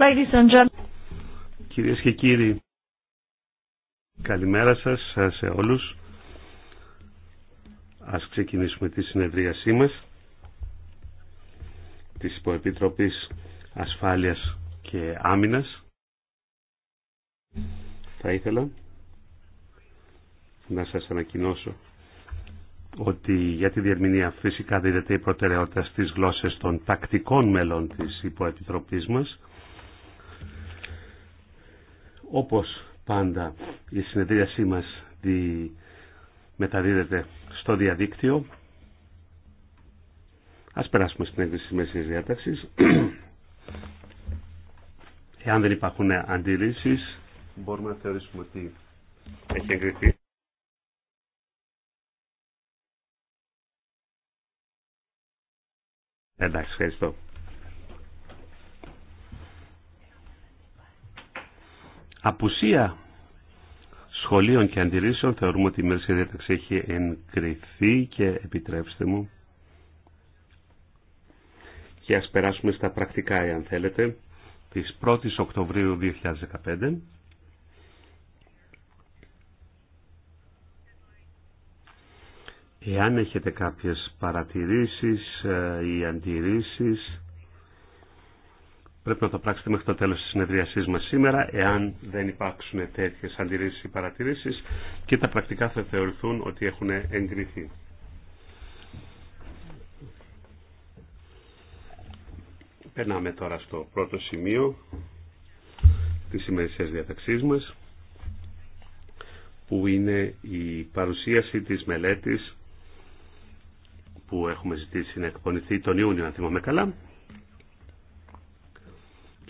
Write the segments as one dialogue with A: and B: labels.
A: Ladies and gentlemen.
B: Κυρίες και κύριοι, καλημέρα σας, σε όλους. Ας ξεκινήσουμε τη συνεδρίασή μας της Υποεπιτροπής Ασφάλειας και Άμυνας. Θα ήθελα να σας ανακοινώσω ότι για τη διερμηνία φυσικά δίδεται η προτεραιότητα στις γλώσσες των τακτικών μέλων της υποεπιτροπής μας. Όπως πάντα η συνεδρίασή μας δι... μεταδίδεται στο διαδίκτυο. Ας περάσουμε στην έγκριση της μέσης διάταξης. Εάν δεν υπάρχουν αντίλησεις μπορούμε να θεωρήσουμε ότι έχει εγκριθεί. Εντάξει, ευχαριστώ. απουσία σχολείων και αντιρρήσεων θεωρούμε ότι η μέρηση διάταξη έχει εγκριθεί και επιτρέψτε μου και ας περάσουμε στα πρακτικά εάν θέλετε της 1 η Οκτωβρίου 2015 Εάν έχετε κάποιες παρατηρήσεις ε, ή αντιρρήσεις Πρέπει να το πράξετε μέχρι το τέλος της συνεδριασής μας σήμερα, εάν δεν υπάρξουν τέτοιες αντιρρήσεις ή παρατηρήσεις και τα πρακτικά θα θεωρηθούν ότι έχουν εγκριθεί. Περνάμε τώρα στο πρώτο σημείο της ημερησίας διαταξής μας που είναι η παρουσίαση της μελέτης που έχουμε ζητήσει να εκπονηθεί τον Ιούνιο, αν θυμάμαι καλά,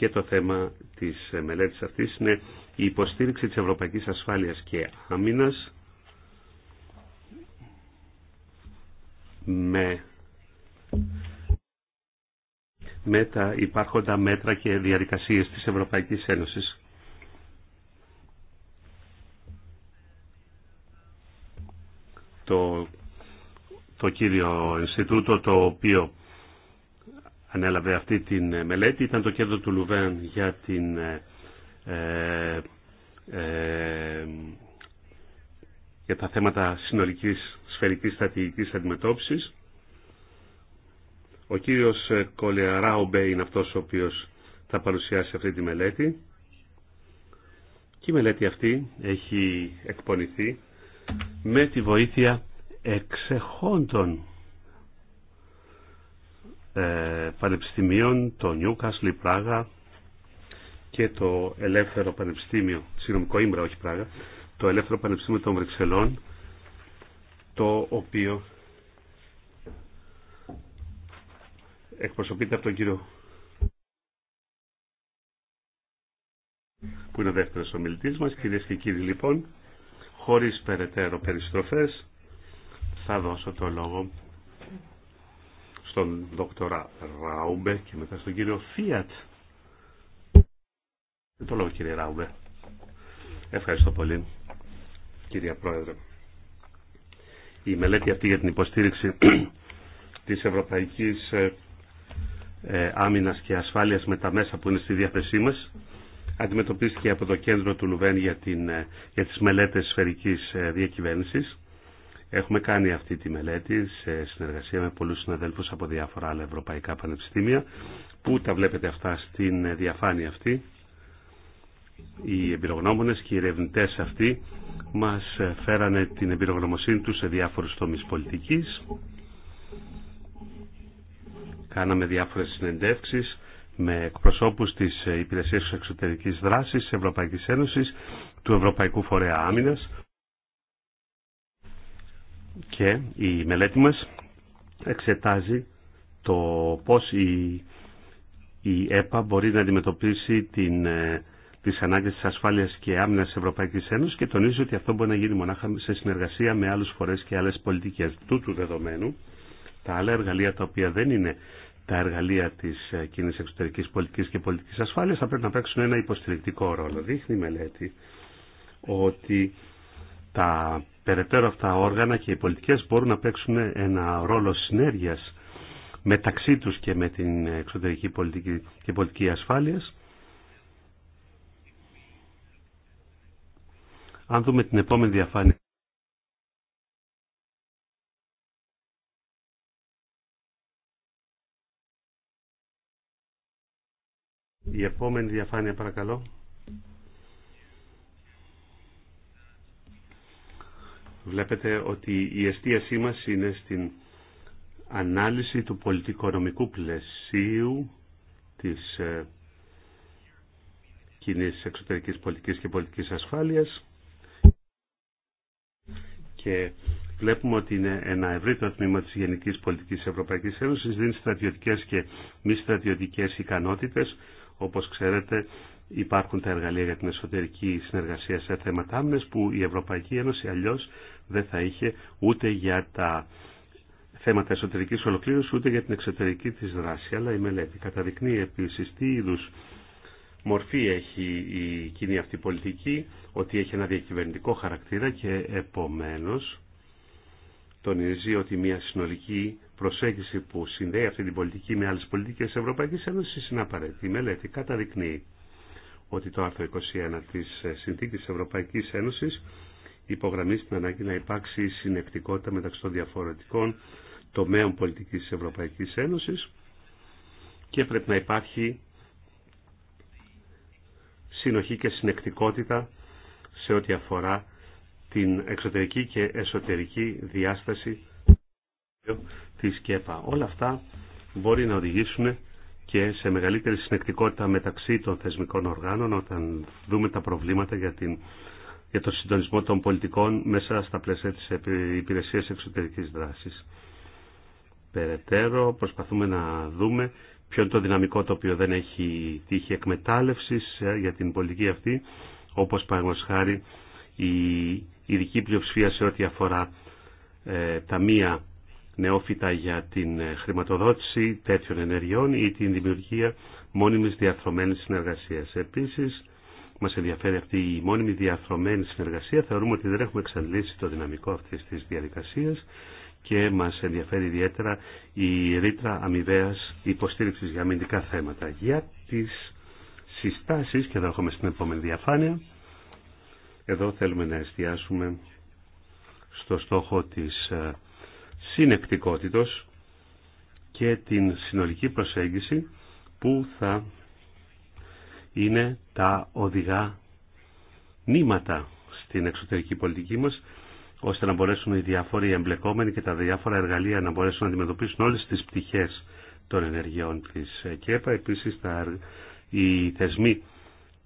B: και το θέμα της ε, μελέτης αυτής είναι η υποστήριξη της Ευρωπαϊκής Ασφάλειας και Άμυνας με, με τα υπάρχοντα μέτρα και διαδικασίες της Ευρωπαϊκής Ένωσης. Το, το κύριο Ινστιτούτο το οποίο ανέλαβε αυτή τη ε, μελέτη ήταν το κέντρο του Λουβέν για την ε, ε, ε, για τα θέματα συνολικής σφαιρικής στρατηγικής αντιμετώπισης. Ο κύριος ε, Κολεαράουμπε είναι αυτός ο οποίος θα παρουσιάσει αυτή τη μελέτη. Και η μελέτη αυτή έχει εκπονηθεί με τη βοήθεια εξεχόντων ε, πανεπιστημίων, το Νιούκας η και το Ελεύθερο Πανεπιστήμιο, συγγνώμη, Κοίμπρα, όχι Πράγα, το Ελεύθερο Πανεπιστήμιο των Βρυξελών, το οποίο εκπροσωπείται από τον κύριο που είναι ο δεύτερος ομιλητής μας, κυρίες και κύριοι λοιπόν, χωρίς περαιτέρω περιστροφές, θα δώσω το λόγο στον δόκτορα Ράουμπε και μετά στον κύριο Φίατ. Το λόγο κύριε Ράουμπε. Ευχαριστώ πολύ κυρία Πρόεδρε. Η μελέτη αυτή για την υποστήριξη της Ευρωπαϊκής ε, ε, Άμυνας και Ασφάλειας με τα μέσα που είναι στη διάθεσή μας αντιμετωπίστηκε από το κέντρο του Λουβέν για, την, ε, για τις μελέτες σφαιρικής διακυβέρνησης Έχουμε κάνει αυτή τη μελέτη σε συνεργασία με πολλούς συναδέλφους από διάφορα άλλα ευρωπαϊκά πανεπιστήμια που τα βλέπετε αυτά στην διαφάνεια αυτή. Οι εμπειρογνώμονες και οι ερευνητέ αυτοί μας φέρανε την εμπειρογνωμοσύνη τους σε διάφορους τομείς πολιτικής. Κάναμε διάφορες συνεντεύξεις με εκπροσώπους της Υπηρεσίας Εξωτερικής Δράσης της Ευρωπαϊκής Ένωσης, του Ευρωπαϊκού Φορέα Άμυνας, και η μελέτη μας εξετάζει το πώς η, η ΕΠΑ μπορεί να αντιμετωπίσει την, ε, τις ανάγκες της ασφάλειας και άμυνας της Ευρωπαϊκής Ένωσης και τονίζει ότι αυτό μπορεί να γίνει μονάχα σε συνεργασία με άλλους φορές και άλλες πολιτικές. Τούτου δεδομένου, τα άλλα εργαλεία τα οποία δεν είναι τα εργαλεία της ε, κοινή εξωτερικής πολιτικής και πολιτικής ασφάλειας θα πρέπει να παίξουν ένα υποστηρικτικό ρόλο. Δείχνει η μελέτη ότι τα περαιτέρω αυτά όργανα και οι πολιτικές μπορούν να παίξουν ένα ρόλο συνέργειας μεταξύ τους και με την εξωτερική πολιτική και πολιτική ασφάλειας. Αν δούμε την επόμενη διαφάνεια. Η επόμενη διαφάνεια παρακαλώ. Βλέπετε ότι η εστίασή μας είναι στην ανάλυση του πολιτικονομικού πλαισίου της ε, κοινή εξωτερικής πολιτικής και πολιτικής ασφάλειας και βλέπουμε ότι είναι ένα ευρύτερο τμήμα της Γενικής Πολιτικής Ευρωπαϊκής Ένωσης δίνει στρατιωτικές και μη στρατιωτικές ικανότητες όπως ξέρετε υπάρχουν τα εργαλεία για την εσωτερική συνεργασία σε θέματα άμυνες που η Ευρωπαϊκή Ένωση αλλιώς δεν θα είχε ούτε για τα θέματα εσωτερικής ολοκλήρωσης ούτε για την εξωτερική της δράση. Αλλά η μελέτη καταδεικνύει επίσης τι είδου μορφή έχει η κοινή αυτή πολιτική, ότι έχει ένα διακυβερνητικό χαρακτήρα και επομένως τονίζει ότι μια συνολική προσέγγιση που συνδέει αυτή την πολιτική με άλλες πολιτικές Ευρωπαϊκής Ένωσης είναι απαραίτητη. Η μελέτη καταδεικνύει ότι το άρθρο 21 της ε, Συνθήκης της Ευρωπαϊκής Ένωσης υπογραμμίζει την ανάγκη να υπάρξει συνεκτικότητα μεταξύ των διαφορετικών τομέων πολιτικής της Ευρωπαϊκής Ένωσης και πρέπει να υπάρχει συνοχή και συνεκτικότητα σε ό,τι αφορά την εξωτερική και εσωτερική διάσταση της ΚΕΠΑ. Όλα αυτά μπορεί να οδηγήσουν και σε μεγαλύτερη συνεκτικότητα μεταξύ των θεσμικών οργάνων όταν δούμε τα προβλήματα για, την, το συντονισμό των πολιτικών μέσα στα πλαίσια της υπηρεσίας εξωτερικής δράσης. Περαιτέρω προσπαθούμε να δούμε ποιο είναι το δυναμικό το οποίο δεν έχει τύχει εκμετάλλευσης ε, για την πολιτική αυτή, όπως παραγωγός η ειδική πλειοψηφία σε ό,τι αφορά ε, τα μία νεόφυτα για την ε, χρηματοδότηση τέτοιων ενεργειών ή την δημιουργία μόνιμης διαθρωμένης συνεργασίας. Επίσης, μας ενδιαφέρει αυτή η μόνιμη διαθρωμένη συνεργασία. Θεωρούμε ότι δεν έχουμε εξαντλήσει το δυναμικό αυτής της διαδικασίας και μας ενδιαφέρει ιδιαίτερα η ρήτρα αμοιβαία υποστήριξης για αμυντικά θέματα. Για τις συστάσεις, και εδώ έχουμε στην επόμενη διαφάνεια, εδώ θέλουμε να εστιάσουμε στο στόχο της ε, συνεκτικότητος και την συνολική προσέγγιση που θα είναι τα οδηγά νήματα στην εξωτερική πολιτική μας ώστε να μπορέσουν οι διάφοροι εμπλεκόμενοι και τα διάφορα εργαλεία να μπορέσουν να αντιμετωπίσουν όλες τις πτυχές των ενεργειών της ΚΕΠΑ. Επίσης τα, οι θεσμοί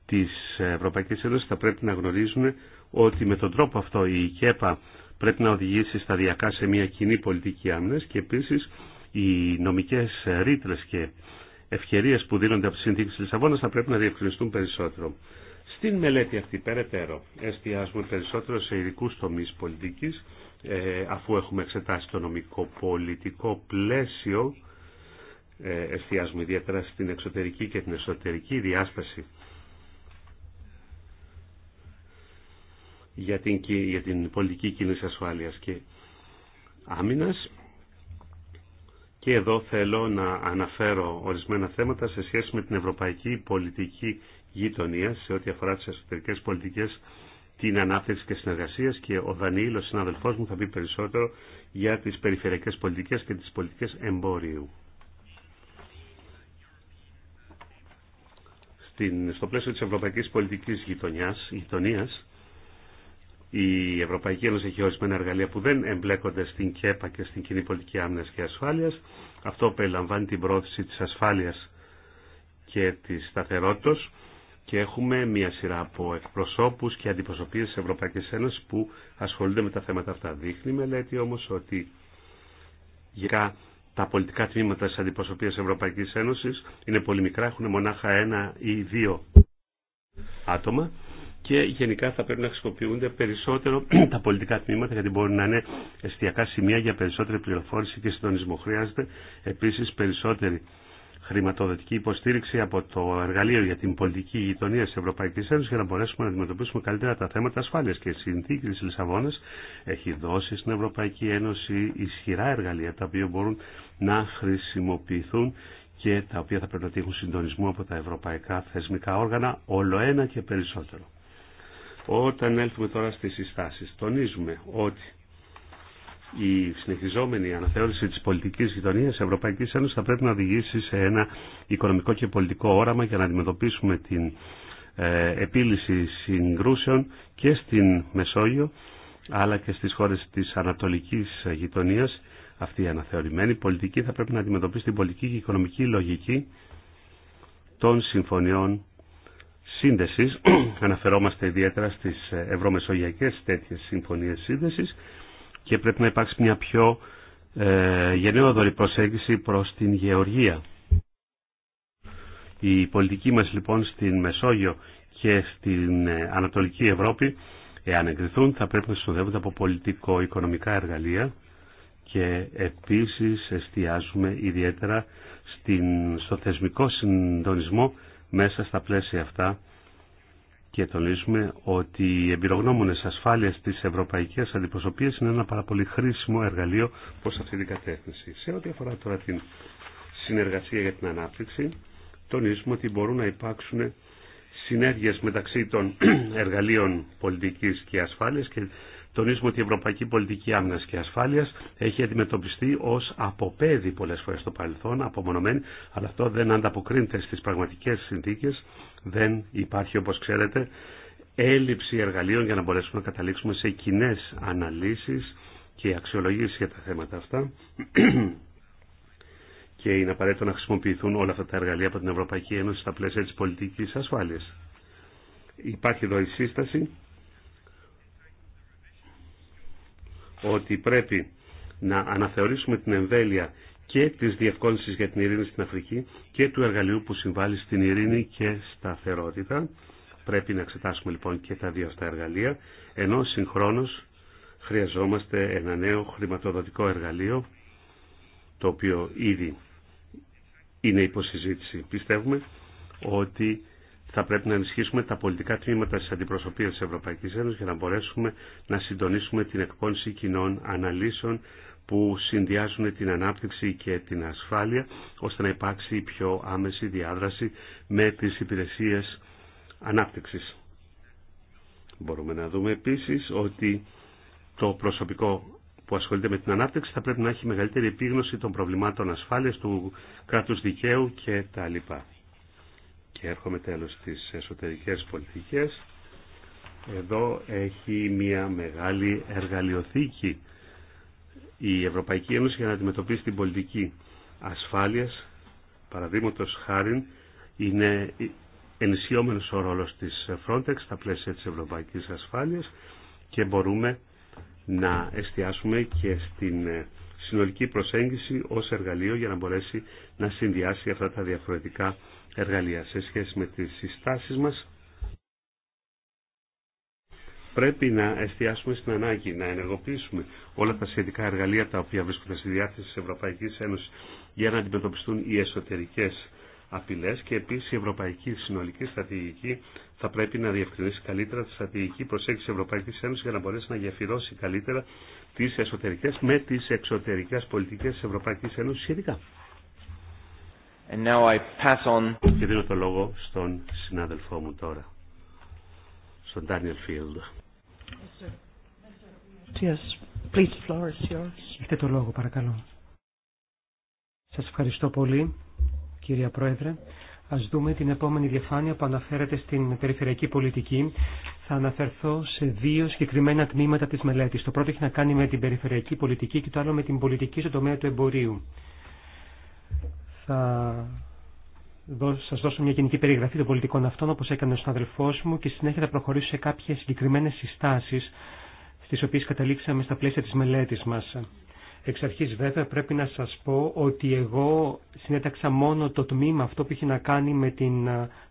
B: της Ευρωπαϊκής Ένωσης θα πρέπει να γνωρίζουν ότι με τον τρόπο αυτό η ΚΕΠΑ πρέπει να οδηγήσει σταδιακά σε μια κοινή πολιτική άμυνα και επίσης οι νομικές ρήτρες και ευκαιρίες που δίνονται από τη Συνθήκη της Λισαβόνας θα πρέπει να διευκρινιστούν περισσότερο. Στην μελέτη αυτή περαιτέρω εστιάζουμε περισσότερο σε ειδικού τομείς πολιτικής ε, αφού έχουμε εξετάσει το νομικό πολιτικό πλαίσιο ε, εστιάζουμε ιδιαίτερα στην εξωτερική και την εσωτερική διάσταση για την, για την πολιτική κίνηση ασφάλειας και άμυνας. Και εδώ θέλω να αναφέρω ορισμένα θέματα σε σχέση με την ευρωπαϊκή πολιτική γειτονία σε ό,τι αφορά τις εσωτερικές πολιτικές, την ανάπτυξη και συνεργασία και ο Δανίλο, συναδελφό μου, θα πει περισσότερο για τι περιφερειακές πολιτικέ και τι πολιτικέ εμπόριου. Στην, στο πλαίσιο της ευρωπαϊκής πολιτικής γειτονιάς, γειτονίας η Ευρωπαϊκή Ένωση έχει ορισμένα εργαλεία που δεν εμπλέκονται στην ΚΕΠΑ και στην κοινή πολιτική άμυνα και ασφάλειας. Αυτό περιλαμβάνει την πρόθεση της ασφάλεια και της σταθερότητα και έχουμε μια σειρά από εκπροσώπους και αντιπροσωπείες της Ευρωπαϊκής Ένωσης που ασχολούνται με τα θέματα αυτά. Δείχνει η μελέτη όμως ότι γενικά τα πολιτικά τμήματα τη αντιπροσωπεία της Ευρωπαϊκής Ένωσης είναι πολύ μικρά, έχουν μονάχα ένα ή δύο άτομα και γενικά θα πρέπει να χρησιμοποιούνται περισσότερο τα πολιτικά τμήματα γιατί μπορούν να είναι εστιακά σημεία για περισσότερη πληροφόρηση και συντονισμό. Χρειάζεται επίσης περισσότερη χρηματοδοτική υποστήριξη από το εργαλείο για την πολιτική γειτονία τη Ευρωπαϊκή Ένωση για να μπορέσουμε να αντιμετωπίσουμε καλύτερα τα θέματα ασφάλεια. Και η συνθήκη τη Λισαβόνα έχει δώσει στην Ευρωπαϊκή Ένωση ισχυρά εργαλεία τα οποία μπορούν να χρησιμοποιηθούν και τα οποία θα πρέπει να τύχουν συντονισμού από τα ευρωπαϊκά θεσμικά όργανα όλο ένα και περισσότερο. Όταν έλθουμε τώρα στις συστάσεις, τονίζουμε ότι η συνεχιζόμενη αναθεώρηση της πολιτικής γειτονίας της Ευρωπαϊκής Ένωσης θα πρέπει να οδηγήσει σε ένα οικονομικό και πολιτικό όραμα για να αντιμετωπίσουμε την ε, επίλυση συγκρούσεων και στην Μεσόγειο αλλά και στις χώρες της ανατολικής γειτονίας. Αυτή η αναθεωρημένη πολιτική θα πρέπει να αντιμετωπίσει την πολιτική και οικονομική λογική των συμφωνιών αναφερόμαστε ιδιαίτερα στις ε, ευρωμεσογειακές τέτοιες συμφωνίε σύνδεση και πρέπει να υπάρξει μια πιο ε, γενναιόδορη προσέγγιση προς την γεωργία. Η πολιτική μας λοιπόν στην Μεσόγειο και στην ε, Ανατολική Ευρώπη, εάν εγκριθούν, θα πρέπει να συνοδεύονται από πολιτικο-οικονομικά εργαλεία και επίσης εστιάζουμε ιδιαίτερα στην, στο θεσμικό συντονισμό μέσα στα πλαίσια αυτά και τονίζουμε ότι οι εμπειρογνώμονες ασφάλειας της ευρωπαϊκής αντιπροσωπείας είναι ένα πάρα πολύ χρήσιμο εργαλείο προς αυτή την κατεύθυνση. Σε ό,τι αφορά τώρα την συνεργασία για την ανάπτυξη, τονίζουμε ότι μπορούν να υπάρξουν συνέργειες μεταξύ των εργαλείων πολιτικής και ασφάλειας και τονίζουμε ότι η ευρωπαϊκή πολιτική άμυνα και ασφάλεια έχει αντιμετωπιστεί ω αποπέδη πολλέ φορέ στο παρελθόν, απομονωμένη, αλλά αυτό δεν ανταποκρίνεται στι πραγματικέ συνθήκε. Δεν υπάρχει, όπω ξέρετε, έλλειψη εργαλείων για να μπορέσουμε να καταλήξουμε σε κοινέ αναλύσει και αξιολογήσει για τα θέματα αυτά. και είναι απαραίτητο να χρησιμοποιηθούν όλα αυτά τα εργαλεία από την Ευρωπαϊκή Ένωση στα πλαίσια τη πολιτική ασφάλεια. Υπάρχει εδώ η σύσταση ότι πρέπει να αναθεωρήσουμε την εμβέλεια και τη διευκόλυνση για την ειρήνη στην Αφρική και του εργαλείου που συμβάλλει στην ειρήνη και σταθερότητα. Πρέπει να εξετάσουμε λοιπόν και τα δύο αυτά εργαλεία, ενώ συγχρόνω χρειαζόμαστε ένα νέο χρηματοδοτικό εργαλείο, το οποίο ήδη είναι υποσυζήτηση. Πιστεύουμε ότι θα πρέπει να ενισχύσουμε τα πολιτικά τμήματα τη αντιπροσωπείες τη Ευρωπαϊκής Ένωσης για να μπορέσουμε να συντονίσουμε την εκπόνηση κοινών αναλύσεων που συνδυάζουν την ανάπτυξη και την ασφάλεια ώστε να υπάρξει πιο άμεση διάδραση με τις υπηρεσίες ανάπτυξης. Μπορούμε να δούμε επίσης ότι το προσωπικό που ασχολείται με την ανάπτυξη θα πρέπει να έχει μεγαλύτερη επίγνωση των προβλημάτων ασφάλειας του κράτους δικαίου κτλ και έρχομαι τέλος στις εσωτερικές πολιτικές. Εδώ έχει μια μεγάλη εργαλειοθήκη η Ευρωπαϊκή Ένωση για να αντιμετωπίσει την πολιτική ασφάλειας. Παραδείγματος χάρη είναι ενισχυόμενος ο ρόλος της Frontex στα πλαίσια της Ευρωπαϊκής Ασφάλειας και μπορούμε να εστιάσουμε και στην συνολική προσέγγιση ως εργαλείο για να μπορέσει να συνδυάσει αυτά τα διαφορετικά εργαλεία σε σχέση με τις συστάσεις μας πρέπει να εστιάσουμε στην ανάγκη να ενεργοποιήσουμε όλα τα σχετικά εργαλεία τα οποία βρίσκονται στη διάθεση της Ευρωπαϊκής Ένωσης για να αντιμετωπιστούν οι εσωτερικές απειλές και επίσης η Ευρωπαϊκή Συνολική Στρατηγική θα πρέπει να διευκρινίσει καλύτερα τη στρατηγική προσέγγιση της Ευρωπαϊκής Ένωσης για να μπορέσει να γεφυρώσει καλύτερα τις εσωτερικές με τις εξωτερικές πολιτικές της Ευρωπαϊκής Ένωσης σχετικά. And now I pass on... Και δίνω το λόγο στον συνάδελφό μου τώρα, στον Daniel Field.
A: Yes, please,
C: floor is Έχετε το λόγο, παρακαλώ. Σας ευχαριστώ πολύ, κυρία Πρόεδρε. Ας δούμε την επόμενη διαφάνεια που αναφέρεται στην περιφερειακή πολιτική. Θα αναφερθώ σε δύο συγκεκριμένα τμήματα της μελέτης. Το πρώτο έχει να κάνει με την περιφερειακή πολιτική και το άλλο με την πολιτική στο τομέα του εμπορίου. Θα σας δώσω μια γενική περιγραφή των πολιτικών αυτών όπως έκανε ο συναδελφός μου και συνέχεια θα προχωρήσω σε κάποιες συγκεκριμένες συστάσεις στις οποίες καταλήξαμε στα πλαίσια της μελέτης μας. Εξ αρχής βέβαια πρέπει να σας πω ότι εγώ συνέταξα μόνο το τμήμα αυτό που είχε να κάνει με την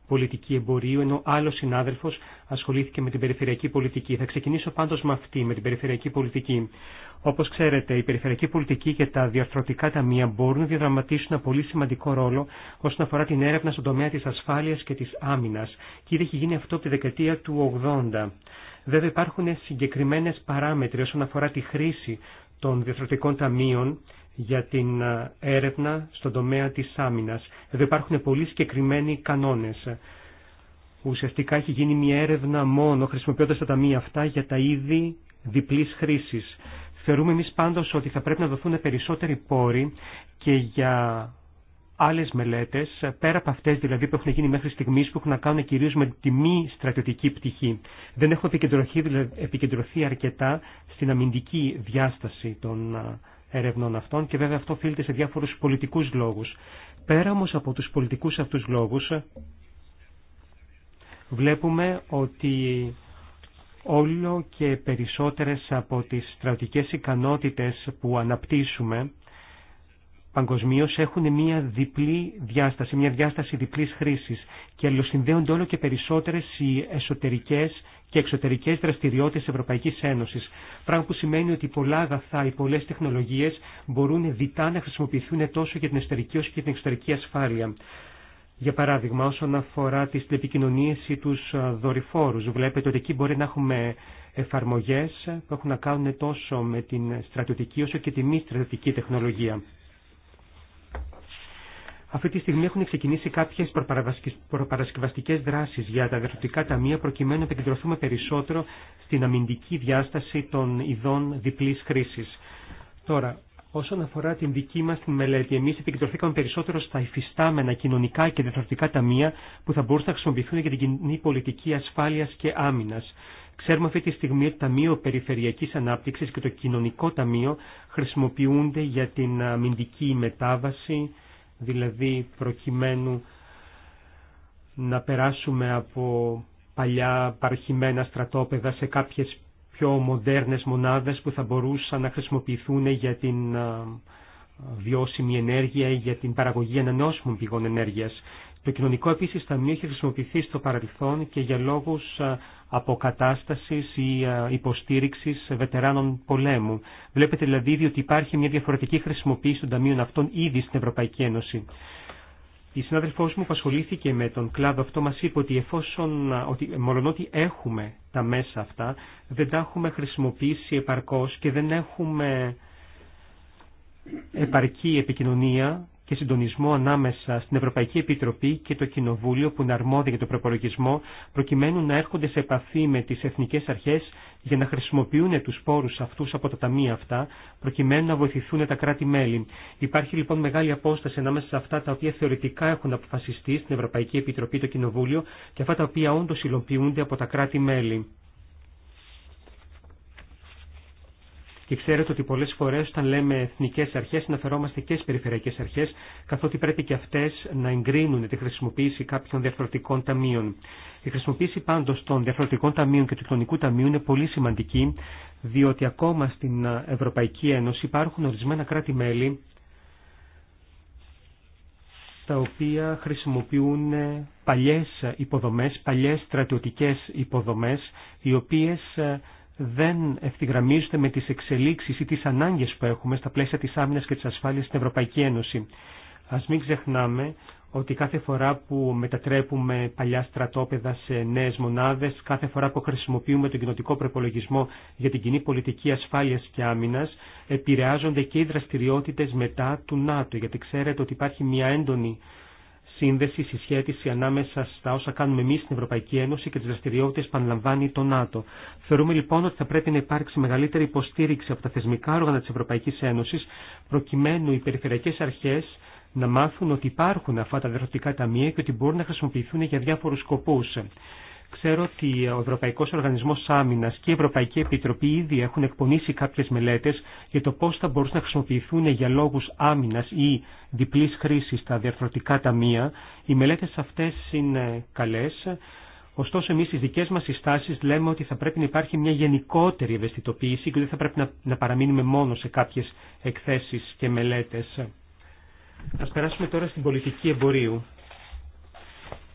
C: πολιτική εμπορίου, ενώ άλλο συνάδελφο ασχολήθηκε με την περιφερειακή πολιτική. Θα ξεκινήσω πάντω με αυτή, με την περιφερειακή πολιτική. Όπω ξέρετε, η περιφερειακή πολιτική και τα διαρθρωτικά ταμεία μπορούν να διαδραματίσουν ένα πολύ σημαντικό ρόλο όσον αφορά την έρευνα στον τομέα τη ασφάλεια και τη άμυνα. Και ήδη έχει γίνει αυτό από τη δεκαετία του 80. Βέβαια υπάρχουν συγκεκριμένες παράμετροι όσον αφορά τη χρήση των διαθροτικών ταμείων για την ε, έρευνα στον τομέα της άμυνας. Εδώ υπάρχουν πολύ συγκεκριμένοι κανόνες. Ουσιαστικά έχει γίνει μια έρευνα μόνο χρησιμοποιώντας τα ταμεία αυτά για τα είδη διπλής χρήσης. Θεωρούμε εμείς πάντως ότι θα πρέπει να δοθούν περισσότεροι πόροι και για άλλες μελέτες, πέρα από αυτές δηλαδή που έχουν γίνει μέχρι στιγμής, που έχουν να κάνουν κυρίως με τη μη στρατιωτική πτυχή. Δεν έχω επικεντρωθεί, δηλαδή, επικεντρωθεί αρκετά στην αμυντική διάσταση των ε, ερευνών αυτών και βέβαια αυτό οφείλεται σε διάφορους πολιτικούς λόγους. Πέρα όμως από τους πολιτικούς αυτούς λόγους βλέπουμε ότι όλο και περισσότερες από τις στρατικές ικανότητες που αναπτύσσουμε παγκοσμίω έχουν μια διπλή διάσταση, μια διάσταση διπλής χρήσης και αλληλοσυνδέονται όλο και περισσότερε οι εσωτερικές και εξωτερικέ δραστηριότητε Ευρωπαϊκή Ένωση, Πράγμα που σημαίνει ότι πολλά αγαθά ή πολλέ τεχνολογίε μπορούν διτά να χρησιμοποιηθούν τόσο για την εσωτερική όσο και την εξωτερική ασφάλεια. Για παράδειγμα, όσον αφορά τις τηλεπικοινωνίες ή τους δορυφόρους, βλέπετε ότι εκεί μπορεί να έχουμε εφαρμογέ που έχουν να κάνουν τόσο με την στρατιωτική όσο και τη μη στρατιωτική τεχνολογία. Αυτή τη στιγμή έχουν ξεκινήσει κάποιες προπαρασκευαστικές δράσεις για τα διευθυντικά ταμεία προκειμένου να επικεντρωθούμε περισσότερο στην αμυντική διάσταση των ειδών διπλής χρήσης. Τώρα, όσον αφορά την δική μας την μελέτη, εμείς επικεντρωθήκαμε περισσότερο στα υφιστάμενα κοινωνικά και διευθυντικά ταμεία που θα μπορούσαν να χρησιμοποιηθούν για την κοινή πολιτική ασφάλειας και άμυνας. Ξέρουμε αυτή τη στιγμή ότι το Ταμείο Περιφερειακής Ανάπτυξης και το Κοινωνικό Ταμείο χρησιμοποιούνται για την αμυντική μετάβαση, δηλαδή προκειμένου να περάσουμε από παλιά παρχημένα στρατόπεδα σε κάποιες πιο μοντέρνες μονάδες που θα μπορούσαν να χρησιμοποιηθούν για την βιώσιμη ενέργεια ή για την παραγωγή ανανεώσιμων πηγών ενέργειας. Το κοινωνικό επίση ταμείο έχει χρησιμοποιηθεί στο παρελθόν και για λόγους αποκατάστασης ή υποστήριξης βετεράνων πολέμου. Βλέπετε δηλαδή ότι υπάρχει μια διαφορετική χρησιμοποίηση των ταμείων αυτών ήδη στην Ευρωπαϊκή Ένωση. Η υποστηριξη βετερανων πολεμου βλεπετε δηλαδη οτι υπαρχει μια διαφορετικη χρησιμοποιηση των ταμειων αυτων ηδη στην ευρωπαικη ενωση η συναδελφος μου που ασχολήθηκε με τον κλάδο αυτό μα είπε ότι εφόσον, ότι, έχουμε τα μέσα αυτά, δεν τα έχουμε χρησιμοποιήσει επαρκώ και δεν έχουμε επαρκή επικοινωνία και συντονισμό ανάμεσα στην Ευρωπαϊκή Επιτροπή και το Κοινοβούλιο που είναι αρμόδια για τον προπολογισμό, προκειμένου να έρχονται σε επαφή με τις εθνικές αρχές για να χρησιμοποιούν τους πόρους αυτούς από τα ταμεία αυτά, προκειμένου να βοηθηθούν τα κράτη-μέλη. Υπάρχει λοιπόν μεγάλη απόσταση ανάμεσα σε αυτά τα οποία θεωρητικά έχουν αποφασιστεί στην Ευρωπαϊκή Επιτροπή, το Κοινοβούλιο και αυτά τα οποία όντως υλοποιούνται από τα κράτη-μέλη. Και ξέρετε ότι πολλέ φορέ όταν λέμε εθνικέ αρχέ αναφερόμαστε και στι περιφερειακέ αρχέ, καθότι πρέπει και αυτέ να εγκρίνουν τη χρησιμοποίηση κάποιων διαφορετικών ταμείων. Η χρησιμοποίηση πάντω των διαφορετικών ταμείων και του κοινωνικού ταμείου είναι πολύ σημαντική, διότι ακόμα στην Ευρωπαϊκή Ένωση υπάρχουν ορισμένα κράτη-μέλη τα οποία χρησιμοποιούν παλιές υποδομές, παλιές στρατιωτικές υποδομές, οι οποίες ε, δεν ευθυγραμμίζεται με τις εξελίξεις ή τις ανάγκες που έχουμε στα πλαίσια της άμυνας και της ασφάλειας στην Ευρωπαϊκή Ένωση. Ας μην ξεχνάμε ότι κάθε φορά που μετατρέπουμε παλιά στρατόπεδα σε νέες μονάδες, κάθε φορά που χρησιμοποιούμε τον κοινοτικό προπολογισμό για την κοινή πολιτική ασφάλειας και άμυνας, επηρεάζονται και οι δραστηριότητες μετά του ΝΑΤΟ, γιατί ξέρετε ότι υπάρχει μια έντονη σύνδεση, συσχέτιση ανάμεσα στα όσα κάνουμε εμεί στην Ευρωπαϊκή Ένωση και τι δραστηριότητε που αναλαμβάνει το ΝΑΤΟ. Θεωρούμε λοιπόν ότι θα πρέπει να υπάρξει μεγαλύτερη υποστήριξη από τα θεσμικά όργανα τη Ευρωπαϊκή Ένωση, προκειμένου οι περιφερειακέ αρχέ να μάθουν ότι υπάρχουν αυτά τα δραστηριακά ταμεία και ότι μπορούν να χρησιμοποιηθούν για διάφορου σκοπού. Ξέρω ότι ο Ευρωπαϊκός Οργανισμός Άμυνας και η Ευρωπαϊκή Επιτροπή ήδη έχουν εκπονήσει κάποιες μελέτες για το πώς θα μπορούσαν να χρησιμοποιηθούν για λόγους άμυνας ή διπλής χρήσης στα διαφορετικά ταμεία. Οι μελέτες αυτές είναι καλές. Ωστόσο, εμεί στι δικέ μα συστάσει λέμε ότι θα πρέπει να υπάρχει μια γενικότερη ευαισθητοποίηση και δεν θα πρέπει να, να παραμείνουμε μόνο σε κάποιε εκθέσει και μελέτε. Α περάσουμε τώρα στην πολιτική εμπορίου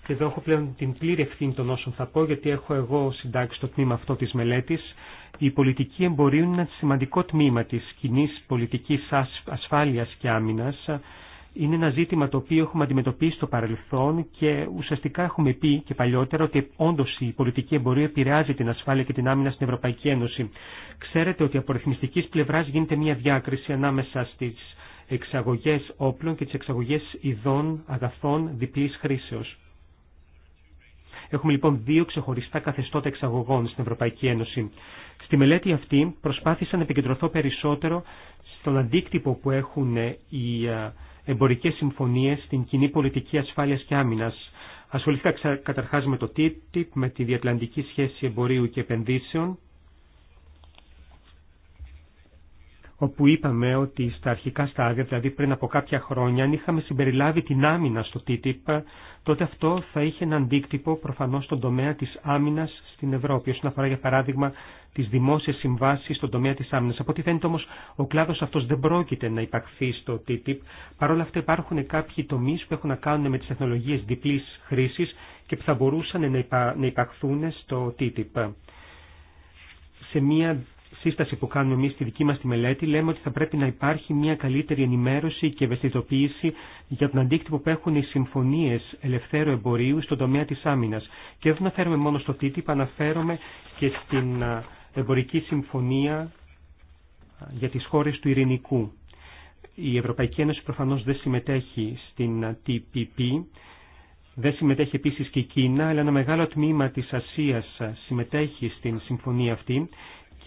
C: και εδώ έχω πλέον την πλήρη ευθύνη των όσων θα πω, γιατί έχω εγώ συντάξει το τμήμα αυτό της μελέτης. Η πολιτική εμπορίου είναι ένα σημαντικό τμήμα της κοινή πολιτικής ασφάλειας και άμυνας. Είναι ένα ζήτημα το οποίο έχουμε αντιμετωπίσει στο παρελθόν και ουσιαστικά έχουμε πει και παλιότερα ότι όντω η πολιτική εμπορία επηρεάζει την ασφάλεια και την άμυνα στην Ευρωπαϊκή Ένωση. Ξέρετε ότι από ρυθμιστική πλευρά γίνεται μια διάκριση ανάμεσα στι εξαγωγέ όπλων και τι εξαγωγέ ειδών αγαθών διπλή χρήσεω. Έχουμε λοιπόν δύο ξεχωριστά καθεστώτα εξαγωγών στην Ευρωπαϊκή Ένωση. Στη μελέτη αυτή προσπάθησα να επικεντρωθώ περισσότερο στον αντίκτυπο που έχουν οι ε, εμπορικές συμφωνίες στην κοινή πολιτική ασφάλειας και άμυνας. Ασχολήθηκα καταρχάς με το TTIP, με τη Διατλαντική Σχέση Εμπορίου και Επενδύσεων, όπου είπαμε ότι στα αρχικά στάδια, δηλαδή πριν από κάποια χρόνια, αν είχαμε συμπεριλάβει την άμυνα στο TTIP, τότε αυτό θα είχε ένα αντίκτυπο προφανώς στον τομέα της άμυνας στην Ευρώπη, όσον αφορά για παράδειγμα τις δημόσιες συμβάσεις στον τομέα της άμυνας. Από ό,τι φαίνεται όμως ο κλάδος αυτός δεν πρόκειται να υπαχθεί στο TTIP. Παρόλα αυτά υπάρχουν κάποιοι τομείς που έχουν να κάνουν με τις τεχνολογίες διπλής χρήσης και που θα μπορούσαν να υπαχθούν στο TTIP. Σε μια σύσταση που κάνουμε εμεί στη δική μα τη μελέτη, λέμε ότι θα πρέπει να υπάρχει μια καλύτερη ενημέρωση και ευαισθητοποίηση για τον αντίκτυπο που έχουν οι συμφωνίε ελευθέρου εμπορίου στον τομέα τη άμυνα. Και δεν αναφέρομαι μόνο στο TTIP, αναφέρομαι και στην εμπορική συμφωνία για τι χώρε του ειρηνικού. Η Ευρωπαϊκή Ένωση προφανώ δεν συμμετέχει στην TPP, δεν συμμετέχει επίσης και η Κίνα, αλλά ένα μεγάλο τμήμα της Ασίας συμμετέχει στην συμφωνία αυτή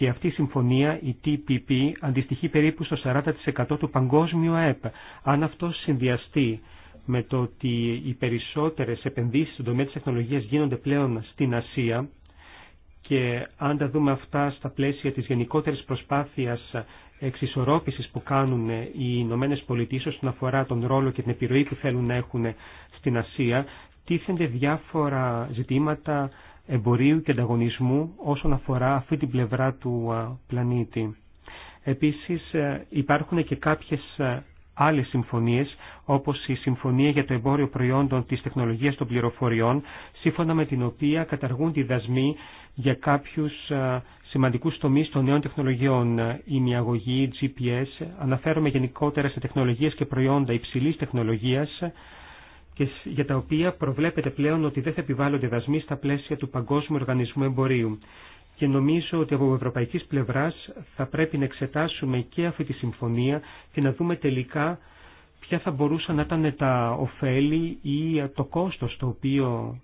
C: και αυτή η συμφωνία, η TPP, αντιστοιχεί περίπου στο 40% του παγκόσμιου ΑΕΠ. Αν αυτό συνδυαστεί με το ότι οι περισσότερες επενδύσεις στον τομέα της τεχνολογίας γίνονται πλέον στην Ασία και αν τα δούμε αυτά στα πλαίσια της γενικότερης προσπάθειας εξισορρόπησης που κάνουν οι Ηνωμένε Πολιτείες όσον αφορά τον ρόλο και την επιρροή που θέλουν να έχουν στην Ασία, τίθενται διάφορα ζητήματα εμπορίου και ανταγωνισμού όσον αφορά αυτή την πλευρά του πλανήτη. Επίσης ε, υπάρχουν και κάποιες ε, άλλες συμφωνίες όπως η Συμφωνία για το Εμπόριο Προϊόντων της Τεχνολογίας των Πληροφοριών σύμφωνα με την οποία καταργούν τη δασμή για κάποιους ε, σημαντικούς τομείς των νέων τεχνολογιών Η ημιαγωγή, GPS, αναφέρομαι γενικότερα σε τεχνολογίες και προϊόντα υψηλής τεχνολογίας και για τα οποία προβλέπεται πλέον ότι δεν θα επιβάλλονται δασμοί στα πλαίσια του Παγκόσμιου Οργανισμού Εμπορίου. Και νομίζω ότι από ευρωπαϊκή πλευρά θα πρέπει να εξετάσουμε και αυτή τη συμφωνία και να δούμε τελικά ποια θα μπορούσαν να ήταν τα ωφέλη ή το κόστος το οποίο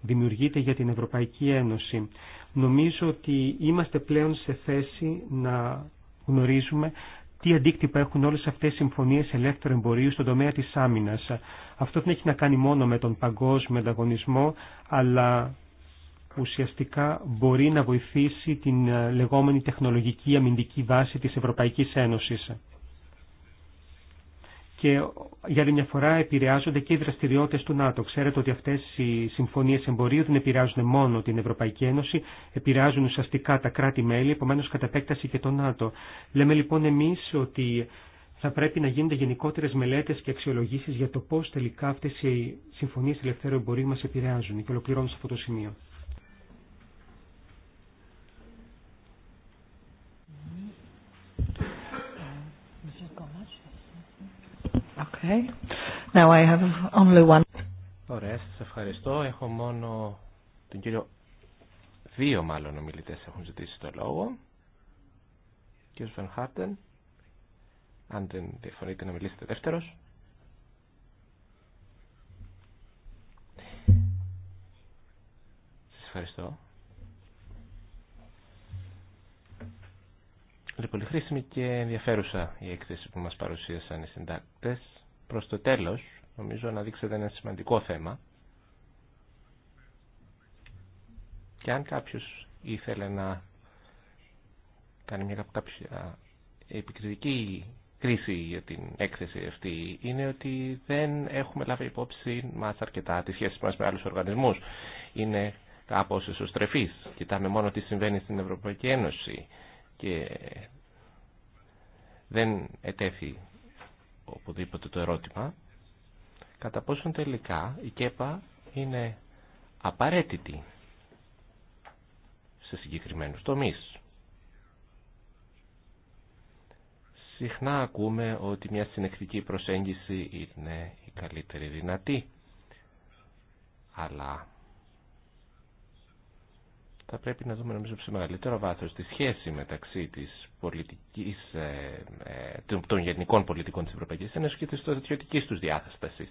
C: δημιουργείται για την Ευρωπαϊκή Ένωση. Νομίζω ότι είμαστε πλέον σε θέση να γνωρίζουμε τι αντίκτυπα έχουν όλες αυτές οι συμφωνίες ελεύθερου εμπορίου στον τομέα της άμυνας. Αυτό δεν έχει να κάνει μόνο με τον παγκόσμιο ανταγωνισμό, αλλά ουσιαστικά μπορεί να βοηθήσει την ε, λεγόμενη τεχνολογική αμυντική βάση της Ευρωπαϊκής Ένωσης και για άλλη μια φορά επηρεάζονται και οι δραστηριότητε του ΝΑΤΟ. Ξέρετε ότι αυτέ οι συμφωνίε εμπορίου δεν επηρεάζουν μόνο την Ευρωπαϊκή Ένωση, επηρεάζουν ουσιαστικά τα κράτη-μέλη, επομένω κατά επέκταση και το ΝΑΤΟ. Λέμε λοιπόν εμεί ότι θα πρέπει να γίνονται γενικότερε μελέτε και αξιολογήσει για το πώ τελικά αυτέ οι συμφωνίε ελευθέρω εμπορίου μα επηρεάζουν. Και ολοκληρώνω σε αυτό το σημείο.
D: Ωραία, σας ευχαριστώ. Έχω μόνο τον κύριο... Δύο μάλλον ομιλητές έχουν ζητήσει το λόγο. Κύριο Βενχάρτεν, αν δεν διαφωνείτε να μιλήσετε δεύτερος. Σας ευχαριστώ. Είναι πολύ χρήσιμη και ενδιαφέρουσα η έκθεση που μας παρουσίασαν οι συντάκτες προς το τέλος, νομίζω να δείξετε ένα σημαντικό θέμα. Και αν κάποιος ήθελε να κάνει μια κάποια επικριτική κρίση για την έκθεση αυτή είναι ότι δεν έχουμε λάβει υπόψη μας αρκετά τη σχέση μας με άλλους οργανισμούς. Είναι κάπως εσωστρεφής. Κοιτάμε μόνο τι συμβαίνει στην Ευρωπαϊκή Ένωση και δεν ετέθη οπουδήποτε το ερώτημα κατά πόσον τελικά η ΚΕΠΑ είναι απαραίτητη σε συγκεκριμένους τομείς. Συχνά ακούμε ότι μια συνεκτική προσέγγιση είναι η καλύτερη δυνατή, αλλά θα πρέπει να δούμε νομίζω σε μεγαλύτερο βάθος τη σχέση μεταξύ της πολιτικής, ε, ε, των γενικών πολιτικών της Ευρωπαϊκής Ένωσης και της στρατιωτικής τους διάθεσης.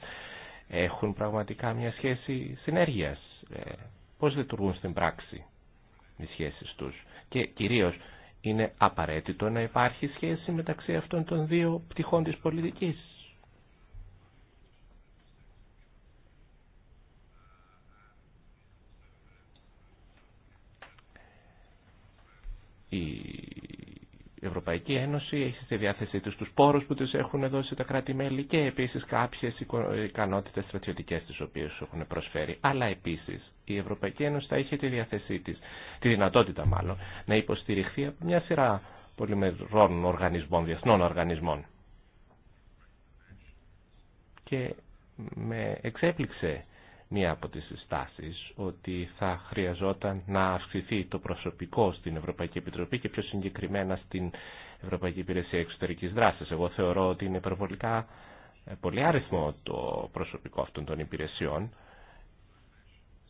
D: Έχουν πραγματικά μια σχέση συνέργειας. Ε, πώς λειτουργούν στην πράξη οι σχέσεις τους. Και κυρίως είναι απαραίτητο να υπάρχει σχέση μεταξύ αυτών των δύο πτυχών της πολιτικής η Ευρωπαϊκή Ένωση έχει στη διάθεσή τους τους πόρους που τους έχουν δώσει τα κράτη-μέλη και επίσης κάποιες ικανότητες στρατιωτικές τις οποίες έχουν προσφέρει. Αλλά επίσης η Ευρωπαϊκή Ένωση θα είχε τη διάθεσή τη δυνατότητα μάλλον, να υποστηριχθεί από μια σειρά πολυμερών οργανισμών, διεθνών οργανισμών. Και με εξέπληξε μία από τις συστάσεις ότι θα χρειαζόταν να αυξηθεί το προσωπικό στην Ευρωπαϊκή Επιτροπή και πιο συγκεκριμένα στην Ευρωπαϊκή Υπηρεσία Εξωτερικής Δράσης. Εγώ θεωρώ ότι είναι υπερβολικά ε, πολύ άριθμο το προσωπικό αυτών των υπηρεσιών,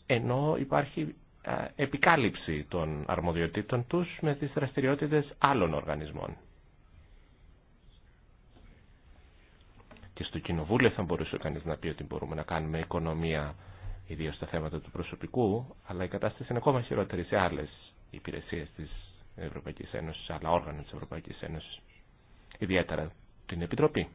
D: ενώ υπάρχει ε, επικάλυψη των αρμοδιοτήτων τους με τις δραστηριότητες άλλων οργανισμών. και στο κοινοβούλιο θα μπορούσε κανείς να πει ότι μπορούμε να κάνουμε οικονομία ιδίως στα θέματα του προσωπικού, αλλά η κατάσταση είναι ακόμα χειρότερη σε άλλες υπηρεσίες της Ευρωπαϊκής Ένωσης, άλλα όργανα της Ευρωπαϊκής Ένωσης, ιδιαίτερα την Επιτροπή.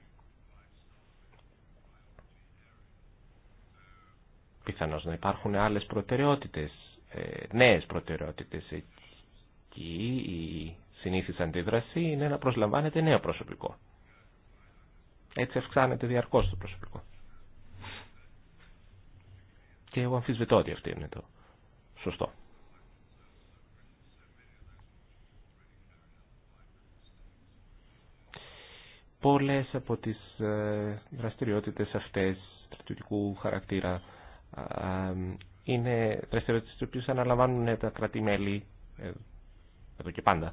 D: Πιθανώς να υπάρχουν άλλες προτεραιότητες, ε, νέες προτεραιότητες. Εκεί η συνήθιση αντίδραση είναι να προσλαμβάνεται νέο προσωπικό. Έτσι αυξάνεται διαρκώ το προσωπικό. Και εγώ αμφισβητώ ότι αυτό είναι το σωστό. Πολλέ από τις ε, δραστηριότητε αυτέ στρατιωτικού χαρακτήρα είναι δραστηριότητε τι οποίε αναλαμβάνουν τα κρατημέλη ε, εδώ και πάντα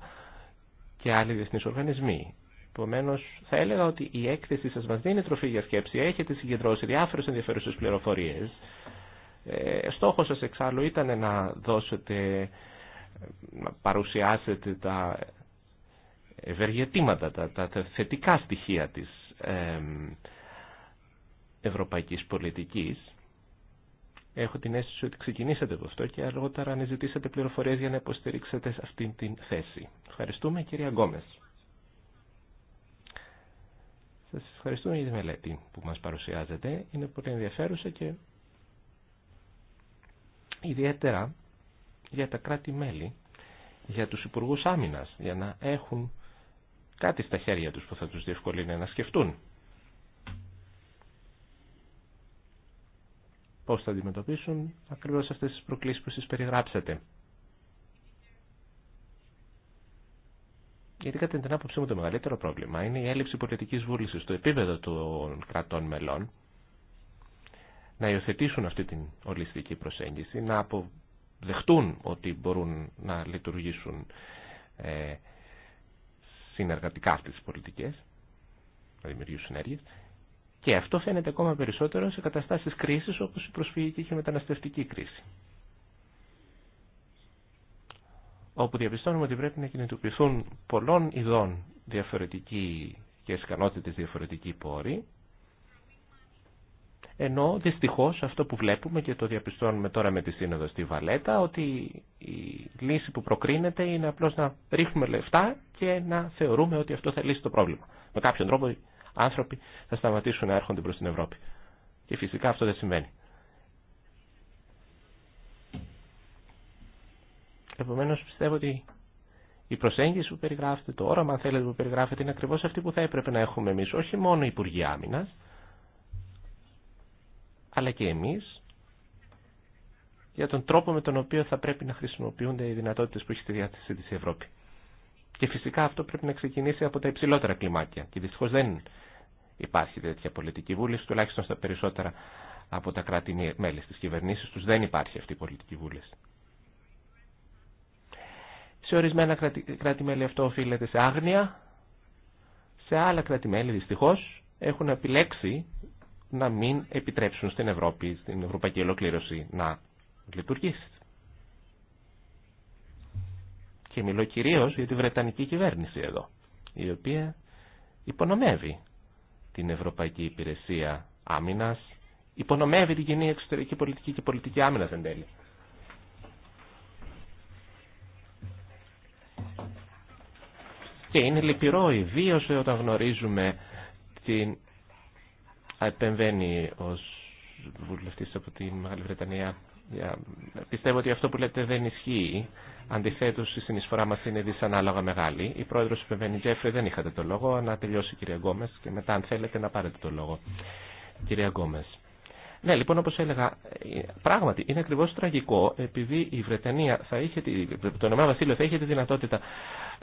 D: και άλλοι διεθνεί οργανισμοί Επομένω, θα έλεγα ότι η έκθεση σα μα δίνει τροφή για σκέψη. Έχετε συγκεντρώσει διάφορε ενδιαφέρουσε πληροφορίε. Ε, στόχος σας εξάλλου ήταν να δώσετε, να παρουσιάσετε τα ευεργετήματα, τα, θετικά στοιχεία της ε, ευρωπαϊκής πολιτικής. Έχω την αίσθηση ότι ξεκινήσατε από αυτό και αργότερα αναζητήσατε πληροφορίες για να υποστηρίξετε αυτήν την θέση. Ευχαριστούμε κυρία Γκόμες. Σας ευχαριστούμε για τη μελέτη που μας παρουσιάζετε. Είναι πολύ ενδιαφέρουσα και ιδιαίτερα για τα κράτη-μέλη, για τους υπουργού Άμυνα, για να έχουν κάτι στα χέρια τους που θα τους διευκολύνει να σκεφτούν. Πώς θα αντιμετωπίσουν ακριβώς αυτές τις προκλήσεις που σας περιγράψατε. Γιατί κατά την άποψή μου το μεγαλύτερο πρόβλημα είναι η έλλειψη πολιτική βούληση στο επίπεδο των κρατών μελών να υιοθετήσουν αυτή την ολιστική προσέγγιση, να αποδεχτούν ότι μπορούν να λειτουργήσουν ε, συνεργατικά αυτές τις πολιτικές, να δημιουργήσουν συνέργειες. Και αυτό φαίνεται ακόμα περισσότερο σε καταστάσεις κρίσης όπως η προσφυγική και η μεταναστευτική κρίση. όπου διαπιστώνουμε ότι πρέπει να κινητοποιηθούν πολλών ειδών διαφορετική και ικανότητε διαφορετική πόροι, ενώ δυστυχώς αυτό που βλέπουμε και το διαπιστώνουμε τώρα με τη σύνοδο στη Βαλέτα, ότι η λύση που προκρίνεται είναι απλώς να ρίχνουμε λεφτά και να θεωρούμε ότι αυτό θα λύσει το πρόβλημα. Με κάποιον τρόπο οι άνθρωποι θα σταματήσουν να έρχονται προς την Ευρώπη. Και φυσικά αυτό δεν σημαίνει. Επομένως πιστεύω ότι η προσέγγιση που περιγράφεται, το όραμα αν θέλετε που περιγράφεται είναι ακριβώς αυτή που θα έπρεπε να έχουμε εμείς, όχι μόνο οι Υπουργοί Άμυνας, αλλά και εμείς για τον τρόπο με τον οποίο θα πρέπει να χρησιμοποιούνται οι δυνατότητες που έχει στη διάθεση της Ευρώπη. Και φυσικά αυτό πρέπει να ξεκινήσει από τα υψηλότερα κλιμάκια και δυστυχώς δεν υπάρχει τέτοια πολιτική βούληση, τουλάχιστον στα περισσότερα από τα κράτη-μέλη στις κυβερνήσεις τους δεν υπάρχει αυτή η πολιτική βούληση. Σε ορισμένα κράτη-μέλη αυτό οφείλεται σε άγνοια. Σε άλλα κράτη-μέλη δυστυχώς έχουν επιλέξει να μην επιτρέψουν στην Ευρώπη, στην Ευρωπαϊκή Ολοκλήρωση να λειτουργήσει. Και μιλώ κυρίως για τη Βρετανική κυβέρνηση εδώ, η οποία υπονομεύει την Ευρωπαϊκή Υπηρεσία Άμυνας, υπονομεύει την κοινή εξωτερική πολιτική και πολιτική άμυνα εν τέλει. Και είναι λυπηρό ιδίω όταν γνωρίζουμε την επεμβαίνει ω βουλευτή από τη Μεγάλη Βρετανία. Πιστεύω ότι αυτό που λέτε δεν ισχύει. αντιθέτω, η συνεισφορά μα είναι δυσανάλογα μεγάλη. Η πρόεδρος επεμβαίνει Τζέφρι δεν είχατε το λόγο. Να τελειώσει η κυρία Γκόμε. και μετά αν θέλετε να πάρετε το λόγο. Κυρία Γκόμες. Ναι, λοιπόν, όπω έλεγα, ε, πράγματι είναι ακριβώ τραγικό επειδή η Βρετανία θα είχε, το Ηνωμένο Βασίλειο θα είχε τη δυνατότητα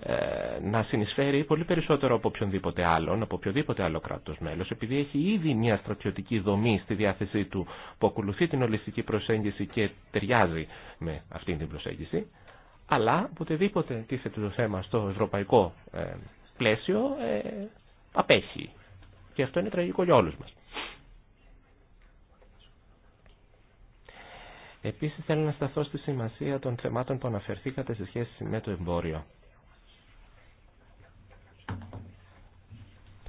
D: ε, να συνεισφέρει πολύ περισσότερο από οποιονδήποτε άλλον, από οποιοδήποτε άλλο κράτο μέλο, επειδή έχει ήδη μια στρατιωτική δομή στη διάθεσή του που ακολουθεί την ολιστική προσέγγιση και ταιριάζει με αυτή την προσέγγιση, αλλά οποτεδήποτε τίθεται το θέμα στο ευρωπαϊκό ε, πλαίσιο απέχει. Και αυτό είναι τραγικό για όλου μα. Επίσης θέλω να σταθώ στη σημασία των θεμάτων που αναφερθήκατε σε σχέση με το εμπόριο.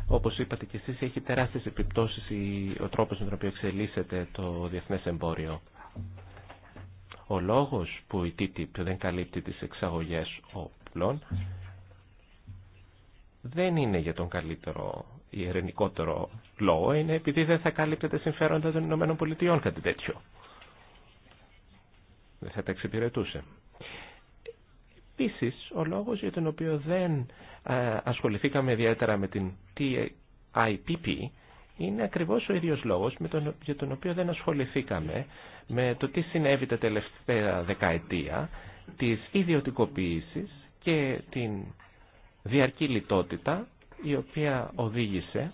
D: Όπως είπατε και εσείς, έχει τεράστιες επιπτώσεις ο τρόπος με τον οποίο εξελίσσεται το διεθνές εμπόριο. Ο λόγος που η TTIP δεν καλύπτει τις εξαγωγές όπλων δεν είναι για τον καλύτερο ή ερενικότερο λόγο, είναι επειδή δεν θα καλύπτεται συμφέροντα των ΗΠΑ κάτι τέτοιο δεν θα τα εξυπηρετούσε. Επίση, ο λόγος για τον οποίο δεν ε, ασχοληθήκαμε ιδιαίτερα με την TIPP είναι ακριβώς ο ίδιος λόγος με τον, για τον οποίο δεν ασχοληθήκαμε με το τι συνέβη τα τελευταία δεκαετία της ιδιωτικοποίηση και την διαρκή λιτότητα η οποία οδήγησε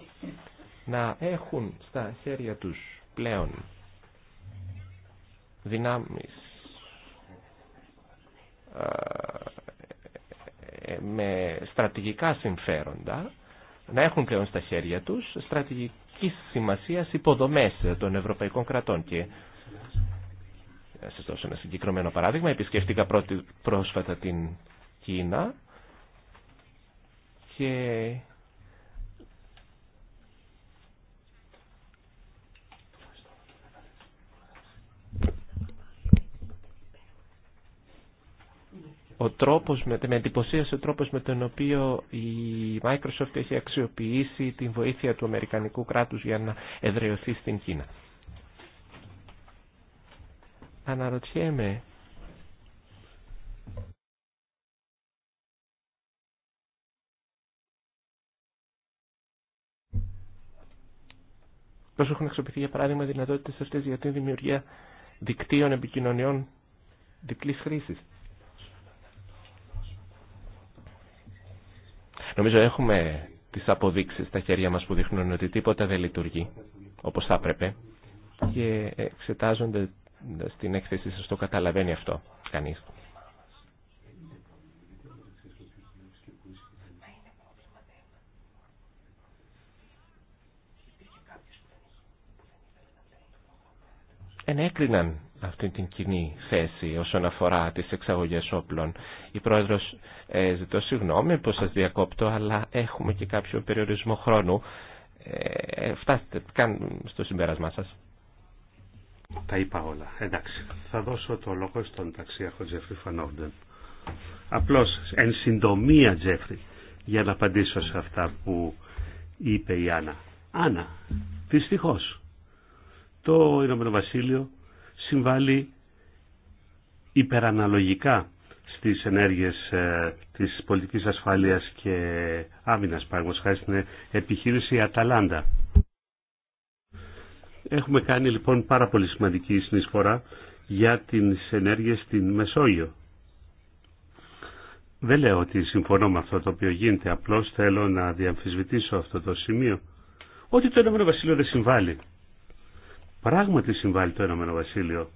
D: να έχουν στα χέρια τους πλέον δυνάμεις ε, ε, με στρατηγικά συμφέροντα να έχουν πλέον στα χέρια τους στρατηγική σημασίας υποδομές των ευρωπαϊκών κρατών και να σας δώσω ένα συγκεκριμένο παράδειγμα επισκεφτήκα πρόσφατα την Κίνα και ο τρόπος, με, με εντυπωσίασε ο τρόπος με τον οποίο η Microsoft έχει αξιοποιήσει την βοήθεια του Αμερικανικού κράτους για να εδραιωθεί στην Κίνα. Αναρωτιέμαι Πώς έχουν αξιοποιηθεί για παράδειγμα δυνατότητες αυτές για την δημιουργία δικτύων επικοινωνιών διπλής χρήσης. Νομίζω έχουμε τις αποδείξεις στα χέρια μας που δείχνουν ότι τίποτα δεν λειτουργεί όπως θα έπρεπε και εξετάζονται στην έκθεση σας το καταλαβαίνει αυτό κανείς. ενέκριναν αυτή την κοινή θέση όσον αφορά τις εξαγωγές όπλων. Η Πρόεδρος ε, ζητώ συγγνώμη που σας διακόπτω, αλλά έχουμε και κάποιο περιορισμό χρόνου. Ε, ε, φτάστε καν στο συμπέρασμά σας.
B: Τα είπα όλα. Εντάξει. Θα δώσω το λόγο στον ταξίαρχο Τζέφρι Φανόρντεν. Απλώς, εν συντομία Τζέφρι, για να απαντήσω σε αυτά που είπε η Άννα. Άννα, δυστυχώς, το Ηνωμένο Βασίλειο συμβάλλει υπεραναλογικά στις ενέργειες ε, της πολιτικής ασφάλειας και άμυνας, παραγωγικά χάρη στην επιχείρηση Αταλάντα. Έχουμε κάνει λοιπόν πάρα πολύ σημαντική συνεισφορά για τις ενέργειες στην Μεσόγειο. Δεν λέω ότι συμφωνώ με αυτό το οποίο γίνεται, απλώς θέλω να διαμφισβητήσω αυτό το σημείο. Ότι το Ηνωμένο Βασίλειο δεν συμβάλλει Πράγματι συμβάλλει το Ηνωμένο Βασίλειο.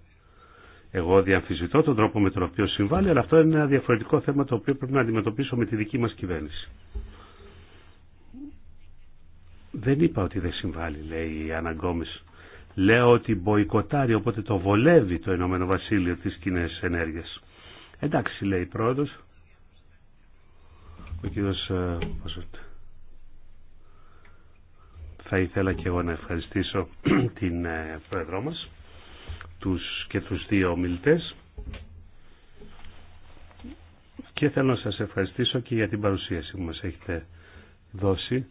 B: Εγώ διαμφισβητώ τον τρόπο με τον οποίο συμβάλλει, αλλά αυτό είναι ένα διαφορετικό θέμα το οποίο πρέπει να αντιμετωπίσω με τη δική μας κυβέρνηση. Δεν είπα ότι δεν συμβάλλει, λέει η Αναγκόμης. Λέω ότι μποϊκοτάρει, οπότε το βολεύει το Ηνωμένο Βασίλειο τις κοινέ ενέργειες. Εντάξει, λέει η Ο κύριος... Ε, θα ήθελα και εγώ να ευχαριστήσω την ε, πρόεδρό μας τους και τους δύο ομιλητές και θέλω να σας ευχαριστήσω και για την παρουσίαση που μας έχετε δώσει.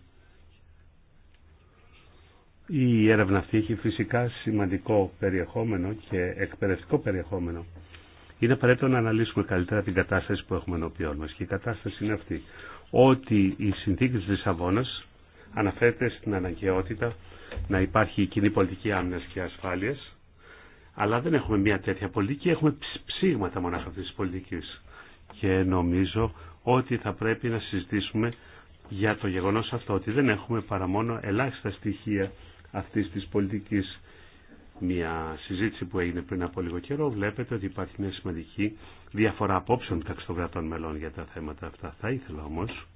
B: Η έρευνα αυτή έχει φυσικά σημαντικό περιεχόμενο και εκπαιδευτικό περιεχόμενο. Είναι απαραίτητο να αναλύσουμε καλύτερα την κατάσταση που έχουμε ενώπιόν μας. Και η κατάσταση είναι αυτή. Ότι οι συνθήκες της Λισαβόνα αναφέρεται στην αναγκαιότητα να υπάρχει κοινή πολιτική άμυνας και ασφάλειας, αλλά δεν έχουμε μια τέτοια πολιτική, έχουμε ψήγματα μονάχα αυτής της πολιτικής. Και νομίζω ότι θα πρέπει να συζητήσουμε για το γεγονός αυτό, ότι δεν έχουμε παρά μόνο ελάχιστα στοιχεία αυτής της πολιτικής. Μια συζήτηση που έγινε πριν από λίγο καιρό βλέπετε ότι υπάρχει μια σημαντική διαφορά απόψεων μεταξύ των κρατών μελών για τα θέματα αυτά. Θα ήθελα όμως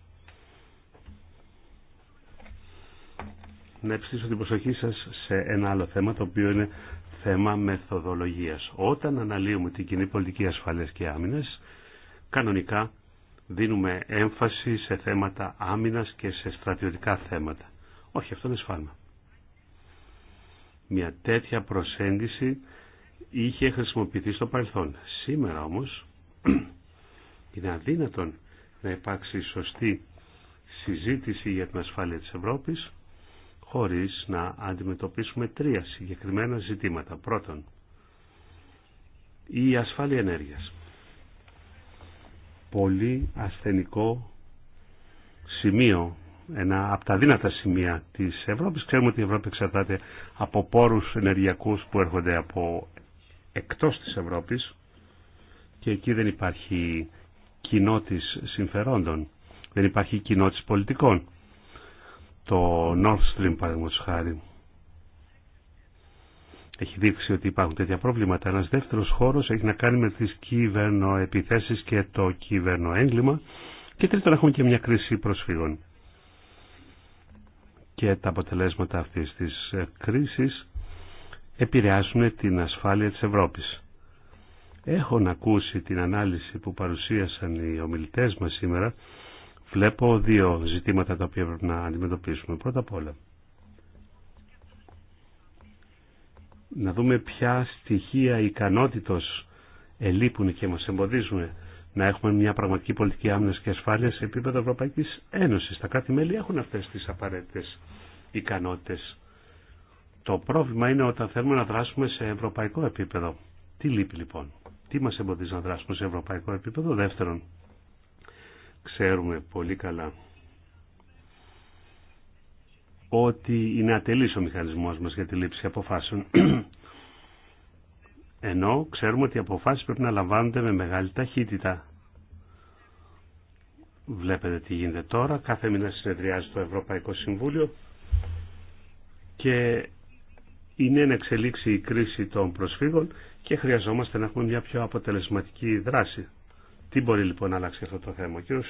B: να επιστήσω την προσοχή σας σε ένα άλλο θέμα, το οποίο είναι θέμα μεθοδολογίας. Όταν αναλύουμε την κοινή πολιτική ασφαλείας και άμυνας, κανονικά δίνουμε έμφαση σε θέματα άμυνας και σε στρατιωτικά θέματα. Όχι, αυτό είναι σφάλμα. Μια τέτοια προσέγγιση είχε χρησιμοποιηθεί στο παρελθόν. Σήμερα όμως είναι αδύνατον να υπάρξει σωστή συζήτηση για την ασφάλεια της Ευρώπης χωρίς να αντιμετωπίσουμε τρία συγκεκριμένα ζητήματα. Πρώτον, η ασφάλεια ενέργειας. Πολύ ασθενικό σημείο, ένα από τα δύνατα σημεία της Ευρώπης. Ξέρουμε ότι η Ευρώπη εξαρτάται από πόρους ενεργειακούς που έρχονται από εκτός της Ευρώπης και εκεί δεν υπάρχει κοινό συμφερόντων, δεν υπάρχει κοινό πολιτικών το North Stream παραδείγματος χάρη. Έχει δείξει ότι υπάρχουν τέτοια προβλήματα. Ένας δεύτερος χώρος έχει να κάνει με τις κυβερνοεπιθέσεις και το κυβερνοέγκλημα. Και τρίτον έχουμε και μια κρίση προσφύγων. Και τα αποτελέσματα αυτής της ε, κρίσης επηρεάζουν την ασφάλεια της Ευρώπης. Έχω ακούσει την ανάλυση που παρουσίασαν οι ομιλητές μας σήμερα βλέπω δύο ζητήματα τα οποία πρέπει να αντιμετωπίσουμε. Πρώτα απ' όλα, να δούμε ποια στοιχεία ικανότητος ελείπουν και μας εμποδίζουν να έχουμε μια πραγματική πολιτική άμυνας και ασφάλεια σε επίπεδο Ευρωπαϊκής Ένωσης. Τα κράτη-μέλη έχουν αυτές τις απαραίτητες ικανότητες. Το πρόβλημα είναι όταν θέλουμε να δράσουμε σε ευρωπαϊκό επίπεδο. Τι λείπει λοιπόν, τι μας εμποδίζει να δράσουμε σε ευρωπαϊκό επίπεδο. Δεύτερον, Ξέρουμε πολύ καλά ότι είναι ατελής ο μηχανισμός μας για τη λήψη αποφάσεων. Ενώ ξέρουμε ότι οι αποφάσεις πρέπει να λαμβάνονται με μεγάλη ταχύτητα. Βλέπετε τι γίνεται τώρα. Κάθε μήνα συνεδριάζει το Ευρωπαϊκό Συμβούλιο και είναι να εξελίξει η κρίση των προσφύγων και χρειαζόμαστε να έχουμε μια πιο αποτελεσματική δράση. Τι μπορεί λοιπόν να αλλάξει αυτό το θέμα. κύριο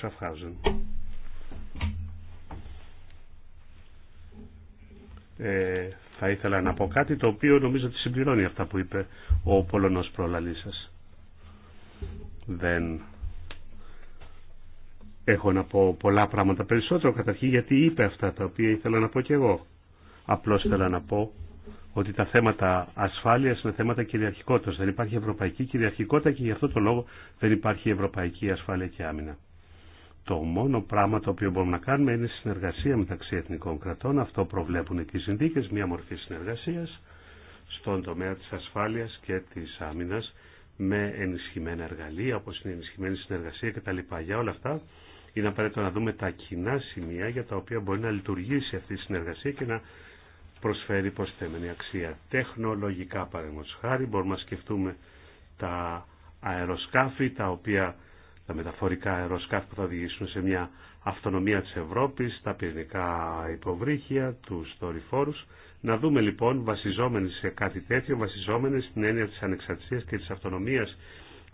B: Ε, θα ήθελα να πω κάτι το οποίο νομίζω ότι συμπληρώνει αυτά που είπε ο Πολωνός προλαλής σας. Δεν έχω να πω πολλά πράγματα περισσότερο καταρχήν γιατί είπε αυτά τα οποία ήθελα να πω και εγώ. Απλώς ήθελα να πω ότι τα θέματα ασφάλειας είναι θέματα κυριαρχικότητας. Δεν υπάρχει ευρωπαϊκή κυριαρχικότητα και γι' αυτό το λόγο δεν υπάρχει ευρωπαϊκή ασφάλεια και άμυνα. Το μόνο πράγμα το οποίο μπορούμε να κάνουμε είναι συνεργασία μεταξύ εθνικών κρατών. Αυτό προβλέπουν και οι συνθήκες, μια μορφή συνεργασίας στον τομέα της ασφάλειας και της άμυνας με ενισχυμένα εργαλεία, όπως είναι η ενισχυμένη συνεργασία κτλ. Για όλα αυτά είναι απαραίτητο να δούμε τα κοινά σημεία για τα οποία μπορεί να λειτουργήσει αυτή η συνεργασία και να προσφέρει υποστέμενη αξία. Τεχνολογικά παραδείγματο χάρη μπορούμε να σκεφτούμε τα αεροσκάφη τα οποία τα μεταφορικά αεροσκάφη που θα οδηγήσουν σε μια αυτονομία της Ευρώπης, τα πυρηνικά υποβρύχια, του δορυφόρους. Να δούμε λοιπόν βασιζόμενοι σε κάτι τέτοιο, βασιζόμενοι στην έννοια της ανεξαρτησίας και της αυτονομίας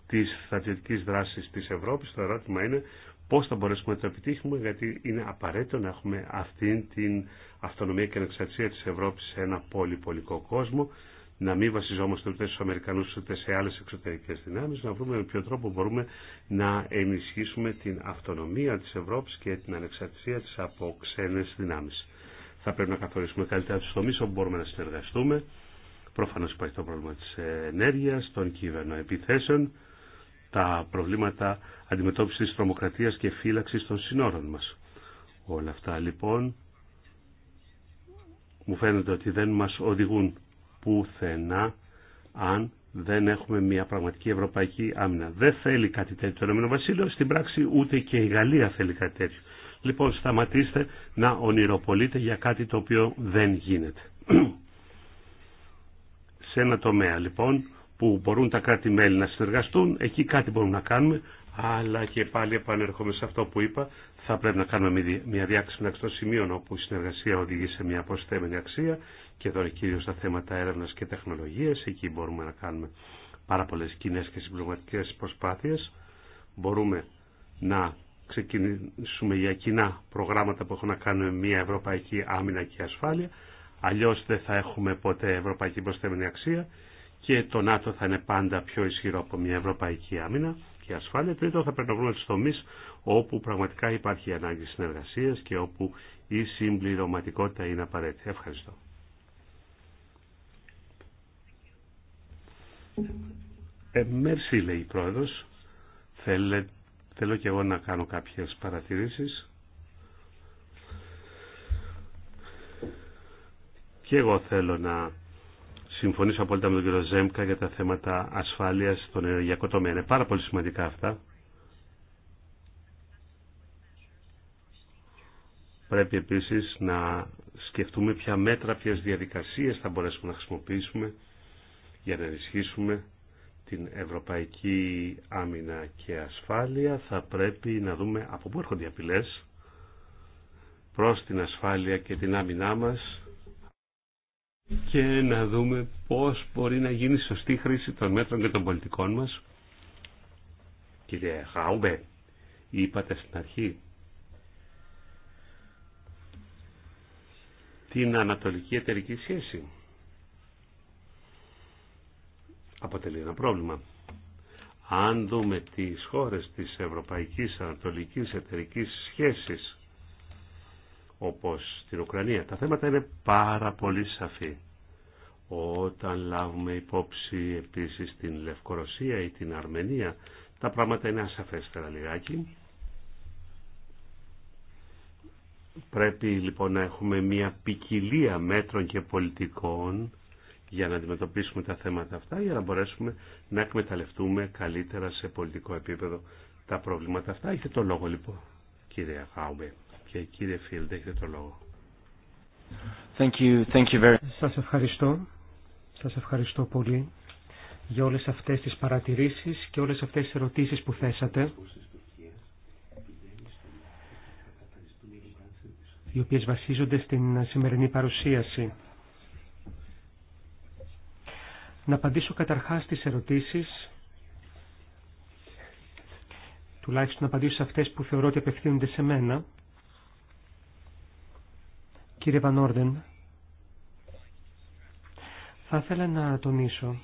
B: της στρατιωτικής δράσης της Ευρώπης. Το ερώτημα είναι Πώ θα μπορέσουμε να το επιτύχουμε, γιατί είναι απαραίτητο να έχουμε αυτή την αυτονομία και ανεξαρτησία τη Ευρώπη σε ένα πολυπολικό κόσμο, να μην βασιζόμαστε ούτε στου Αμερικανού ούτε σε άλλε εξωτερικέ δυνάμει, να βρούμε με ποιο τρόπο μπορούμε να ενισχύσουμε την αυτονομία τη Ευρώπη και την ανεξαρτησία τη από ξενέ δυνάμει. Θα πρέπει να καθορίσουμε καλύτερα του τομεί όπου μπορούμε να συνεργαστούμε. Προφανώς υπάρχει το πρόβλημα της ενέργειας, των κυβερνοεπιθέσεων, επιθέσεων, τα προβλήματα αντιμετώπισης της τρομοκρατίας και φύλαξης των συνόρων μας. Όλα αυτά λοιπόν μου φαίνεται ότι δεν μας οδηγούν πουθενά αν δεν έχουμε μια πραγματική ευρωπαϊκή άμυνα. Δεν θέλει κάτι τέτοιο το Βασίλειο, στην πράξη ούτε και η Γαλλία θέλει κάτι τέτοιο. Λοιπόν, σταματήστε να ονειροπολείτε για κάτι το οποίο δεν γίνεται. Σε ένα τομέα λοιπόν που μπορούν τα κράτη-μέλη να συνεργαστούν, εκεί κάτι μπορούμε να κάνουμε, αλλά και πάλι επανέρχομαι σε αυτό που είπα, θα πρέπει να κάνουμε μια διάκριση μεταξύ των σημείων όπου η συνεργασία οδηγεί σε μια προσθέμενη αξία και εδώ κυρίω στα θέματα έρευνα και τεχνολογία. Εκεί μπορούμε να κάνουμε πάρα πολλέ κοινέ και συμπληρωματικέ προσπάθειε. Μπορούμε να ξεκινήσουμε για κοινά προγράμματα που έχουν να κάνουν με μια ευρωπαϊκή άμυνα και ασφάλεια. Αλλιώ δεν θα έχουμε ποτέ ευρωπαϊκή προσθέμενη αξία και το ΝΑΤΟ θα είναι πάντα πιο ισχυρό από μια ευρωπαϊκή άμυνα και ασφάλεια. Τρίτο θα πρέπει να βρούμε όπου πραγματικά υπάρχει ανάγκη συνεργασία και όπου η συμπληρωματικότητα είναι απαραίτητη. Ευχαριστώ. Μέρση ε, λέει η πρόεδρος. Θέλε... Θέλω και εγώ να κάνω κάποιες παρατηρήσεις. Και εγώ θέλω να Συμφωνήσω απόλυτα με τον κύριο Ζέμκα για τα θέματα ασφάλειας στον ενεργειακό τομέα. Είναι πάρα πολύ σημαντικά αυτά. Πρέπει επίσης να σκεφτούμε ποια μέτρα, ποιε διαδικασίες θα μπορέσουμε να χρησιμοποιήσουμε για να ενισχύσουμε την ευρωπαϊκή άμυνα και ασφάλεια. Θα πρέπει να δούμε από πού έρχονται οι απειλέ προς την ασφάλεια και την άμυνά μας και να δούμε πώς μπορεί να γίνει σωστή χρήση των μέτρων και των πολιτικών μας. Κύριε Χάουμπε, είπατε στην αρχή την ανατολική εταιρική σχέση. Αποτελεί ένα πρόβλημα. Αν δούμε τις χώρες της Ευρωπαϊκής Ανατολικής Εταιρικής Σχέσης όπως στην Ουκρανία. Τα θέματα είναι πάρα πολύ σαφή. Όταν λάβουμε υπόψη επίσης την Λευκορωσία ή την Αρμενία, τα πράγματα είναι ασαφέστερα λιγάκι. Πρέπει λοιπόν να έχουμε μια ποικιλία μέτρων και πολιτικών για να αντιμετωπίσουμε τα θέματα αυτά, για να μπορέσουμε να εκμεταλλευτούμε καλύτερα σε πολιτικό επίπεδο τα προβλήματα αυτά. Έχετε το λόγο λοιπόν, κύριε Χάουμπε. Και κύριε έχετε το λόγο.
C: Thank you, thank you very... Σας ευχαριστώ. Σας ευχαριστώ πολύ για όλες αυτές τις παρατηρήσεις και όλες αυτές τις ερωτήσεις που θέσατε.
A: οι οποίες βασίζονται
C: στην σημερινή παρουσίαση. Να απαντήσω καταρχάς στις ερωτήσεις, τουλάχιστον να απαντήσω σε αυτές που θεωρώ ότι απευθύνονται σε μένα. Κύριε Βανόρδεν, θα ήθελα να τονίσω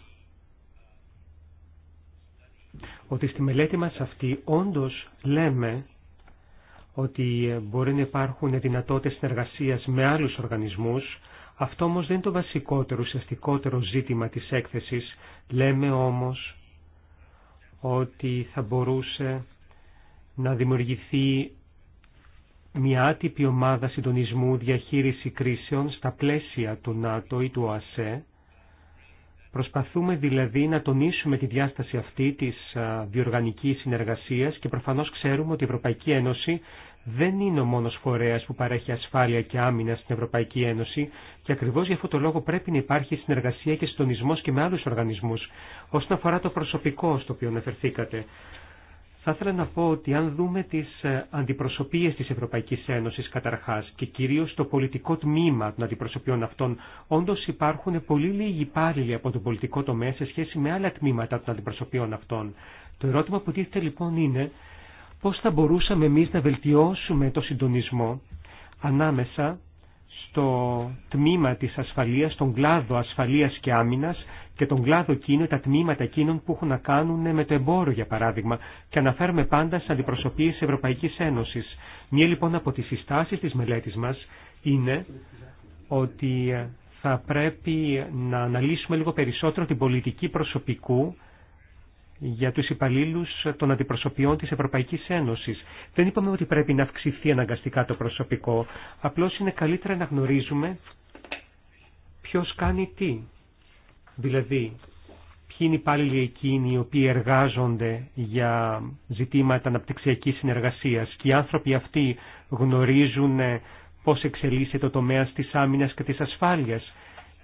C: ότι στη μελέτη μας αυτή όντως λέμε ότι μπορεί να υπάρχουν δυνατότητες συνεργασίας με άλλους οργανισμούς. Αυτό όμως δεν είναι το βασικότερο, ουσιαστικότερο ζήτημα της έκθεσης. Λέμε όμως ότι θα μπορούσε να δημιουργηθεί μια άτυπη ομάδα συντονισμού διαχείριση κρίσεων στα πλαίσια του ΝΑΤΟ ή του ΟΑΣΕ. Προσπαθούμε δηλαδή να τονίσουμε τη διάσταση αυτή της διοργανικής συνεργασίας και προφανώς ξέρουμε ότι η Ευρωπαϊκή Ένωση δεν είναι ο μόνος φορέας που παρέχει ασφάλεια και άμυνα στην Ευρωπαϊκή Ένωση και ακριβώς για αυτό το λόγο πρέπει να υπάρχει συνεργασία και συντονισμός και με άλλους οργανισμούς όσον αφορά το προσωπικό στο οποίο αναφερθήκατε. Θα ήθελα να πω ότι αν δούμε τις ε, αντιπροσωπείες της Ευρωπαϊκής Ένωσης καταρχάς και κυρίως το πολιτικό τμήμα των αντιπροσωπείων αυτών, όντως υπάρχουν πολύ λίγοι υπάλληλοι από τον πολιτικό τομέα σε σχέση με άλλα τμήματα των αντιπροσωπείων αυτών. Το ερώτημα που τίθεται λοιπόν είναι πώς θα μπορούσαμε εμείς να βελτιώσουμε το συντονισμό ανάμεσα το τμήμα της ασφαλείας, τον κλάδο ασφαλείας και άμυνας και τον κλάδο εκείνο, τα τμήματα εκείνων που έχουν να κάνουν με το εμπόριο για παράδειγμα και αναφέρουμε πάντα σε αντιπροσωπείες Ευρωπαϊκής Ένωσης. Μία λοιπόν από τις συστάσεις της μελέτης μας είναι ότι θα πρέπει να αναλύσουμε λίγο περισσότερο την πολιτική προσωπικού για τους υπαλλήλους των αντιπροσωπιών της Ευρωπαϊκής Ένωσης. Δεν είπαμε ότι πρέπει να αυξηθεί αναγκαστικά το προσωπικό, απλώς είναι καλύτερα να γνωρίζουμε ποιος κάνει τι. Δηλαδή, ποιοι είναι οι υπάλληλοι εκείνοι οι οποίοι εργάζονται για ζητήματα αναπτυξιακής συνεργασίας και οι άνθρωποι αυτοί γνωρίζουν πώς εξελίσσεται το τομέα της άμυνας και της ασφάλειας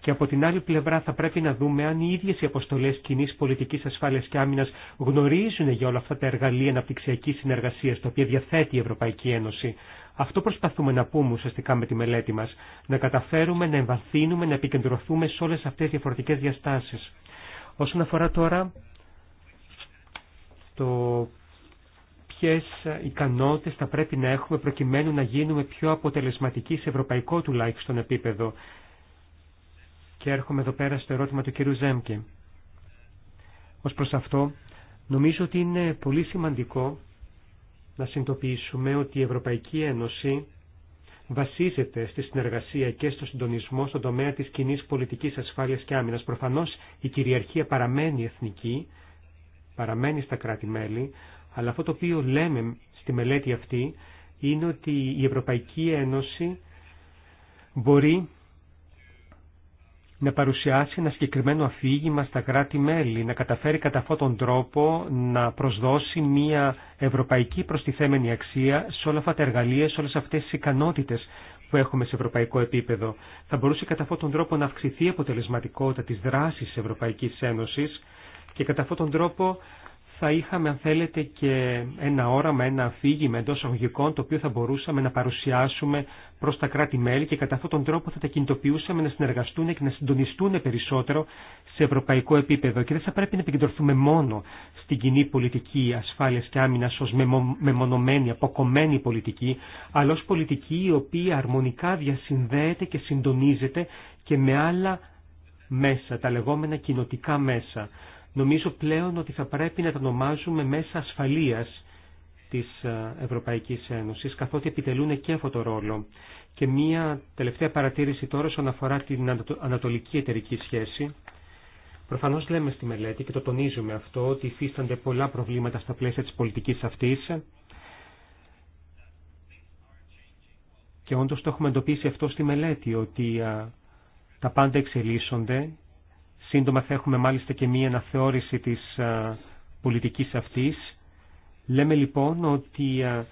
C: και από την άλλη πλευρά θα πρέπει να δούμε αν οι ίδιες οι αποστολές κοινή πολιτικής ασφάλειας και άμυνας γνωρίζουν για όλα αυτά τα εργαλεία αναπτυξιακή συνεργασίας τα οποία διαθέτει η Ευρωπαϊκή Ένωση. Αυτό προσπαθούμε να πούμε ουσιαστικά με τη μελέτη μας, να καταφέρουμε να εμβαθύνουμε, να επικεντρωθούμε σε όλες αυτές τις διαφορετικές διαστάσεις. Όσον αφορά τώρα το ποιες ικανότητες θα πρέπει να έχουμε προκειμένου να γίνουμε πιο αποτελεσματικοί σε ευρωπαϊκό τουλάχιστον επίπεδο και έρχομαι εδώ πέρα στο ερώτημα του κύριου Ζέμκε. Ως προς αυτό, νομίζω ότι είναι πολύ σημαντικό να συνειδητοποιήσουμε ότι η Ευρωπαϊκή Ένωση βασίζεται στη συνεργασία και στο συντονισμό στον τομέα της κοινή πολιτικής ασφάλειας και άμυνας. Προφανώς η κυριαρχία παραμένει εθνική, παραμένει στα κράτη-μέλη, αλλά αυτό το οποίο λέμε στη μελέτη αυτή είναι ότι η Ευρωπαϊκή Ένωση μπορεί να παρουσιάσει ένα συγκεκριμένο αφήγημα στα κράτη-μέλη, να καταφέρει κατά αυτόν τον τρόπο να προσδώσει μια ευρωπαϊκή προστιθέμενη αξία σε όλα αυτά τα εργαλεία, σε όλες αυτές τις ικανότητες που έχουμε σε ευρωπαϊκό επίπεδο. Θα μπορούσε κατά αυτόν τον τρόπο να αυξηθεί η αποτελεσματικότητα της δράσης της Ευρωπαϊκής Ένωσης και κατά αυτόν τον τρόπο θα είχαμε αν θέλετε και ένα όραμα, ένα αφήγημα εντό αγωγικών το οποίο θα μπορούσαμε να παρουσιάσουμε προς τα κράτη-μέλη και κατά αυτόν τον τρόπο θα τα κινητοποιούσαμε να συνεργαστούν και να συντονιστούν περισσότερο σε ευρωπαϊκό επίπεδο και δεν θα πρέπει να επικεντρωθούμε μόνο στην κοινή πολιτική ασφάλεια και άμυνα ως μεμονωμένη, αποκομμένη πολιτική αλλά ως πολιτική η οποία αρμονικά διασυνδέεται και συντονίζεται και με άλλα μέσα, τα λεγόμενα κοινοτικά μέσα νομίζω πλέον ότι θα πρέπει να τα ονομάζουμε μέσα ασφαλείας της ε, Ευρωπαϊκής Ένωσης, καθότι επιτελούν και αυτό το ρόλο. Και μία τελευταία παρατήρηση τώρα όσον αφορά την ανατολική εταιρική σχέση. Προφανώς λέμε στη μελέτη και το τονίζουμε αυτό ότι υφίστανται πολλά προβλήματα στα πλαίσια της πολιτικής αυτής και όντως το έχουμε εντοπίσει αυτό στη μελέτη ότι ε, τα πάντα εξελίσσονται Σύντομα θα έχουμε μάλιστα και μία αναθεώρηση της ε, πολιτικής αυτής. Λέμε λοιπόν ότι ε,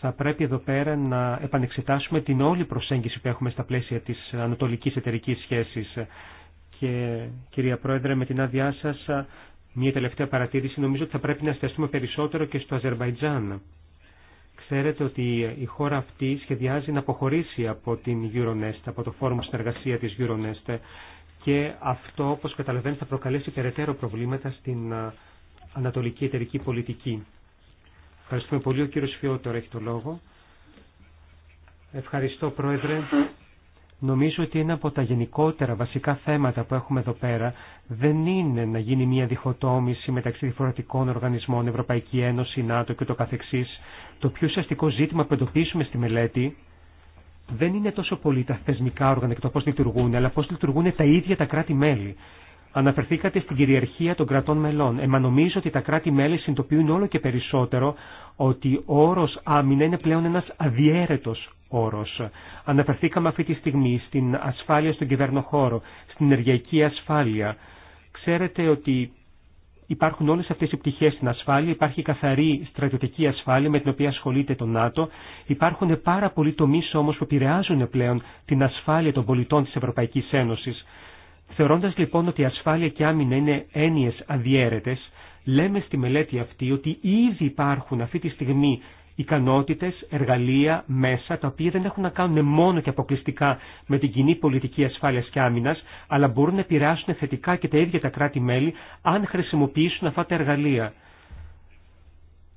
C: θα πρέπει εδώ πέρα να επανεξετάσουμε την όλη προσέγγιση που έχουμε στα πλαίσια της ανατολικής εταιρικής σχέσης. Και κυρία Πρόεδρε, με την άδειά σας, ε, μία τελευταία παρατήρηση. Νομίζω ότι θα πρέπει να εστιαστούμε περισσότερο και στο Αζερβαϊτζάν. Ξέρετε ότι η χώρα αυτή σχεδιάζει να αποχωρήσει από την Euronest, από το φόρουμ συνεργασία της Euronest και αυτό, όπως καταλαβαίνετε, θα προκαλέσει περαιτέρω προβλήματα στην ανατολική εταιρική πολιτική. Ευχαριστούμε πολύ. Ο κύριος Φιώτορ έχει το λόγο. Ευχαριστώ, Πρόεδρε. Νομίζω ότι ένα από τα γενικότερα βασικά θέματα που έχουμε εδώ πέρα δεν είναι να γίνει μια διχοτόμηση μεταξύ διαφορετικών οργανισμών, Ευρωπαϊκή Ένωση, ΝΑΤΟ και το καθεξής. Το πιο ουσιαστικό ζήτημα που εντοπίσουμε στη μελέτη δεν είναι τόσο πολύ τα θεσμικά όργανα και το πώ λειτουργούν, αλλά πώ λειτουργούν τα ίδια τα κράτη-μέλη. Αναφερθήκατε στην κυριαρχία των κρατών μελών. Εμα νομίζω ότι τα κράτη-μέλη συνειδητοποιούν όλο και περισσότερο ότι ο όρο άμυνα είναι πλέον ένας αδιέρετος όρος. Αναφερθήκαμε αυτή τη στιγμή στην ασφάλεια στον κυβερνοχώρο, στην ενεργειακή ασφάλεια. Ξέρετε ότι Υπάρχουν όλες αυτές οι πτυχές στην ασφάλεια, υπάρχει καθαρή στρατιωτική ασφάλεια με την οποία ασχολείται το ΝΑΤΟ, υπάρχουν πάρα πολλοί τομείς όμως που επηρεάζουν πλέον την ασφάλεια των πολιτών της Ευρωπαϊκής Ένωσης. Θεωρώντας λοιπόν ότι η ασφάλεια και άμυνα είναι έννοιες αδιέρετες, λέμε στη μελέτη αυτή ότι ήδη υπάρχουν αυτή τη στιγμή ικανότητες, εργαλεία, μέσα, τα οποία δεν έχουν να κάνουν μόνο και αποκλειστικά με την κοινή πολιτική ασφάλειας και άμυνας, αλλά μπορούν να επηρεάσουν θετικά και τα ίδια τα κράτη-μέλη, αν χρησιμοποιήσουν αυτά τα εργαλεία.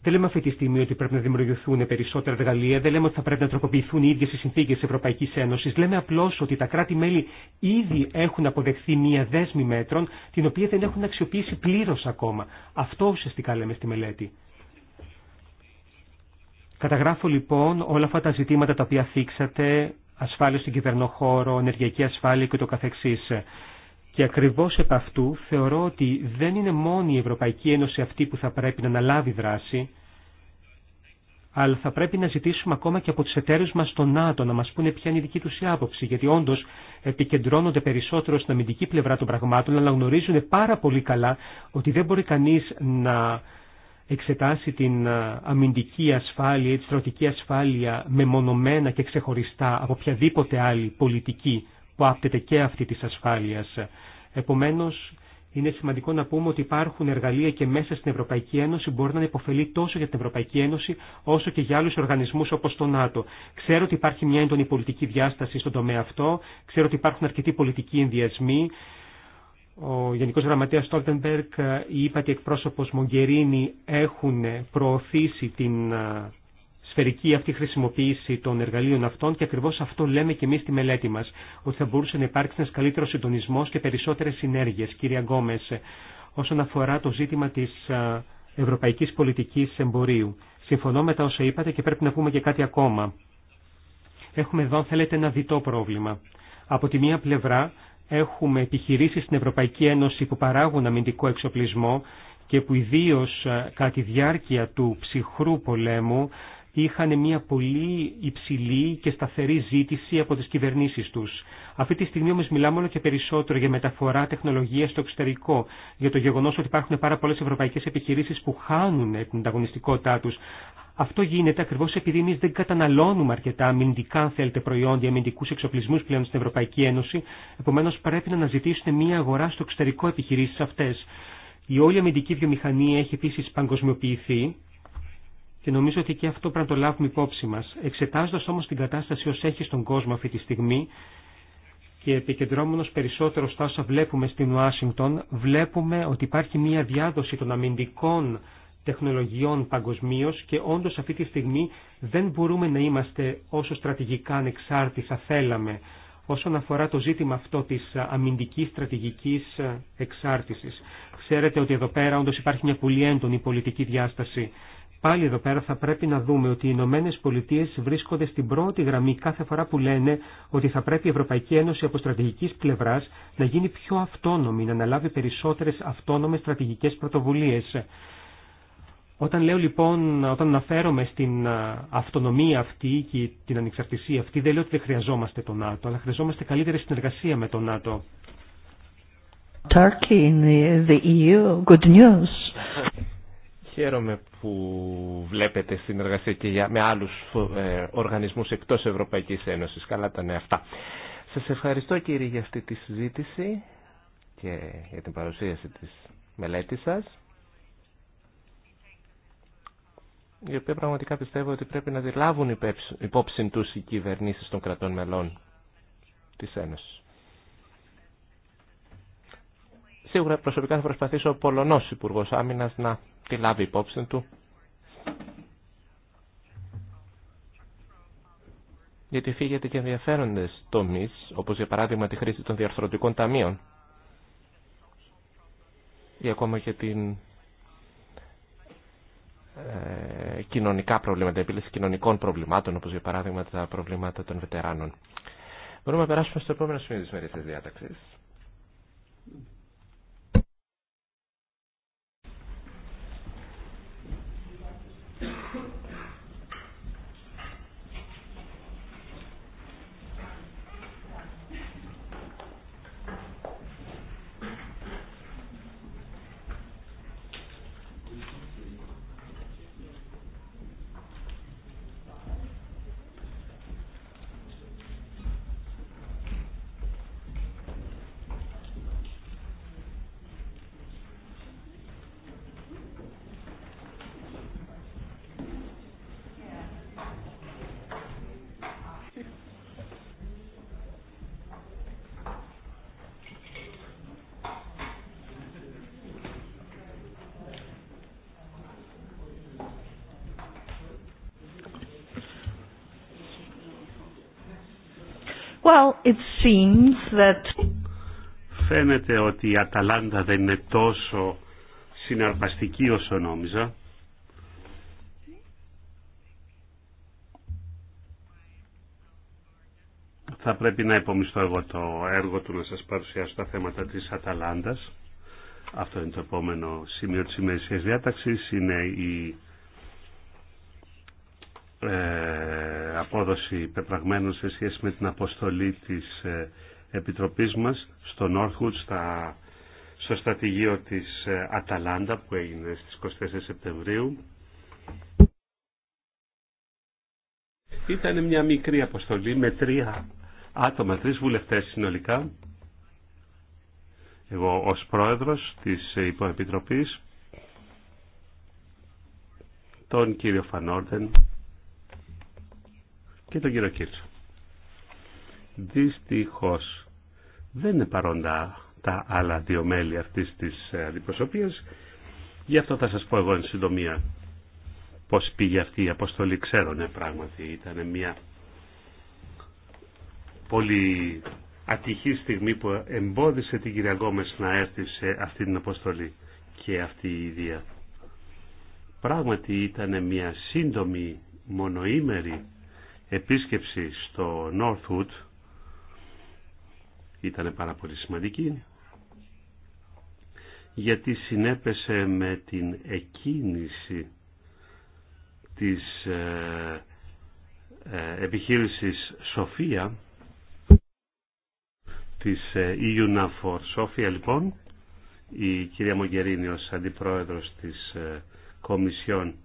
C: Δεν λέμε αυτή τη στιγμή ότι πρέπει να δημιουργηθούν περισσότερα εργαλεία, δεν λέμε ότι θα πρέπει να τροποποιηθούν οι ίδιε οι συνθήκε τη Ευρωπαϊκή Ένωση. Λέμε απλώ ότι τα κράτη-μέλη ήδη έχουν αποδεχθεί μία δέσμη μέτρων, την οποία δεν έχουν αξιοποιήσει πλήρω ακόμα. Αυτό ουσιαστικά λέμε στη μελέτη. Καταγράφω λοιπόν όλα αυτά τα ζητήματα τα οποία θίξατε, ασφάλεια στον κυβερνοχώρο, ενεργειακή ασφάλεια και το καθεξής. Και ακριβώς επ' αυτού θεωρώ ότι δεν είναι μόνο η Ευρωπαϊκή Ένωση αυτή που θα πρέπει να αναλάβει δράση, αλλά θα πρέπει να ζητήσουμε ακόμα και από τους εταίρους μας στο ΝΑΤΟ να μας πούνε ποια είναι η δική τους άποψη, γιατί όντως επικεντρώνονται περισσότερο στην αμυντική πλευρά των πραγμάτων, αλλά γνωρίζουν πάρα πολύ καλά ότι δεν μπορεί κανείς να εξετάσει την ε, αμυντική ασφάλεια ή τη στρατιωτική ασφάλεια μεμονωμένα και ξεχωριστά από οποιαδήποτε άλλη πολιτική που άπτεται και αυτή της ασφάλειας. Επομένως, είναι σημαντικό να πούμε ότι υπάρχουν εργαλεία και μέσα στην Ευρωπαϊκή Ένωση που μπορεί να υποφελεί τόσο για την Ευρωπαϊκή Ένωση όσο και για άλλου οργανισμού όπω το ΝΑΤΟ. Ξέρω ότι υπάρχει μια έντονη πολιτική διάσταση στον τομέα αυτό, ξέρω ότι υπάρχουν αρκετοί πολιτικοί ενδιασμοί, ο Γενικός Γραμματέας Στόλτεμπερκ, η ε, ύπατη εκπρόσωπος Μογκερίνη έχουν προωθήσει την ε, σφαιρική αυτή χρησιμοποίηση των εργαλείων αυτών και ακριβώς αυτό λέμε και εμείς στη μελέτη μας, ότι θα μπορούσε να υπάρξει ένας καλύτερος συντονισμός και περισσότερες συνέργειες, Κύριε Γκόμες, ε, όσον αφορά το ζήτημα της ευρωπαϊκής πολιτικής εμπορίου. Συμφωνώ με τα όσα είπατε και πρέπει να πούμε και κάτι ακόμα. Έχουμε εδώ, θέλετε, ένα διτό πρόβλημα. Από τη μία πλευρά έχουμε επιχειρήσεις στην Ευρωπαϊκή Ένωση που παράγουν αμυντικό εξοπλισμό και που ιδίω ε, κατά τη διάρκεια του ψυχρού πολέμου είχαν μια πολύ υψηλή και σταθερή ζήτηση από τις κυβερνήσεις τους. Αυτή τη στιγμή όμως μιλάμε όλο και περισσότερο για μεταφορά τεχνολογίας στο εξωτερικό, για το γεγονός ότι υπάρχουν πάρα πολλές ευρωπαϊκές επιχειρήσεις που χάνουν την ανταγωνιστικότητά τους αυτό γίνεται ακριβώ επειδή εμεί δεν καταναλώνουμε αρκετά αμυντικά, αν θέλετε, προϊόντα, αμυντικού εξοπλισμού πλέον στην Ευρωπαϊκή Ένωση. Επομένω, πρέπει να αναζητήσουν μια αγορά στο εξωτερικό επιχειρήσει αυτέ. Η όλη αμυντική βιομηχανία έχει επίση παγκοσμιοποιηθεί και νομίζω ότι και αυτό πρέπει να το λάβουμε υπόψη μα. Εξετάζοντα όμω την κατάσταση ω έχει στον κόσμο αυτή τη στιγμή και επικεντρώμενο περισσότερο στα όσα βλέπουμε στην Ουάσιγκτον, βλέπουμε ότι υπάρχει μια διάδοση των αμυντικών τεχνολογιών παγκοσμίω και όντω αυτή τη στιγμή δεν μπορούμε να είμαστε όσο στρατηγικά θα θέλαμε όσον αφορά το ζήτημα αυτό της αμυντικής στρατηγικής εξάρτησης. Ξέρετε ότι εδώ πέρα όντως υπάρχει μια πολύ έντονη πολιτική διάσταση. Πάλι εδώ πέρα θα πρέπει να δούμε ότι οι Ηνωμένε Πολιτείε βρίσκονται στην πρώτη γραμμή κάθε φορά που λένε ότι θα πρέπει η Ευρωπαϊκή Ένωση από στρατηγική πλευρά να γίνει πιο αυτόνομη, να αναλάβει περισσότερε αυτόνομε στρατηγικέ πρωτοβουλίε. Όταν λέω λοιπόν, όταν αναφέρομαι στην αυτονομία αυτή και την ανεξαρτησία αυτή, δεν λέω ότι δεν χρειαζόμαστε το ΝΑΤΟ, αλλά χρειαζόμαστε καλύτερη συνεργασία με το ΝΑΤΟ.
A: Turkey in the EU, e good news.
C: Χαίρομαι που βλέπετε
D: συνεργασία και με άλλους ε, οργανισμούς εκτός Ευρωπαϊκής Ένωσης. Καλά τα αυτά. Σας ευχαριστώ κύριε για αυτή τη συζήτηση και για την παρουσίαση της μελέτης σας. η οποία πραγματικά πιστεύω ότι πρέπει να τη υπόψη του οι κυβερνήσει των κρατών μελών τη Ένωση. Σίγουρα προσωπικά θα προσπαθήσω ο Πολωνός Υπουργό Άμυνα να τη λάβει υπόψη του. Γιατί φύγεται και ενδιαφέροντες τομεί, όπω για παράδειγμα τη χρήση των διαρθρωτικών ταμείων ή ακόμα και την ε, κοινωνικά προβλήματα, επίλυση κοινωνικών προβλημάτων, όπως για παράδειγμα τα προβλήματα των βετεράνων. Μπορούμε να περάσουμε στο επόμενο σημείο τη μέρης διάταξη.
A: Well,
B: Φαίνεται ότι η Αταλάντα δεν είναι τόσο συναρπαστική όσο νόμιζα. Θα πρέπει να υπομισθώ εγώ το έργο του να σας παρουσιάσω τα θέματα της Αταλάντας. Αυτό είναι το επόμενο σημείο της ημερησίας διάταξης. Είναι η ε, απόδοση πεπραγμένων σε σχέση με την αποστολή της ε, Επιτροπής μας στο Northwood, στο στρατηγείο της ε, Αταλάντα που έγινε στις 24 Σεπτεμβρίου. Ήταν μια μικρή αποστολή με τρία άτομα, τρεις βουλευτές συνολικά. Εγώ ως πρόεδρος της υποεπιτροπής, τον κύριο Φανόρδεν, και τον κύριο Κίρτσο. Δυστυχώ δεν είναι παρόντα τα άλλα δύο μέλη αυτής της ε, αντιπροσωπεία. Γι' αυτό θα σας πω εγώ εν συντομία πώς πήγε αυτή η αποστολή. ναι, πράγματι ήταν μια πολύ ατυχή στιγμή που εμπόδισε την κυρία να έρθει σε αυτή την αποστολή και αυτή η ιδέα. Πράγματι ήταν μια σύντομη μονοήμερη επίσκεψη στο Northwood ήταν πάρα πολύ σημαντική γιατί συνέπεσε με την εκκίνηση της ε, ε επιχείρησης Σοφία της ε, EUNAFOR Σόφια λοιπόν η κυρία Μογκερίνη ως αντιπρόεδρος της ε, Κομισιόν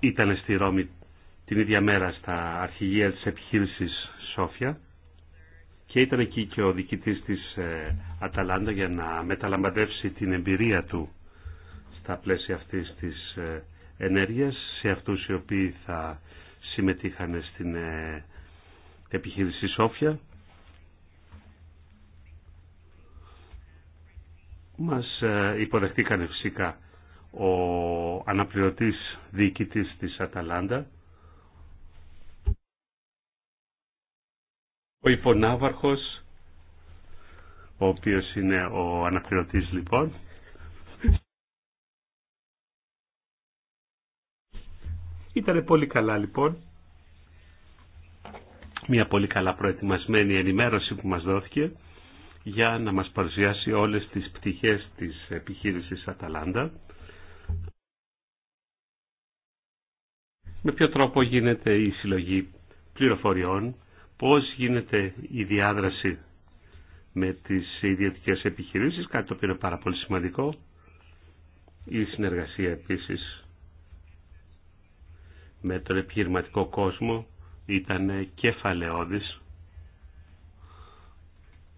B: ήταν στη Ρώμη την ίδια μέρα στα αρχηγεία της επιχείρησης Σόφια και ήταν εκεί και ο διοικητής της ε, Αταλάντα για να μεταλαμπαδεύσει την εμπειρία του στα πλαίσια αυτής της ε, ενέργειας σε αυτούς οι οποίοι θα συμμετείχαν στην ε, επιχείρηση Σόφια. Μας υποδεχτήκανε φυσικά ο αναπληρωτής διοικητής της Αταλάντα Ο υπονάβαρχος, ο οποίος είναι ο αναπληρωτής λοιπόν, Ήταν πολύ καλά λοιπόν. Μια πολύ καλά προετοιμασμένη ενημέρωση που μας δόθηκε για να μας παρουσιάσει όλες τις πτυχές της επιχείρησης Αταλάντα. Με ποιο τρόπο γίνεται η συλλογή πληροφοριών πώς γίνεται η διάδραση με τις ιδιωτικές επιχειρήσεις, κάτι το οποίο είναι πάρα πολύ σημαντικό. Η συνεργασία επίσης με τον επιχειρηματικό κόσμο ήταν κεφαλαιώδης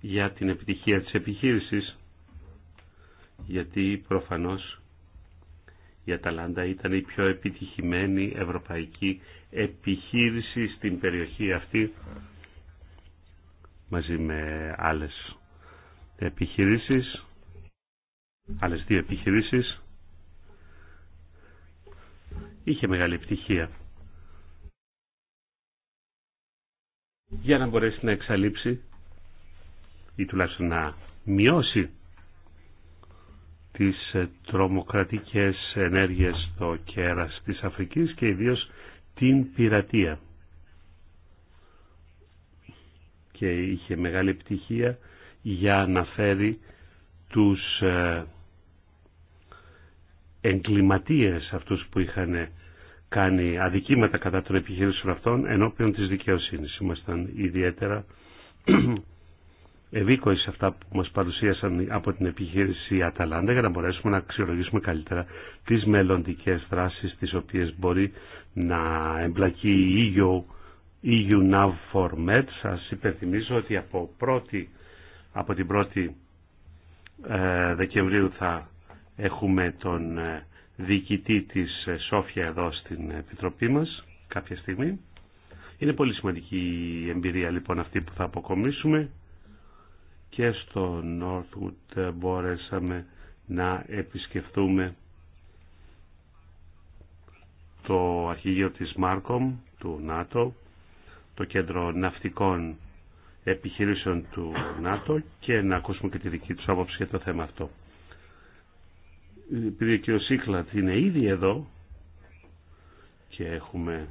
B: για την επιτυχία της επιχείρησης γιατί προφανώς η Αταλάντα ήταν η πιο επιτυχημένη ευρωπαϊκή επιχείρηση στην περιοχή αυτή μαζί με άλλες επιχειρήσεις, άλλες δύο επιχειρήσεις. Είχε μεγάλη επιτυχία. Για να μπορέσει να εξαλείψει ή τουλάχιστον να μειώσει τις τρομοκρατικές ενέργειες στο κέρας της Αφρικής και ιδίως την πειρατεία. Και είχε μεγάλη επιτυχία για να φέρει τους ε, εγκληματίες αυτούς που είχαν κάνει αδικήματα κατά των επιχειρήσεων αυτών ενώπιον της δικαιοσύνης. Ήμασταν ιδιαίτερα Ευήκοη σε αυτά που μα παρουσίασαν από την επιχείρηση Αταλάντα για να μπορέσουμε να αξιολογήσουμε καλύτερα τι μελλοντικέ δράσεις τι οποίε μπορεί να εμπλακεί η EU, EU Nav for Med. Σα υπενθυμίζω ότι από, πρώτη, από την 1η ε, Δεκεμβρίου θα έχουμε τον ε, διοικητή της ε, Σόφια εδώ στην Επιτροπή μα κάποια στιγμή. Είναι πολύ σημαντική η εμπειρία λοιπόν αυτή που θα αποκομίσουμε και στο Northwood μπορέσαμε να επισκεφτούμε το αρχηγείο της Μάρκομ του ΝΑΤΟ, το κέντρο ναυτικών επιχειρήσεων του ΝΑΤΟ και να ακούσουμε και τη δική τους άποψη για το θέμα αυτό. Επειδή ο κ. Σίκλατ είναι ήδη εδώ και έχουμε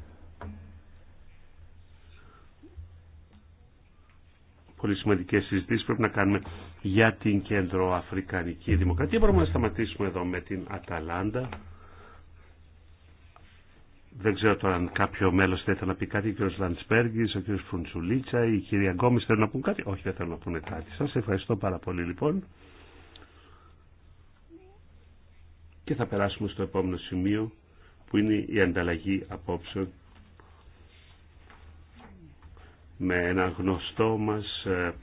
B: πολύ σημαντικές συζητήσεις πρέπει να κάνουμε για την κεντροαφρικανική δημοκρατία. Μπορούμε να σταματήσουμε εδώ με την Αταλάντα. Δεν ξέρω τώρα αν κάποιο μέλος θέλει να πει κάτι, ο κ. Λαντσπέργης, ο κ. Φουντσουλίτσα, η κυρία Γκόμης θέλουν να πούν κάτι. Όχι, δεν θέλουν να πούνε κάτι. Σας ευχαριστώ πάρα πολύ λοιπόν. Και θα περάσουμε στο επόμενο σημείο που είναι η ανταλλαγή απόψεων με ένα γνωστό μας ε,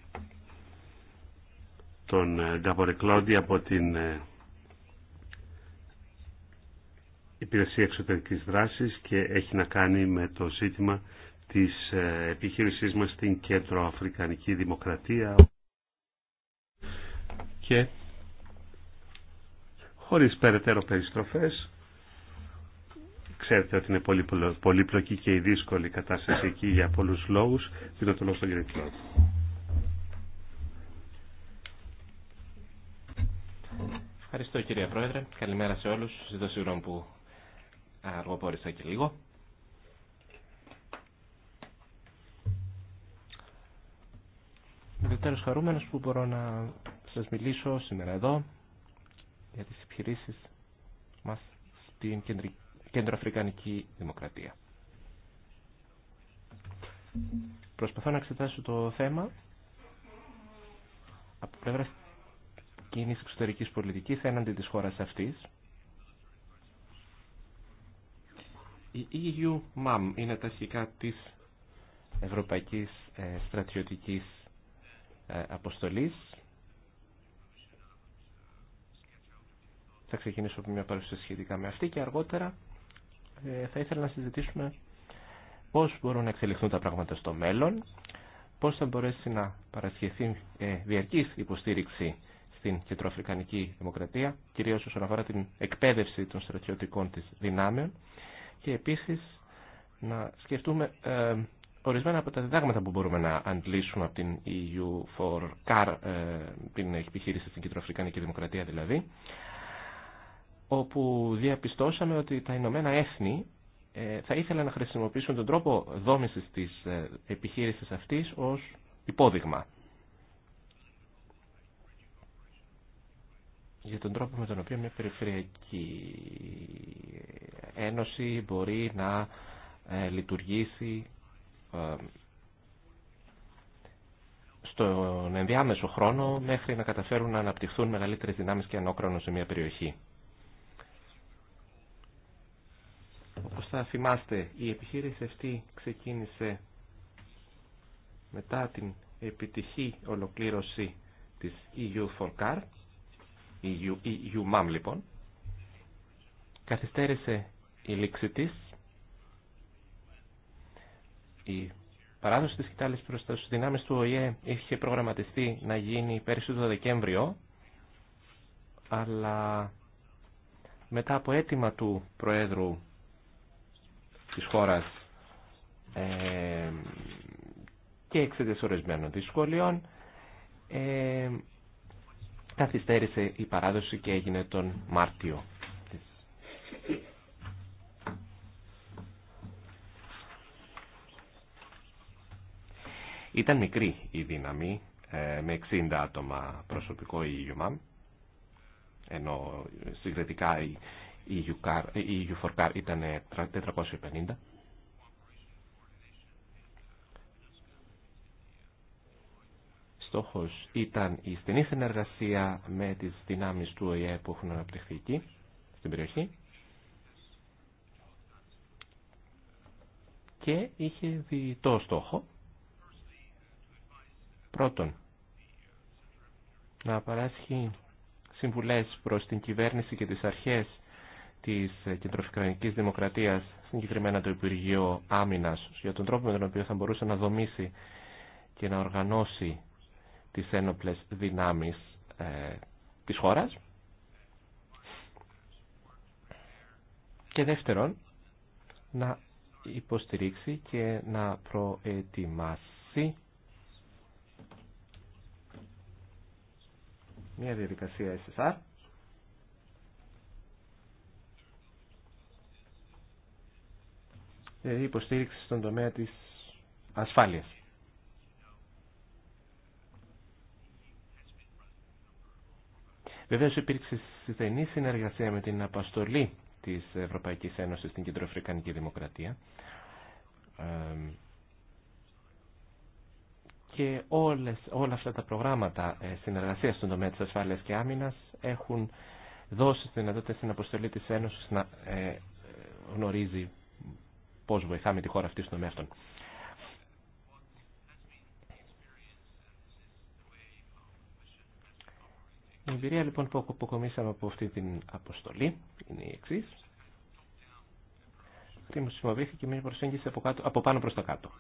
B: τον ε, Κλόντι από την ε, Υπηρεσία Εξωτερικής Δράσης και έχει να κάνει με το ζήτημα της επιχείρησής μας στην Κέντρο Αφρικανική Δημοκρατία και χωρίς περαιτέρω περιστροφές Ξέρετε ότι είναι πολύ πολύπλοκη και η δύσκολη κατάσταση εκεί για πολλούς λόγους. Δίνω το λόγο στον κύριο
D: Ευχαριστώ κύριε Πρόεδρε. Καλημέρα σε όλους. Ζητώ συγγνώμη που αργοπόρησα και λίγο. Ιδιαίτερος χαρούμενος που μπορώ να σας μιλήσω σήμερα εδώ για τις επιχειρήσεις μας στην κεντρική κεντροαφρικανική δημοκρατία. Προσπαθώ να εξετάσω το θέμα από πλευρά κοινή εξωτερικής πολιτικής έναντι της χώρας αυτής. Η EU-MAM είναι τα αρχικά της Ευρωπαϊκής ε, Στρατιωτικής ε, Αποστολής. Θα ξεκινήσω από μια παρουσίαση σχετικά με αυτή και αργότερα ε, θα ήθελα να συζητήσουμε πώς μπορούν να εξελιχθούν τα πράγματα στο μέλλον, πώς θα μπορέσει να παρασχεθεί ε, διαρκής υποστήριξη στην κεντροαφρικανική δημοκρατία, κυρίως όσον αφορά την εκπαίδευση των στρατιωτικών της δυνάμεων και επίσης να σκεφτούμε ε, ορισμένα από τα διδάγματα που μπορούμε να αντλήσουμε από την EU 4 Car, την επιχείρηση στην Κεντροαφρικανική Δημοκρατία δηλαδή, όπου διαπιστώσαμε ότι τα Ηνωμένα Έθνη ε, θα ήθελαν να χρησιμοποιήσουν τον τρόπο δόμησης της ε, επιχείρησης αυτής ως υπόδειγμα. για τον τρόπο με τον οποίο μια περιφερειακή ένωση μπορεί να ε, λειτουργήσει στον ενδιάμεσο χρόνο μέχρι να καταφέρουν να αναπτυχθούν μεγαλύτερες δυνάμεις και ανώκρονο σε μια περιοχή. Όπως θα θυμάστε, η επιχείρηση αυτή ξεκίνησε μετά την επιτυχή ολοκλήρωση της EU 4 Car, EU, EU λοιπόν, καθυστέρησε η λήξη της, η παράδοση της κοιτάλης προς τα δυνάμεις του ΟΗΕ είχε προγραμματιστεί να γίνει πέρυσι το Δεκέμβριο, αλλά μετά από αίτημα του Προέδρου της χώρας ε, και εξαιτίας ορισμένων δυσκολιών ε, καθυστέρησε η παράδοση και έγινε τον Μάρτιο. Ήταν μικρή η δύναμη, ε, με 60 άτομα προσωπικό η ενώ συγκριτικά η η u 4 ήταν 450. Στόχος ήταν η στενή συνεργασία με τις δυνάμεις του ΟΗΕ που έχουν αναπτυχθεί εκεί, στην περιοχή. Και είχε διτό στόχο. Πρώτον, να παράσχει συμβουλές προς την κυβέρνηση και τις αρχές της κεντροφυκρανικής δημοκρατίας, συγκεκριμένα το Υπουργείο Άμυνας, για τον τρόπο με τον οποίο θα μπορούσε να δομήσει και να οργανώσει τις ένοπλες δυνάμεις ε, της χώρας. Και δεύτερον, να υποστηρίξει και να προετοιμάσει μια διαδικασία SSR Ε, υποστήριξη στον τομέα της ασφάλειας. Βεβαίως υπήρξε στενή συνεργασία με την αποστολή της Ευρωπαϊκής Ένωσης στην Κεντροαφρικανική Δημοκρατία και όλες, όλα αυτά τα προγράμματα ε, συνεργασίας στον τομέα της ασφάλειας και άμυνας έχουν δώσει δυνατότητα στην αποστολή της Ένωσης να ε, γνωρίζει πώς βοηθάμε τη χώρα αυτή στον τομέα αυτών. Η εμπειρία λοιπόν που αποκομίσαμε από αυτή την αποστολή είναι η εξή. και μια προσέγγιση από, κάτω, από πάνω προς τα κάτω.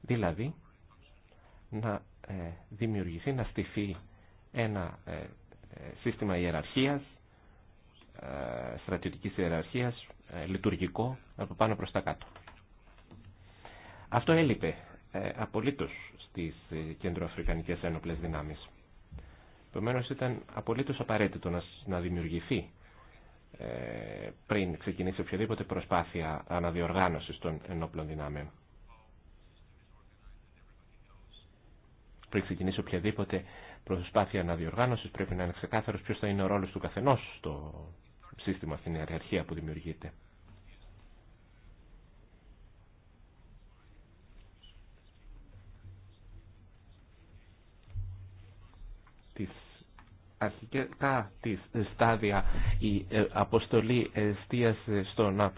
D: Δηλαδή, να ε, δημιουργηθεί, να στηθεί ένα ε, ε, σύστημα ιεραρχίας, ε, στρατιωτικής ιεραρχίας, ε, λειτουργικό από πάνω προς τα κάτω. Αυτό έλειπε ε, απολύτως στις κεντροαφρικανικές ένοπλες δυνάμεις. Επομένω ήταν απολύτως απαραίτητο να δημιουργηθεί πριν ξεκινήσει οποιαδήποτε προσπάθεια αναδιοργάνωσης των ενόπλων δυνάμεων. Πριν ξεκινήσει οποιαδήποτε προσπάθεια αναδιοργάνωσης πρέπει να είναι ξεκάθαρος ποιος θα είναι ο ρόλος του καθενός στο σύστημα, στην ιεραρχία που δημιουργείται. αρχικά της στάδια η ε, αποστολή εστίασε στο να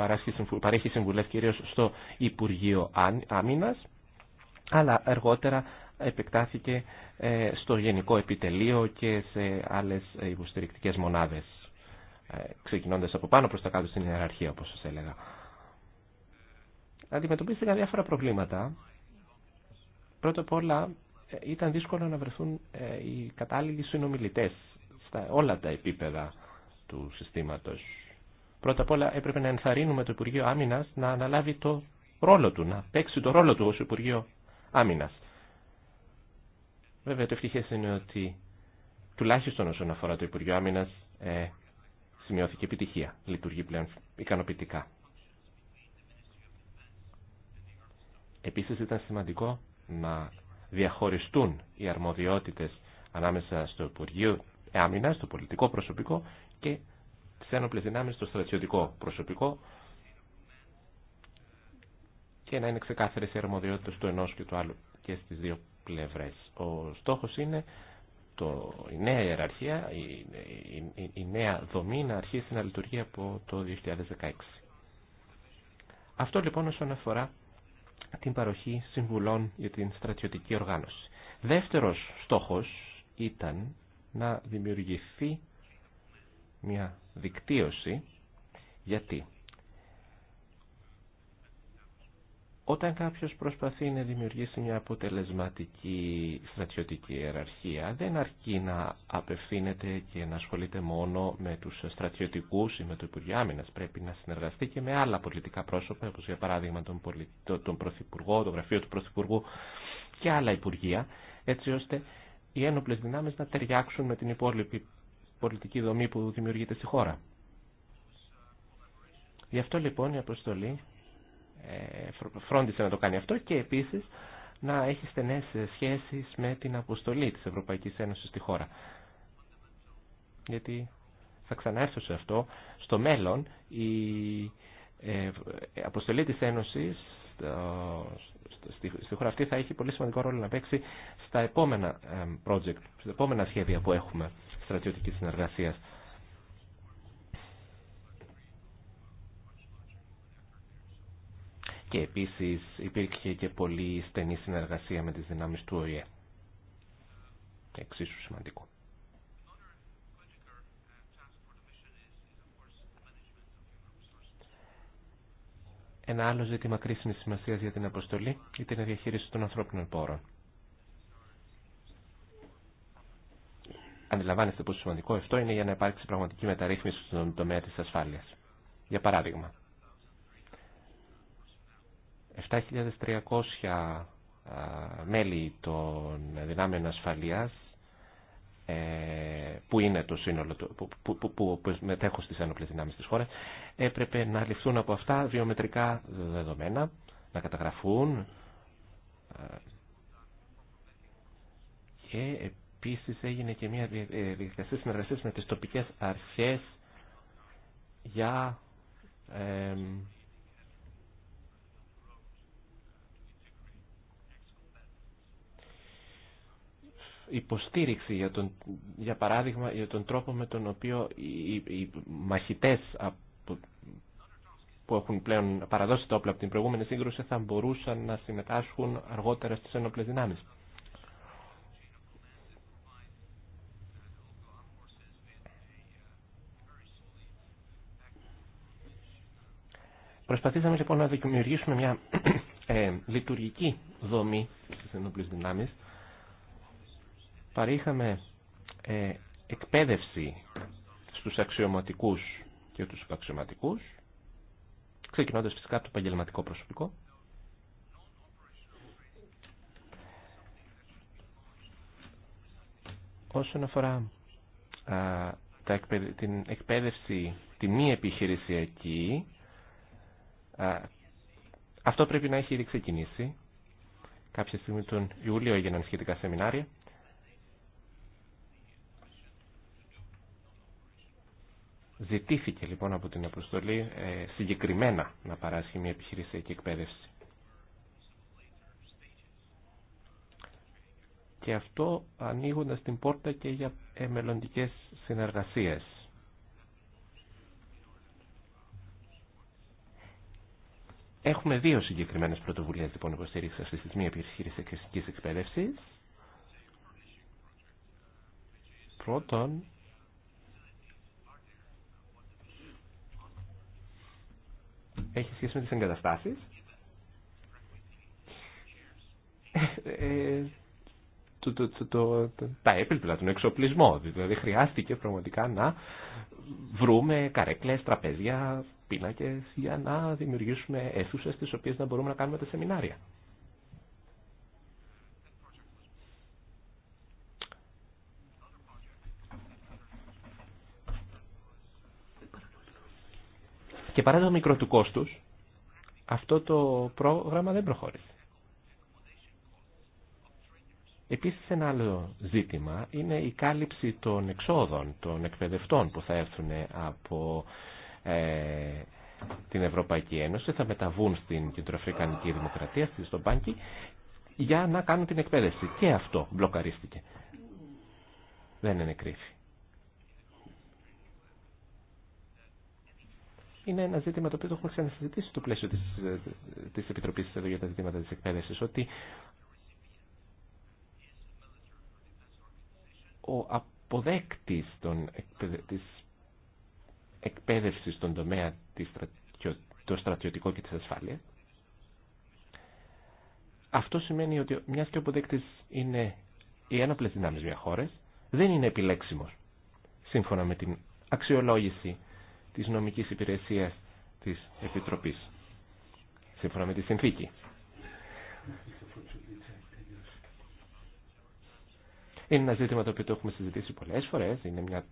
D: παρέχει συμβουλές κυρίως στο Υπουργείο Άμυνας αλλά αργότερα επεκτάθηκε ε, στο Γενικό Επιτελείο και σε άλλες ε, υποστηρικτικές μονάδες. Ε, ξεκινώντας από πάνω προ τα κάτω στην ιεραρχία όπως σας έλεγα. Αντιμετωπίστηκαν διάφορα προβλήματα. Πρώτα απ' όλα ε, ήταν δύσκολο να βρεθούν ε, οι κατάλληλοι συνομιλητές στα όλα τα επίπεδα του συστήματος. Πρώτα απ' όλα έπρεπε να ενθαρρύνουμε το Υπουργείο Άμυνα να αναλάβει το ρόλο του, να παίξει το ρόλο του ω Υπουργείο Άμυνα. Βέβαια το ευτυχές είναι ότι τουλάχιστον όσον αφορά το Υπουργείο Άμυνα σημειώθηκε επιτυχία. Λειτουργεί πλέον ικανοποιητικά. Επίσης ήταν σημαντικό να διαχωριστούν οι αρμοδιότητες ανάμεσα στο Υπουργείο Άμυνα, στο πολιτικό προσωπικό και τις ένοπλες δυνάμεις στο στρατιωτικό προσωπικό και να είναι ξεκάθαρες οι αρμοδιότητες του ενός και του άλλου και στις δύο πλευρές. Ο στόχος είναι το, η νέα ιεραρχία, η, η, η νέα δομή να αρχίσει να λειτουργεί από το 2016. Αυτό λοιπόν όσον αφορά την παροχή συμβουλών για την στρατιωτική οργάνωση. Δεύτερος στόχος ήταν να δημιουργηθεί μια δικτύωση γιατί Όταν κάποιος προσπαθεί να δημιουργήσει μια αποτελεσματική στρατιωτική ιεραρχία, δεν αρκεί να απευθύνεται και να ασχολείται μόνο με τους στρατιωτικούς ή με το Υπουργείο Άμυνας. Πρέπει να συνεργαστεί και με άλλα πολιτικά πρόσωπα, όπως για παράδειγμα τον, τον Πρωθυπουργό, το Γραφείο του Πρωθυπουργού και άλλα Υπουργεία, έτσι ώστε οι ένοπλες δυνάμεις να ταιριάξουν με την υπόλοιπη πολιτική δομή που δημιουργείται στη χώρα. Γι' αυτό λοιπόν η αποστολή ε, φρόντισε να το κάνει αυτό και επίσης να έχει στενές σχέσεις με την αποστολή της Ευρωπαϊκής Ένωσης στη χώρα. Γιατί θα ξαναέρθω σε αυτό. Στο μέλλον η ε, αποστολή της Ένωσης ε, στη χώρα αυτή θα έχει πολύ σημαντικό ρόλο να παίξει στα επόμενα project, στα επόμενα σχέδια που έχουμε στρατιωτικής συνεργασίας. και επίσης υπήρχε και πολύ στενή συνεργασία με τις δυνάμεις του ΟΗΕ. Εξίσου σημαντικό. Ένα άλλο ζήτημα κρίσιμη σημασία για την αποστολή ήταν η διαχείριση των ανθρώπινων πόρων. Αντιλαμβάνεστε πόσο σημαντικό αυτό είναι για να υπάρξει πραγματική μεταρρύθμιση στον τομέα τη ασφάλεια. Για παράδειγμα, 7.300 μέλη των δυνάμεων ασφαλείας ε, που είναι το σύνολο που, που, που, που μετέχουν στις ένοπλες δυνάμεις της χώρας έπρεπε να ληφθούν από αυτά βιομετρικά δεδομένα να καταγραφούν και επίσης έγινε και μια ε, διαδικασία συνεργασία με τις τοπικές αρχές για ε, υποστήριξη για, τον, για παράδειγμα για τον τρόπο με τον οποίο οι, οι μαχητές που έχουν πλέον παραδώσει τα όπλα από την προηγούμενη σύγκρουση θα μπορούσαν να συμμετάσχουν αργότερα στις ένοπλες δυνάμεις. Προσπαθήσαμε λοιπόν να δημιουργήσουμε μια ε, λειτουργική δομή στις ενόπλες δυνάμεις παρήχαμε ε, εκπαίδευση στους αξιωματικούς και τους υπαξιωματικούς, ξεκινώντας φυσικά από το επαγγελματικό προσωπικό. Όσον αφορά α, την εκπαίδευση, τη μη επιχειρησιακή, α, αυτό πρέπει να έχει ήδη ξεκινήσει. Κάποια στιγμή τον Ιούλιο έγιναν σχετικά σεμινάρια. Ζητήθηκε λοιπόν από την αποστολή ε, συγκεκριμένα να παράσχει μια επιχειρησιακή εκπαίδευση. Και αυτό ανοίγοντας την πόρτα και για μελλοντικέ συνεργασίες. Έχουμε δύο συγκεκριμένε πρωτοβουλίες λοιπόν υποστήριξη αυτή τη μία επιχειρησιακή εκπαίδευση. Πρώτον, έχει σχέση με τις εγκαταστάσεις. Ε, ε, το, το, το, τα έπιπλα, τον εξοπλισμό. Δηλαδή χρειάστηκε πραγματικά να βρούμε καρέκλες, τραπέζια, πίνακες για να δημιουργήσουμε αίθουσες τις οποίες να μπορούμε να κάνουμε τα σεμινάρια. και παρά το μικρό του κόστου, αυτό το πρόγραμμα δεν προχώρησε. Επίσης ένα άλλο ζήτημα είναι η κάλυψη των εξόδων των εκπαιδευτών που θα έρθουν από ε, την Ευρωπαϊκή Ένωση, θα μεταβούν στην Κεντροαφρικανική Δημοκρατία, στον Πάνκι, για να κάνουν την εκπαίδευση. Και αυτό μπλοκαρίστηκε. Δεν είναι κρίση. είναι ένα ζήτημα το οποίο το έχουμε ξανασυζητήσει στο πλαίσιο της, της Επιτροπής εδώ για τα ζητήματα της εκπαίδευσης, ότι ο αποδέκτης των, της εκπαίδευσης στον τομέα της το στρατιωτικό και της ασφάλειας, αυτό σημαίνει ότι μια και ο αποδέκτης είναι οι ένοπλες δυνάμεις μια χώρα, δεν είναι επιλέξιμος σύμφωνα με την αξιολόγηση της νομικής υπηρεσίας της Επιτροπής, σύμφωνα με τη συνθήκη. Είναι ένα ζήτημα το οποίο το έχουμε συζητήσει πολλές φορές, είναι μια,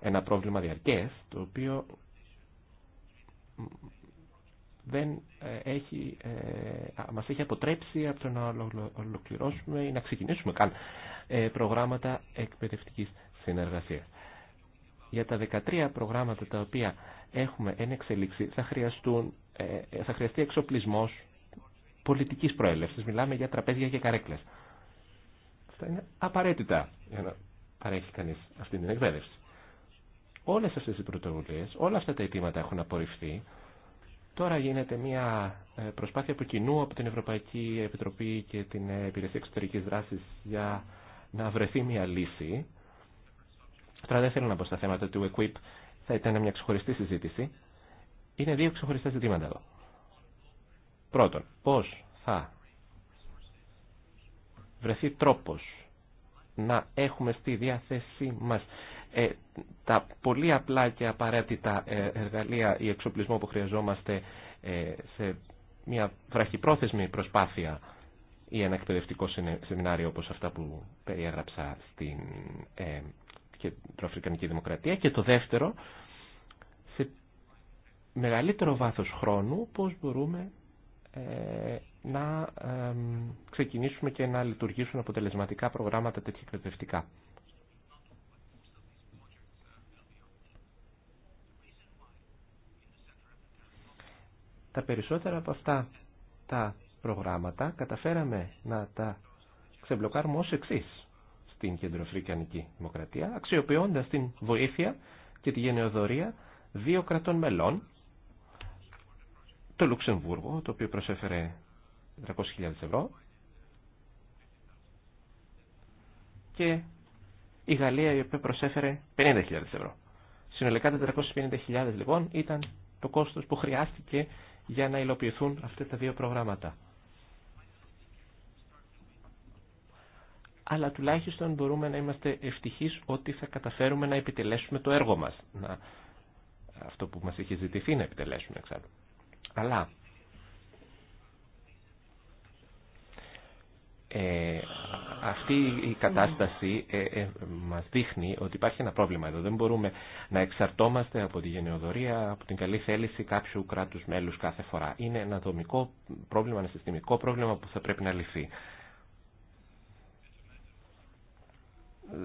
D: ένα πρόβλημα διαρκές, το οποίο δεν ε, έχει, ε, μας έχει αποτρέψει από το να ολοκληρώσουμε ή να ξεκινήσουμε καν ε, προγράμματα εκπαιδευτικής συνεργασίας. Για τα 13 προγράμματα τα οποία έχουμε εν εξελίξη θα, χρειαστούν, ε, ε, θα χρειαστεί εξοπλισμός πολιτικής προέλευσης. Μιλάμε για τραπέζια και καρέκλες. Αυτά είναι απαραίτητα για να παρέχει κανείς αυτή την εκπαίδευση. Όλες αυτές οι πρωτοβουλίες, όλα αυτά τα αιτήματα έχουν απορριφθεί. Τώρα γίνεται μια ε, προσπάθεια από κοινού από την Ευρωπαϊκή Επιτροπή και την Υπηρεσία Εξωτερικής Δράσης για να βρεθεί μια λύση Τώρα δεν θέλω να πω στα θέματα του equip, θα ήταν μια ξεχωριστή συζήτηση. Είναι δύο ξεχωριστά ζητήματα εδώ. Πρώτον, πώς θα βρεθεί τρόπος να έχουμε στη διάθεσή μας ε, τα πολύ απλά και απαραίτητα ε, εργαλεία ή εξοπλισμό που χρειαζόμαστε ε, σε μια βραχυπρόθεσμη προσπάθεια ή ένα εκπαιδευτικό σεμινάριο όπως αυτά που περιέγραψα στην ε, και Αφρικανική Δημοκρατία και το δεύτερο σε μεγαλύτερο βάθος χρόνου πώς μπορούμε ε, να ξεκινήσουμε και να λειτουργήσουν αποτελεσματικά προγράμματα τέτοια εκπαιδευτικά. Τα περισσότερα από αυτά τα προγράμματα καταφέραμε να τα ξεμπλοκάρουμε ως εξής την Κεντροαφρικανική Δημοκρατία, αξιοποιώντας την βοήθεια και τη γενεοδορία δύο κρατών μελών, το Λουξεμβούργο, το οποίο προσέφερε 300.000 ευρώ, και η Γαλλία, η οποία προσέφερε 50.000 ευρώ. Συνολικά 450.000 λοιπόν ήταν το κόστος που χρειάστηκε για να υλοποιηθούν αυτά τα δύο προγράμματα. αλλά τουλάχιστον μπορούμε να είμαστε ευτυχείς ότι θα καταφέρουμε να επιτελέσουμε το έργο μας. Να... Αυτό που μας έχει ζητηθεί να επιτελέσουμε εξάλλου. Αλλά Ε, αυτή η κατάσταση ε, ε, μας δείχνει ότι υπάρχει ένα πρόβλημα εδώ. Δεν μπορούμε να εξαρτώμαστε από τη γενεοδορία, από την καλή θέληση κάποιου κράτους μέλους κάθε φορά. Είναι ένα δομικό πρόβλημα, ένα συστημικό πρόβλημα που θα πρέπει να λυθεί.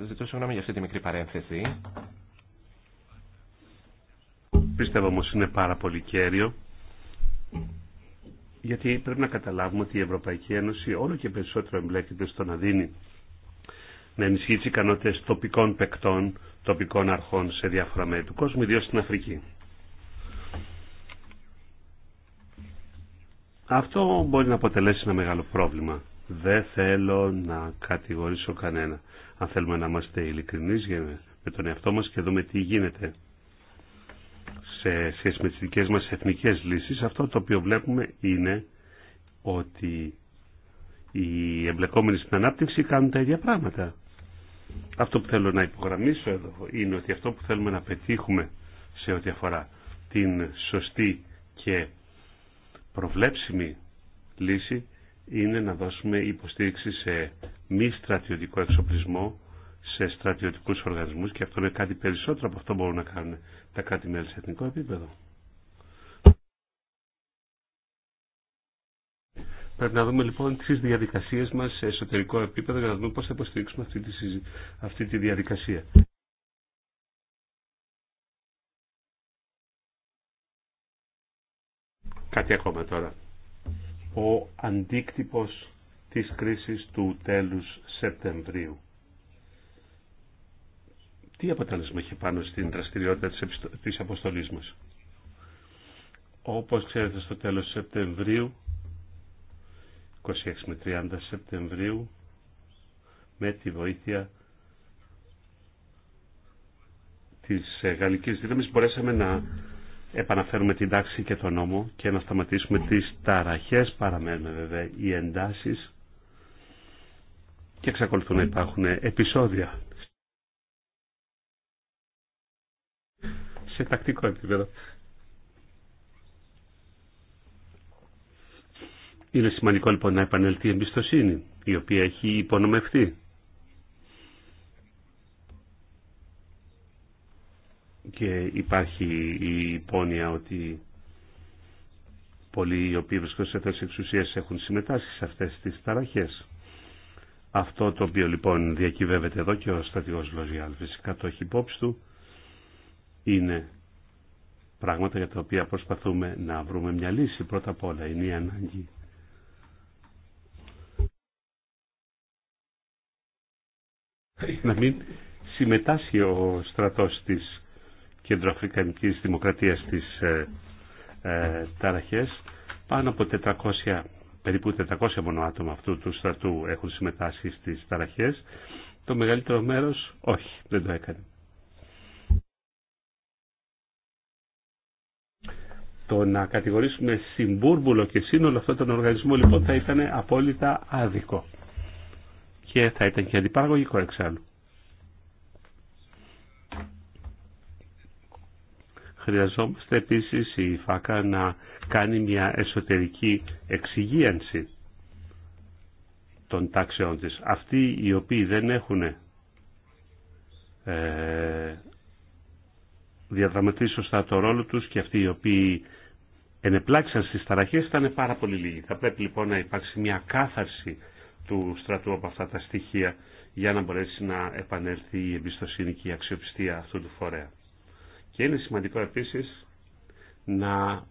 D: Ζητώ συγγνώμη για αυτή τη μικρή παρένθεση.
B: Πιστεύω όμω είναι πάρα πολύ κέριο. Γιατί πρέπει να καταλάβουμε ότι η Ευρωπαϊκή Ένωση όλο και περισσότερο εμπλέκεται στο να δίνει να ενισχύει τι ικανότητε τοπικών παικτών, τοπικών αρχών σε διάφορα μέρη του κόσμου, ιδίω στην Αφρική. Αυτό μπορεί να αποτελέσει ένα μεγάλο πρόβλημα. Δεν θέλω να κατηγορήσω κανένα αν θέλουμε να είμαστε ειλικρινεί με τον εαυτό μας και δούμε τι γίνεται σε σχέση με τις δικές μας εθνικές λύσεις, αυτό το οποίο βλέπουμε είναι ότι οι εμπλεκόμενοι στην ανάπτυξη κάνουν τα ίδια πράγματα. Αυτό που θέλω να υπογραμμίσω εδώ είναι ότι αυτό που θέλουμε να πετύχουμε σε ό,τι αφορά την σωστή και προβλέψιμη λύση είναι να δώσουμε υποστήριξη σε μη στρατιωτικό εξοπλισμό, σε στρατιωτικούς οργανισμούς και αυτό είναι κάτι περισσότερο από αυτό που μπορούν να κάνουν τα κράτη-μέλη σε εθνικό επίπεδο. Πρέπει να δούμε λοιπόν τι διαδικασίε μα σε εσωτερικό επίπεδο για να δούμε πώ θα υποστηρίξουμε αυτή τη, αυτή τη διαδικασία. Κάτι ακόμα τώρα ο αντίκτυπος της κρίσης του τέλους Σεπτεμβρίου. Τι αποτέλεσμα έχει πάνω στην δραστηριότητα της αποστολής μας. Όπως ξέρετε στο τέλος Σεπτεμβρίου, 26 με 30 Σεπτεμβρίου, με τη βοήθεια της ε, γαλλικής δύναμης μπορέσαμε να επαναφέρουμε την τάξη και τον νόμο και να σταματήσουμε τις ταραχές παραμένουν βέβαια οι εντάσεις και εξακολουθούν να υπάρχουν επεισόδια σε τακτικό επίπεδο. Είναι σημαντικό λοιπόν να επανελθεί η εμπιστοσύνη η οποία έχει υπονομευτεί και υπάρχει η υπόνοια ότι πολλοί οι οποίοι βρίσκονται σε θέσεις έχουν συμμετάσχει σε αυτές τις ταραχές. Αυτό το οποίο λοιπόν διακυβεύεται εδώ και ο στρατηγός Λοζιάλ φυσικά το έχει υπόψη του είναι πράγματα για τα οποία προσπαθούμε να βρούμε μια λύση. Πρώτα απ' όλα είναι η ανάγκη να μην συμμετάσχει ο στρατός της Κεντροαφρικανικής Δημοκρατίας της ε, ε, ταραχές. Πάνω από 400, περίπου 400 μόνο άτομα αυτού του στρατού έχουν συμμετάσχει στις ταραχές. Το μεγαλύτερο μέρος όχι, δεν το έκανε. Το να κατηγορήσουμε συμπούρμπουλο και σύνολο αυτόν τον οργανισμό λοιπόν θα ήταν απόλυτα άδικο. Και θα ήταν και αντιπαραγωγικό εξάλλου. Χρειαζόμαστε επίσης η ΦΑΚΑ να κάνει μια εσωτερική εξυγίανση των τάξεών της. Αυτοί οι οποίοι δεν έχουν ε, διαδραματίσει σωστά το ρόλο τους και αυτοί οι οποίοι ενεπλάξαν στις ταραχές ήταν πάρα πολύ λίγοι. Θα πρέπει λοιπόν να υπάρξει μια κάθαρση του στρατού από αυτά τα στοιχεία για να μπορέσει να επανέλθει η εμπιστοσύνη και η αξιοπιστία αυτού του φορέα. Και είναι σημαντικό επίσης να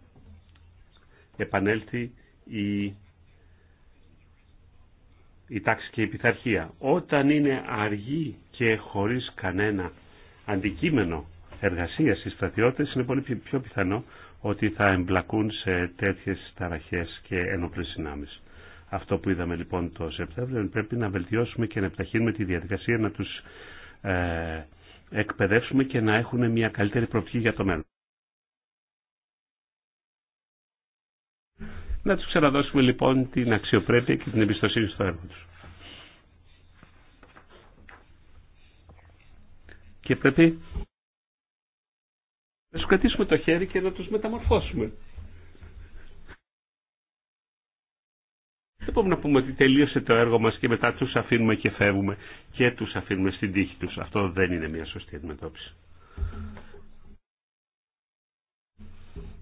B: επανέλθει η η τάξη και η πειθαρχία. Όταν είναι αργή και χωρίς κανένα αντικείμενο εργασίας οι στρατιώτες, είναι πολύ πιο πιθανό ότι θα εμπλακούν σε τέτοιες ταραχές και ενόπλες δυνάμεις. Αυτό που είδαμε λοιπόν το Σεπτέμβριο πρέπει να βελτιώσουμε και να επιταχύνουμε τη διαδικασία να τους ε, εκπαιδεύσουμε και να έχουν μια καλύτερη προοπτική για το μέλλον. Να τους ξαναδώσουμε λοιπόν την αξιοπρέπεια και την εμπιστοσύνη στο έργο τους. Και πρέπει να σου κρατήσουμε το χέρι και να τους μεταμορφώσουμε. Δεν μπορούμε να πούμε ότι τελείωσε το έργο μας και μετά τους αφήνουμε και φεύγουμε και τους αφήνουμε στην τύχη τους. Αυτό δεν είναι μια σωστή αντιμετώπιση.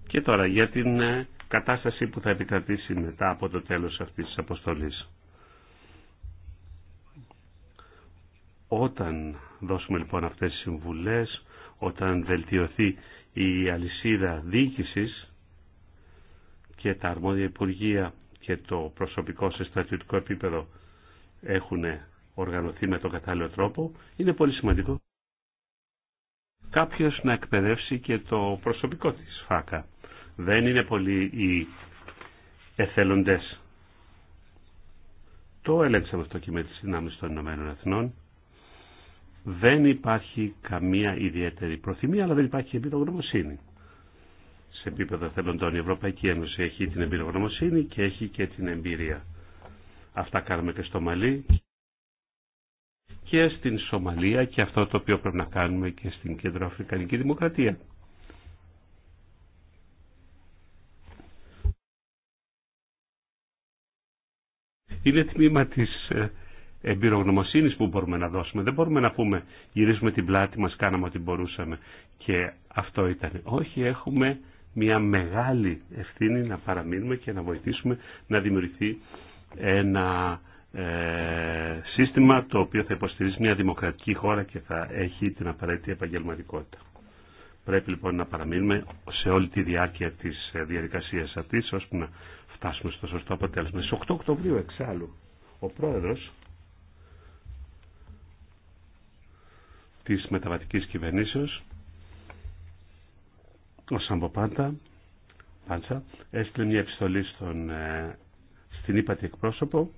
B: Και τώρα για την ε, κατάσταση που θα επικρατήσει μετά από το τέλος αυτής της αποστολής. Όταν δώσουμε λοιπόν αυτές τις συμβουλές, όταν βελτιωθεί η αλυσίδα διοίκησης και τα αρμόδια υπουργεία και το προσωπικό σε στρατιωτικό επίπεδο έχουν οργανωθεί με τον κατάλληλο τρόπο, είναι πολύ σημαντικό κάποιος να εκπαιδεύσει και το προσωπικό της ΦΑΚΑ. Δεν είναι πολλοί οι εθελοντές. Το έλεγξαμε αυτό και με τις δυνάμεις των Ηνωμένων Εθνών. Δεν υπάρχει καμία ιδιαίτερη προθυμία, αλλά δεν υπάρχει και επίδογνωμοσύνη σε επίπεδο θελοντών. Η Ευρωπαϊκή Ένωση έχει την εμπειρογνωμοσύνη και έχει και την εμπειρία. Αυτά κάνουμε και στο Μαλί και στην Σομαλία και αυτό το οποίο πρέπει να κάνουμε και στην Κέντρο Αφρικανική Δημοκρατία. Είναι τμήμα της ε, εμπειρογνωμοσύνη που μπορούμε να δώσουμε. Δεν μπορούμε να πούμε γυρίζουμε την πλάτη μας, κάναμε ό,τι μπορούσαμε και αυτό ήταν. Όχι, έχουμε μια μεγάλη ευθύνη να παραμείνουμε και να βοηθήσουμε να δημιουργηθεί ένα ε, σύστημα το οποίο θα υποστηρίζει μια δημοκρατική χώρα και θα έχει την απαραίτητη επαγγελματικότητα. Πρέπει λοιπόν να παραμείνουμε σε όλη τη διάρκεια της ε, διαδικασίας αυτής ώστε να φτάσουμε στο σωστό αποτέλεσμα. Στις 8 Οκτωβρίου εξάλλου ο πρόεδρος της μεταβατικής κυβερνήσεως ο Σαμποπάντα Πάντσα, έστειλε μια επιστολή στον, ε, στην ύπατη εκπρόσωπο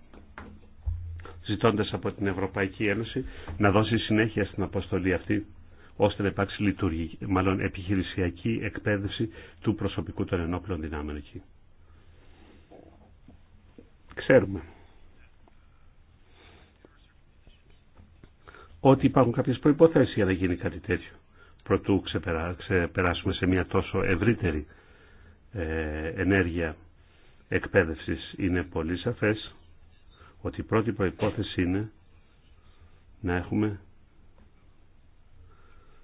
B: ζητώντας από την Ευρωπαϊκή Ένωση να δώσει συνέχεια στην αποστολή αυτή ώστε να υπάρξει λειτουργική, μάλλον επιχειρησιακή εκπαίδευση του προσωπικού των ενόπλων δυνάμεων εκεί. Ξέρουμε ότι υπάρχουν κάποιες προϋποθέσεις για να γίνει κάτι τέτοιο προτού ξεπεράσουμε σε μια τόσο ευρύτερη ε, ενέργεια εκπαίδευσης. Είναι πολύ σαφές ότι η πρώτη προϋπόθεση είναι να έχουμε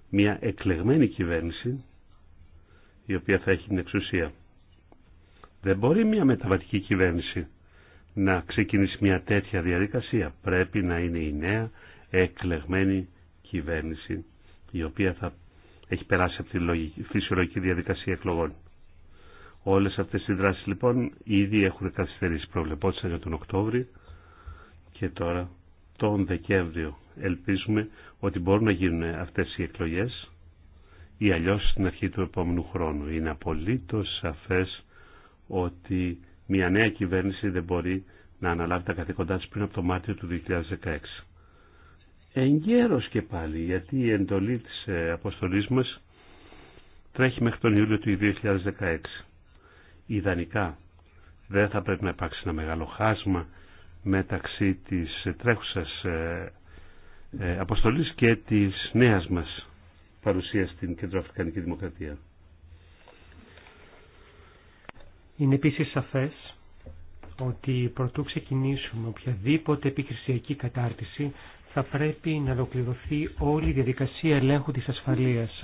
B: μια εκλεγμένη κυβέρνηση η οποία θα έχει την εξουσία. Δεν μπορεί μια μεταβατική κυβέρνηση να ξεκινήσει μια τέτοια διαδικασία. Πρέπει να είναι η νέα εκλεγμένη κυβέρνηση η οποία θα έχει περάσει από τη φυσιολογική διαδικασία εκλογών. Όλε αυτέ οι δράσει λοιπόν ήδη έχουν καθυστερήσει. Προβλεπόταν για τον Οκτώβριο και τώρα τον Δεκέμβριο. Ελπίζουμε ότι μπορούν να γίνουν αυτέ οι εκλογέ ή αλλιώ στην αρχή του επόμενου χρόνου. Είναι απολύτω σαφέ ότι μια νέα κυβέρνηση δεν μπορεί να αναλάβει τα καθήκοντά της πριν από το Μάρτιο του 2016 εγκαίρως και πάλι, γιατί η εντολή της ε, αποστολής μας τρέχει μέχρι τον Ιούλιο του 2016. Ιδανικά δεν θα πρέπει να υπάρξει ένα μεγάλο χάσμα μεταξύ της τρέχουσας ε, ε, αποστολής και της νέας μας παρουσίας στην Κεντροαφρικανική Δημοκρατία.
C: Είναι επίσης σαφές ότι προτού ξεκινήσουμε οποιαδήποτε επικρισιακή κατάρτιση θα πρέπει να ολοκληρωθεί όλη η διαδικασία ελέγχου της ασφαλείας.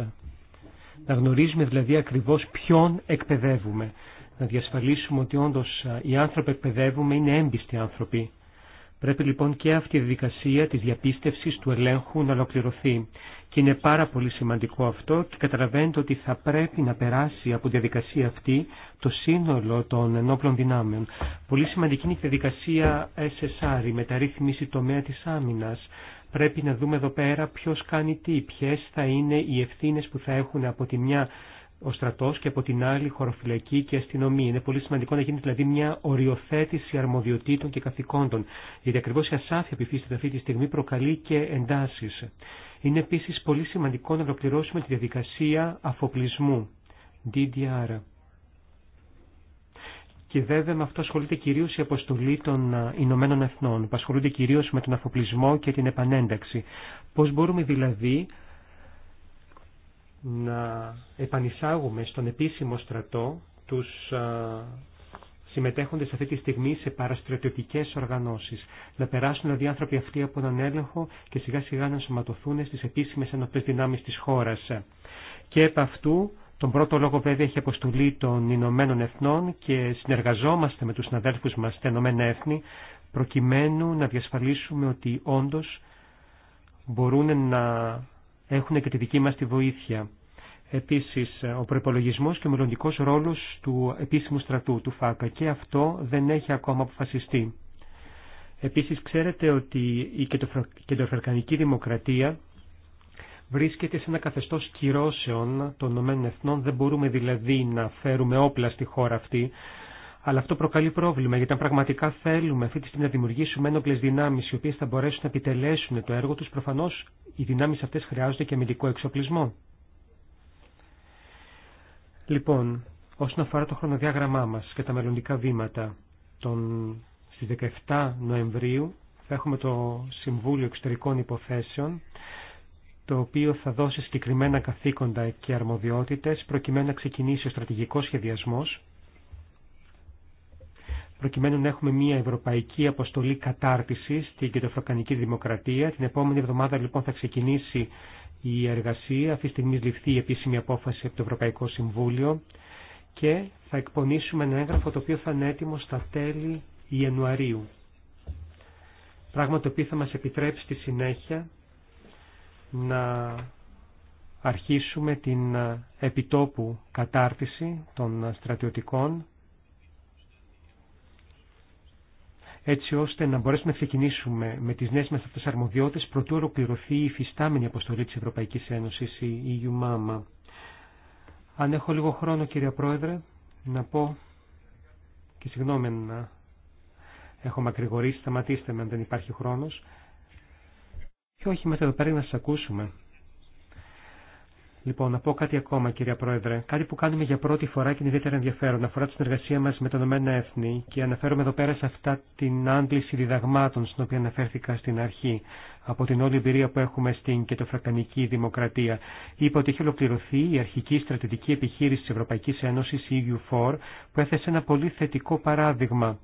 C: Να γνωρίζουμε δηλαδή ακριβώς ποιον εκπαιδεύουμε. Να διασφαλίσουμε ότι όντως οι άνθρωποι εκπαιδεύουμε είναι έμπιστοι άνθρωποι. Πρέπει λοιπόν και αυτή η διαδικασία της διαπίστευσης του ελέγχου να ολοκληρωθεί. Και είναι πάρα πολύ σημαντικό αυτό και καταλαβαίνετε ότι θα πρέπει να περάσει από τη διαδικασία αυτή το σύνολο των ενόπλων δυνάμεων. Πολύ σημαντική είναι η διαδικασία SSR, η μεταρρύθμιση τομέα της άμυνας. Πρέπει να δούμε εδώ πέρα ποιος κάνει τι, ποιες θα είναι οι ευθύνες που θα έχουν από τη μια ο στρατό και από την άλλη χωροφυλακή και αστυνομία. Είναι πολύ σημαντικό να γίνει δηλαδή μια οριοθέτηση αρμοδιοτήτων και καθηκόντων, γιατί ακριβώ η ασάφεια που υφίσταται αυτή τη στιγμή προκαλεί και εντάσει. Είναι επίση πολύ σημαντικό να ολοκληρώσουμε τη διαδικασία αφοπλισμού, DDR. Και βέβαια με αυτό ασχολείται κυρίω η αποστολή των Ηνωμένων Εθνών, που ασχολούνται κυρίω με τον αφοπλισμό και την επανένταξη. Πώ μπορούμε δηλαδή να επανισάγουμε στον επίσημο στρατό τους α, συμμετέχοντες αυτή τη στιγμή σε παραστρατιωτικές οργανώσεις. Να περάσουν δηλαδή άνθρωποι αυτοί από έναν έλεγχο και σιγά σιγά να ενσωματωθούν στις επίσημες ενωπές δυνάμεις της χώρας. Και επ' αυτού τον πρώτο λόγο βέβαια έχει αποστολή των Ηνωμένων Εθνών και συνεργαζόμαστε με τους συναδέλφους μας στα Ηνωμένα Έθνη προκειμένου να διασφαλίσουμε ότι όντως μπορούν να έχουν και τη δική μας τη βοήθεια. Επίσης, ο προπολογισμό και ο μελλοντικός ρόλος του επίσημου στρατού, του ΦΑΚΑ, και αυτό δεν έχει ακόμα αποφασιστεί. Επίσης, ξέρετε ότι η κεντροφερκανική δημοκρατία βρίσκεται σε ένα καθεστώς κυρώσεων των ΗΕ. Δεν μπορούμε δηλαδή να φέρουμε όπλα στη χώρα αυτή. Αλλά αυτό προκαλεί πρόβλημα, γιατί αν πραγματικά θέλουμε αυτή τη στιγμή να δημιουργήσουμε ένοπλε δυνάμει οι οποίε θα μπορέσουν να επιτελέσουν το έργο του, προφανώ οι δυνάμει αυτέ χρειάζονται και αμυντικό εξοπλισμό. Λοιπόν, όσον αφορά το χρονοδιάγραμμά μα και τα μελλοντικά βήματα, τον... στι 17 Νοεμβρίου θα έχουμε το Συμβούλιο Εξωτερικών Υποθέσεων, το οποίο θα δώσει συγκεκριμένα καθήκοντα και αρμοδιότητες προκειμένου να ξεκινήσει ο στρατηγικός σχεδιασμός προκειμένου να έχουμε μια ευρωπαϊκή αποστολή κατάρτιση στην κεντροφροκανική δημοκρατία. Την επόμενη εβδομάδα λοιπόν θα ξεκινήσει η εργασία. Αυτή τη στιγμή ληφθεί η επίσημη απόφαση από το Ευρωπαϊκό Συμβούλιο και θα εκπονήσουμε ένα έγγραφο το οποίο θα είναι έτοιμο στα τέλη Ιανουαρίου. Πράγμα το οποίο θα μας επιτρέψει στη συνέχεια να αρχίσουμε την επιτόπου κατάρτιση των στρατιωτικών έτσι ώστε να μπορέσουμε να ξεκινήσουμε με τις νέες μας αυτές αρμοδιότητες προτού ολοκληρωθεί η υφιστάμενη αποστολή της Ευρωπαϊκής Ένωσης, η EU MAMA. Αν έχω λίγο χρόνο κύριε Πρόεδρε, να πω και συγγνώμη να έχω μακρηγορήσει, σταματήστε με αν δεν υπάρχει χρόνος. Και όχι, μετά εδώ πέρα να σας ακούσουμε. Λοιπόν, να πω κάτι ακόμα, κυρία Πρόεδρε. Κάτι που κάνουμε για πρώτη φορά και είναι ιδιαίτερα ενδιαφέρον. Αφορά τη συνεργασία μα με τα Ηνωμένα Έθνη και αναφέρομαι εδώ πέρα σε αυτά την άντληση διδαγμάτων στην οποία αναφέρθηκα στην αρχή από την όλη εμπειρία που έχουμε στην κετοφρακανική δημοκρατία. Είπα ότι έχει ολοκληρωθεί η αρχική στρατηγική επιχείρηση τη Ευρωπαϊκή Ένωση, η EU4, που έθεσε ένα πολύ θετικό παράδειγμα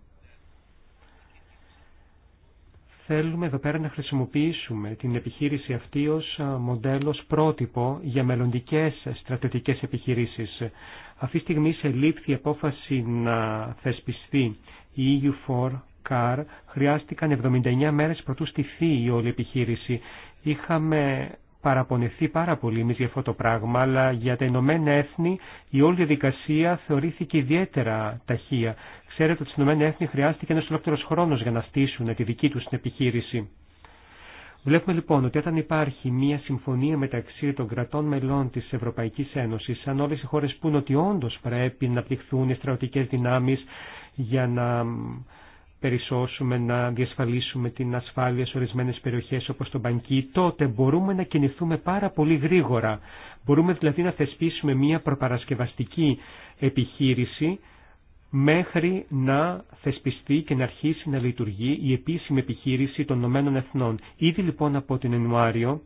C: Θέλουμε εδώ πέρα να χρησιμοποιήσουμε την επιχείρηση αυτή ως μοντέλο πρότυπο για μελλοντικές στρατιωτικές επιχειρήσεις. Αυτή τη στιγμή σε η απόφαση να θεσπιστεί η EU4 CAR. Χρειάστηκαν 79 μέρες προτού στηθεί η όλη επιχείρηση. Είχαμε παραπονεθεί πάρα πολύ εμείς για αυτό το πράγμα, αλλά για τα Ηνωμένα Έθνη η όλη διαδικασία θεωρήθηκε ιδιαίτερα ταχεία. Ξέρετε ότι στις Ηνωμένα Έθνη χρειάστηκε ένας ολόκληρος χρόνος για να στήσουν τη δική τους την επιχείρηση. Βλέπουμε λοιπόν ότι όταν υπάρχει μια συμφωνία μεταξύ των κρατών μελών της Ευρωπαϊκής Ένωσης, αν όλες οι χώρες πούν ότι όντως πρέπει να πληχθούν οι στρατιωτικές δυνάμεις για να περισσώσουμε, να διασφαλίσουμε την ασφάλεια σε ορισμένες περιοχές όπως το Μπανκί, τότε μπορούμε να κινηθούμε πάρα πολύ γρήγορα. Μπορούμε δηλαδή να θεσπίσουμε μια προπαρασκευαστική επιχείρηση μέχρι να θεσπιστεί και να αρχίσει να λειτουργεί η επίσημη επιχείρηση των ΗΠΑ Ήδη λοιπόν από τον Ιανουάριο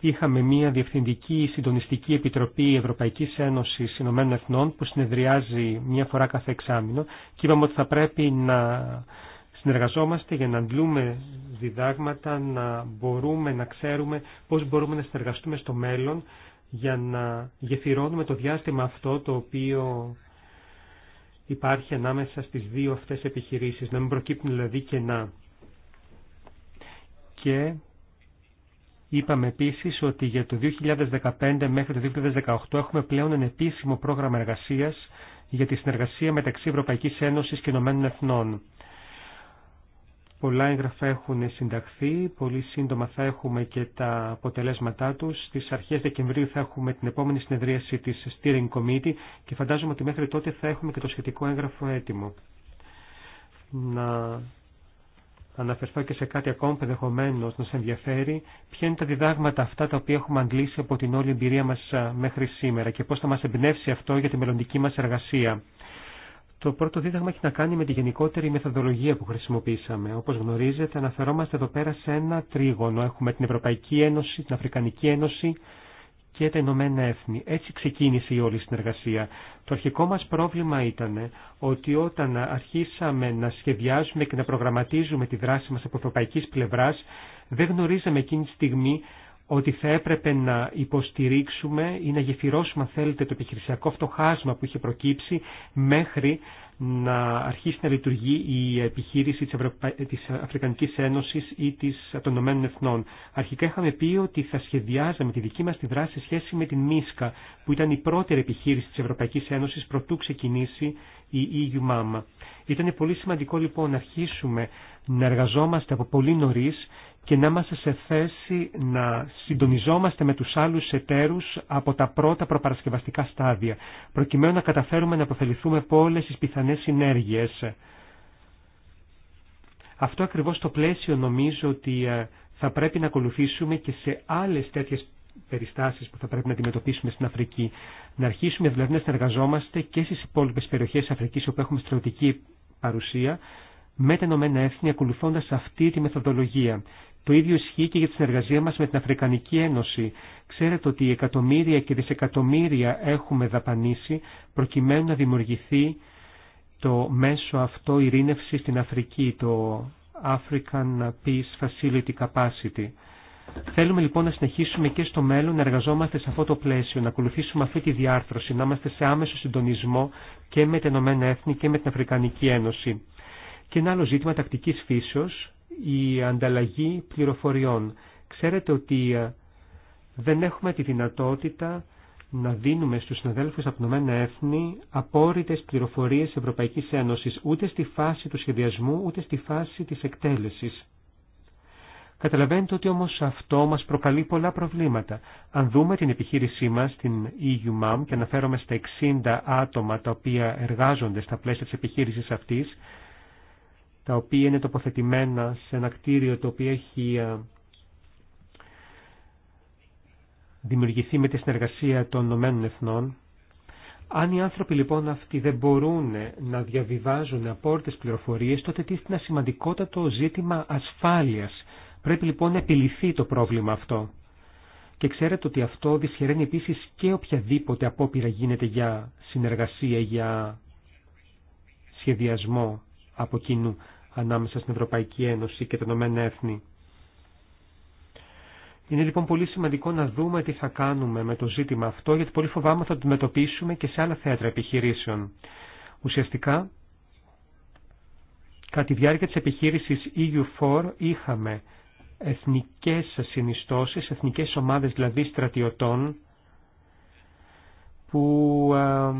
C: είχαμε μια διευθυντική συντονιστική επιτροπή Ευρωπαϊκής Ένωσης Ηνωμένων Εθνών που συνεδριάζει μια φορά κάθε εξάμεινο και είπαμε ότι θα πρέπει να συνεργαζόμαστε για να αντλούμε διδάγματα, να μπορούμε να ξέρουμε πώς μπορούμε να συνεργαστούμε στο μέλλον για να γεφυρώνουμε το διάστημα αυτό το οποίο υπάρχει ανάμεσα στις δύο αυτές επιχειρήσεις, να μην προκύπτουν δηλαδή κενά. Και Είπαμε επίσης ότι για το 2015 μέχρι το 2018 έχουμε πλέον ένα επίσημο πρόγραμμα εργασία για τη συνεργασία μεταξύ Ευρωπαϊκή Ένωση και Ηνωμένων Εθνών. Πολλά έγγραφα έχουν συνταχθεί, πολύ σύντομα θα έχουμε και τα αποτελέσματά τους. Στις αρχές Δεκεμβρίου θα έχουμε την επόμενη συνεδρίαση της Steering Committee και φαντάζομαι ότι μέχρι τότε θα έχουμε και το σχετικό έγγραφο έτοιμο. Να αναφερθώ και σε κάτι ακόμα που ενδεχομένω να σε ενδιαφέρει. Ποια είναι τα διδάγματα αυτά τα οποία έχουμε αντλήσει από την όλη εμπειρία μα μέχρι σήμερα και πώ θα μα εμπνεύσει αυτό για τη μελλοντική μα εργασία. Το πρώτο δίδαγμα έχει να κάνει με τη γενικότερη μεθοδολογία που χρησιμοποίησαμε. Όπω γνωρίζετε, αναφερόμαστε εδώ πέρα σε ένα τρίγωνο. Έχουμε την Ευρωπαϊκή Ένωση, την Αφρικανική Ένωση και τα Ηνωμένα Έθνη. Έτσι ξεκίνησε η όλη συνεργασία. Το αρχικό μας πρόβλημα ήταν ότι όταν αρχίσαμε να σχεδιάζουμε και να προγραμματίζουμε τη δράση μας από ευρωπαϊκής πλευράς, δεν γνωρίζαμε εκείνη τη στιγμή ότι θα έπρεπε να υποστηρίξουμε ή να γεφυρώσουμε, αν θέλετε, το επιχειρησιακό αυτό χάσμα που είχε προκύψει μέχρι να αρχίσει να λειτουργεί η επιχείρηση της, Ευρωπα... της Αφρικανικής Ένωσης ή της... των Ηνωμένων Εθνών. Αρχικά είχαμε πει ότι θα σχεδιάζαμε τη δική μας τη δράση σε σχέση με την ΜΙΣΚΑ, που ήταν η πρώτη επιχείρηση της Ευρωπαϊκής Ένωσης προτού ξεκινήσει η EU MAMA. Ήταν πολύ σημαντικό λοιπόν να αρχίσουμε να εργαζόμαστε από πολύ νωρί και να είμαστε σε θέση να συντονιζόμαστε με τους άλλους εταίρους από τα πρώτα προπαρασκευαστικά στάδια, προκειμένου να καταφέρουμε να αποφεληθούμε από όλες τις πιθανές συνέργειες. Αυτό ακριβώς το πλαίσιο νομίζω ότι ε, θα πρέπει να ακολουθήσουμε και σε άλλες τέτοιες περιστάσεις που θα πρέπει να αντιμετωπίσουμε στην Αφρική. Να αρχίσουμε δηλαδή να συνεργαζόμαστε και στις υπόλοιπες περιοχές Αφρικής όπου έχουμε στρατιωτική παρουσία με τα Ηνωμένα Έθνη ακολουθώντα αυτή τη μεθοδολογία. Το ίδιο ισχύει και για τη συνεργασία μα με την Αφρικανική Ένωση. Ξέρετε ότι εκατομμύρια και δισεκατομμύρια έχουμε δαπανίσει προκειμένου να δημιουργηθεί το μέσο αυτό ειρήνευση στην Αφρική, το African Peace Facility Capacity. Θέλουμε λοιπόν να συνεχίσουμε και στο μέλλον να εργαζόμαστε σε αυτό το πλαίσιο, να ακολουθήσουμε αυτή τη διάρθρωση, να είμαστε σε άμεσο συντονισμό και με την Ηνωμένα Έθνη και με την Αφρικανική Ένωση. Και ένα άλλο ζήτημα τακτική φύσεω, η ανταλλαγή πληροφοριών. Ξέρετε ότι ε, δεν έχουμε τη δυνατότητα να δίνουμε στου συναδέλφου από Ηνωμένα Έθνη απόρριτε πληροφορίε Ευρωπαϊκή Ένωση, ούτε στη φάση του σχεδιασμού, ούτε στη φάση τη εκτέλεση. Καταλαβαίνετε ότι όμως αυτό μας προκαλεί πολλά προβλήματα. Αν δούμε την επιχείρησή μας, την EU-MAM και αναφέρομαι στα 60 άτομα τα οποία εργάζονται στα πλαίσια της επιχείρησης αυτής, τα οποία είναι τοποθετημένα σε ένα κτίριο το οποίο έχει ε, δημιουργηθεί με τη συνεργασία των Ηνωμένων Εθνών. Αν οι άνθρωποι λοιπόν αυτοί δεν μπορούν να διαβιβάζουν απόρριτες πληροφορίες, τότε τίθεται ένα σημαντικότατο ζήτημα ασφάλειας Πρέπει λοιπόν να επιληθεί το πρόβλημα αυτό. Και ξέρετε ότι αυτό δυσχεραίνει επίσης και οποιαδήποτε απόπειρα γίνεται για συνεργασία, για σχεδιασμό από κοινού ανάμεσα στην Ευρωπαϊκή Ένωση και τα Ηνωμένα Έθνη. Είναι λοιπόν πολύ σημαντικό να δούμε τι θα κάνουμε με το ζήτημα αυτό, γιατί πολύ φοβάμαι θα το αντιμετωπίσουμε και σε άλλα θέατρα επιχειρήσεων. Ουσιαστικά, κατά τη διάρκεια της επιχείρησης EU4 είχαμε εθνικές συνιστώσεις, εθνικές ομάδες δηλαδή στρατιωτών που α, ε,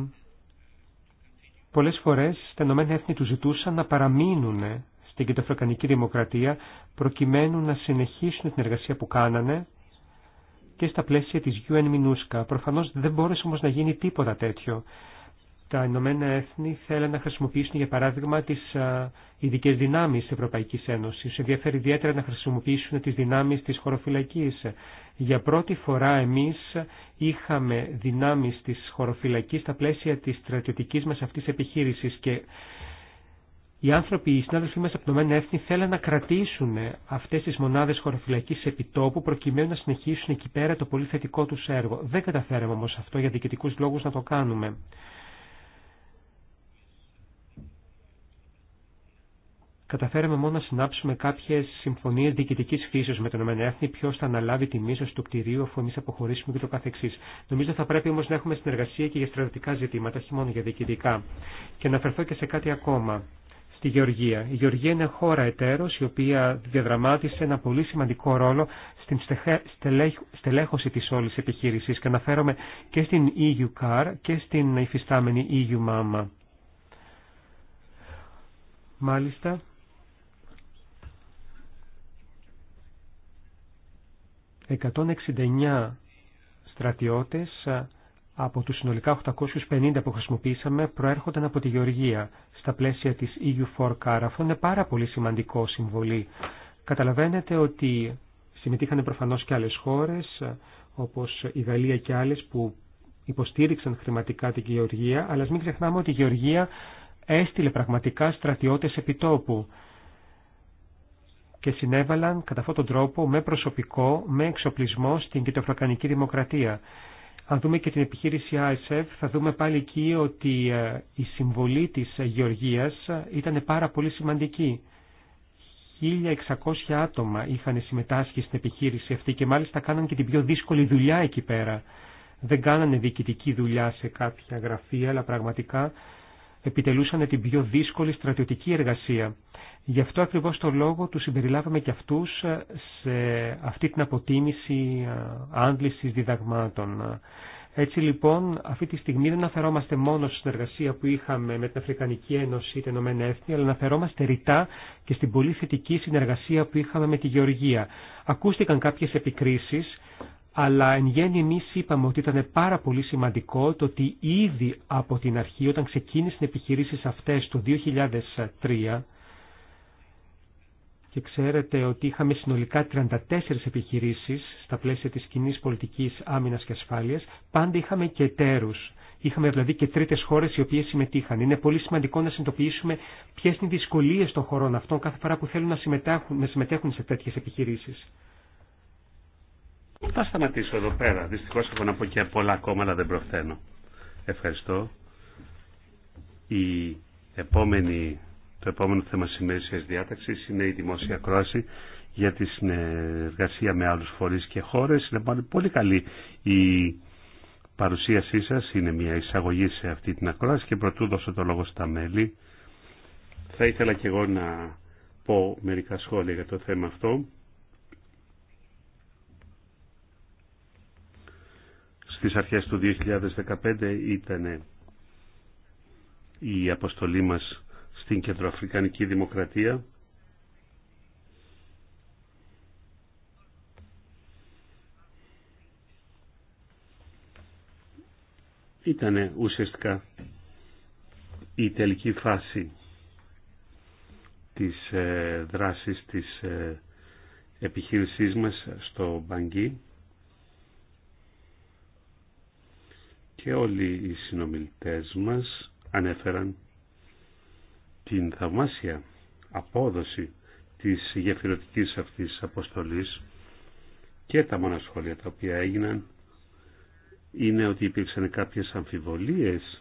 C: πολλές φορές τα Ηνωμένα Έθνη του ζητούσαν να παραμείνουν στην κεντροφρακανική δημοκρατία προκειμένου να συνεχίσουν την εργασία που κάνανε και στα πλαίσια της UN Minusca. Προφανώς δεν μπόρεσε όμως να γίνει τίποτα τέτοιο τα Ηνωμένα Έθνη θέλουν να χρησιμοποιήσουν για παράδειγμα τις ειδικέ δυνάμεις της Ευρωπαϊκής Ένωσης. Ενδιαφέρει ιδιαίτερα να χρησιμοποιήσουν τις δυνάμεις της χωροφυλακής. Για πρώτη φορά εμείς είχαμε δυνάμεις της χωροφυλακής στα πλαίσια της στρατιωτικής μας αυτής επιχείρησης και οι άνθρωποι, οι συνάδελφοί μας από Ηνωμένα Έθνη θέλουν να κρατήσουν αυτές τις μονάδες χωροφυλακής επιτόπου προκειμένου να συνεχίσουν εκεί πέρα το πολύ θετικό του έργο. Δεν καταφέραμε όμως αυτό για διοικητικούς λόγους να το κάνουμε. καταφέραμε μόνο να συνάψουμε κάποιε συμφωνίε διοικητική φύση με τον ΕΕ ποιο θα αναλάβει τη μίσο του κτηρίου αφού εμεί αποχωρήσουμε κ.ο.κ. Νομίζω θα πρέπει όμω να έχουμε συνεργασία και για στρατιωτικά ζητήματα, όχι μόνο για διοικητικά. Και να αναφερθώ και σε κάτι ακόμα. Στη Γεωργία. Η Γεωργία είναι χώρα εταίρο η οποία διαδραμάτισε ένα πολύ σημαντικό ρόλο στην στελέχωση τη όλη επιχείρηση και αναφέρομαι και στην EU-CAR και στην υφιστάμενη EU-MAMA. Μάλιστα, 169 στρατιώτες από τους συνολικά 850 που χρησιμοποίησαμε προέρχονταν από τη Γεωργία στα πλαίσια της EU4 CAR. Αυτό είναι πάρα πολύ σημαντικό συμβολή. Καταλαβαίνετε ότι συμμετείχαν προφανώς και άλλες χώρες όπως η Γαλλία και άλλες που υποστήριξαν χρηματικά την Γεωργία αλλά μην ξεχνάμε ότι η Γεωργία έστειλε πραγματικά στρατιώτες επιτόπου και συνέβαλαν κατά αυτόν τον τρόπο με προσωπικό, με εξοπλισμό στην κυτοφροκανική δημοκρατία. Αν δούμε και την επιχείρηση ISF, θα δούμε πάλι εκεί ότι ε, η συμβολή της ε, Γεωργίας ε, ήταν πάρα πολύ σημαντική. 1.600 άτομα είχαν συμμετάσχει στην επιχείρηση αυτή και μάλιστα κάναν και την πιο δύσκολη δουλειά εκεί πέρα. Δεν κάνανε διοικητική δουλειά σε κάποια γραφεία, αλλά πραγματικά επιτελούσαν την πιο δύσκολη στρατιωτική εργασία. Γι' αυτό ακριβώς το λόγο του συμπεριλάβαμε και αυτούς ε, σε αυτή την αποτίμηση ε, άντλησης διδαγμάτων. Έτσι λοιπόν αυτή τη στιγμή δεν αναφερόμαστε μόνο στην εργασία που είχαμε με την Αφρικανική Ένωση ή την ΕΕ, αλλά αναφερόμαστε ρητά και στην πολύ θετική συνεργασία που είχαμε με τη Γεωργία. Ακούστηκαν κάποιες επικρίσεις αλλά εν γέννη εμεί είπαμε ότι ήταν πάρα πολύ σημαντικό το ότι ήδη από την αρχή όταν ξεκίνησαν οι επιχειρήσεις αυτές το 2003 και ξέρετε ότι είχαμε συνολικά 34 επιχειρήσεις στα πλαίσια της κοινή πολιτικής άμυνας και ασφάλειας, πάντα είχαμε και εταίρους. Είχαμε δηλαδή και τρίτε χώρε οι οποίε συμμετείχαν. Είναι πολύ σημαντικό να συνειδητοποιήσουμε ποιε είναι οι δυσκολίε των χωρών αυτών κάθε φορά που θέλουν να συμμετέχουν, να συμμετέχουν σε τέτοιε επιχειρήσει.
B: Θα σταματήσω εδώ πέρα. Δυστυχώς έχω να πω και πολλά ακόμα, αλλά δεν προφθαίνω. Ευχαριστώ. Η επόμενη, το επόμενο θέμα σημερινής διάταξης είναι η δημόσια κρόαση για τη συνεργασία με άλλους φορείς και χώρες. Είναι πολύ καλή η παρουσίασή σας, είναι μια εισαγωγή σε αυτή την ακρόαση και πρωτού δώσω το λόγο στα μέλη. Θα ήθελα και εγώ να πω μερικά σχόλια για το θέμα αυτό. στις αρχές του 2015 ήταν η αποστολή μας στην Κεντροαφρικανική Δημοκρατία ήταν ουσιαστικά η τελική φάση της ε, δράσης της ε, επιχείρησής μας στο Μπαγκί και όλοι οι συνομιλητές μας ανέφεραν την θαυμάσια απόδοση της γεφυρωτικής αυτής αποστολής και τα μόνα σχόλια τα οποία έγιναν είναι ότι υπήρξαν κάποιες αμφιβολίες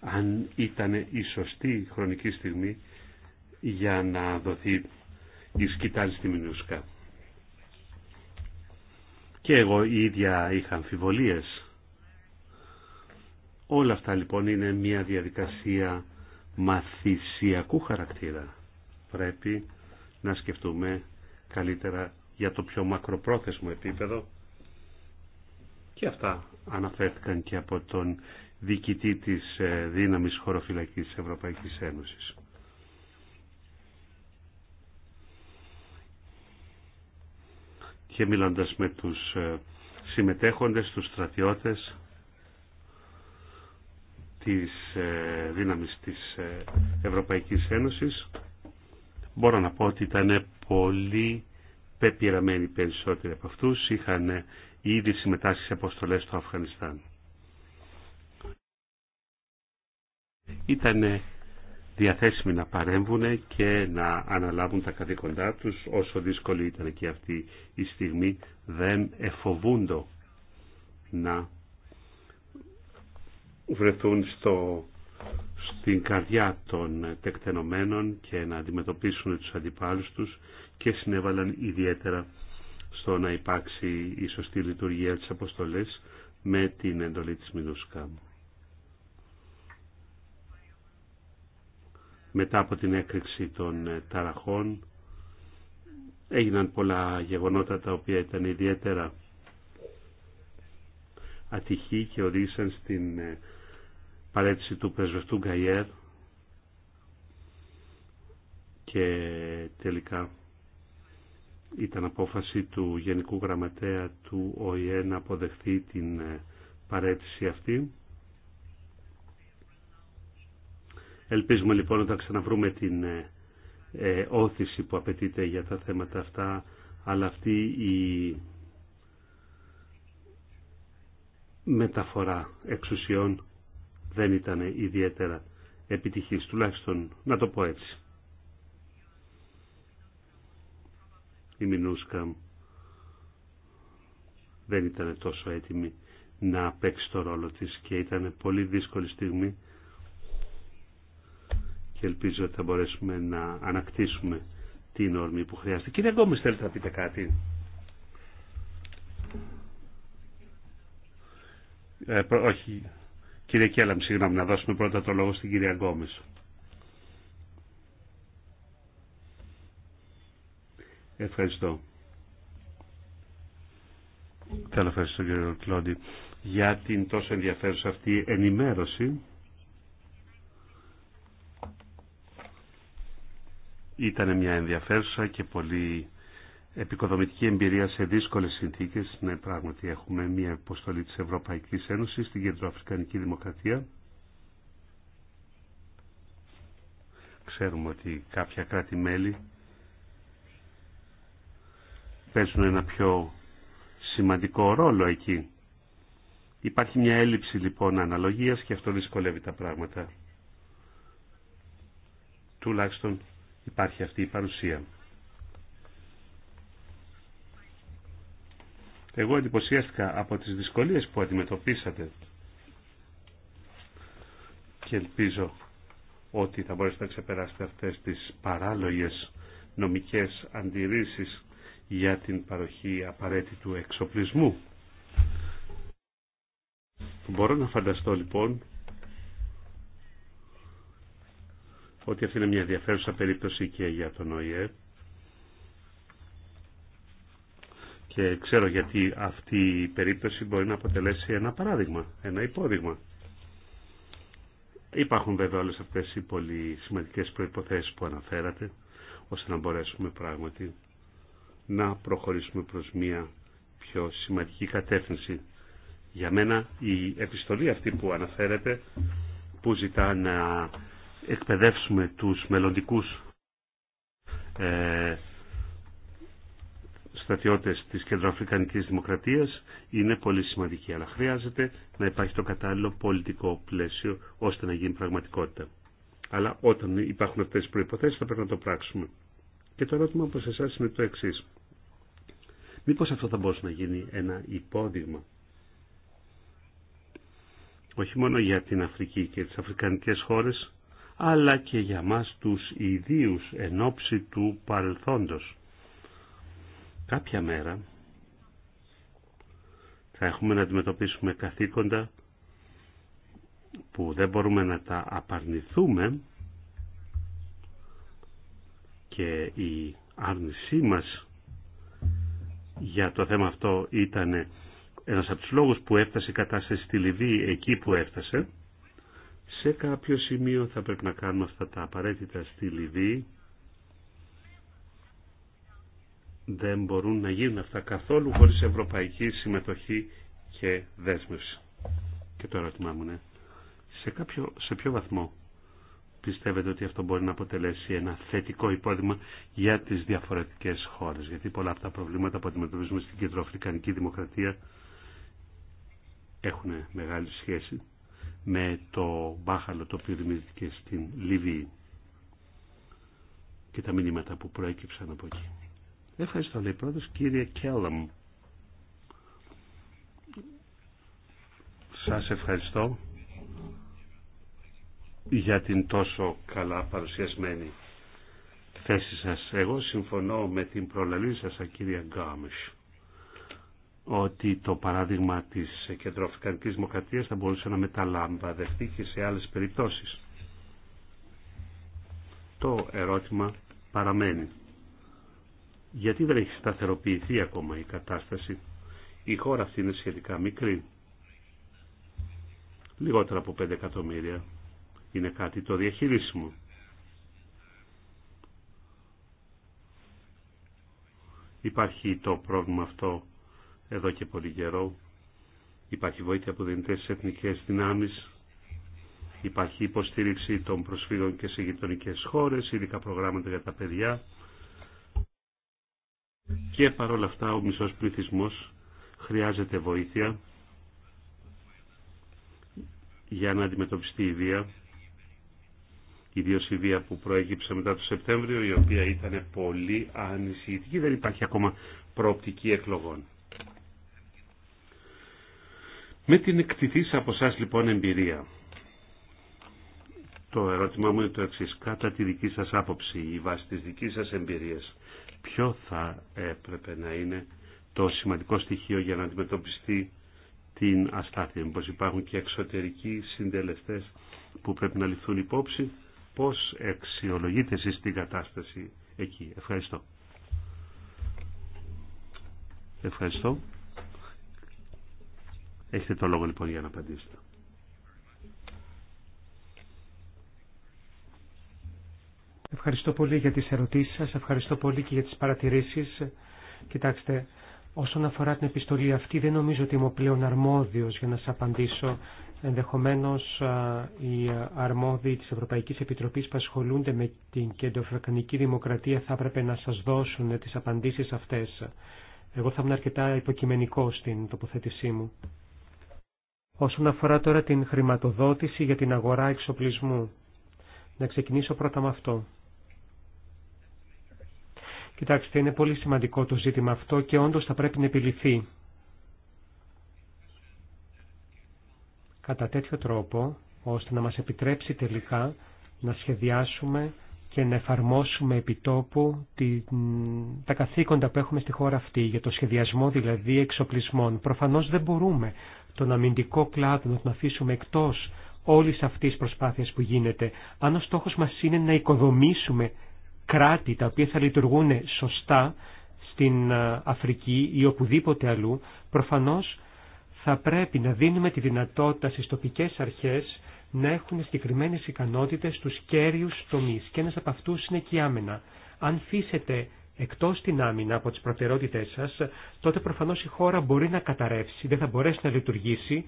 B: αν ήταν η σωστή χρονική στιγμή για να δοθεί η σκητάλη στη Μινούσκα. Και εγώ η ίδια είχα αμφιβολίες Όλα αυτά λοιπόν είναι μια διαδικασία μαθησιακού χαρακτήρα. Πρέπει να σκεφτούμε καλύτερα για το πιο μακροπρόθεσμο επίπεδο και αυτά αναφέρθηκαν και από τον διοικητή της ε, δύναμης χωροφυλακής της Ευρωπαϊκής Ένωσης. Και μιλώντας με τους ε, συμμετέχοντες, τους στρατιώτες, της ε, δύναμης της ε, Ευρωπαϊκής Ένωσης. Μπορώ να πω ότι ήταν πολύ πεπειραμένοι περισσότεροι από αυτούς, είχαν ε, ήδη συμμετάσχει σε αποστολές στο Αφγανιστάν. Ήταν διαθέσιμοι να παρέμβουν και να αναλάβουν τα καθήκοντά τους, όσο δύσκολη ήταν και αυτή η στιγμή, δεν εφοβούντο να βρεθούν στο, στην καρδιά των τεκτενομένων και να αντιμετωπίσουν τους αντιπάλους τους και συνέβαλαν ιδιαίτερα στο να υπάρξει η σωστή λειτουργία της αποστολής με την εντολή της Μινούσκα. Μετά από την έκρηξη των ταραχών έγιναν πολλά γεγονότα τα οποία ήταν ιδιαίτερα ατυχή και οδήγησαν στην ε, παρέτηση του πρεσβευτού Γκαϊέρ και τελικά ήταν απόφαση του Γενικού Γραμματέα του ΟΗΕ να αποδεχθεί την ε, παρέτηση αυτή. Ελπίζουμε λοιπόν να ξαναβρούμε την ε, ε, όθηση που απαιτείται για τα θέματα αυτά, αλλά αυτή η μεταφορά εξουσιών δεν ήταν ιδιαίτερα επιτυχής, τουλάχιστον να το πω έτσι. Η Μινούσκα δεν ήταν τόσο έτοιμη να παίξει το ρόλο της και ήταν πολύ δύσκολη στιγμή και ελπίζω ότι θα μπορέσουμε να ανακτήσουμε την όρμη που χρειάζεται. Κύριε Γκόμις, θέλετε να πείτε κάτι. Ε, όχι, Κύριε Κέλαμ, συγγνώμη, να δώσουμε πρώτα το λόγο στην κυρία Γκόμες. Ευχαριστώ. Θέλω ευχαριστώ κύριο Κλόντι για την τόσο ενδιαφέρουσα αυτή ενημέρωση. Ήταν μια ενδιαφέρουσα και πολύ επικοδομητική εμπειρία σε δύσκολες συνθήκες. Ναι, πράγματι έχουμε μια υποστολή της Ευρωπαϊκής Ένωσης στην Κεντροαφρικανική Δημοκρατία. Ξέρουμε ότι κάποια κράτη-μέλη παίζουν ένα πιο σημαντικό ρόλο εκεί. Υπάρχει μια έλλειψη λοιπόν αναλογίας και αυτό δυσκολεύει τα πράγματα. Τουλάχιστον υπάρχει αυτή η παρουσία. Εγώ εντυπωσιάστηκα από τις δυσκολίες που αντιμετωπίσατε και ελπίζω ότι θα μπορέσετε να ξεπεράσετε αυτές τις παράλογες νομικές αντιρρήσεις για την παροχή απαραίτητου εξοπλισμού. Μπορώ να φανταστώ λοιπόν ότι αυτή είναι μια ενδιαφέρουσα περίπτωση και για τον ΟΗΕ και ξέρω γιατί αυτή η περίπτωση μπορεί να αποτελέσει ένα παράδειγμα, ένα υπόδειγμα. Υπάρχουν βέβαια όλες αυτές οι πολύ σημαντικές προϋποθέσεις που αναφέρατε, ώστε να μπορέσουμε πράγματι να προχωρήσουμε προς μία πιο σημαντική κατεύθυνση. Για μένα η επιστολή αυτή που αναφέρεται, που ζητά να εκπαιδεύσουμε τους μελλοντικούς ε, Στρατιώτε της Κεντροαφρικανικής Δημοκρατίας είναι πολύ σημαντική, αλλά χρειάζεται να υπάρχει το κατάλληλο πολιτικό πλαίσιο ώστε να γίνει πραγματικότητα. Αλλά όταν υπάρχουν αυτές τις προϋποθέσεις θα πρέπει να το πράξουμε. Και το ερώτημα προς εσάς είναι το εξή. Μήπως αυτό θα μπορούσε να γίνει ένα υπόδειγμα όχι μόνο για την Αφρική και τις αφρικανικές χώρες, αλλά και για μας τους ιδίους εν ώψη του παρελθόντος κάποια μέρα θα έχουμε να αντιμετωπίσουμε καθήκοντα που δεν μπορούμε να τα απαρνηθούμε και η άρνησή μας για το θέμα αυτό ήταν ένας από τους λόγους που έφτασε η κατάσταση στη Λιβύη εκεί που έφτασε. Σε κάποιο σημείο θα πρέπει να κάνουμε αυτά τα απαραίτητα στη Λιβύη δεν μπορούν να γίνουν αυτά καθόλου χωρίς ευρωπαϊκή συμμετοχή και δέσμευση. Και το ερώτημά μου είναι, σε, κάποιο, σε ποιο βαθμό πιστεύετε ότι αυτό μπορεί να αποτελέσει ένα θετικό υπόδειγμα για τις διαφορετικές χώρες. Γιατί πολλά από τα προβλήματα που αντιμετωπίζουμε στην κεντροαφρικανική δημοκρατία έχουν μεγάλη σχέση με το μπάχαλο το οποίο δημιουργήθηκε στην Λιβύη και τα μηνύματα που προέκυψαν από εκεί. Ευχαριστώ, λέει πρώτος, κύριε Κέλλαμ. Σας ευχαριστώ για την τόσο καλά παρουσιασμένη θέση σας. Εγώ συμφωνώ με την προλαλή σας, κύριε Γκάμις, ότι το παράδειγμα της κεντροαφρικανικής δημοκρατίας θα μπορούσε να μεταλαμβαδευτεί και σε άλλες περιπτώσεις. Το ερώτημα παραμένει γιατί δεν έχει σταθεροποιηθεί ακόμα η κατάσταση. Η χώρα αυτή είναι σχετικά μικρή. Λιγότερα από 5 εκατομμύρια είναι κάτι το διαχειρίσιμο. Υπάρχει το πρόβλημα αυτό εδώ και πολύ καιρό. Υπάρχει βοήθεια που δίνεται στις εθνικές δυνάμεις. Υπάρχει υποστήριξη των προσφύγων και σε γειτονικέ χώρες, ειδικά προγράμματα για τα παιδιά και παρόλα αυτά ο μισός πληθυσμός χρειάζεται βοήθεια για να αντιμετωπιστεί η βία, ιδίως η βία που προέκυψε μετά το Σεπτέμβριο, η οποία ήταν πολύ ανησυχητική, δεν υπάρχει ακόμα προοπτική εκλογών. Με την εκτιθής από εσά λοιπόν εμπειρία, το ερώτημά μου είναι το εξή. Κατά τη δική σας άποψη, η βάση της δικής σας εμπειρίας, ποιο θα έπρεπε να είναι το σημαντικό στοιχείο για να αντιμετωπιστεί την αστάθεια. Μήπως υπάρχουν και εξωτερικοί συντελεστές που πρέπει να ληφθούν υπόψη. Πώς αξιολογείτε εσείς την κατάσταση εκεί. Ευχαριστώ. Ευχαριστώ. Έχετε το λόγο λοιπόν για να απαντήσετε.
C: Ευχαριστώ πολύ για τις ερωτήσεις σας, ευχαριστώ πολύ και για τις παρατηρήσεις. Κοιτάξτε, όσον αφορά την επιστολή αυτή, δεν νομίζω ότι είμαι πλέον αρμόδιος για να σας απαντήσω. Ενδεχομένως οι αρμόδιοι της Ευρωπαϊκής Επιτροπής που ασχολούνται με την κεντροφρακανική δημοκρατία θα έπρεπε να σας δώσουν τις απαντήσεις αυτές. Εγώ θα ήμουν αρκετά υποκειμενικό στην τοποθέτησή μου. Όσον αφορά τώρα την χρηματοδότηση για την αγορά εξοπλισμού, να ξεκινήσω πρώτα με αυτό. Κοιτάξτε, είναι πολύ σημαντικό το ζήτημα αυτό και όντως θα πρέπει να επιληθεί. Κατά τέτοιο τρόπο, ώστε να μας επιτρέψει τελικά να σχεδιάσουμε και να εφαρμόσουμε επιτόπου τα καθήκοντα που έχουμε στη χώρα αυτή, για το σχεδιασμό δηλαδή εξοπλισμών. Προφανώς δεν μπορούμε τον αμυντικό κλάδο να τον αφήσουμε εκτός όλης αυτής προσπάθειας που γίνεται. Αν ο στόχος μας είναι να οικοδομήσουμε κράτη τα οποία θα λειτουργούν σωστά στην ε, Αφρική ή οπουδήποτε αλλού, προφανώς θα πρέπει να δίνουμε τη δυνατότητα στις τοπικές αρχές να έχουν συγκεκριμένε ικανότητες στους κέριους τομείς και ένας από αυτούς είναι και η άμενα. Αν φύσετε εκτός την άμυνα από τις προτεραιότητές σας, τότε προφανώς η χώρα μπορεί να καταρρεύσει, δεν θα μπορέσει να λειτουργήσει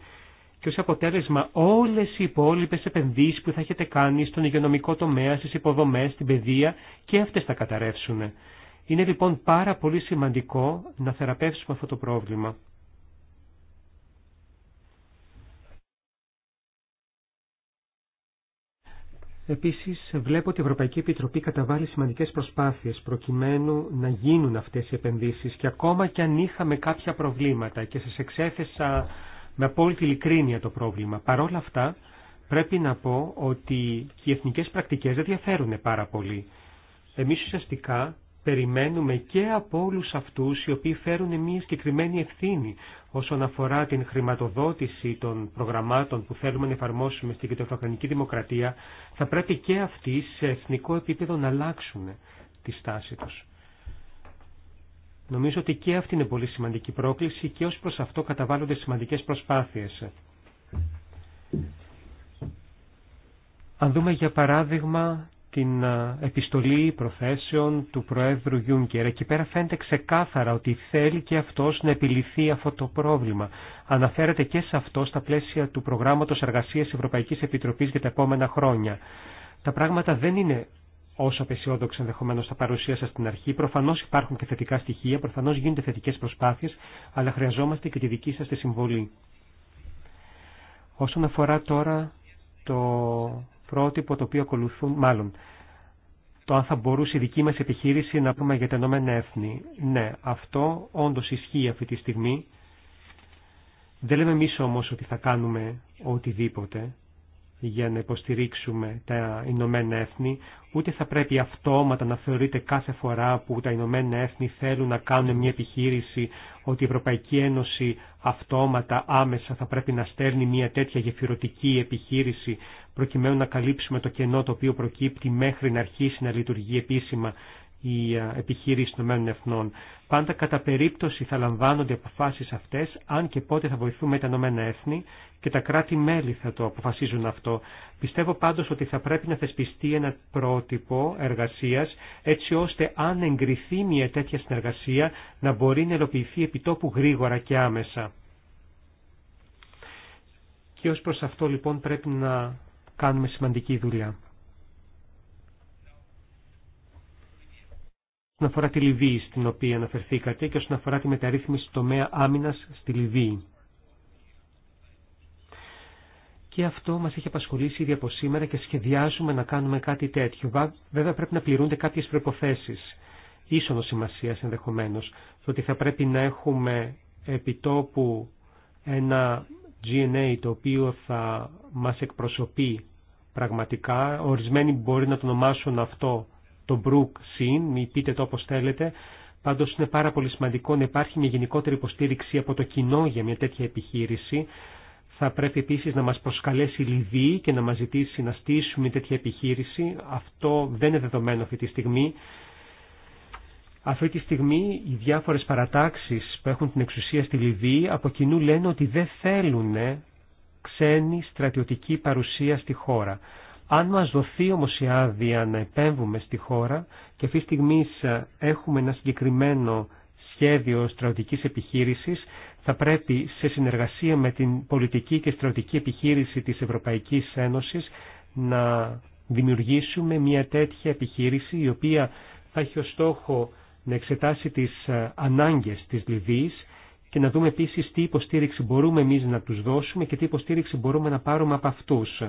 C: και ως αποτέλεσμα όλες οι υπόλοιπες επενδύσεις που θα έχετε κάνει στον υγειονομικό τομέα, στις υποδομές, στην παιδεία και αυτές θα καταρρεύσουν. Είναι λοιπόν πάρα πολύ σημαντικό να θεραπεύσουμε αυτό το πρόβλημα. Επίσης, βλέπω ότι η Ευρωπαϊκή Επιτροπή καταβάλει σημαντικές προσπάθειες προκειμένου να γίνουν αυτές οι επενδύσεις και ακόμα και αν είχαμε κάποια προβλήματα και σας εξέθεσα με απόλυτη ειλικρίνεια το πρόβλημα. Παρ' όλα αυτά, πρέπει να πω ότι οι εθνικές πρακτικές δεν διαφέρουν πάρα πολύ. Εμείς ουσιαστικά περιμένουμε και από όλους αυτούς οι οποίοι φέρουν μια συγκεκριμένη ευθύνη όσον αφορά την χρηματοδότηση των προγραμμάτων που θέλουμε να εφαρμόσουμε στην κοινωνική δημοκρατία, θα πρέπει και αυτοί σε εθνικό επίπεδο να αλλάξουν τη στάση τους. Νομίζω ότι και αυτή είναι πολύ σημαντική πρόκληση και ως προς αυτό καταβάλλονται σημαντικές προσπάθειες. Αν δούμε για παράδειγμα την επιστολή προθέσεων του Προέδρου Γιούνκερ. Εκεί πέρα φαίνεται ξεκάθαρα ότι θέλει και αυτός να επιληθεί αυτό το πρόβλημα. Αναφέρεται και σε αυτό στα πλαίσια του προγράμματος εργασίας Ευρωπαϊκής Επιτροπής για τα επόμενα χρόνια. Τα πράγματα δεν είναι όσο απεσιόδοξο ενδεχομένω τα παρουσίασα στην αρχή. Προφανώ υπάρχουν και θετικά στοιχεία, προφανώ γίνονται θετικέ προσπάθειε, αλλά χρειαζόμαστε και τη δική σα τη συμβολή. Όσον αφορά τώρα το πρότυπο το οποίο ακολουθούν, μάλλον το αν θα μπορούσε η δική μα επιχείρηση να πούμε για τα Ηνωμένα Έθνη. Ναι, αυτό όντω ισχύει αυτή τη στιγμή. Δεν λέμε εμεί όμω ότι θα κάνουμε οτιδήποτε για να υποστηρίξουμε τα Ηνωμένα Έθνη, ούτε θα πρέπει αυτόματα να θεωρείται κάθε φορά που τα Ηνωμένα Έθνη θέλουν να κάνουν μια επιχείρηση ότι η Ευρωπαϊκή Ένωση αυτόματα άμεσα θα πρέπει να στέλνει μια τέτοια γεφυρωτική επιχείρηση προκειμένου να καλύψουμε το κενό το οποίο προκύπτει μέχρι να αρχίσει να λειτουργεί επίσημα οι επιχείρηση των ΗΕ. Πάντα κατά περίπτωση θα λαμβάνονται αποφάσεις αυτές, αν και πότε θα βοηθούμε τα Ηνωμένα Έθνη και τα κράτη-μέλη θα το αποφασίζουν αυτό. Πιστεύω πάντως ότι θα πρέπει να θεσπιστεί ένα πρότυπο εργασίας, έτσι ώστε αν εγκριθεί μια τέτοια συνεργασία να μπορεί να ελοποιηθεί επιτόπου γρήγορα και άμεσα. Και ως προς αυτό λοιπόν πρέπει να κάνουμε σημαντική δουλειά. όσον αφορά τη Λιβύη στην οποία αναφερθήκατε και όσον αφορά τη μεταρρύθμιση τομέα άμυνας στη Λιβύη. Και αυτό μας έχει απασχολήσει ήδη από σήμερα και σχεδιάζουμε να κάνουμε κάτι τέτοιο. Βέβαια πρέπει να πληρούνται κάποιες προϋποθέσεις, ίσονο σημασία ενδεχομένως, το ότι θα πρέπει να έχουμε επιτόπου ένα GNA το οποίο θα μας εκπροσωπεί πραγματικά. Ορισμένοι μπορεί να το ονομάσουν αυτό το Brook Scene, μη πείτε το όπως θέλετε. Πάντως είναι πάρα πολύ σημαντικό να υπάρχει μια γενικότερη υποστήριξη από το κοινό για μια τέτοια επιχείρηση. Θα πρέπει επίσης να μας προσκαλέσει Λιβύη και να μας ζητήσει να στήσουμε μια τέτοια επιχείρηση. Αυτό δεν είναι δεδομένο αυτή τη στιγμή. Αυτή τη στιγμή οι διάφορες παρατάξεις που έχουν την εξουσία στη Λιβύη από κοινού λένε ότι δεν θέλουν ξένη στρατιωτική παρουσία στη χώρα. Αν μας δοθεί όμως η άδεια να επέμβουμε στη χώρα και αυτή τη στιγμή ε, έχουμε ένα συγκεκριμένο σχέδιο στρατιωτικής επιχείρησης, θα πρέπει σε συνεργασία με την πολιτική και στρατιωτική επιχείρηση της Ευρωπαϊκής Ένωσης να δημιουργήσουμε μια τέτοια επιχείρηση η οποία θα έχει ως στόχο να εξετάσει τις ε, ανάγκες της Λιβύης και να δούμε επίσης τι υποστήριξη μπορούμε εμείς να τους δώσουμε και τι υποστήριξη μπορούμε να πάρουμε από αυτούς.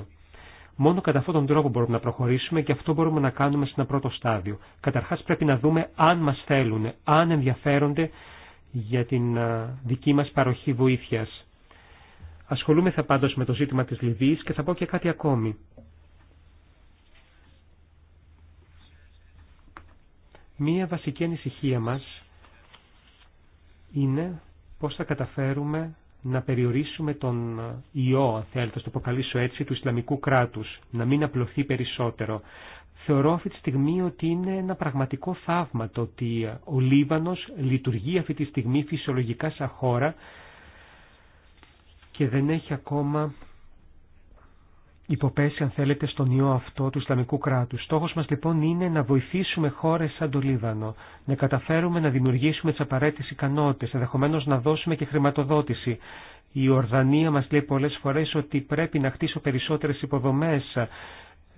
C: Μόνο κατά αυτόν τον τρόπο μπορούμε να προχωρήσουμε και αυτό μπορούμε να κάνουμε σε ένα πρώτο στάδιο. Καταρχάς πρέπει να δούμε αν μας θέλουν, αν ενδιαφέρονται για την δική μας παροχή βοήθειας. Ασχολούμεθα πάντω με το ζήτημα της Λιβύης και θα πω και κάτι ακόμη. Μία βασική ανησυχία μας είναι πώς θα καταφέρουμε να περιορίσουμε τον ιό, αν θέλετε, το έτσι, του Ισλαμικού κράτους, να μην απλωθεί περισσότερο. Θεωρώ αυτή τη στιγμή ότι είναι ένα πραγματικό θαύμα το ότι ο Λίβανος λειτουργεί αυτή τη στιγμή φυσιολογικά σαν χώρα και δεν έχει ακόμα υποπέσει αν θέλετε στον ιό αυτό του Ισλαμικού κράτους. Στόχος μας λοιπόν είναι να βοηθήσουμε χώρες σαν το Λίβανο, να καταφέρουμε να δημιουργήσουμε τις απαραίτητες ικανότητες, ενδεχομένω να δώσουμε και χρηματοδότηση. Η Ορδανία μας λέει πολλές φορές ότι πρέπει να χτίσω περισσότερες υποδομές,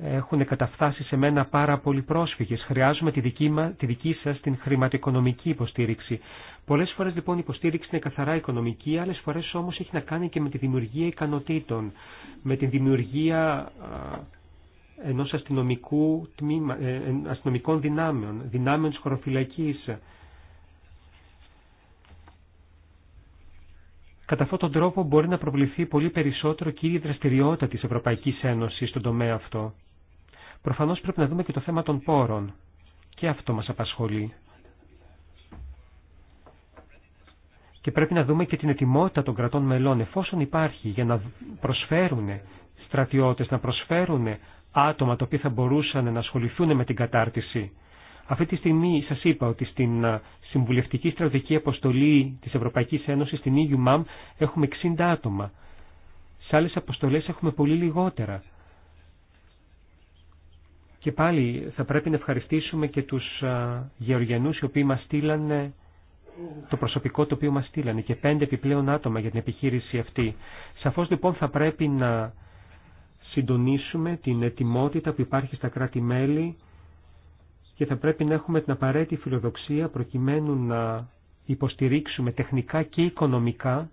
C: έχουν καταφτάσει σε μένα πάρα πολλοί πρόσφυγες. Χρειάζομαι τη δική, δική σας την χρηματοοικονομική υποστήριξη. Πολλές φορές λοιπόν η υποστήριξη είναι καθαρά οικονομική, άλλες φορές όμως έχει να κάνει και με τη δημιουργία ικανοτήτων, με τη δημιουργία ε, ενός αστυνομικού τμήμα, ε, αστυνομικών δυνάμεων, δυνάμεων της χωροφυλακής. Κατά αυτόν τον τρόπο μπορεί να προβληθεί πολύ περισσότερο και η δραστηριότητα της Ευρωπαϊκής Ένωσης στον τομέα αυτό. Προφανώς πρέπει να δούμε και το θέμα των πόρων. Και αυτό μας απασχολεί. και πρέπει να δούμε και την ετοιμότητα των κρατών μελών εφόσον υπάρχει για να προσφέρουν στρατιώτες, να προσφέρουν άτομα τα οποία θα μπορούσαν να ασχοληθούν με την κατάρτιση. Αυτή τη στιγμή σας είπα ότι στην Συμβουλευτική Στρατηγική Αποστολή της Ευρωπαϊκής Ένωσης, στην EUMAM, έχουμε 60 άτομα. Σε άλλες αποστολές έχουμε πολύ λιγότερα. Και πάλι θα πρέπει να ευχαριστήσουμε και τους Γεωργιανούς οι οποίοι μας στείλανε το προσωπικό το οποίο μας στείλανε και πέντε επιπλέον άτομα για την επιχείρηση αυτή. Σαφώς λοιπόν θα πρέπει να συντονίσουμε την ετοιμότητα που υπάρχει στα κράτη-μέλη και θα πρέπει να έχουμε την απαραίτητη φιλοδοξία προκειμένου να υποστηρίξουμε τεχνικά και οικονομικά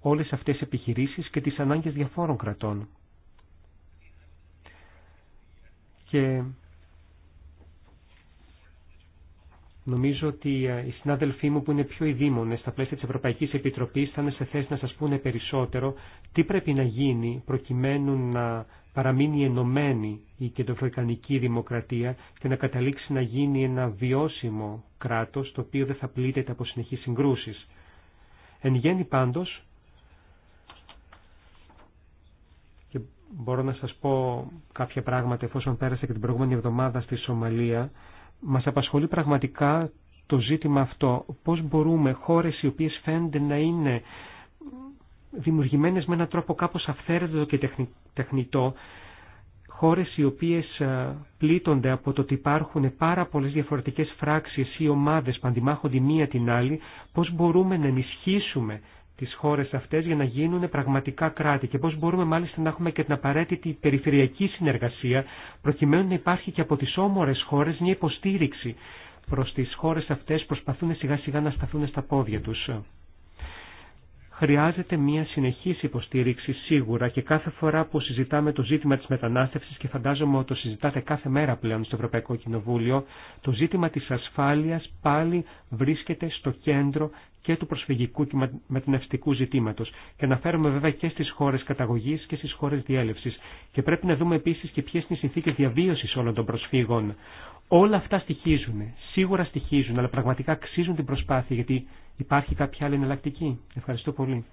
C: όλες αυτές τις επιχειρήσεις και τις ανάγκες διαφόρων κρατών. Και Νομίζω ότι ε, οι συνάδελφοί μου που είναι πιο ειδήμονες στα πλαίσια της Ευρωπαϊκής Επιτροπής θα είναι σε θέση να σας πούνε περισσότερο τι πρέπει να γίνει προκειμένου να παραμείνει ενωμένη η κεντροφρικανική δημοκρατία και να καταλήξει να γίνει ένα βιώσιμο κράτος το οποίο δεν θα πλήττεται από συνεχείς συγκρούσεις. Εν γέννη πάντως, και μπορώ να σας πω κάποια πράγματα εφόσον πέρασε και την προηγούμενη εβδομάδα στη Σομαλία, μας απασχολεί πραγματικά το ζήτημα αυτό. Πώς μπορούμε χώρες οι οποίες φαίνονται να είναι δημιουργημένες με έναν τρόπο κάπως αυθαίρετο και τεχνητό, χώρες οι οποίες ε, πλήττονται από το ότι υπάρχουν πάρα πολλές διαφορετικές φράξεις ή ομάδες που αντιμάχονται μία την άλλη, πώς μπορούμε να ενισχύσουμε τις χώρες αυτές για να γίνουν πραγματικά κράτη και πώς μπορούμε μάλιστα να έχουμε και την απαραίτητη περιφερειακή συνεργασία προκειμένου να υπάρχει και από τι όμορε χώρες μια υποστήριξη προς τις χώρες αυτές προσπαθούν σιγά σιγά να σταθούν στα πόδια τους χρειάζεται μια συνεχής υποστήριξη σίγουρα και κάθε φορά που συζητάμε το ζήτημα της μετανάστευσης και φαντάζομαι ότι το συζητάτε κάθε μέρα πλέον στο Ευρωπαϊκό Κοινοβούλιο, το ζήτημα της ασφάλειας πάλι βρίσκεται στο κέντρο και του προσφυγικού και μετανευστικού ζητήματος και αναφέρομαι βέβαια και στις χώρες καταγωγής και στις χώρες διέλευσης και πρέπει να δούμε επίσης και ποιες είναι οι συνθήκες διαβίωσης όλων των προσφύγων. Όλα αυτά στοιχίζουν, σίγουρα στοιχίζουν, αλλά πραγματικά αξίζουν την προσπάθεια γιατί Υπάρχει κάποια άλλη εναλλακτική. Ευχαριστώ πολύ.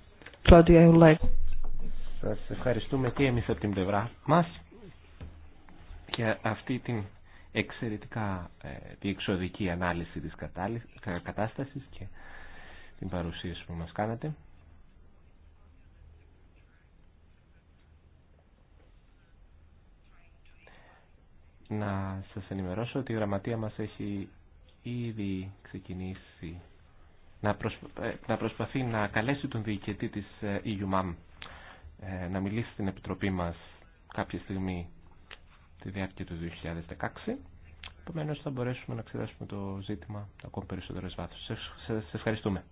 C: Σας
D: ευχαριστούμε και εμείς από την πλευρά μας για αυτή την εξαιρετικά ε, διεξοδική ανάλυση της κατάστασης και την παρουσίαση που μας κάνατε. Να σας ενημερώσω ότι η γραμματεία μας έχει ήδη ξεκινήσει να, ε, να προσπαθεί να καλέσει τον διοικητή της ε, EUMAM ε, να μιλήσει στην Επιτροπή μας κάποια στιγμή τη διάρκεια του 2016. Επομένω θα μπορέσουμε να ξεδάσουμε το ζήτημα ακόμη περισσότερο βάθους. βάθος. σε ευχαριστούμε.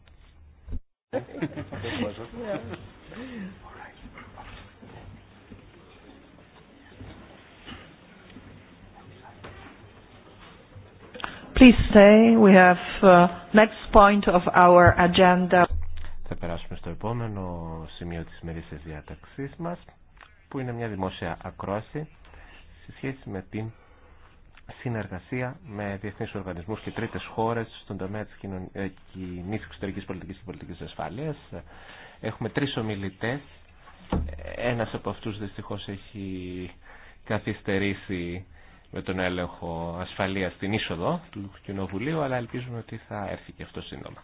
A: Please stay. We have uh, next point of our agenda.
D: Θα περάσουμε στο επόμενο σημείο της μερίσης διάταξής μας, που είναι μια δημόσια ακρόαση σε σχέση με την συνεργασία με διεθνείς οργανισμούς και τρίτες χώρες στον τομέα της ε, κοινής εξωτερικής πολιτικής και πολιτικής ασφάλειας. Έχουμε τρεις ομιλητές. Ένας από αυτούς δυστυχώς έχει καθυστερήσει με τον έλεγχο ασφαλείας στην είσοδο του Κοινοβουλίου, αλλά ελπίζουμε ότι θα έρθει και αυτό σύντομα.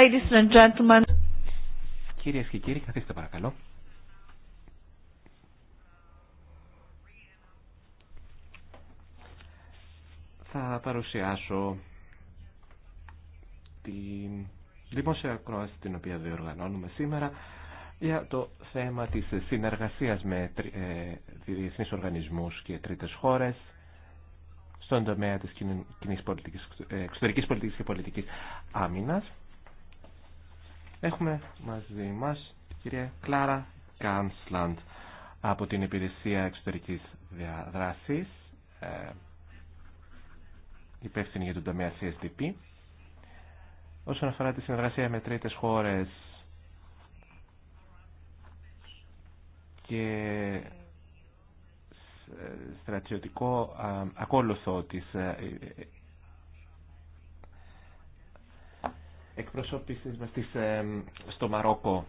A: Ladies
D: Κυρίες και κύριοι, καθίστε παρακαλώ. Θα παρουσιάσω τη δημόσια ακρόαση την οποία διοργανώνουμε σήμερα για το θέμα της συνεργασίας με ε, διεθνείς οργανισμούς και τρίτες χώρες στον τομέα της κοινής πολιτικής, ε, εξωτερικής πολιτικής και πολιτικής άμυνας. Έχουμε μαζί μας την κυρία Κλάρα Κάνσλαντ από την Υπηρεσία Εξωτερικής ε, υπεύθυνη για τον τομέα CSDP. Όσον αφορά τη συνεργασία με τρίτες χώρες και στρατιωτικό ε, ακόλουθο της ε, εκπροσώπησης μας στο Μαρόκο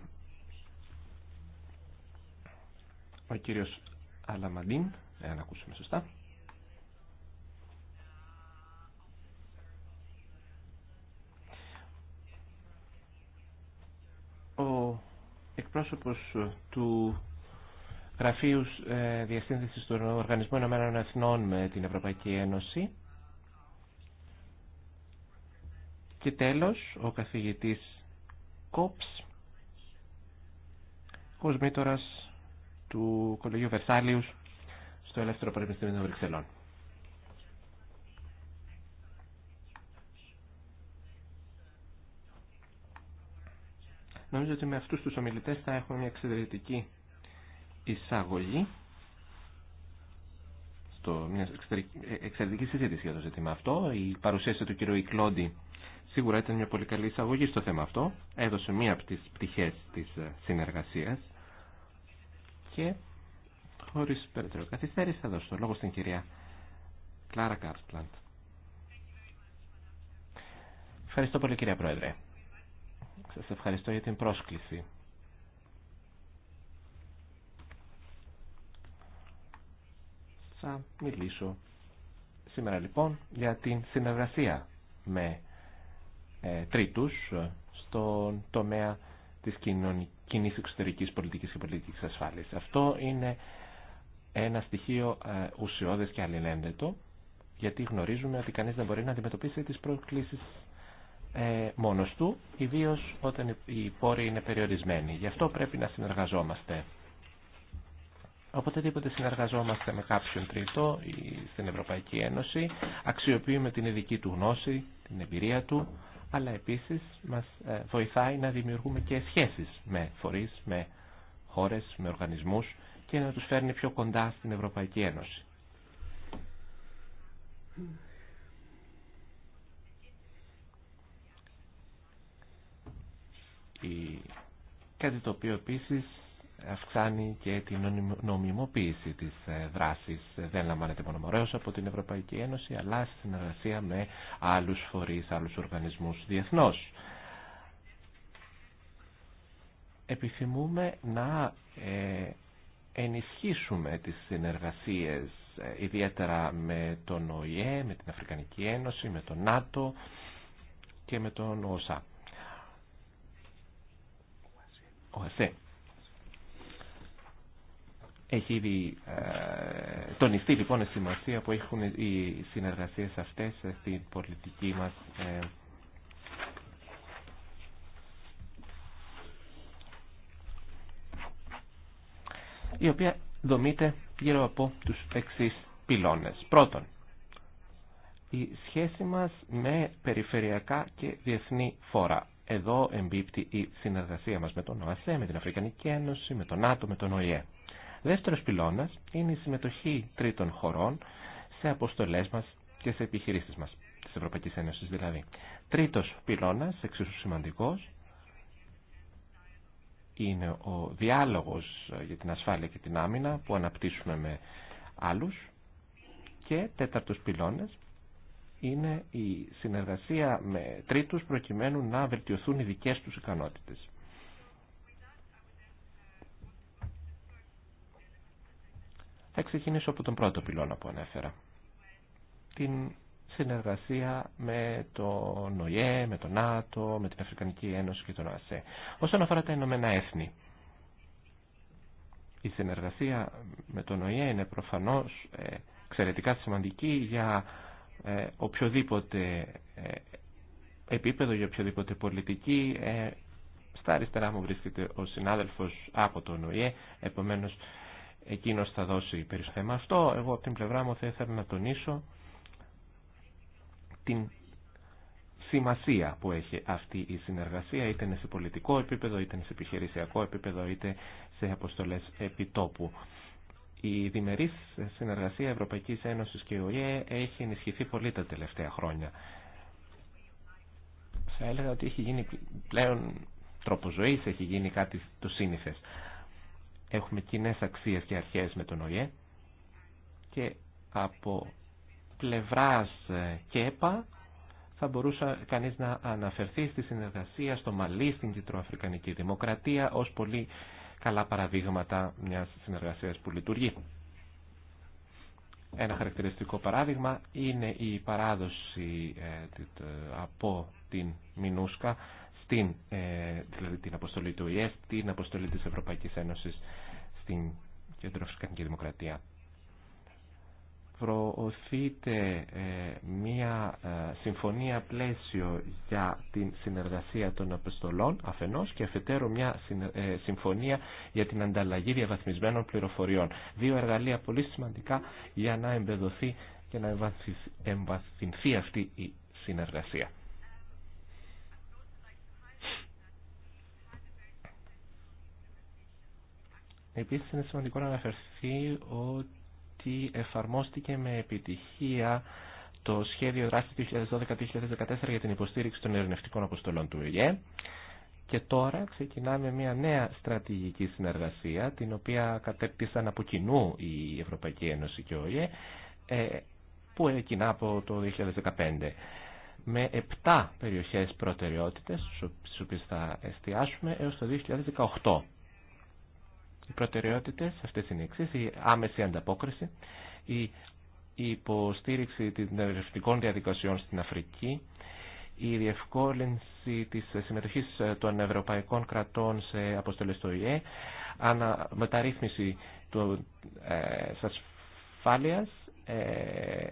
D: ο κύριος Αλαμαντίν, εάν ακούσουμε σωστά.
B: Ο εκπρόσωπος του
D: Γραφείου ε, Διασύνδεσης των Οργανισμών Ηνωμένων Εθνών με την Ευρωπαϊκή Ένωση Και τέλος, ο καθηγητής Κόψ, κοσμήτορας του Κολεγίου Βερσάλιους στο Ελεύθερο Πανεπιστήμιο των Βρυξελών. Νομίζω ότι με αυτούς τους ομιλητές θα έχουμε μια εξαιρετική εισαγωγή στο, μια ε, εξαιρετική συζήτηση για το ζήτημα αυτό. Η παρουσίαση του κύριου Ικλόντι σίγουρα ήταν μια πολύ καλή εισαγωγή στο θέμα αυτό. Έδωσε μία από τις πτυχές της ε, συνεργασίας και χωρίς περαιτέρω καθυστέρηση θα δώσω το λόγο στην κυρία Κλάρα Κάρσπλαντ. Ευχαριστώ πολύ κυρία Πρόεδρε. Σας ευχαριστώ για την πρόσκληση θα μιλήσω σήμερα λοιπόν για την συνεργασία με ε, τρίτους ε, στον τομέα της κοινή εξωτερικής πολιτικής και πολιτικής ασφάλειας. Αυτό είναι ένα στοιχείο ε, ουσιώδες και αλληλένδετο, γιατί γνωρίζουμε ότι κανείς δεν μπορεί να αντιμετωπίσει τις προκλήσεις μόνος του, ιδίως όταν οι πόροι είναι περιορισμένοι. Γι' αυτό πρέπει να συνεργαζόμαστε Οποτεδήποτε συνεργαζόμαστε με κάποιον τρίτο ή στην Ευρωπαϊκή Ένωση, αξιοποιούμε την ειδική του γνώση, την εμπειρία του, αλλά επίσης μας ε, βοηθάει να δημιουργούμε και σχέσεις με φορείς, με χώρες, με οργανισμούς και να τους φέρνει πιο κοντά στην Ευρωπαϊκή Ένωση. Κάτι το οποίο επίσης αυξάνει και την νομιμοποίηση της ε, δράσης. Δεν λαμβάνεται μωρέως από την Ευρωπαϊκή Ένωση, αλλά στη συνεργασία με άλλους φορείς, άλλους οργανισμούς
B: διεθνώς.
D: Επιθυμούμε να ε, ενισχύσουμε τις συνεργασίες, ε, ιδιαίτερα με τον ΟΗΕ, με την Αφρικανική Ένωση, με τον ΝΑΤΟ και με τον ΟΣΑ. ΟΣΑ έχει ήδη ε, τονιστεί λοιπόν η σημασία που έχουν οι συνεργασίες αυτές στην πολιτική μας ε. η οποία δομείται γύρω από τους εξής πυλώνες. Πρώτον, η σχέση μας με περιφερειακά και διεθνή φόρα. Εδώ εμπίπτει η συνεργασία μας με τον ΟΑΣΕ, με την Αφρικανική Ένωση, με τον ΝΑΤΟ, με τον ΟΗΕ. Δεύτερος πυλώνας είναι η συμμετοχή τρίτων χωρών σε αποστολές μας και σε επιχειρήσεις μας, της Ευρωπαϊκής Ένωσης δηλαδή. Τρίτος πυλώνας, εξίσου σημαντικός, είναι ο διάλογος για την ασφάλεια και την άμυνα που αναπτύσσουμε με άλλους και τέταρτος πυλώνας είναι η συνεργασία με τρίτους προκειμένου να βελτιωθούν οι δικές τους ικανότητες. Θα ξεκινήσω από τον πρώτο πυλώνα που ανέφερα. Την συνεργασία με το ΝΟΙΕ, με το ΝΑΤΟ, με την Αφρικανική Ένωση και τον ΑΣΕ. Όσον αφορά τα Ηνωμένα Έθνη, η συνεργασία με το ΝΟΙΕ είναι προφανώς ε, εξαιρετικά σημαντική για ε, οποιοδήποτε ε, επίπεδο, για οποιοδήποτε πολιτική. Στα αριστερά μου βρίσκεται ο συνάδελφος από το ΝΟΙΕ, επομένως εκείνος θα δώσει περισσότερο θέμα. Αυτό εγώ από την πλευρά μου θα ήθελα να τονίσω την σημασία που έχει αυτή η συνεργασία είτε είναι σε πολιτικό επίπεδο, είτε είναι σε επιχειρησιακό επίπεδο, είτε σε αποστολές επιτόπου. Η διμερής συνεργασία Ευρωπαϊκής Ένωσης και ΟΗΕ έχει ενισχυθεί πολύ τα τελευταία χρόνια. Θα έλεγα ότι έχει γίνει πλέον τρόπο ζωής, έχει γίνει κάτι το σύνηθες έχουμε κοινέ αξίες και αρχές με τον Οϊέ και από πλευράς ε, ΚΕΠΑ θα μπορούσε κανείς να αναφερθεί στη συνεργασία στο Μαλί, στην Κεντροαφρικανική Δημοκρατία ως πολύ καλά παραδείγματα μιας συνεργασίας που λειτουργεί. Ένα χαρακτηριστικό παράδειγμα είναι η παράδοση ε, από την Μινούσκα την, ε, δηλαδή την αποστολή του ΙΕΣ την αποστολή της Ευρωπαϊκής Ένωσης στην Κέντρο Φυσικανική Δημοκρατία. Προωθείται ε, μία ε, συμφωνία πλαίσιο για την συνεργασία των αποστολών αφενός και αφετέρου μία συμφωνία για την ανταλλαγή διαβαθμισμένων πληροφοριών. Δύο εργαλεία πολύ σημαντικά για να εμπεδοθεί και να εμβαθυνθεί αυτή η συνεργασία. Επίσης είναι σημαντικό να αναφερθεί ότι εφαρμόστηκε με επιτυχία το σχεδιο δραση δράσης 2012-2014 για την υποστήριξη των ερευνευτικών αποστολών του ΕΕ και τώρα ξεκινάμε μια νέα στρατηγική συνεργασία την οποία κατέπτυσαν από κοινού η Ευρωπαϊκή Ένωση και ο ΕΕ που εκείνα από το 2015 με 7 περιοχές προτεραιότητες στις οποίες θα εστιάσουμε έως το 2018. Οι προτεραιότητες αυτές είναι εξής, η άμεση ανταπόκριση, η υποστήριξη των ερευνητικών διαδικασιών στην Αφρική, η διευκόλυνση της συμμετοχής των ευρωπαϊκών κρατών σε αποστολές στο ΙΕ, μεταρρύθμιση του, ε, ασφάλειας, ε,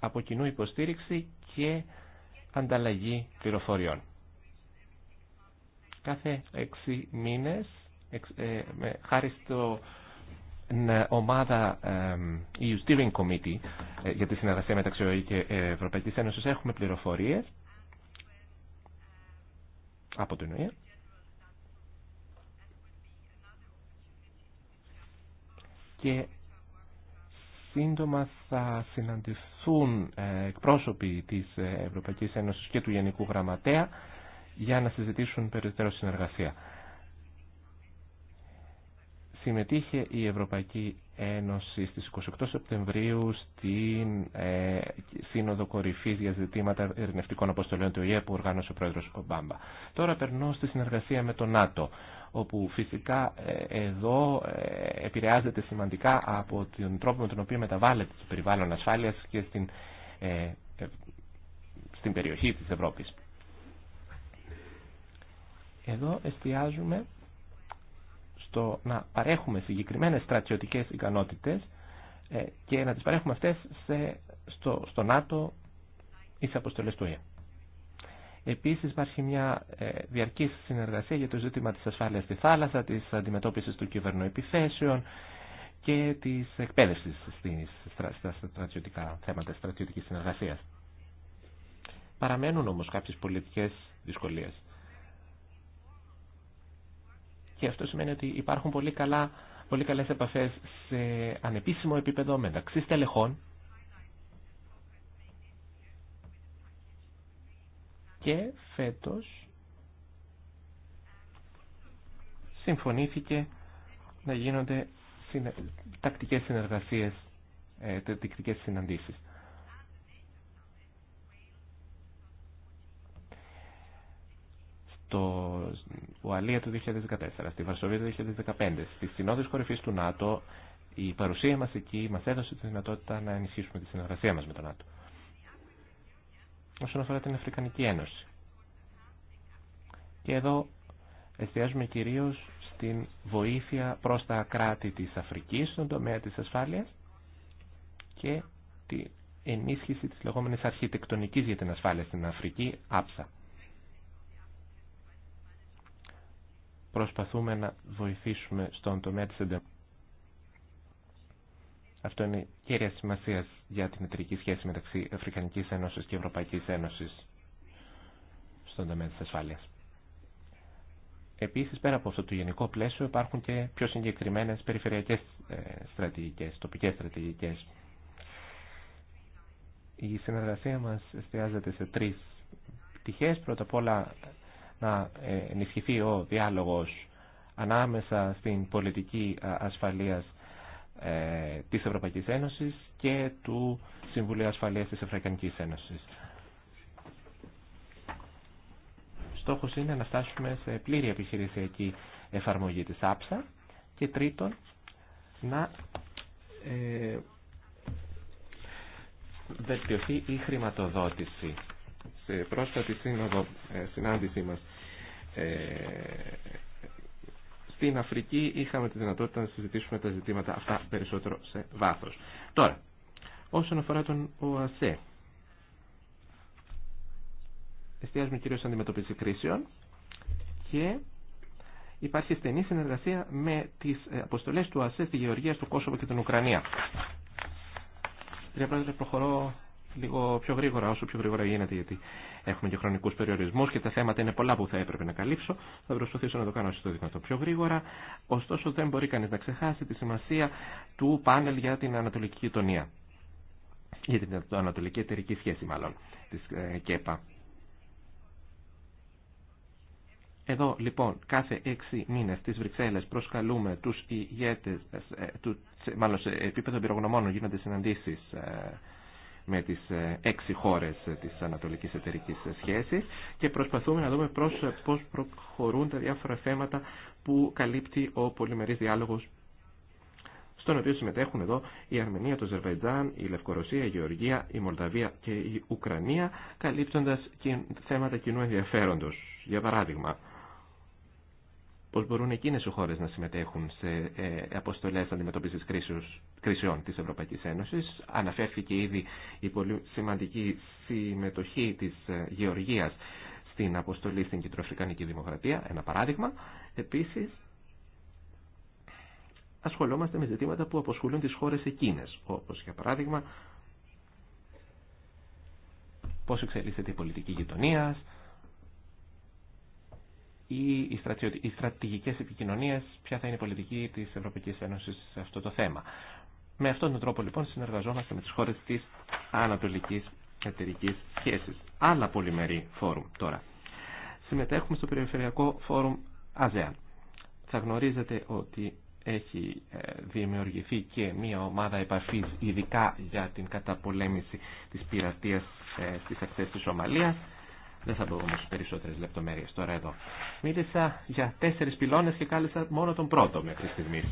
D: από κοινού υποστήριξη και ανταλλαγή πληροφοριών κάθε έξι μήνες ε, χάρη στο ομάδα EU Steering Committee ε, για τη συνεργασία μεταξύ ΟΗ και ε, Ευρωπαϊκής Ένωσης έχουμε πληροφορίες από την ΟΗΕ και σύντομα θα συναντηθούν εκπρόσωποι της Ευρωπαϊκής Ένωσης και του Γενικού Γραμματέα για να συζητήσουν περισσότερο συνεργασία. Συμμετείχε η Ευρωπαϊκή Ένωση στις 28 Σεπτεμβρίου στην ε, Σύνοδο Κορυφής για ζητήματα ερνευτικών αποστολών του ΙΕ που οργάνωσε ο πρόεδρος Ομπάμπα. Τώρα περνώ στη συνεργασία με το ΝΑΤΟ, όπου φυσικά ε, εδώ ε, επηρεάζεται σημαντικά από τον τρόπο με τον οποίο μεταβάλλεται το περιβάλλον ασφάλειας και στην, στην περιοχή της Ευρώπης. Εδώ εστιάζουμε στο να παρέχουμε συγκεκριμένες στρατιωτικές ικανότητες ε, και να τις παρέχουμε αυτές στο, στο ΝΑΤΟ ή σε αποστολές του ΕΕ. Επίσης υπάρχει μια ε, διαρκή συνεργασία για το ζήτημα της ασφάλειας στη θάλασσα, της αντιμετώπισης των κυβερνοεπιθέσεων και της εκπαίδευσης στα στρατιωτικά θέματα στρατιωτικής συνεργασίας. Παραμένουν όμως κάποιες πολιτικές δυσκολίες. Και αυτό σημαίνει ότι υπάρχουν πολύ, καλά, πολύ καλές επαφές σε ανεπίσημο επίπεδο μεταξύ στελεχών και φέτος συμφωνήθηκε να γίνονται τακτικές συνεργασίες, ε, τακτικές συναντήσεις. στο Ουαλία του 2014, στη Βαρσοβία του 2015, στις συνόδους κορυφής του ΝΑΤΟ, η παρουσία μας εκεί μας έδωσε τη δυνατότητα να ενισχύσουμε τη συνεργασία μας με τον ΝΑΤΟ. Όσον αφορά την Αφρικανική Ένωση. Και εδώ εστιάζουμε κυρίως στην βοήθεια προς τα κράτη της Αφρικής στον τομέα της ασφάλειας και την ενίσχυση της λεγόμενης αρχιτεκτονικής για την ασφάλεια στην Αφρική, άψα. προσπαθούμε να βοηθήσουμε στον τομέα της εντεμokratiας. Αυτό είναι κέρια σημασία για την εταιρική σχέση μεταξύ Αφρικανικής Ένωσης και Ευρωπαϊκής Ένωσης στον τομέα της ασφάλειας. Επίσης, πέρα από αυτό το γενικό πλαίσιο, υπάρχουν και πιο συγκεκριμένες περιφερειακές ε, στρατηγικές, τοπικές στρατηγικές. Η συνεργασία μας εστιάζεται σε τρεις πτυχές. Πρώτα απ' όλα, να ε, ενισχυθεί ο διάλογος ανάμεσα στην πολιτική ε, ασφαλείας ε, της Ευρωπαϊκής Ένωσης και του Συμβουλίου Ασφαλείας της Ευρωπαϊκής Ένωσης. Στόχος είναι να φτάσουμε σε πλήρη επιχειρησιακή εφαρμογή της άψα και τρίτον να βελτιωθεί η χρηματοδότηση σε πρόσφατη σύνοδο, ε, συνάντησή μας ε, στην Αφρική είχαμε τη δυνατότητα να συζητήσουμε τα ζητήματα αυτά περισσότερο σε βάθος. Τώρα, όσον αφορά τον ΟΑΣΕ, εστιάζουμε κυρίως αντιμετωπίση κρίσεων και υπάρχει στενή συνεργασία με τις ε, αποστολές του ΟΑΣΕ στη Γεωργία, στο Κόσοβο και την Ουκρανία. Κύριε Πρόεδρε, προχωρώ λίγο πιο γρήγορα, όσο πιο γρήγορα γίνεται, γιατί έχουμε και χρονικού περιορισμού και τα θέματα είναι πολλά που θα έπρεπε να καλύψω. Θα προσπαθήσω να το κάνω όσο το δυνατό πιο γρήγορα. Ωστόσο, δεν μπορεί κανεί να ξεχάσει τη σημασία του πάνελ για την Ανατολική Γειτονία. Για την Ανατολική Εταιρική Σχέση, μάλλον, τη ε, ΚΕΠΑ. Εδώ λοιπόν κάθε έξι μήνες στις Βρυξέλλες προσκαλούμε τους ηγέτες, ε, ε, του, μάλλον σε επίπεδο εμπειρογνωμόνων γίνονται συναντήσει με τις ε, έξι χώρες ε, της Ανατολικής Εταιρικής Σχέσης και προσπαθούμε να δούμε προς, ε, πώς προχωρούν τα διάφορα θέματα που καλύπτει ο πολυμερής διάλογος στον οποίο συμμετέχουν εδώ η Αρμενία, το Ζερβαϊτζάν, η Λευκορωσία, η Γεωργία, η Μολδαβία και η Ουκρανία, καλύπτοντας θέματα κοινού ενδιαφέροντος. Για παράδειγμα, πώς μπορούν εκείνες οι χώρες να συμμετέχουν σε ε, αποστολές αντιμετώπισης κρίσεως, κρίσεων της Ευρωπαϊκής Ένωσης. Αναφέρθηκε ήδη η πολύ σημαντική συμμετοχή της ε, Γεωργίας στην αποστολή στην Κεντροαφρικανική Δημοκρατία, ένα παράδειγμα. Επίσης, ασχολόμαστε με ζητήματα που αποσχολούν τις χώρες εκείνες, όπως για παράδειγμα πώς εξελίσσεται η πολιτική γειτονίας, ή οι στρατηγικές επικοινωνίες, ποια θα είναι η πολιτική της Ευρωπαϊκής Ένωσης σε αυτό το θέμα. Με αυτόν τον τρόπο λοιπόν συνεργαζόμαστε με τις χώρες της ανατολικής εταιρικής σχέσης. Άλλα πολυμερή φόρουμ τώρα. Συμμετέχουμε στο Περιφερειακό Φόρουμ ΑΖΕΑΝ. Θα γνωρίζετε ότι έχει ε, δημιουργηθεί και μια ομάδα επαφής ειδικά για την καταπολέμηση της πειρατείας ε, στις ακτές της Σομαλίας. Δεν θα πω όμω περισσότερε λεπτομέρειε τώρα εδώ. Μίλησα για τέσσερι πυλώνε και κάλεσα μόνο τον πρώτο μέχρι στιγμή.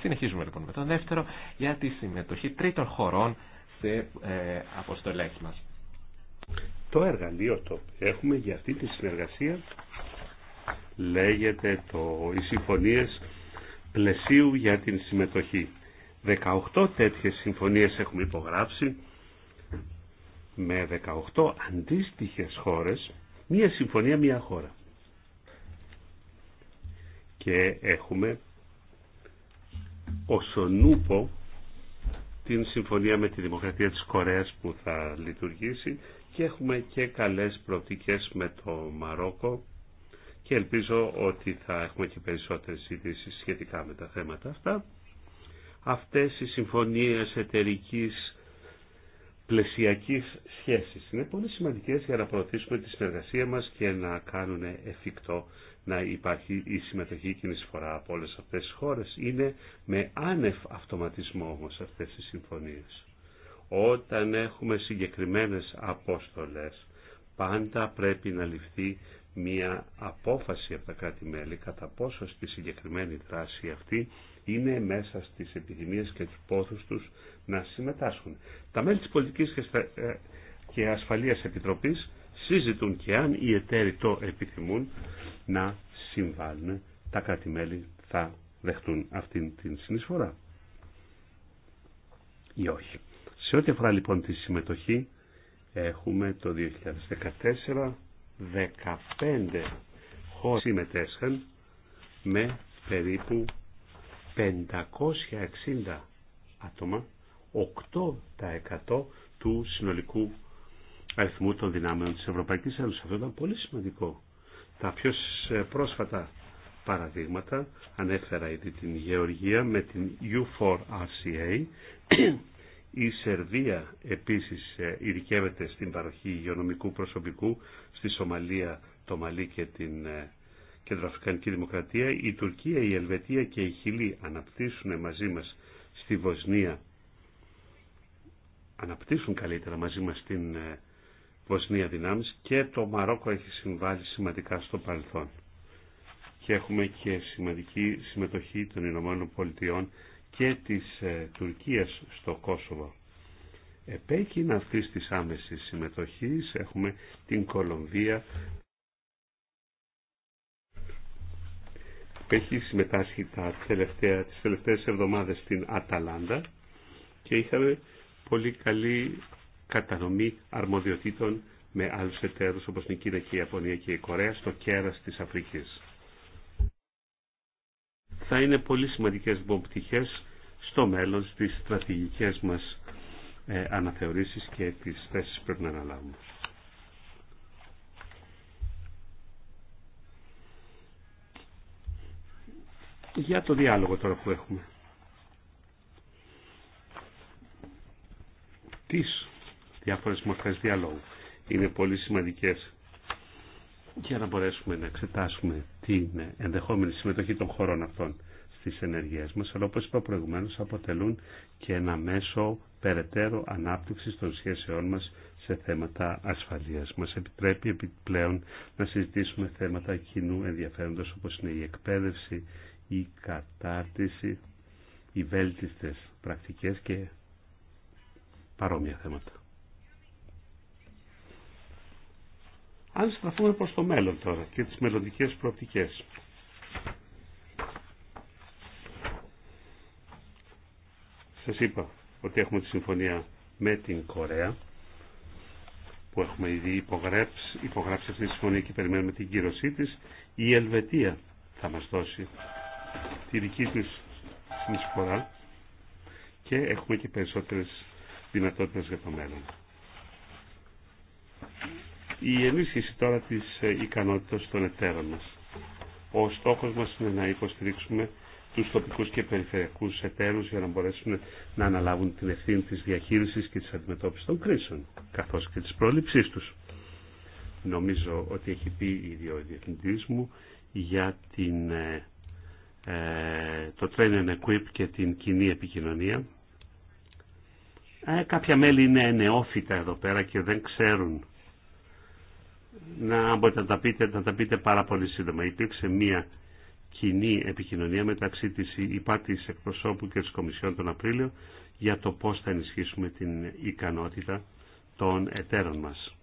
D: Συνεχίζουμε λοιπόν με τον δεύτερο για τη συμμετοχή τρίτων χωρών σε ε, μα.
B: μας. Το εργαλείο το έχουμε για αυτή τη συνεργασία λέγεται το οι συμφωνίες πλαισίου για την συμμετοχή. 18 τέτοιες συμφωνίες έχουμε υπογράψει με 18 αντίστοιχες χώρες μία συμφωνία μία χώρα. Και έχουμε ως νούπο την συμφωνία με τη Δημοκρατία της Κορέας που θα λειτουργήσει και έχουμε και καλές προοπτικές με το Μαρόκο και ελπίζω ότι θα έχουμε και περισσότερες ειδήσει σχετικά με τα θέματα αυτά. Αυτές οι συμφωνίες εταιρικής πλαισιακής σχέσης. Είναι πολύ σημαντικές για να προωθήσουμε τη συνεργασία μας και να κάνουν εφικτό να υπάρχει η συμμετοχή και η εισφορά από όλες αυτές τις χώρες. Είναι με άνευ αυτοματισμό όμως αυτές οι συμφωνίες. Όταν έχουμε συγκεκριμένες απόστολες πάντα πρέπει να ληφθεί μια απόφαση από τα κράτη-μέλη κατά πόσο στη συγκεκριμένη δράση αυτή είναι μέσα στις επιθυμίες και τους πόθους τους να συμμετάσχουν. Τα μέλη της Πολιτικής ε, και Ασφαλείας Επιτροπής συζητούν και αν οι εταίροι το επιθυμούν να συμβάλλουν. Τα κράτη-μέλη θα δεχτούν αυτήν την συνεισφορά ή όχι. Σε ό,τι αφορά λοιπόν τη συμμετοχή Έχουμε το 2014 15 χώρες συμμετέσχαν με περίπου 560 άτομα, 8% του συνολικού αριθμού των δυνάμεων της Ευρωπαϊκής Ένωσης. Αυτό ήταν πολύ σημαντικό. Τα πιο πρόσφατα παραδείγματα ανέφερα ήδη την Γεωργία με την U4RCA η Σερβία επίσης ε, ειδικεύεται στην παροχή υγειονομικού προσωπικού στη Σομαλία, το Μαλί και την ε, Κεντροαφρικανική Δημοκρατία. Η Τουρκία, η Ελβετία και η Χιλή αναπτύσσουν μαζί μας στη Βοσνία αναπτύσσουν καλύτερα μαζί μας στην ε, Βοσνία δυνάμεις και το Μαρόκο έχει συμβάλει σημαντικά στο παρελθόν. Και έχουμε και σημαντική συμμετοχή των Ηνωμένων Πολιτειών και της ε, Τουρκίας στο Κόσοβο. Επέκεινα αυτή τη άμεση συμμετοχή έχουμε την Κολομβία που έχει συμμετάσχει τα τελευταία, τις τελευταίες εβδομάδες στην Αταλάντα και είχαμε πολύ καλή κατανομή αρμοδιοτήτων με άλλους εταίρους όπως είναι Κίνα και η Ιαπωνία και η Κορέα στο κέρας της Αφρικής θα είναι πολύ σημαντικές βομπτυχές στο μέλλον στις στρατηγικές μας ε, αναθεωρήσεις και τις θέσεις που πρέπει να αναλάβουμε. Για το διάλογο τώρα που έχουμε. Τις διάφορες μορφές διαλόγου είναι πολύ σημαντικές για να μπορέσουμε να εξετάσουμε την ενδεχόμενη συμμετοχή των χωρών αυτών στις ενεργειές μας, αλλά όπως είπα προηγουμένως αποτελούν και ένα μέσο περαιτέρω ανάπτυξης των σχέσεών μας σε θέματα ασφαλείας. Μας επιτρέπει επιπλέον να συζητήσουμε θέματα κοινού ενδιαφέροντος όπως είναι η εκπαίδευση, η κατάρτιση, οι βέλτιστες πρακτικές και παρόμοια θέματα. Αν στραφούμε προς το μέλλον τώρα και τις μελλοντικές προοπτικές. Σας είπα ότι έχουμε τη συμφωνία με την Κορέα που έχουμε ήδη υπογράψει, υπογράψει αυτή τη συμφωνία και περιμένουμε την κύρωσή της. Η Ελβετία θα μας δώσει τη δική της συνεισφορά και έχουμε και περισσότερες δυνατότητες για το μέλλον η ενίσχυση τώρα της ε, ικανότητας των εταίρων μας. Ο στόχος μας είναι να υποστηρίξουμε τους τοπικούς και περιφερειακούς εταίρους για να μπορέσουν να αναλάβουν την ευθύνη της διαχείρισης και της αντιμετώπισης των κρίσεων, καθώς και της πρόληψής τους. Νομίζω ότι έχει πει η ο διευθυντής μου για την, ε, ε, το training and Equip και την κοινή επικοινωνία. Ε, κάποια μέλη είναι νεόφυτα εδώ πέρα και δεν ξέρουν να μπορείτε να τα πείτε, να τα πείτε πάρα πολύ σύντομα. Υπήρξε μια κοινή επικοινωνία μεταξύ της ΥΠΑ εκπροσώπου και της Κομισιόν τον Απρίλιο για το πώς θα ενισχύσουμε την ικανότητα των εταίρων μας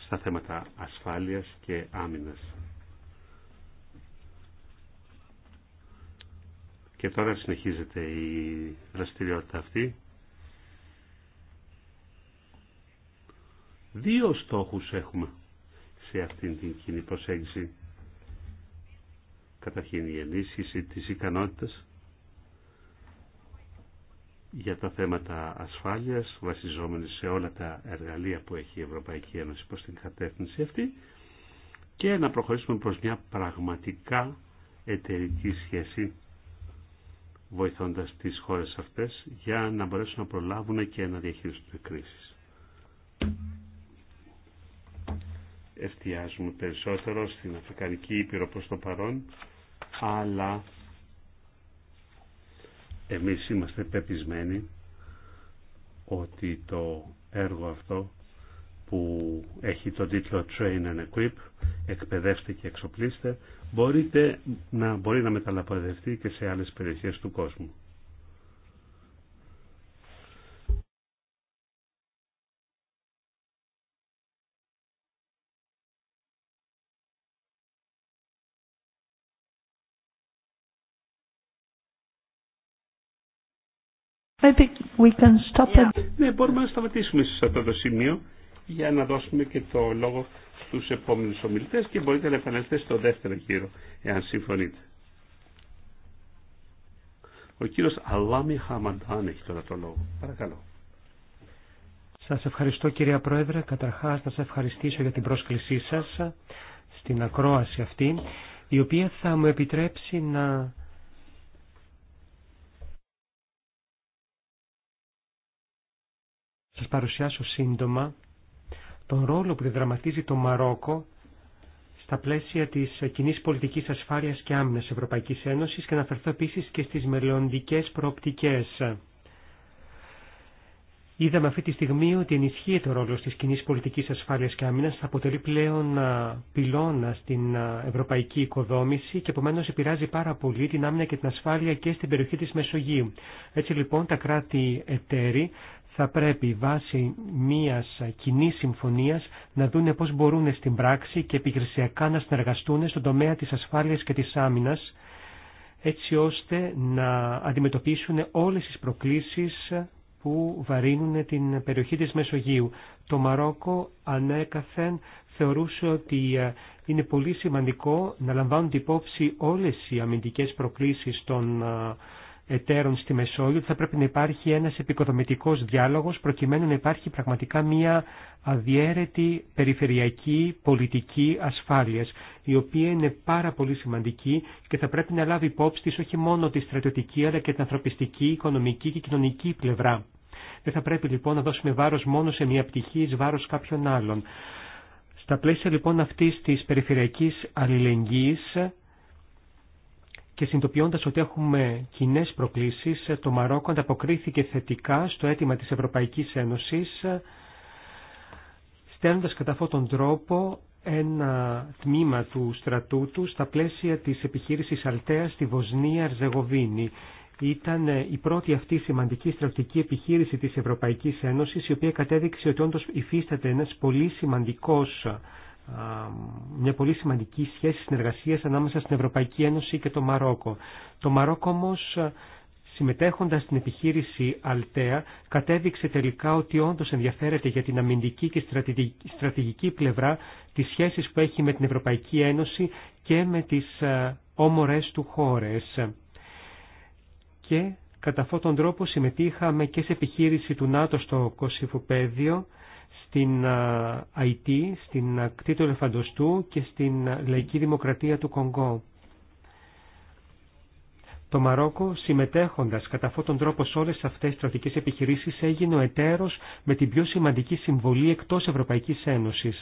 B: στα θέματα ασφάλειας και άμυνας. Και τώρα συνεχίζεται η δραστηριότητα αυτή. Δύο στόχους έχουμε σε αυτήν την κοινή προσέγγιση. Καταρχήν η ενίσχυση της ικανότητας για τα θέματα ασφάλειας βασιζόμενη σε όλα τα εργαλεία που έχει η Ευρωπαϊκή Ένωση προς την κατεύθυνση αυτή και να προχωρήσουμε προς μια πραγματικά εταιρική σχέση βοηθώντας τις χώρες αυτές για να μπορέσουν να προλάβουν και να διαχειριστούν κρίσεις. εστιάζουμε περισσότερο στην Αφρικανική Ήπειρο προς το παρόν, αλλά εμείς είμαστε πεπισμένοι ότι το έργο αυτό που έχει τον τίτλο Train and Equip, εκπαιδεύστε και εξοπλίστε, μπορείτε να, μπορεί να μεταλαποδευτεί και σε άλλες περιοχές του κόσμου. we can Ναι, μπορούμε να σταματήσουμε σε αυτό το σημείο για να δώσουμε και το λόγο στους επόμενους ομιλητές και μπορείτε να επανέλθετε στο δεύτερο γύρο, εάν συμφωνείτε. Ο κύριος Αλάμι Χαμαντάν έχει τώρα το λόγο. Παρακαλώ.
C: Σας ευχαριστώ κυρία Πρόεδρε. Καταρχάς να σας ευχαριστήσω για την πρόσκλησή σας στην ακρόαση αυτή, η οποία θα μου επιτρέψει να σας παρουσιάσω σύντομα τον ρόλο που διδραματίζει το Μαρόκο στα πλαίσια της κοινή πολιτικής ασφάλειας και άμυνας Ευρωπαϊκής Ένωσης και να αναφερθώ επίσης και στις μελλοντικές προοπτικές. Είδαμε αυτή τη στιγμή ότι ενισχύεται ο ρόλος της κοινή πολιτικής ασφάλειας και θα αποτελεί πλέον πυλώνα στην ευρωπαϊκή οικοδόμηση και επομένω επηρεάζει πάρα πολύ την άμυνα και την ασφάλεια και στην περιοχή της Μεσογείου. Έτσι λοιπόν τα κράτη εταίροι θα πρέπει βάσει μιας κοινή συμφωνίας να δούνε πώς μπορούν στην πράξη και επικρισιακά να συνεργαστούν στον τομέα της ασφάλειας και της άμυνας, έτσι ώστε να αντιμετωπίσουν όλες τις προκλήσεις που βαρύνουν την περιοχή της Μεσογείου. Το Μαρόκο ανέκαθεν θεωρούσε ότι ε, είναι πολύ σημαντικό να λαμβάνουν υπόψη όλες οι αμυντικές προκλήσεις των ε, εταίρων στη Μεσόγειο θα πρέπει να υπάρχει ένας επικοδομητικός διάλογος προκειμένου να υπάρχει πραγματικά μια αδιέρετη περιφερειακή πολιτική ασφάλειας η οποία είναι πάρα πολύ σημαντική και θα πρέπει να λάβει υπόψη της όχι μόνο τη στρατιωτική αλλά και την ανθρωπιστική, οικονομική και κοινωνική πλευρά. Δεν θα πρέπει λοιπόν να δώσουμε βάρος μόνο σε μια πτυχή εις βάρος κάποιων άλλων. Στα πλαίσια λοιπόν αυτής της περιφερειακής αλληλεγγύης και συνειδητοποιώντα ότι έχουμε κοινέ προκλήσει, το Μαρόκο ανταποκρίθηκε θετικά στο αίτημα τη Ευρωπαϊκή Ένωση, στέλνοντα κατά αυτόν τον τρόπο ένα τμήμα του στρατού του στα πλαίσια της επιχείρησης Αλτέα στη Βοσνία Αρζεγοβίνη. Ήταν η πρώτη αυτή σημαντική στρατιωτική επιχείρηση της Ευρωπαϊκής Ένωσης η οποία κατέδειξε ότι όντως υφίσταται ένας πολύ σημαντικός μια πολύ σημαντική σχέση συνεργασίας ανάμεσα στην Ευρωπαϊκή Ένωση και το Μαρόκο. Το Μαρόκο όμως συμμετέχοντας στην επιχείρηση Αλτέα κατέδειξε τελικά ότι όντως ενδιαφέρεται για την αμυντική και στρατηγική πλευρά της σχέσης που έχει με την Ευρωπαϊκή Ένωση και με τις όμορες του χώρες. Και κατά αυτόν τον τρόπο συμμετείχαμε και σε επιχείρηση του ΝΑΤΟ στο Κωσυφοπέδιο στην ε, Αϊτή, στην ακτή ε, του Ελεφαντοστού και στην ε, Λαϊκή Δημοκρατία του Κονγκό. Το Μαρόκο, συμμετέχοντας κατά αυτόν τον τρόπο σε όλες αυτές τις στρατικές επιχειρήσεις, έγινε ο εταίρος με την πιο σημαντική συμβολή εκτός Ευρωπαϊκής Ένωσης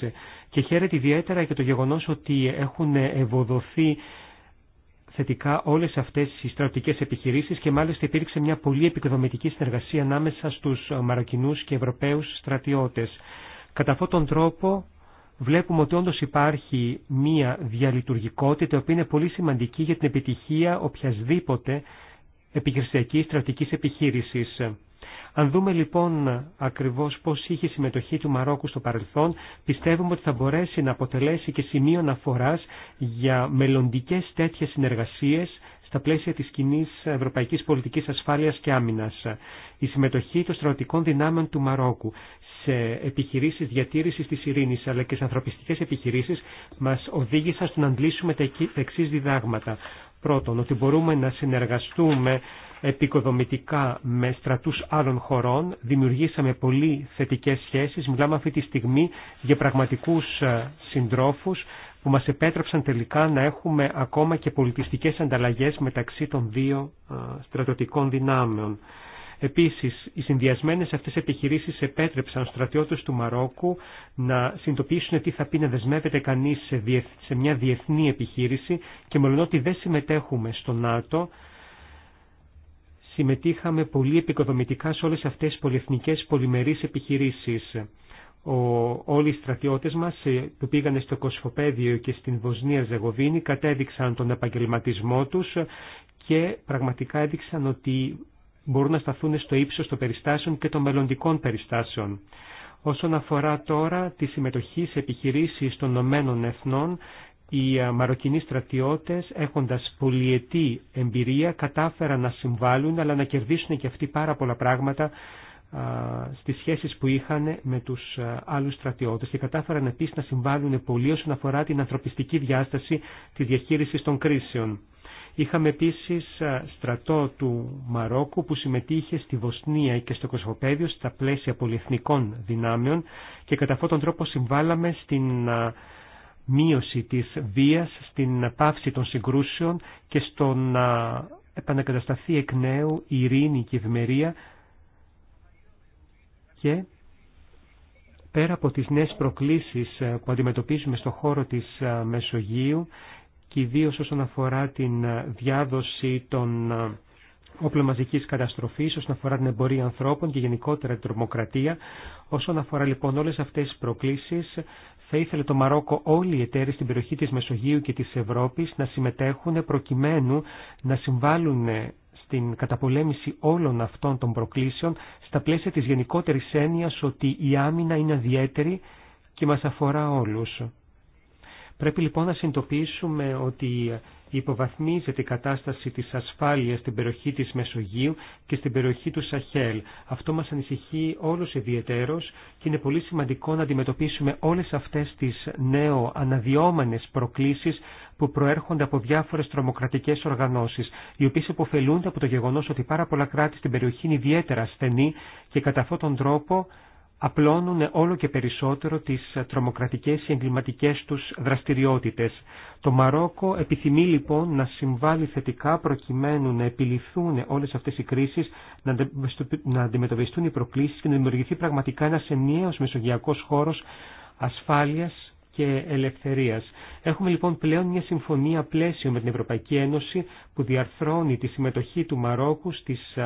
C: και χαίρεται ιδιαίτερα για το γεγονός ότι έχουν ευωδοθεί θετικά όλες αυτές οι στρατιωτικές επιχειρήσεις και μάλιστα υπήρξε μια πολύ επικοδομητική συνεργασία ανάμεσα στους Μαρακινούς και Ευρωπαίους στρατιώτες. Κατά αυτόν τον τρόπο βλέπουμε ότι όντως υπάρχει μια διαλειτουργικότητα η οποία είναι πολύ σημαντική για την επιτυχία οποιασδήποτε επιχειρησιακή στρατιωτικής επιχείρησης. Αν δούμε λοιπόν ακριβώς πώς είχε η συμμετοχή του Μαρόκου στο παρελθόν, πιστεύουμε ότι θα μπορέσει να αποτελέσει και σημείο αναφοράς για μελλοντικές τέτοιες συνεργασίες στα πλαίσια της κοινή ευρωπαϊκής πολιτικής ασφάλειας και άμυνας. Η συμμετοχή των στρατιωτικών δυνάμεων του Μαρόκου σε επιχειρήσεις διατήρησης της ειρήνης αλλά και σε ανθρωπιστικές επιχειρήσεις μας οδήγησαν στο να αντλήσουμε τα εξή διδάγματα. Πρώτον, ότι μπορούμε να συνεργαστούμε επικοδομητικά με στρατούς άλλων χωρών. Δημιουργήσαμε πολύ θετικές σχέσεις. Μιλάμε αυτή τη στιγμή για πραγματικούς ε, συντρόφους που μας επέτρεψαν τελικά να έχουμε ακόμα και πολιτιστικές ανταλλαγές μεταξύ των δύο ε, στρατιωτικών δυνάμεων. Επίσης, οι συνδυασμένες αυτές επιχειρήσεις επέτρεψαν στρατιώτες του Μαρόκου να συνειδητοποιήσουν τι θα πει να δεσμεύεται κανείς σε, μια διεθνή επιχείρηση και ότι δεν συμμετέχουμε στο ΝΑΤΟ, συμμετείχαμε πολύ επικοδομητικά σε όλες αυτές τις πολυεθνικές πολυμερείς επιχειρήσεις. όλοι οι στρατιώτες μας ε, που πήγανε στο Κοσφοπέδιο και στην Βοσνία Ζεγοβίνη κατέδειξαν τον επαγγελματισμό τους και πραγματικά έδειξαν ότι μπορούν να σταθούν στο ύψος των περιστάσεων και των μελλοντικών περιστάσεων. Όσον αφορά τώρα τη συμμετοχή σε επιχειρήσεις των Ηνωμένων Εθνών, οι ε, μαροκινοί στρατιώτες έχοντας πολυετή εμπειρία κατάφεραν να συμβάλλουν αλλά να κερδίσουν και αυτοί πάρα πολλά πράγματα ε, στις σχέσεις που είχαν με τους ε, άλλους στρατιώτες και κατάφεραν επίσης να συμβάλλουν πολύ όσον αφορά την ανθρωπιστική διάσταση τη διαχείριση των κρίσεων. Είχαμε επίσης στρατό του Μαρόκου που συμμετείχε στη Βοσνία και στο Κοσμοπέδιο στα πλαίσια πολυεθνικών δυνάμεων και κατά αυτόν τον τρόπο συμβάλαμε στην μείωση της βίας, στην πάυση των συγκρούσεων και στο να επανακατασταθεί εκ νέου η ειρήνη και η ευημερία και πέρα από τις νέες προκλήσεις ε, που αντιμετωπίζουμε στον χώρο της ε, Μεσογείου και ιδίω όσον αφορά την ε, διάδοση των ε, όπλων μαζικής καταστροφής, όσον αφορά την εμπορία ανθρώπων και γενικότερα την τρομοκρατία. Όσον αφορά λοιπόν όλες αυτές τις προκλήσεις, θα ήθελε το Μαρόκο όλοι οι εταίροι στην περιοχή της Μεσογείου και της Ευρώπης να συμμετέχουν προκειμένου να συμβάλλουν στην καταπολέμηση όλων αυτών των προκλήσεων στα πλαίσια της γενικότερης έννοιας ότι η άμυνα είναι αδιαίτερη και μας αφορά όλους. Πρέπει λοιπόν να συνειδητοποιήσουμε ότι υποβαθμίζεται η κατάσταση της ασφάλειας στην περιοχή της Μεσογείου και στην περιοχή του Σαχέλ. Αυτό μας ανησυχεί όλους ιδιαιτέρως και είναι πολύ σημαντικό να αντιμετωπίσουμε όλες αυτές τις νέο αναδιόμενες προκλήσεις που προέρχονται από διάφορες τρομοκρατικές οργανώσεις, οι οποίες υποφελούνται από το γεγονός ότι πάρα πολλά κράτη στην περιοχή είναι ιδιαίτερα ασθενή και κατά αυτόν τον τρόπο απλώνουν όλο και περισσότερο τις τρομοκρατικές και εγκληματικές τους δραστηριότητες. Το Μαρόκο επιθυμεί λοιπόν να συμβάλλει θετικά προκειμένου να επιληθούν όλες αυτές οι κρίσεις, να αντιμετωπιστούν οι προκλήσεις και να δημιουργηθεί πραγματικά ένας ενιαίος μεσογειακός χώρος ασφάλειας και ελευθερίας. Έχουμε λοιπόν πλέον μια συμφωνία πλαίσιο με την Ευρωπαϊκή Ένωση που διαρθρώνει τη συμμετοχή του Μαρόκου στις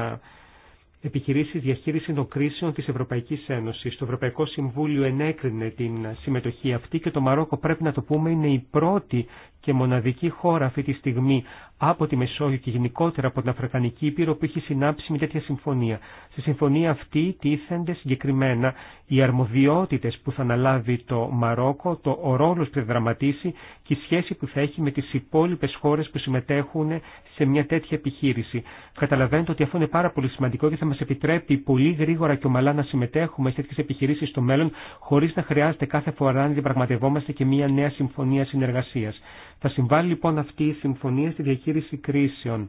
C: επιχειρήσει διαχείριση κρίσεων τη Ευρωπαϊκή Ένωση. Το Ευρωπαϊκό Συμβούλιο ενέκρινε την συμμετοχή αυτή και το Μαρόκο πρέπει να το πούμε είναι η πρώτη και μοναδική χώρα αυτή τη στιγμή από τη Μεσόγειο και γενικότερα από την Αφρικανική Ήπειρο που έχει συνάψει μια τέτοια συμφωνία. Στη συμφωνία αυτή τίθενται συγκεκριμένα οι αρμοδιότητες που θα αναλάβει το Μαρόκο, το ο ρόλος που θα δραματίσει και η σχέση που θα έχει με τις υπόλοιπες χώρες που συμμετέχουν σε μια τέτοια επιχείρηση. Καταλαβαίνετε ότι αυτό είναι πάρα πολύ σημαντικό και θα μας επιτρέπει πολύ γρήγορα και ομαλά να συμμετέχουμε σε τέτοιες επιχειρήσεις στο μέλλον χωρίς να χρειάζεται κάθε φορά να διαπραγματευόμαστε και μια νέα συμφωνία συνεργασίας. Θα συμβάλλει λοιπόν αυτή η συμφωνία στη διαχείριση κρίσεων.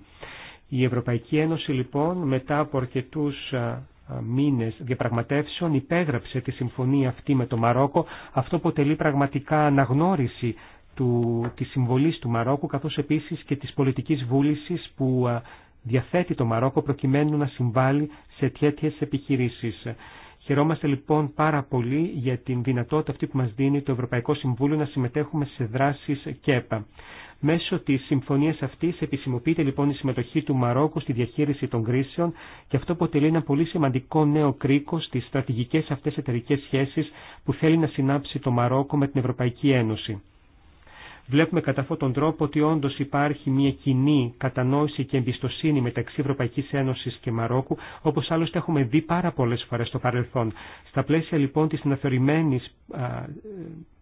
C: Η Ευρωπαϊκή Ένωση λοιπόν μετά από αρκετού μήνες διαπραγματεύσεων υπέγραψε τη συμφωνία αυτή με το Μαρόκο. Αυτό αποτελεί πραγματικά αναγνώριση του, της συμβολής του Μαρόκου καθώς επίσης και της πολιτικής βούλησης που διαθέτει το Μαρόκο προκειμένου να συμβάλλει σε τέτοιες επιχειρήσεις. Χαιρόμαστε λοιπόν πάρα πολύ για την δυνατότητα αυτή που μας δίνει το Ευρωπαϊκό Συμβούλιο να συμμετέχουμε σε δράσεις ΚΕΠΑ. Μέσω τη συμφωνία αυτή επισημοποιείται λοιπόν η συμμετοχή του Μαρόκου στη διαχείριση των κρίσεων και αυτό αποτελεί ένα πολύ σημαντικό νέο κρίκο στι στρατηγικέ αυτέ εταιρικέ σχέσει που θέλει να συνάψει το Μαρόκο με την Ευρωπαϊκή Ένωση βλέπουμε κατά αυτόν τον τρόπο ότι όντω υπάρχει μια κοινή κατανόηση και εμπιστοσύνη μεταξύ Ευρωπαϊκή Ένωση και Μαρόκου, όπω άλλωστε έχουμε δει πάρα πολλέ φορέ στο παρελθόν. Στα πλαίσια λοιπόν τη αναθεωρημένη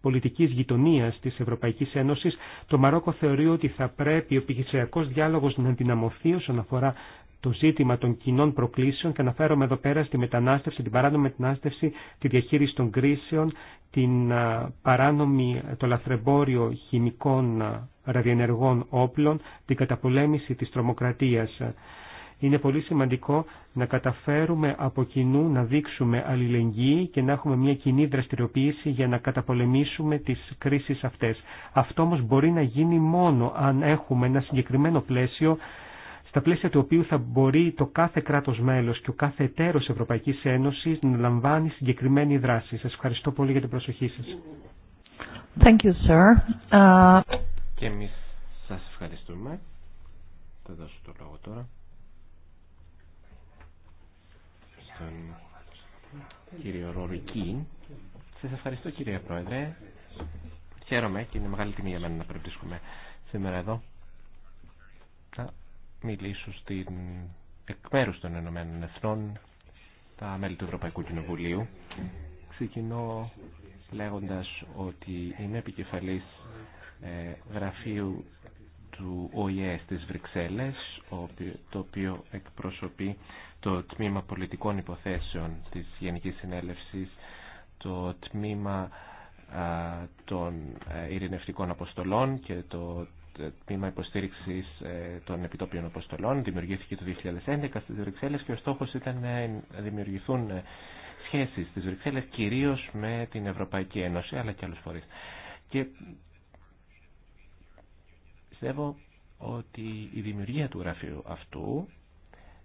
C: πολιτική γειτονία τη Ευρωπαϊκή Ένωση, το Μαρόκο θεωρεί ότι θα πρέπει ο πηγησιακό διάλογο να ενδυναμωθεί όσον αφορά το ζήτημα των κοινών προκλήσεων και αναφέρομαι εδώ πέρα στη μετανάστευση, την παράνομη μετανάστευση, τη διαχείριση των κρίσεων, την παράνομη, το λαθρεμπόριο χημικών ραδιενεργών όπλων, την καταπολέμηση της τρομοκρατίας. Είναι πολύ σημαντικό να καταφέρουμε από κοινού να δείξουμε αλληλεγγύη και να έχουμε μια κοινή δραστηριοποίηση για να καταπολεμήσουμε τις κρίσεις αυτές. Αυτό όμως μπορεί να γίνει μόνο αν έχουμε ένα συγκεκριμένο πλαίσιο στα πλαίσια του οποίου θα μπορεί το κάθε κράτος μέλος και ο κάθε εταίρος Ευρωπαϊκής Ένωσης να λαμβάνει συγκεκριμένη δράση. Σας ευχαριστώ πολύ για την προσοχή σας.
A: Thank you, sir. Uh,
D: και εμείς σας ευχαριστούμε. Θα δώσω το λόγο τώρα. Στον
A: κύριο Ρορική.
D: Σας ευχαριστώ κύριε Πρόεδρε. Χαίρομαι και είναι μεγάλη τιμή για μένα να παρεμπτύσκουμε σήμερα εδώ μιλήσω στην εκ μέρου των Ηνωμένων Εθνών, τα μέλη του Ευρωπαϊκού Κοινοβουλίου. Ξεκινώ λέγοντας ότι είμαι επικεφαλής ε, γραφείου του ΟΗΕ της Βρυξέλλες, το οποίο εκπροσωπεί το Τμήμα Πολιτικών Υποθέσεων της Γενικής Συνέλευσης, το Τμήμα των ε, Ειρηνευτικών Αποστολών και το τμήμα υποστήριξη ε, των επιτόπιων αποστολών. Δημιουργήθηκε το 2011 στι Βρυξέλλε και ο στόχο ήταν ε, να δημιουργηθούν ε, σχέσει στι Βρυξέλλε κυρίω με την Ευρωπαϊκή Ένωση αλλά και άλλου φορεί. Και πιστεύω ότι η δημιουργία του γραφείου αυτού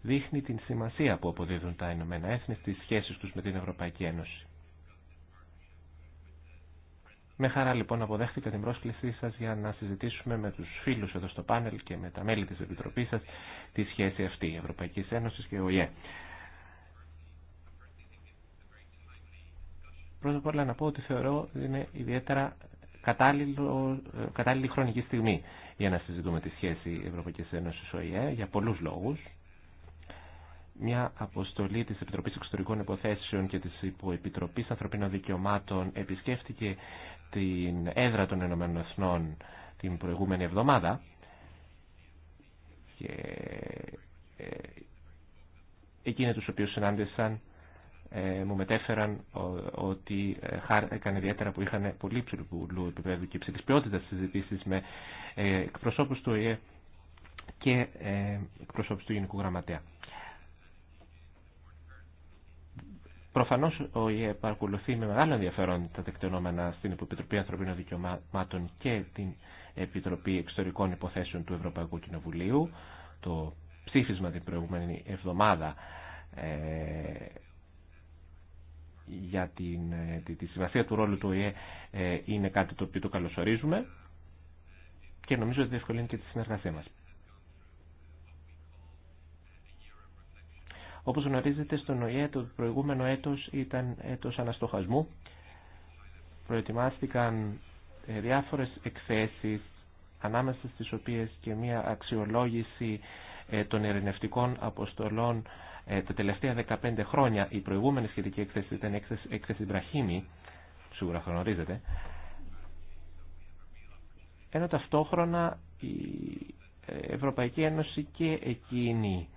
D: δείχνει την σημασία που αποδίδουν τα Ηνωμένα Έθνη στις σχέσεις τους με την Ευρωπαϊκή Ένωση. Με χαρά λοιπόν αποδέχτηκα την πρόσκλησή σας για να συζητήσουμε με τους φίλους εδώ στο πάνελ και με τα μέλη της Επιτροπής σας τη σχέση αυτή Ευρωπαϊκής Ένωσης και ΟΗΕ. Πρώτα απ' όλα να πω ότι θεωρώ ότι είναι ιδιαίτερα ε, κατάλληλη χρονική στιγμή για να συζητούμε τη σχέση Ευρωπαϊκής Ένωσης ΟΗΕ για πολλούς λόγους. Μια αποστολή της Επιτροπής Εξωτερικών Υποθέσεων και της Υποεπιτροπής Ανθρωπίνων Δικαιωμάτων επισκέφτηκε την έδρα των Ηνωμένων Εθνών την προηγούμενη εβδομάδα και ε, εκείνοι τους οποίους συνάντησαν ε, μου μετέφεραν ότι ε, έκανε ιδιαίτερα που είχαν πολύ ψηλού επίπεδου και ψηλής ποιότητας συζητήσεις με εκπροσώπους του ΟΗΕ και εκπροσώπους του Γενικού Γραμματέα. Προφανώ ο ΙΕ παρακολουθεί με μεγάλο ενδιαφέρον τα τεκτενόμενα στην Επιτροπή Ανθρωπίνων Δικαιωμάτων και την Επιτροπή Εξωτερικών Υποθέσεων του Ευρωπαϊκού Κοινοβουλίου. Το ψήφισμα την προηγούμενη εβδομάδα ε, για την, ε, τη, τη σημασία του ρόλου του ΙΕ ε, είναι κάτι το οποίο το καλωσορίζουμε και νομίζω ότι διευκολύνει και τη συνεργασία μας. Όπως γνωρίζετε στον ΟΗΕ το προηγούμενο έτος ήταν έτος αναστοχασμού. Προετοιμάστηκαν ε, διάφορες εκθέσεις ανάμεσα στις οποίες και μια αξιολόγηση ε, των ειρηνευτικών αποστολών ε, τα τελευταία 15 χρόνια. Η προηγούμενη σχετική εκθέση ήταν έκθεση Ιμπραχήμη, σίγουρα γνωρίζετε. Ενώ ταυτόχρονα η Ευρωπαϊκή Ένωση και εκείνη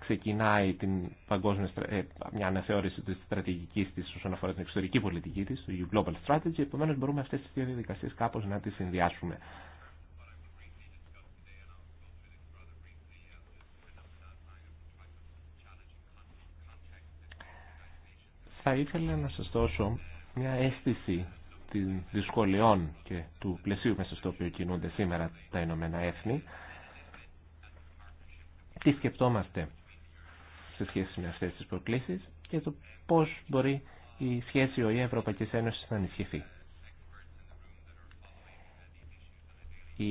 D: ξεκινάει την παγκόσμια, ε, μια αναθεώρηση της στρατηγικής της όσον αφορά την εξωτερική πολιτική της, το Global Strategy, επομένως μπορούμε αυτές τις δύο διαδικασίες κάπως να τις συνδυάσουμε. Θα ήθελα να σας δώσω μια αίσθηση των δυσκολιών και του πλαισίου μέσα στο οποίο κινούνται σήμερα τα Ηνωμένα Έθνη. Τι σκεπτόμαστε σε σχέση με αυτές τις προκλήσεις και το πώς μπορεί η σχέση ΟΗΕ-Ευρωπαϊκής Ένωσης να ενισχυθεί. Οι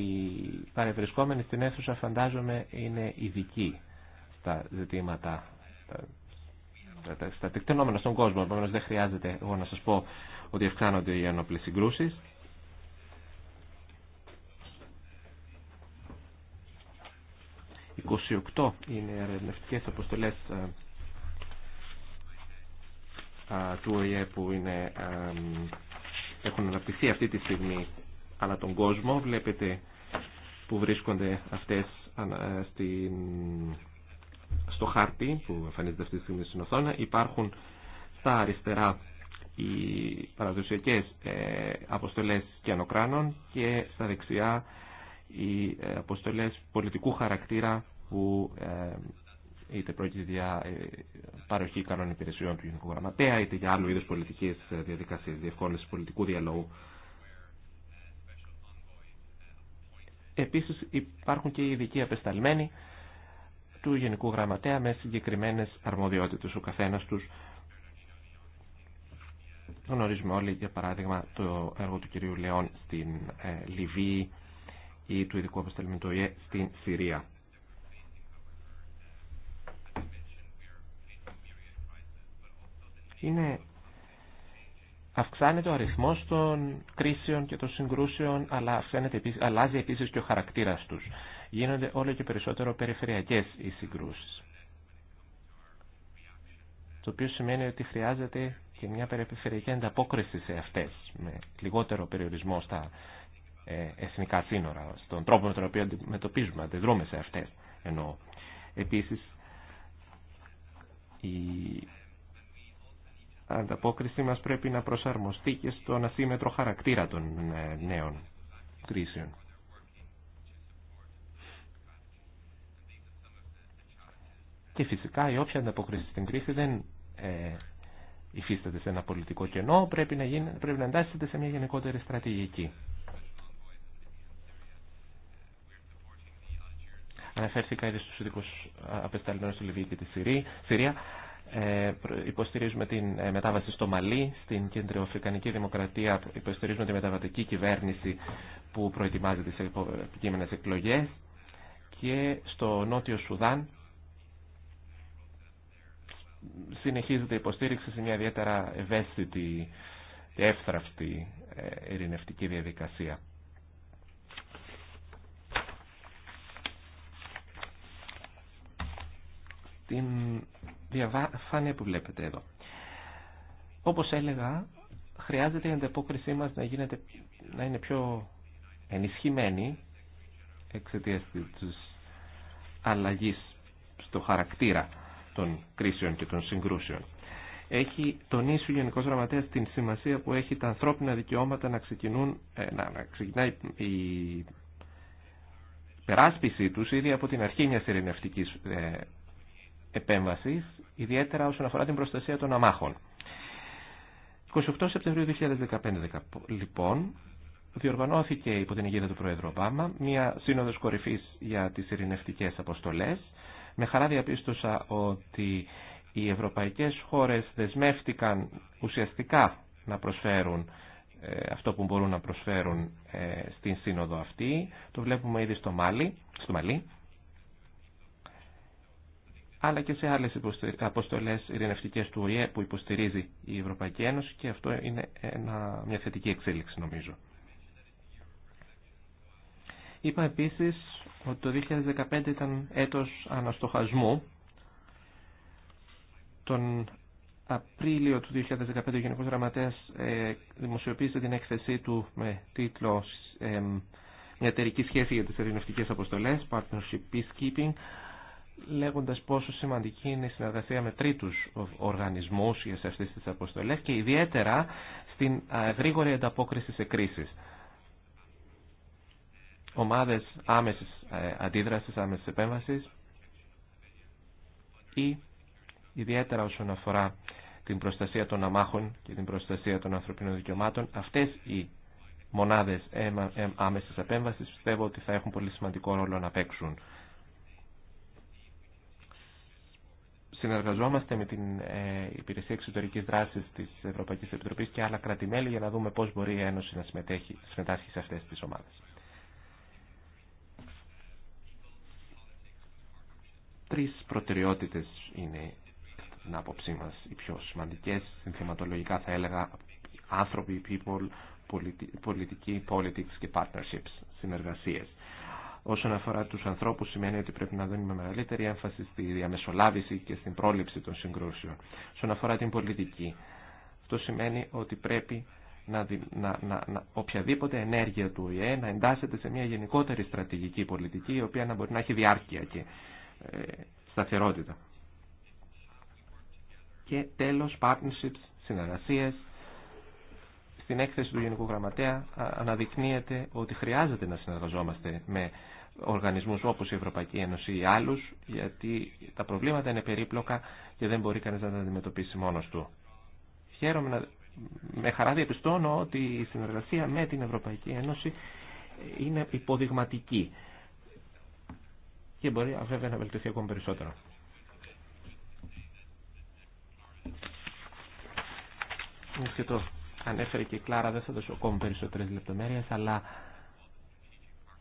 D: παρευρισκόμενοι στην αίθουσα φαντάζομαι είναι ειδικοί στα ζητήματα, στα, τεκτενόμενα στον κόσμο. Επομένω, δεν χρειάζεται εγώ να σας πω ότι ευξάνονται οι ενόπλες συγκρούσεις. 28 είναι ερευνητικέ αποστολές ε, ε, του ΟΗΕ που είναι, ε, έχουν αναπτυχθεί αυτή τη στιγμή ανά τον κόσμο. Βλέπετε που βρίσκονται αυτές στο χάρτη που εμφανίζεται αυτή τη στιγμή στην οθόνα. Υπάρχουν στα αριστερά οι παραδοσιακές αποστολές ανοκράνων και στα δεξιά οι αποστολές πολιτικού χαρακτήρα που ε, είτε πρόκειται για ε, παροχή κανόνων υπηρεσιών του Γενικού Γραμματέα, είτε για άλλου είδου πολιτικέ ε, διαδικασίε διευκόλυνση πολιτικού διαλόγου. Επίση υπάρχουν και οι ειδικοί απεσταλμένοι του Γενικού Γραμματέα με συγκεκριμένε αρμοδιότητε ο καθένα του. Γνωρίζουμε όλοι, για παράδειγμα, το έργο του κυρίου Λεόν στην Λιβύη ή του ειδικού απεσταλμένου στην Συρία. είναι αυξάνεται ο αριθμός των κρίσεων και των συγκρούσεων, αλλά αυξάνεται, αλλάζει επίσης και ο χαρακτήρας τους. Γίνονται όλο και περισσότερο περιφερειακές οι συγκρούσεις. Το οποίο σημαίνει ότι χρειάζεται και μια περιφερειακή ανταπόκριση σε αυτές, με λιγότερο περιορισμό στα ε, εθνικά σύνορα, στον τρόπο με τον οποίο αντιμετωπίζουμε, αντιδρούμε σε αυτές. Ενώ επίσης η ανταπόκριση μας πρέπει να προσαρμοστεί και στον ασύμετρο χαρακτήρα των ε, νέων κρίσεων. Και φυσικά η όποια ανταπόκριση στην κρίση δεν ε, υφίσταται σε ένα πολιτικό κενό, πρέπει να, γίνει, πρέπει να εντάσσεται σε μια γενικότερη στρατηγική. Αναφέρθηκα ήδη στους ειδικούς απεσταλμένους στη Λιβύη και τη Συρία. Ε, υποστηρίζουμε την ε, μετάβαση στο Μαλί, στην Κεντροαφρικανική Δημοκρατία υποστηρίζουμε τη μεταβατική κυβέρνηση που προετοιμάζει τις επικείμενες εκλογές και στο Νότιο Σουδάν συνεχίζεται η υποστήριξη σε μια ιδιαίτερα ευαίσθητη και εύθραυστη ε, ειρηνευτική διαδικασία. Στην διαφάνεια που βλέπετε εδώ. Όπως έλεγα, χρειάζεται η ανταπόκρισή μας να, γίνεται, να είναι πιο ενισχυμένη εξαιτίας της αλλαγής στο χαρακτήρα των κρίσεων και των συγκρούσεων. Έχει τονίσει ο Γενικός Γραμματέας την σημασία που έχει τα ανθρώπινα δικαιώματα να, ξεκινούν, ε, ξεκινάει η περάσπιση τους ήδη από την αρχή μιας ειρηνευτικής ε, ιδιαίτερα όσον αφορά την προστασία των αμάχων. 28 Σεπτεμβρίου 2015, λοιπόν, διοργανώθηκε υπό την αιγίδα του Πρόεδρου Ομπάμα μια σύνοδος κορυφή για τι ειρηνευτικέ αποστολέ, Με χαρά διαπίστωσα ότι οι Ευρωπαϊκέ χώρε δεσμεύτηκαν ουσιαστικά να προσφέρουν ε, αυτό που μπορούν να προσφέρουν ε, στην σύνοδο αυτή. Το βλέπουμε ήδη στο Μάλι, στο Μαλί αλλά και σε άλλες αποστολές ειρηνευτικές του ΟΗΕ που υποστηρίζει η Ευρωπαϊκή Ένωση και αυτό είναι μια θετική εξέλιξη νομίζω. Είπα επίσης ότι το 2015 ήταν έτος αναστοχασμού. Τον Απρίλιο του 2015 ο Γενικός Γραμματέας ε, δημοσιοποίησε την έκθεσή του με τίτλο ε, «Μια εταιρική σχέση για τις ειρηνευτικές αποστολές, Partnership Peacekeeping», λέγοντας πόσο σημαντική είναι η συνεργασία με τρίτους οργανισμούς για σε αυτές τις αποστολές και ιδιαίτερα στην γρήγορη ανταπόκριση σε κρίσεις. Ομάδες άμεσης ε, αντίδρασης, άμεσης επέμβασης ή ιδιαίτερα όσον αφορά την προστασία των αμάχων και την προστασία των ανθρωπίνων δικαιωμάτων. Αυτές οι μονάδες ε, άμεσης επέμβασης πιστεύω ότι θα έχουν πολύ σημαντικό ρόλο να παίξουν συνεργαζόμαστε με την ε, Υπηρεσία Εξωτερικής Δράσης της Ευρωπαϊκής Επιτροπής και άλλα κρατημέλη για να δούμε πώς μπορεί η Ένωση να συμμετέχει, συμμετάσχει σε αυτές τις ομάδες. Τρεις προτεραιότητες είναι την άποψή μας οι πιο σημαντικές, συνθεματολογικά θα έλεγα άνθρωποι, people, πολιτική, politics και partnerships, συνεργασίες. Όσον αφορά του ανθρώπου σημαίνει ότι πρέπει να δίνουμε μεγαλύτερη έμφαση στη διαμεσολάβηση και στην πρόληψη των συγκρούσεων. Όσον αφορά την πολιτική, αυτό σημαίνει ότι πρέπει να, να, να, να, οποιαδήποτε ενέργεια του ΟΗΕ να εντάσσεται σε μια γενικότερη στρατηγική πολιτική η οποία να μπορεί να έχει διάρκεια και ε, σταθερότητα. Και τέλος, partnerships, συνεργασίες. Στην έκθεση του Γενικού Γραμματέα αναδεικνύεται ότι χρειάζεται να συνεργαζόμαστε με οργανισμούς όπως η Ευρωπαϊκή Ένωση ή άλλους, γιατί τα προβλήματα είναι περίπλοκα και δεν μπορεί κανείς να τα αντιμετωπίσει μόνος του. Χαίρομαι να... Με χαρά διαπιστώνω ότι η συνεργασία με την Ευρωπαϊκή Ένωση είναι υποδειγματική και μπορεί βέβαια να βελτιωθεί ακόμα περισσότερο. Και το ανέφερε και η Κλάρα, δεν θα δώσω ακόμα περισσότερες λεπτομέρειες, αλλά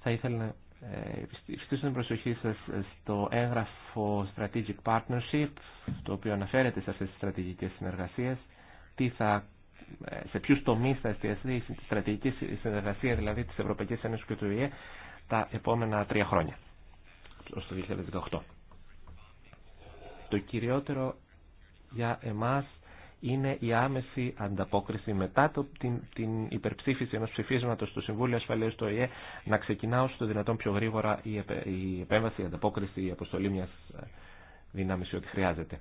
D: θα ήθελα Ευχαριστώ την προσοχή σας στο έγγραφο Strategic Partnership, το οποίο αναφέρεται σε αυτές τις στρατηγικές συνεργασίες. Ε, σε ποιους τομείς θα εστιαστεί η στρατηγική συνεργασία, δηλαδή της Ευρωπαϊκής Ένωσης και του ΙΕ, τα επόμενα τρία χρόνια, ως το 2018. Το κυριότερο για εμάς είναι η άμεση ανταπόκριση μετά το, την, την υπερψήφιση ενός ψηφίσματος του Συμβούλου Ασφαλείας του ΟΗΕ να ξεκινά όσο το δυνατόν πιο γρήγορα η, η επέμβαση, η ανταπόκριση, η αποστολή μιας ε, δύναμης ό,τι χρειάζεται.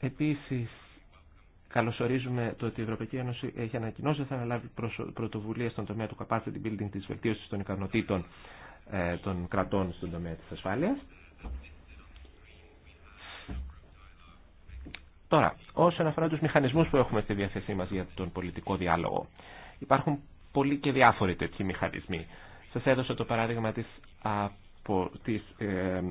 D: Επίσης, Καλωσορίζουμε το ότι η Ευρωπαϊκή Ένωση έχει ανακοινώσει ότι θα αναλάβει πρωτοβουλία στον τομέα του capacity building της βελτίωσης των ικανοτήτων ε, των κρατών στον τομέα της ασφάλειας. Τώρα, όσον αφορά τους μηχανισμούς που έχουμε στη διάθεσή μας για τον πολιτικό διάλογο, υπάρχουν πολλοί και διάφοροι τέτοιοι μηχανισμοί. Σας έδωσα το παράδειγμα της, από, της ε, ε,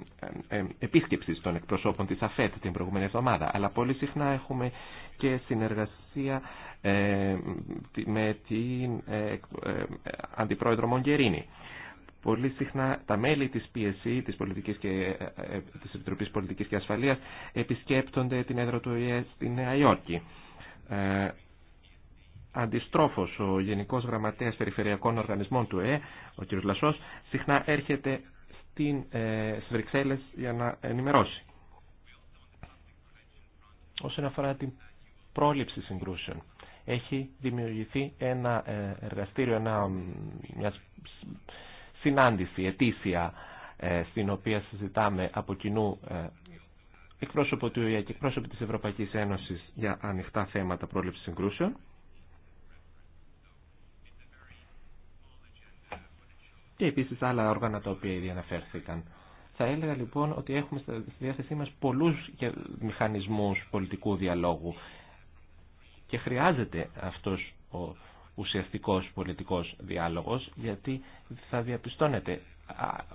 D: ε, επίσκεψης των εκπροσώπων της ΑΦΕΤ την προηγούμενη εβδομάδα, αλλά πολύ συχνά έχουμε και συνεργασία με την Αντιπρόεδρο Μογκερίνη πολύ συχνά τα μέλη της PSC, της, Πολιτικής και, ε, ε, της Επιτροπής Πολιτικής και Ασφαλείας, επισκέπτονται την έδρα του ΟΗΕ στη Νέα Υόρκη. Ε, αντιστρόφως, ο Γενικός Γραμματέας Περιφερειακών Οργανισμών του ΟΗΕ, ο κ. Λασσός, συχνά έρχεται στην, ε, στις Βρυξέλλες για να ενημερώσει. Όσον αφορά την πρόληψη συγκρούσεων, έχει δημιουργηθεί ένα εργαστήριο, ένα, μιας συνάντηση ετήσια ε, στην οποία συζητάμε από κοινού ε, εκπρόσωπο του ΙΕ και εκπρόσωπο της Ευρωπαϊκής Ένωσης για ανοιχτά θέματα πρόληψης συγκρούσεων. Και επίσης άλλα όργανα τα οποία ήδη αναφέρθηκαν. Θα έλεγα λοιπόν ότι έχουμε στη διάθεσή μας πολλούς μηχανισμούς πολιτικού διαλόγου και χρειάζεται αυτός ο ουσιαστικός πολιτικός διάλογος, γιατί θα διαπιστώνεται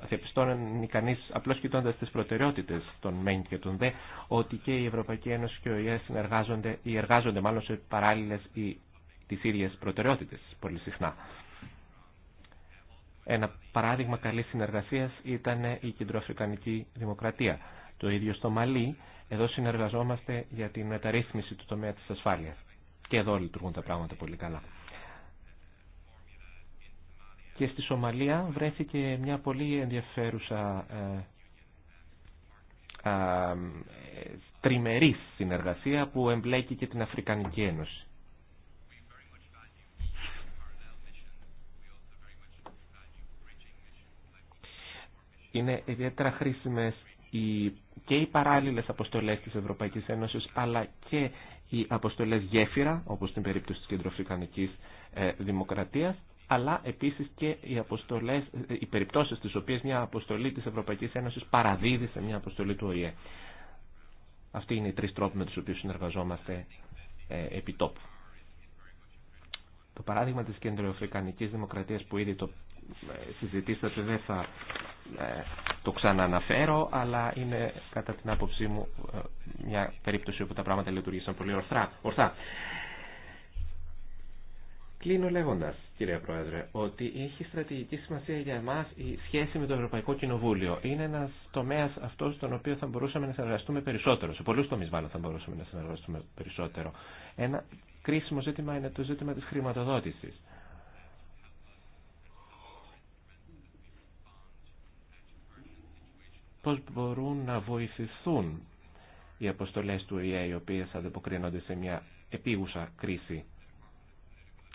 D: διαπιστώνει κανείς απλώ κοιτώντα τι προτεραιότητες των ΜΕΝ και των ΔΕ ότι και η Ευρωπαϊκή Ένωση και ο ΙΕ συνεργάζονται ή εργάζονται μάλλον σε παράλληλε ή τι ίδιε προτεραιότητε πολύ συχνά. Ένα παράδειγμα καλή συνεργασία ήταν η εργαζονται μαλλον σε παραλληλε η τις ιδιε προτεραιοτητες πολυ συχνα ενα παραδειγμα καλη συνεργασιας ηταν η κεντροαφρικανικη δημοκρατια Το ίδιο στο Μαλί, εδώ συνεργαζόμαστε για την μεταρρύθμιση του τομέα της ασφάλεια. Και εδώ λειτουργούν τα πράγματα πολύ καλά και στη Σομαλία βρέθηκε μια πολύ ενδιαφέρουσα ε, συνεργασία που εμπλέκει και την Αφρικανική Ένωση. Είναι ιδιαίτερα χρήσιμες και οι παράλληλες αποστολές της Ευρωπαϊκής Ένωσης αλλά και οι αποστολές γέφυρα όπως στην περίπτωση της Κεντροαφρικανικής ε, Δημοκρατίας αλλά επίσης και οι, αποστολές, οι περιπτώσεις στις οποίες μια αποστολή της Ευρωπαϊκής Ένωσης παραδίδει σε μια αποστολή του ΟΗΕ. Αυτοί είναι οι τρεις τρόποι με τους οποίους συνεργαζόμαστε ε, επί τόπου. Το παράδειγμα της κεντροαφρικανικής δημοκρατίας που ήδη το ε, συζητήσατε δεν θα ε, το ξανααναφέρω, αλλά είναι κατά την άποψή μου μια περίπτωση όπου τα πράγματα λειτουργήσαν πολύ ορθά. ορθά. Κλείνω λέγοντα, κύριε Πρόεδρε, ότι έχει στρατηγική σημασία για εμά η σχέση με το Ευρωπαϊκό Κοινοβούλιο. Είναι ένα τομέα αυτό στον οποίο θα μπορούσαμε να συνεργαστούμε περισσότερο. Σε πολλού τομεί, μάλλον, θα μπορούσαμε να συνεργαστούμε περισσότερο. Ένα κρίσιμο ζήτημα είναι το ζήτημα τη χρηματοδότηση. Πώ μπορούν να βοηθηθούν οι αποστολέ του ΟΗΕ, οι οποίε ανταποκρίνονται σε μια επίγουσα κρίση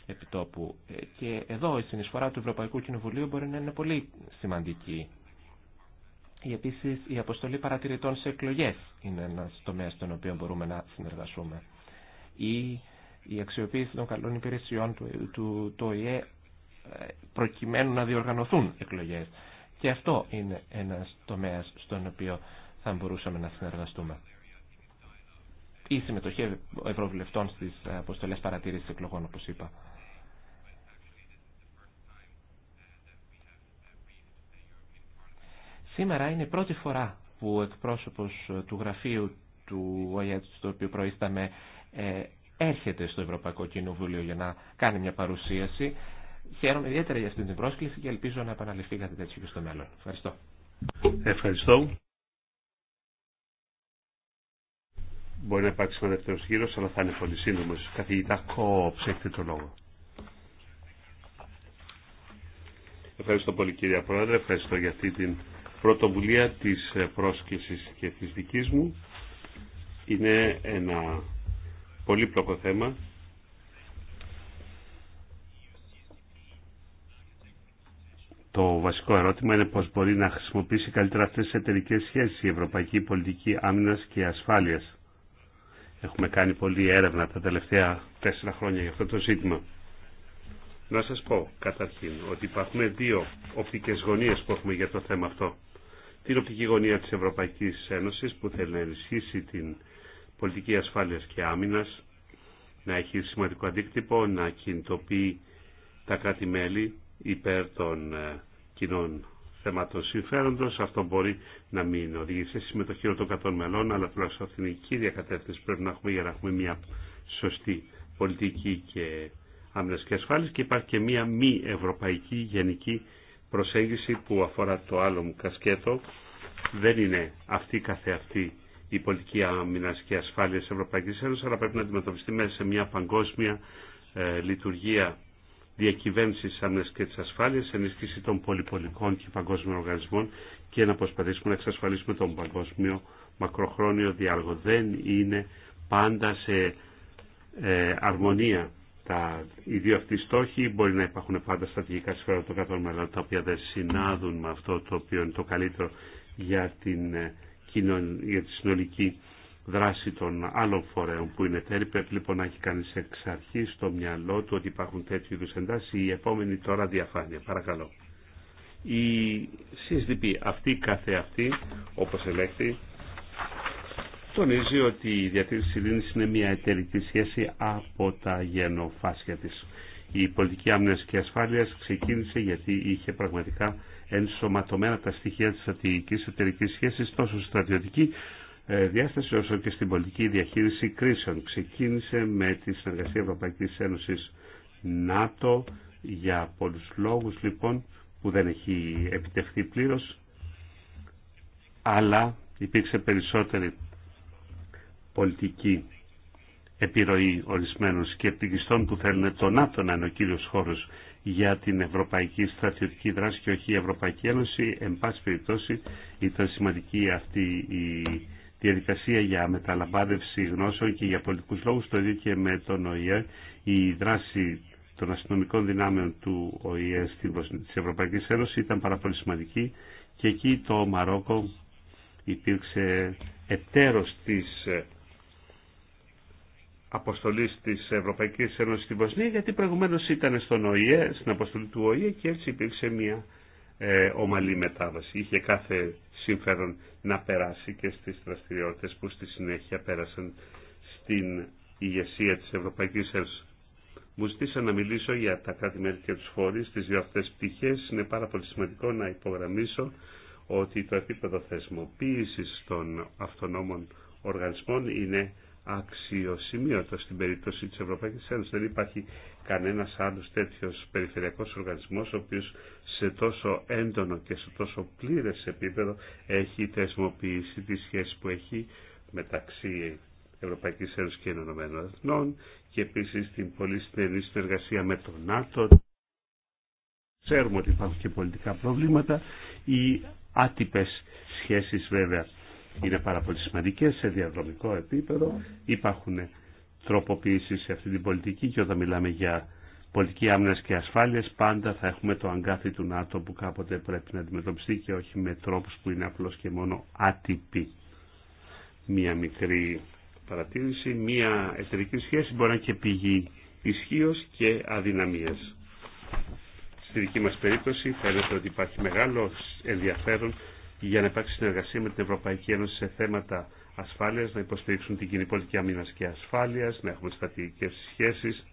D: επιτόπου. Ε, και εδώ η συνεισφορά του Ευρωπαϊκού Κοινοβουλίου μπορεί να είναι πολύ σημαντική. Επίση η αποστολή παρατηρητών σε εκλογέ είναι ένα τομέα στον οποίο μπορούμε να συνεργαστούμε. Ή η αξιοποίηση των καλών υπηρεσιών του, του, του ε, προκειμένου να διοργανωθούν εκλογε Και αυτό είναι ενα τομεα στον οποίο θα μπορούσαμε να συνεργαστούμε. Η συμμετοχή ευρωβουλευτών στι αποστολέ παρατήρηση εκλογών, όπω είπα. Σήμερα είναι η πρώτη φορά που ο εκπρόσωπος ε, του γραφείου του ΟΕΑ, στο οποίο προείσταμε, ε, έρχεται στο Ευρωπαϊκό Κοινοβούλιο για να κάνει μια παρουσίαση. Χαίρομαι ιδιαίτερα για αυτή την πρόσκληση και ελπίζω να επαναληφθεί κάτι τέτοιο και στο μέλλον. Ευχαριστώ.
B: Ευχαριστώ. Μπορεί να υπάρξει ένα δεύτερο γύρο, αλλά θα είναι πολύ σύντομο. Καθηγητά κόψε, έχετε το λόγο. Ευχαριστώ πολύ, κύριε Πρόεδρε. Ευχαριστώ για αυτή την πρωτοβουλία της ε, πρόσκλησης και της δικής μου. Είναι ένα πολύπλοκο θέμα. Το βασικό ερώτημα είναι πώς μπορεί να χρησιμοποιήσει καλύτερα αυτές τις εταιρικές σχέσεις η Ευρωπαϊκή Πολιτική Άμυνας και Ασφάλειας. Έχουμε κάνει πολλή έρευνα τα τελευταία τέσσερα χρόνια για αυτό το ζήτημα. Να σας πω καταρχήν ότι υπάρχουν δύο οπτικές γωνίες που έχουμε για το θέμα αυτό την οπτική γωνία της Ευρωπαϊκής Ένωσης που θέλει να ενισχύσει την πολιτική ασφάλειας και άμυνας, να έχει σημαντικό αντίκτυπο, να κινητοποιεί τα κράτη-μέλη υπέρ των ε, κοινών θεμάτων συμφέροντος. Αυτό μπορεί να μην οδηγήσει σε συμμετοχή των κατών μελών, αλλά τουλάχιστον αυτή είναι η κύρια κατεύθυνση που πρέπει να έχουμε για να έχουμε μια σωστή πολιτική και άμυνας και ασφάλειας και υπάρχει και μια μη ευρωπαϊκή γενική προσέγγιση που αφορά το άλλο μου κασκέτο δεν είναι αυτή καθεαυτή η πολιτική άμυνα και ασφάλεια τη Ευρωπαϊκή Ένωση, αλλά πρέπει να αντιμετωπιστεί μέσα σε μια παγκόσμια ε, λειτουργία διακυβέρνηση τη άμυνα και τη ασφάλεια, ενίσχυση των πολυπολικών και παγκόσμιων οργανισμών και να προσπαθήσουμε να εξασφαλίσουμε τον παγκόσμιο μακροχρόνιο διάλογο. Δεν είναι πάντα σε ε, αρμονία τα, οι δύο αυτοί στόχοι μπορεί να υπάρχουν πάντα στρατηγικά συμφέροντα των κρατών μελών τα οποία δεν συνάδουν με αυτό το οποίο είναι το καλύτερο για την, ε, για τη συνολική δράση των άλλων φορέων που είναι τέλει. Πρέπει λοιπόν να έχει κανείς εξ αρχή στο μυαλό του ότι υπάρχουν τέτοιου είδους εντάσεις. Η επόμενη τώρα διαφάνεια. Παρακαλώ. Η CSDP αυτή καθε αυτή όπως ελέγχθη τονίζει ότι η διατήρηση της ειρήνης είναι μια εταιρική σχέση από τα γενοφάσια της. Η πολιτική άμυνας και ασφάλειας ξεκίνησε γιατί είχε πραγματικά ενσωματωμένα τα στοιχεία της στρατηγικής εταιρικής σχέσης τόσο στρατιωτική ε, διάσταση όσο και στην πολιτική διαχείριση κρίσεων. Ξεκίνησε με τη συνεργασία Ευρωπαϊκής Ένωσης ΝΑΤΟ για πολλούς λόγους λοιπόν που δεν έχει επιτευχθεί πλήρως αλλά υπήρξε περισσότερη πολιτική επιρροή ορισμένων σκεπτικιστών που θέλουν τον ΝΑΤΟ να είναι ο κύριος χώρος για την ευρωπαϊκή στρατιωτική δράση και όχι η Ευρωπαϊκή Ένωση. Εν πάση περιπτώσει ήταν σημαντική αυτή η διαδικασία για μεταλαμπάδευση γνώσεων και για πολιτικούς λόγους. Το ίδιο και με τον ΟΗΕ η δράση των αστυνομικών δυνάμεων του ΟΗΕ τη Ευρωπαϊκή Ένωση ήταν πάρα πολύ σημαντική και εκεί το Μαρόκο υπήρξε της Αποστολή τη Ευρωπαϊκή Ένωση στην Βοσνία γιατί προηγουμένω ήταν στον ΟΗΕ, στην αποστολή του ΟΗΕ και έτσι υπήρξε μια ε, ομαλή μετάβαση. Είχε κάθε συμφέρον να περάσει και στι δραστηριότητε που στη συνέχεια πέρασαν στην ηγεσία τη Ευρωπαϊκή Ένωση. Μου ζητήσα να μιλήσω για τα κράτη-μέλη και του φορείς, τις δύο αυτές πτυχές. Είναι πάρα πολύ σημαντικό να υπογραμμίσω ότι το επίπεδο θεσμοποίηση των αυτονόμων οργανισμών είναι αξιοσημείωτο στην περίπτωση της Ευρωπαϊκής Ένωσης. Δεν υπάρχει κανένας άλλος τέτοιος περιφερειακός οργανισμός ο οποίος σε τόσο έντονο και σε τόσο πλήρες επίπεδο έχει θεσμοποιήσει τη σχέση που έχει μεταξύ Ευρωπαϊκής Ένωσης και Ενωμένων Εθνών και επίσης την πολύ στενή συνεργασία με τον ΝΑΤΟ. Ξέρουμε ότι υπάρχουν και πολιτικά προβλήματα. ή άτυπες σχέσεις βέβαια είναι πάρα πολύ σημαντικές σε διαδρομικό επίπεδο. Υπάρχουν τροποποιήσεις σε αυτή την πολιτική και όταν μιλάμε για πολιτική άμυνας και ασφάλειας πάντα θα έχουμε το αγκάθι του ΝΑΤΟ που κάποτε πρέπει να αντιμετωπιστεί και όχι με τρόπους που είναι απλώς και μόνο άτυποι. Μία μικρή παρατήρηση, μία εταιρική σχέση μπορεί να και πηγή ισχύω και αδυναμίας. Στη δική μας περίπτωση φαίνεται ότι υπάρχει μεγάλο ενδιαφέρον για να υπάρξει συνεργασία με την Ευρωπαϊκή Ένωση σε θέματα ασφάλειας, να υποστηρίξουν την κοινή πολιτική αμήνας και ασφάλειας, να έχουμε στατικές σχέσεις,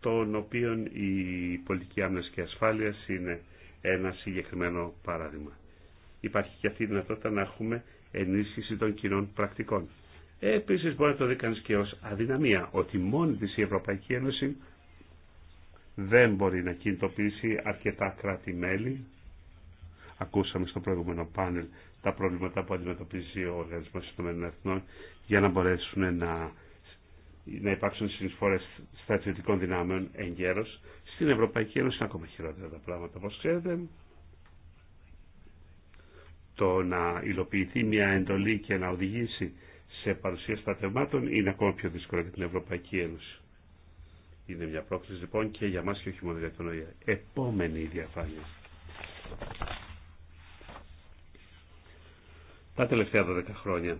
B: των οποίων η πολιτική άμυνας και ασφάλειας είναι ένα συγκεκριμένο παράδειγμα. Υπάρχει και αυτή η δυνατότητα να έχουμε ενίσχυση των κοινών πρακτικών. Ε, Επίση μπορεί να το δει κανεί και ω αδυναμία, ότι μόνη της η Ευρωπαϊκή Ένωση δεν μπορεί να κινητοποιήσει αρκετά κράτη-μέλη ακούσαμε στο προηγούμενο πάνελ τα προβλήματα που αντιμετωπίζει ο ΟΕΕ Εθνών για να μπορέσουν να, να υπάρξουν συνεισφορές στρατιωτικών δυνάμεων εν γέρος. Στην Ευρωπαϊκή Ένωση είναι ακόμα χειρότερα τα πράγματα, όπως ξέρετε. Το να υλοποιηθεί μια εντολή και να οδηγήσει σε παρουσία στρατευμάτων είναι ακόμα πιο δύσκολο για την Ευρωπαϊκή Ένωση. Είναι μια πρόκληση λοιπόν και για μας και όχι μόνο για τον ΟΗΕ. Επόμενη διαφάνεια τα τελευταία 12 χρόνια.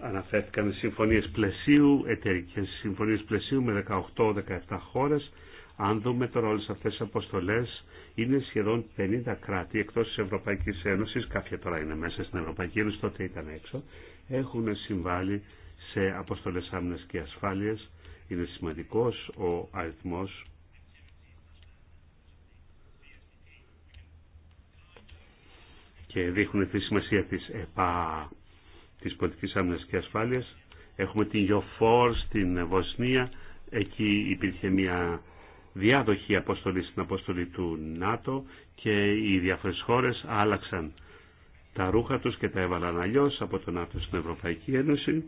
B: Αναφέρθηκαν συμφωνίε πλαισίου, εταιρικέ συμφωνίε πλαισίου με 18-17 χώρε. Αν δούμε τώρα όλε αυτέ τις αποστολέ είναι σχεδόν 50 κράτη εκτό τη Ευρωπαϊκή Ένωση. κάποια τώρα είναι μέσα στην Ευρωπαϊκή Ένωση, τότε ήταν έξω, έχουν συμβάλει σε αποστολέ άμυνα και ασφάλεια. Είναι σημαντικό ο αριθμό. και δείχνουν τη σημασία της ΕΠΑ, της πολιτικής άμυνας και ασφάλειας. Έχουμε την Γιοφόρ στην Βοσνία, εκεί υπήρχε μια διάδοχη αποστολή στην αποστολή του ΝΑΤΟ και οι διάφορες χώρες άλλαξαν τα ρούχα τους και τα έβαλαν αλλιώ από τον ΝΑΤΟ στην Ευρωπαϊκή Ένωση.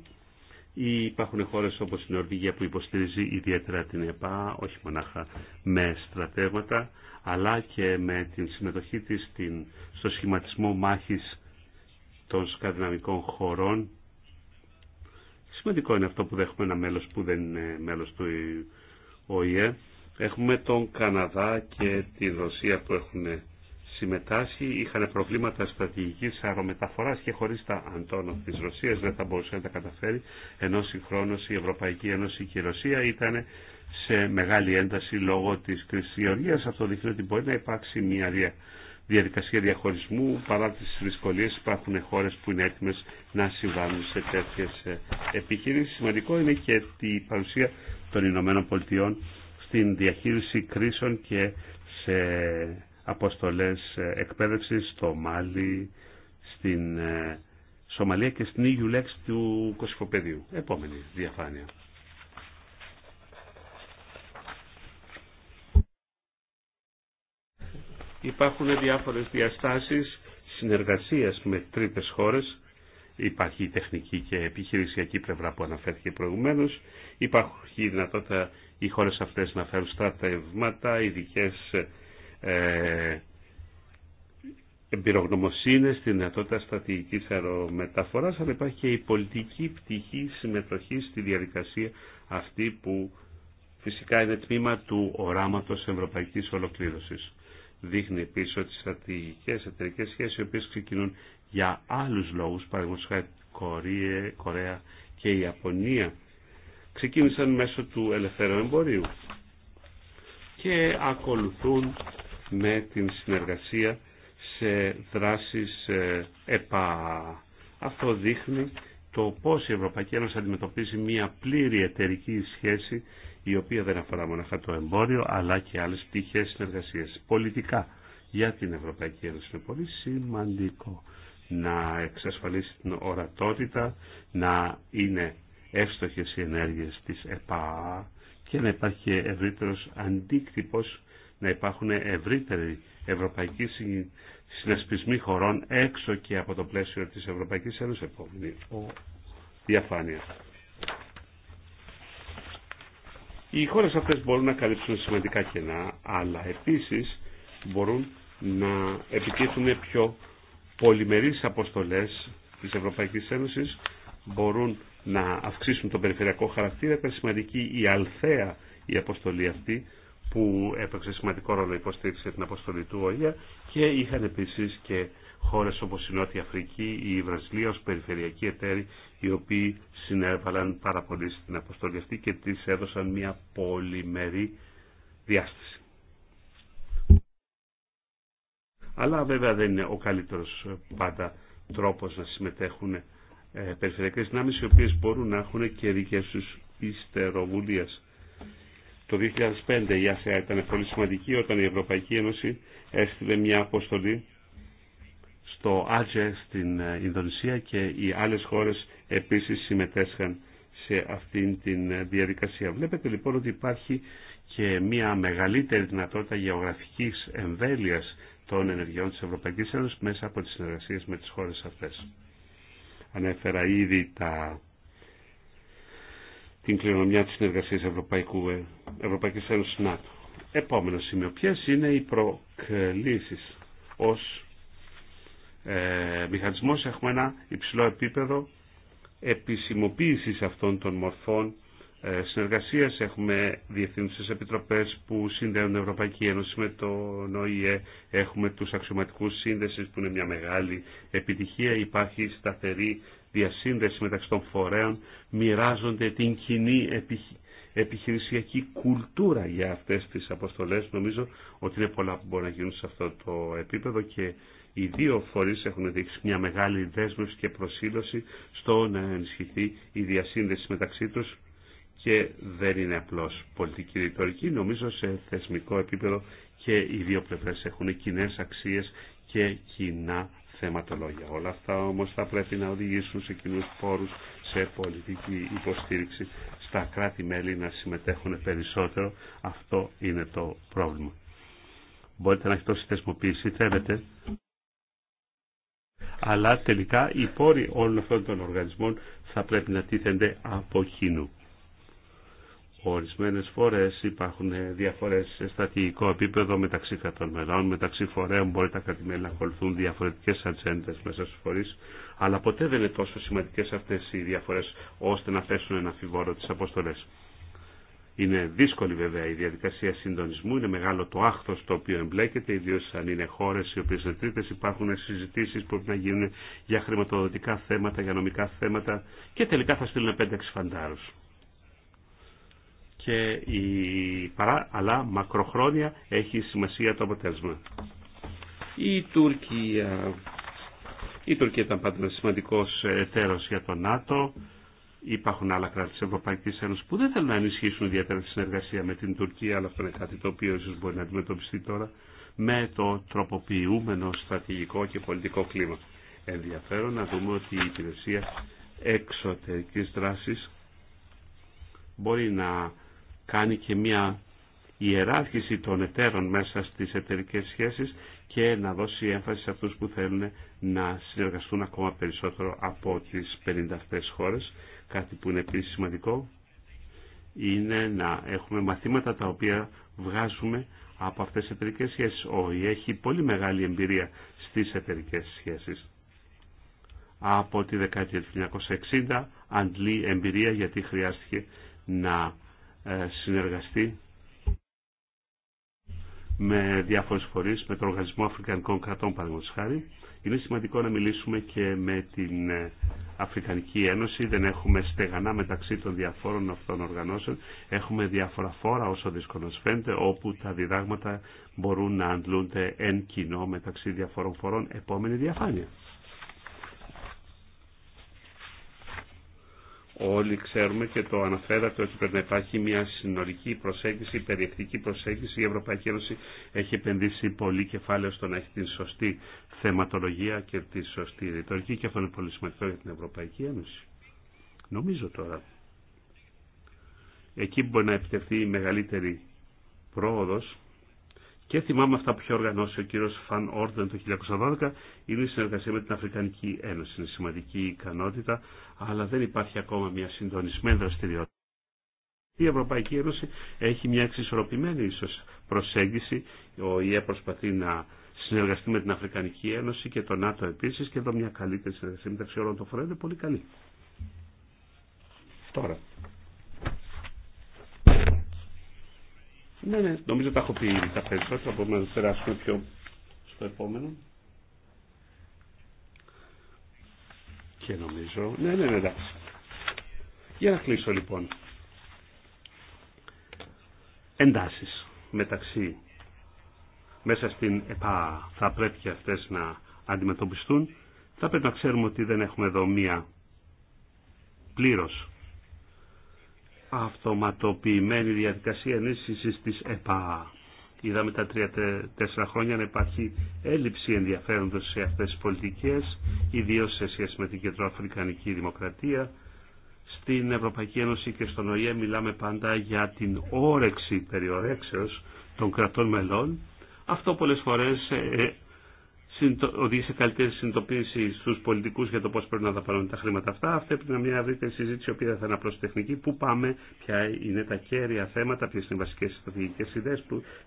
B: Ή υπάρχουν χώρες όπως η Νορβηγία που υποστηρίζει ιδιαίτερα την ΕΠΑ, όχι μονάχα με στρατεύματα, αλλά και με την συμμετοχή της στο σχηματισμό μάχης των σκανδιναμικών χωρών. Σημαντικό είναι αυτό που δέχουμε ένα μέλος που δεν είναι μέλος του ΟΗΕ. Έχουμε τον Καναδά και τη Ρωσία που έχουν συμμετάσχει. Είχαν προβλήματα στρατηγικής αερομεταφοράς και χωρίς τα Αντώνο της Ρωσίας δεν θα μπορούσε να τα καταφέρει. Ενώ συγχρόνως η Ευρωπαϊκή Ένωση και η Ρωσία ήταν σε μεγάλη ένταση λόγω της κρίσης γεωργίας. Αυτό δείχνει ότι μπορεί να υπάρξει μια διαδικασία διαχωρισμού παρά τις δυσκολίες υπάρχουν χώρες που είναι έτοιμες να συμβάλλουν σε τέτοιες ε, επιχειρήσεις. Σημαντικό είναι και η παρουσία των Ηνωμένων Πολιτειών στην διαχείριση κρίσεων και σε αποστολές ε, εκπαίδευσης στο Μάλι, στην ε, Σομαλία και στην Λέξη του Κωσυφοπεδίου. Επόμενη διαφάνεια. Υπάρχουν διάφορες διαστάσεις συνεργασίας με τρίτες χώρες. Υπάρχει η τεχνική και επιχειρησιακή πλευρά που αναφέρθηκε προηγουμένως. Υπάρχει η δυνατότητα οι χώρες αυτές να φέρουν στρατεύματα, ειδικέ ε, εμπειρογνωμοσύνες, τη δυνατότητα στρατηγικής αερομεταφοράς, αλλά υπάρχει και η πολιτική πτυχή συμμετοχή στη διαδικασία αυτή που φυσικά είναι τμήμα του οράματος ευρωπαϊκής ολοκλήρωσης δείχνει επίση ότι οι στρατηγικέ εταιρικέ σχέσεις οι οποίες ξεκινούν για άλλους λόγους, παραγωγικά χάρη Κορία, Κορέα και η Ιαπωνία, ξεκίνησαν μέσω του Ελεύθερου εμπορίου και ακολουθούν με την συνεργασία σε δράσεις ε, ΕΠΑ. Αυτό δείχνει το πώς η Ευρωπαϊκή Ένωση αντιμετωπίζει μια πλήρη εταιρική σχέση η οποία δεν αφορά μόνο το εμπόριο αλλά και άλλες πτυχές συνεργασίες πολιτικά για την Ευρωπαϊκή Ένωση. Είναι πολύ σημαντικό να εξασφαλίσει την ορατότητα, να είναι εύστοχες οι ενέργειες της ΕΠΑ και να υπάρχει ευρύτερος αντίκτυπος, να υπάρχουν ευρύτεροι ευρωπαϊκοί συνασπισμοί χωρών έξω και από το πλαίσιο της Ευρωπαϊκής Ένωσης επόμενη ο διαφάνεια. Οι χώρες αυτές μπορούν να καλύψουν σημαντικά κενά, αλλά επίσης μπορούν να επιτύχουν πιο πολυμερείς αποστολές της Ευρωπαϊκής Ένωσης, μπορούν να αυξήσουν τον περιφερειακό χαρακτήρα, ήταν σημαντική η αλθέα η αποστολή αυτή που έπαιξε σημαντικό ρόλο υποστήριξε την αποστολή του ΟΙΑ και είχαν επίσης και χώρες όπως η Νότια Αφρική, η Βραζιλία ως περιφερειακή εταίροι οι οποίοι συνέβαλαν πάρα πολύ στην αποστολή αυτή και της έδωσαν μια πολυμερή διάσταση. Αλλά βέβαια δεν είναι ο καλύτερος πάντα τρόπος να συμμετέχουν ε, περιφερειακές δυνάμεις οι οποίες μπορούν να έχουν και δικές τους υστεροβουλίε. Το 2005 η ΑΣΕΑ ήταν πολύ σημαντική όταν η Ευρωπαϊκή Ένωση έστειλε μια αποστολή στο Άτζε στην ε, Ινδονησία και οι άλλες χώρες επίσης συμμετέσχαν σε αυτήν την ε, διαδικασία. Βλέπετε λοιπόν ότι υπάρχει και μια μεγαλύτερη δυνατότητα γεωγραφικής εμβέλειας των ενεργειών της Ευρωπαϊκής Ένωσης μέσα από τις συνεργασίες με τις χώρες αυτές. Ανέφερα ήδη τα την κληρονομιά της συνεργασίας Ευρωπαϊκού, ε, Ευρωπαϊκής Ένωσης ΝΑΤΟ. Επόμενο σημείο. Ποιες είναι οι προκλήσεις ως ε, μηχανισμός. Έχουμε ένα υψηλό επίπεδο επισημοποίησης αυτών των μορφών ε, συνεργασίας. Έχουμε διευθύνσεις επιτροπές που συνδέουν την Ευρωπαϊκή Ένωση με το ΝΟΗΕ. Έχουμε τους αξιωματικούς σύνδεσης που είναι μια μεγάλη επιτυχία. Υπάρχει σταθερή διασύνδεση μεταξύ των φορέων, μοιράζονται την κοινή επιχειρησιακή κουλτούρα για αυτές τις αποστολές. Νομίζω ότι είναι πολλά που μπορεί να γίνουν σε αυτό το επίπεδο και οι δύο φορείς έχουν δείξει μια μεγάλη δέσμευση και προσήλωση στο να ενισχυθεί η διασύνδεση μεταξύ τους και δεν είναι απλώς πολιτική ρητορική. Νομίζω σε θεσμικό επίπεδο και οι δύο πλευρές έχουν κοινέ αξίες και κοινά θεματολόγια. Όλα αυτά όμως θα πρέπει να οδηγήσουν σε κοινού πόρους, σε πολιτική υποστήριξη, στα κράτη-μέλη να συμμετέχουν περισσότερο. Αυτό είναι το πρόβλημα. Μπορείτε να έχετε όση θεσμοποίηση θέλετε, αλλά τελικά οι πόροι όλων αυτών των οργανισμών θα πρέπει να τίθενται από κοινού. Ορισμένες φορές υπάρχουν διαφορές σε στατηγικό επίπεδο μεταξύ κρατών μεταξύ φορέων μπορεί τα κρατημένα να ακολουθούν διαφορετικές ατζέντε μέσα στους φορείς, αλλά ποτέ δεν είναι τόσο σημαντικές αυτές οι διαφορές ώστε να θέσουν ένα φιβόρο τις αποστολές. Είναι δύσκολη βέβαια η διαδικασία συντονισμού, είναι μεγάλο το άχθο το οποίο εμπλέκεται, ιδίω αν είναι χώρε οι οποίε είναι τρίτε. Υπάρχουν συζητήσει που πρέπει να γίνουν για χρηματοδοτικά θέματα, για νομικά θέματα και τελικά θα στείλουν 5-6 φαντάρου και η παρά, αλλά μακροχρόνια έχει σημασία το αποτέλεσμα. Η Τουρκία, η Τουρκία ήταν πάντα ένα σημαντικό εταίρο για το ΝΑΤΟ. Υπάρχουν άλλα κράτη τη Ευρωπαϊκή Ένωση που δεν θέλουν να ενισχύσουν ιδιαίτερα τη συνεργασία με την Τουρκία, αλλά αυτό είναι κάτι το οποίο ίσω μπορεί να αντιμετωπιστεί τώρα με το τροποποιούμενο στρατηγικό και πολιτικό κλίμα. Ενδιαφέρον να δούμε ότι η υπηρεσία εξωτερικής δράσης μπορεί να κάνει και μια ιεράρχηση των εταίρων μέσα στις εταιρικές σχέσεις και να δώσει έμφαση σε αυτούς που θέλουν να συνεργαστούν ακόμα περισσότερο από τις 50 αυτές χώρες. Κάτι που είναι επίσης σημαντικό είναι να έχουμε μαθήματα τα οποία βγάζουμε από αυτές τις εταιρικές σχέσεις. Ο ΙΕ έχει πολύ μεγάλη εμπειρία στις εταιρικές σχέσεις. Από τη δεκαετία του 1960 αντλεί εμπειρία γιατί χρειάστηκε να ε, συνεργαστεί με διάφορες φορείς, με τον Οργανισμό Αφρικανικών Κρατών παραδείγματος χάρη. Είναι σημαντικό να μιλήσουμε και με την ε, Αφρικανική Ένωση. Δεν έχουμε στεγανά μεταξύ των διαφόρων αυτών οργανώσεων. Έχουμε διάφορα φόρα όσο δύσκολο φαίνεται, όπου τα διδάγματα μπορούν να αντλούνται εν κοινό μεταξύ διαφόρων φορών. Επόμενη διαφάνεια. όλοι ξέρουμε και το αναφέρατε ότι πρέπει να υπάρχει μια συνολική προσέγγιση, περιεκτική προσέγγιση. Η Ευρωπαϊκή Ένωση έχει επενδύσει πολύ κεφάλαιο στο να έχει την σωστή θεματολογία και τη σωστή ρητορική και αυτό είναι πολύ σημαντικό για την Ευρωπαϊκή Ένωση. Νομίζω τώρα. Εκεί που μπορεί να επιτευχθεί η μεγαλύτερη πρόοδος και θυμάμαι αυτά που είχε οργανώσει ο κύριος Φαν Όρδεν το 1912, είναι η συνεργασία με την Αφρικανική Ένωση. Είναι σημαντική ικανότητα, αλλά δεν υπάρχει ακόμα μια συντονισμένη δραστηριότητα. Η Ευρωπαϊκή Ένωση έχει μια εξισορροπημένη ίσως προσέγγιση. Ο ΙΕ προσπαθεί να συνεργαστεί με την Αφρικανική Ένωση και το ΝΑΤΟ επίσης και εδώ μια καλύτερη συνεργασία μεταξύ όλων των φορέων είναι πολύ καλή. Τώρα, Ναι, ναι, νομίζω τα έχω πει τα περισσότερα, μπορούμε να περάσουμε πιο στο επόμενο. Και νομίζω, ναι, ναι, ναι, εντάξει. Για να κλείσω λοιπόν. Εντάσεις μεταξύ μέσα στην ΕΠΑ θα πρέπει και αυτές να αντιμετωπιστούν. Θα πρέπει να ξέρουμε ότι δεν έχουμε εδώ μία πλήρως αυτοματοποιημένη διαδικασία ενίσχυση τη ΕΠΑ. Είδαμε τα τρία-τέσσερα χρόνια να υπάρχει έλλειψη ενδιαφέροντος σε αυτές τις πολιτικές, ιδίως σε σχέση με την κεντροαφρικανική δημοκρατία. Στην Ευρωπαϊκή Ένωση και στον ΟΗΕ μιλάμε πάντα για την όρεξη περιορέξεως των κρατών μελών. Αυτό πολλές φορές ε, ε, οδήγησε καλύτερη συνειδητοποίηση στου πολιτικού για το πώ πρέπει να δαπανώνουν τα χρήματα αυτά. Αυτή πρέπει να μια ευρύτερη συζήτηση, η οποία θα είναι απλώ τεχνική. Πού πάμε, ποια είναι τα κέρια θέματα, ποιε είναι οι βασικέ στρατηγικέ ιδέε,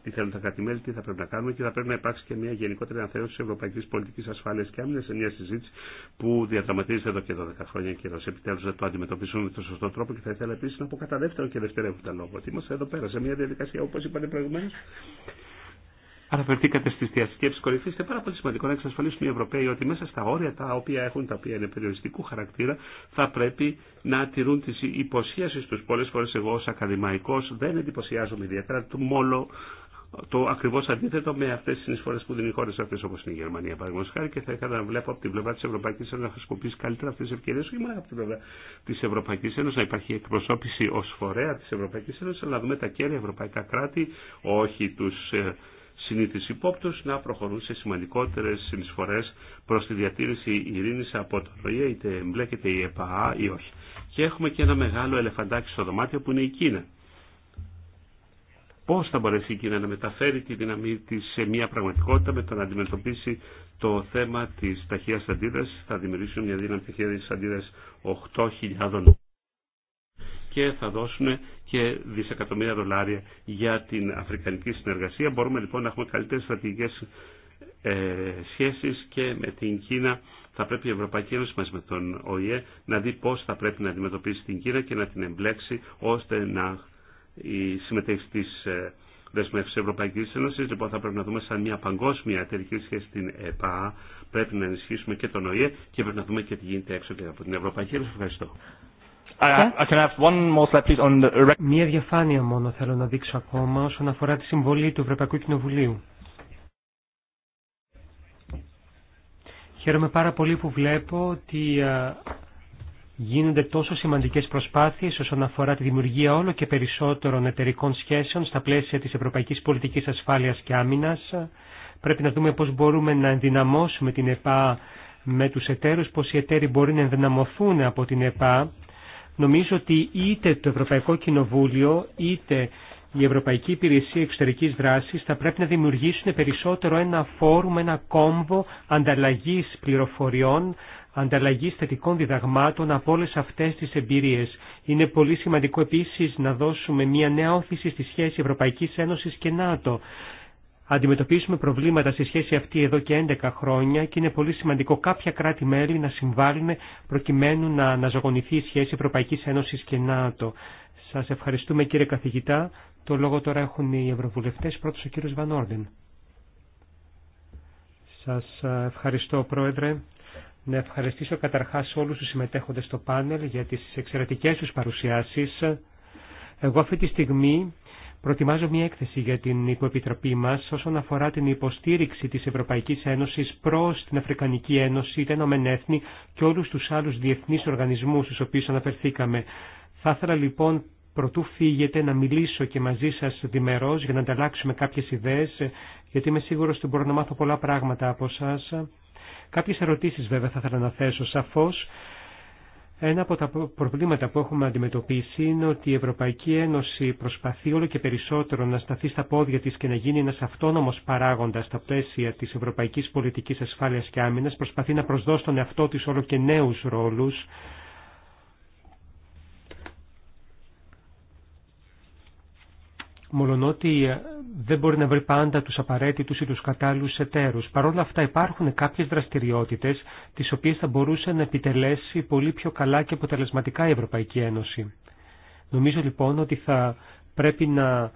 B: τι θέλουν τα κρατημέλη, τι θα πρέπει να κάνουμε και θα πρέπει να υπάρξει και μια γενικότερη αναθέωση τη ευρωπαϊκή πολιτική ασφάλεια και άμυνα σε μια συζήτηση που διαδραματίζεται εδώ και 12 χρόνια και εδώ επιτέλου να το αντιμετωπίσουμε με τον σωστό τρόπο. Και θα ήθελα επίση να πω κατά δεύτερο και δευτερεύοντα λόγο ότι είμαστε εδώ πέρα σε μια διαδικασία, όπω είπατε προηγουμένω, αναφερθήκατε στι διασκέψει κορυφή. Είναι πάρα πολύ σημαντικό να εξασφαλίσουν οι Ευρωπαίοι ότι μέσα στα όρια τα οποία έχουν, τα οποία είναι περιοριστικού χαρακτήρα, θα πρέπει να τηρούν τι υποσχέσει του. Πολλέ φορέ εγώ ω ακαδημαϊκό δεν εντυπωσιάζομαι ιδιαίτερα το το ακριβώ αντίθετο με αυτέ τι συνεισφορέ που δίνουν οι χώρε αυτέ όπω είναι η Γερμανία, παραδείγματο χάρη, και θα ήθελα να βλέπω από την πλευρά τη Ευρωπαϊκή Ένωση να χρησιμοποιήσει καλύτερα αυτέ τι ευκαιρίε, όχι μόνο από την πλευρά τη Ευρωπαϊκή Ένωση, να υπάρχει εκπροσώπηση ω φορέα τη Ευρωπαϊκή Ένωση, αλλά να δούμε τα κέρια ευρωπαϊκά κράτη, όχι του ε, Συνήθις υπόπτους να προχωρούν σε σημαντικότερες συνεισφορές προς τη διατήρηση ειρήνης από το ΡΟΙΑ, είτε εμπλέκεται η ΕΠΑΑ ή όχι. Και έχουμε και ένα μεγάλο ελεφαντάκι στο δωμάτιο που είναι η Κίνα. Πώς θα μπορέσει η Κίνα να μεταφέρει τη δύναμή της σε μια πραγματικότητα με το να αντιμετωπίσει το θέμα της ταχείας αντίδρασης. Θα δημιουργήσουν μια δύναμη ταχεία αντίδρασης 8.000 και θα δώσουν και δισεκατομμύρια δολάρια για την αφρικανική συνεργασία. Μπορούμε λοιπόν να έχουμε καλύτερες στρατηγικές ε, σχέσεις και με την Κίνα θα πρέπει η Ευρωπαϊκή Ένωση μας με τον ΟΗΕ να δει πώς θα πρέπει να αντιμετωπίσει την Κίνα και να την εμπλέξει ώστε να η συμμετέχει στις ε, δεσμεύσεις Ευρωπαϊκής Ένωσης. Λοιπόν θα πρέπει να δούμε σαν μια παγκόσμια εταιρική σχέση την ΕΠΑ. Πρέπει να ενισχύσουμε και τον ΟΗΕ και πρέπει να δούμε και τι γίνεται έξω και από την Ευρωπαϊκή Ένωση. Ευχαριστώ.
C: Μία διαφάνεια μόνο θέλω να δείξω ακόμα όσον αφορά τη συμβολή του Ευρωπαϊκού Κοινοβουλίου. Χαίρομαι πάρα πολύ που βλέπω ότι γίνονται τόσο σημαντικές προσπάθειες όσον αφορά τη δημιουργία όλο και περισσότερων εταιρικών σχέσεων στα πλαίσια της Ευρωπαϊκής Πολιτικής Ασφάλειας και Άμυνας. Πρέπει να δούμε πώς μπορούμε να ενδυναμώσουμε την ΕΠΑ με τους εταίρους, πώς οι εταίροι μπορεί να ενδυναμωθούν από την ΕΠΑ Νομίζω ότι είτε το Ευρωπαϊκό Κοινοβούλιο είτε η Ευρωπαϊκή Υπηρεσία Εξωτερικής Δράσης θα πρέπει να δημιουργήσουν περισσότερο ένα φόρουμ, ένα κόμβο ανταλλαγής πληροφοριών, ανταλλαγής θετικών διδαγμάτων από όλε αυτές τις εμπειρίες. Είναι πολύ σημαντικό επίσης να δώσουμε μια νέα όθηση στη σχέση Ευρωπαϊκής Ένωσης και ΝΑΤΟ. Αντιμετωπίσουμε προβλήματα στη σχέση αυτή εδώ και 11 χρόνια και είναι πολύ σημαντικό κάποια κράτη-μέλη να συμβάλλουν προκειμένου να αναζωογονηθεί η σχέση Ευρωπαϊκής Ένωσης και ΝΑΤΟ. Σας ευχαριστούμε κύριε καθηγητά. Το λόγο τώρα έχουν οι ευρωβουλευτές. Πρώτος ο κύριος Όρντεν. Σας ε, ευχαριστώ πρόεδρε. Να ευχαριστήσω καταρχάς όλους τους συμμετέχοντες στο πάνελ για τις εξαιρετικές τους παρουσιάσεις. Εγώ αυτή τη στιγμή Προετοιμάζω μια έκθεση για την υποεπιτροπή μας όσον αφορά την υποστήριξη της Ευρωπαϊκής Ένωσης προς την Αφρικανική Ένωση, τα Ενωμένα και όλους τους άλλους διεθνείς οργανισμούς στους οποίους αναφερθήκαμε. Θα ήθελα λοιπόν προτού φύγετε να μιλήσω και μαζί σας διμερώς για να ανταλλάξουμε κάποιες ιδέες, γιατί είμαι σίγουρο ότι μπορώ να μάθω πολλά πράγματα από σας. Κάποιες ερωτήσεις βέβαια θα ήθελα να θέσω σαφώς. Ένα από τα προβλήματα που έχουμε αντιμετωπίσει είναι ότι η Ευρωπαϊκή Ένωση προσπαθεί όλο και περισσότερο να σταθεί στα πόδια της και να γίνει ένας αυτόνομος παράγοντας στα πλαίσια της Ευρωπαϊκής Πολιτικής Ασφάλειας και Άμυνας, προσπαθεί να προσδώσει τον εαυτό της όλο και νέους ρόλους, μολονότι ε, δεν μπορεί να βρει πάντα τους απαραίτητους ή τους κατάλληλους εταίρους. Παρ' όλα αυτά υπάρχουν κάποιες δραστηριότητες τις οποίες θα μπορούσε να επιτελέσει πολύ πιο καλά και αποτελεσματικά η Ευρωπαϊκή Ένωση. Νομίζω λοιπόν ότι θα πρέπει να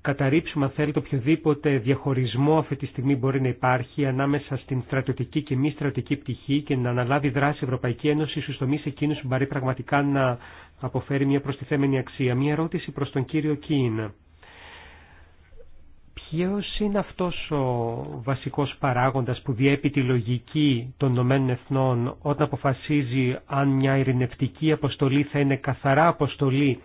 C: καταρρύψουμε αν θέλετε οποιοδήποτε διαχωρισμό αυτή τη στιγμή μπορεί να καταρρυψουμε αν το οποιοδηποτε διαχωρισμο αυτη ανάμεσα στην στρατιωτική και μη στρατιωτική πτυχή και να αναλάβει δράση η Ευρωπαϊκή Ένωση στους τομείς εκείνους που μπορεί πραγματικά να αποφέρει μια προστιθέμενη αξία. Μια ερώτηση προς τον κύριο Κίνα ποιος είναι αυτός ο βασικός παράγοντας που διέπει τη λογική των Ηνωμένων Εθνών όταν αποφασίζει αν μια ειρηνευτική αποστολή θα είναι καθαρά αποστολή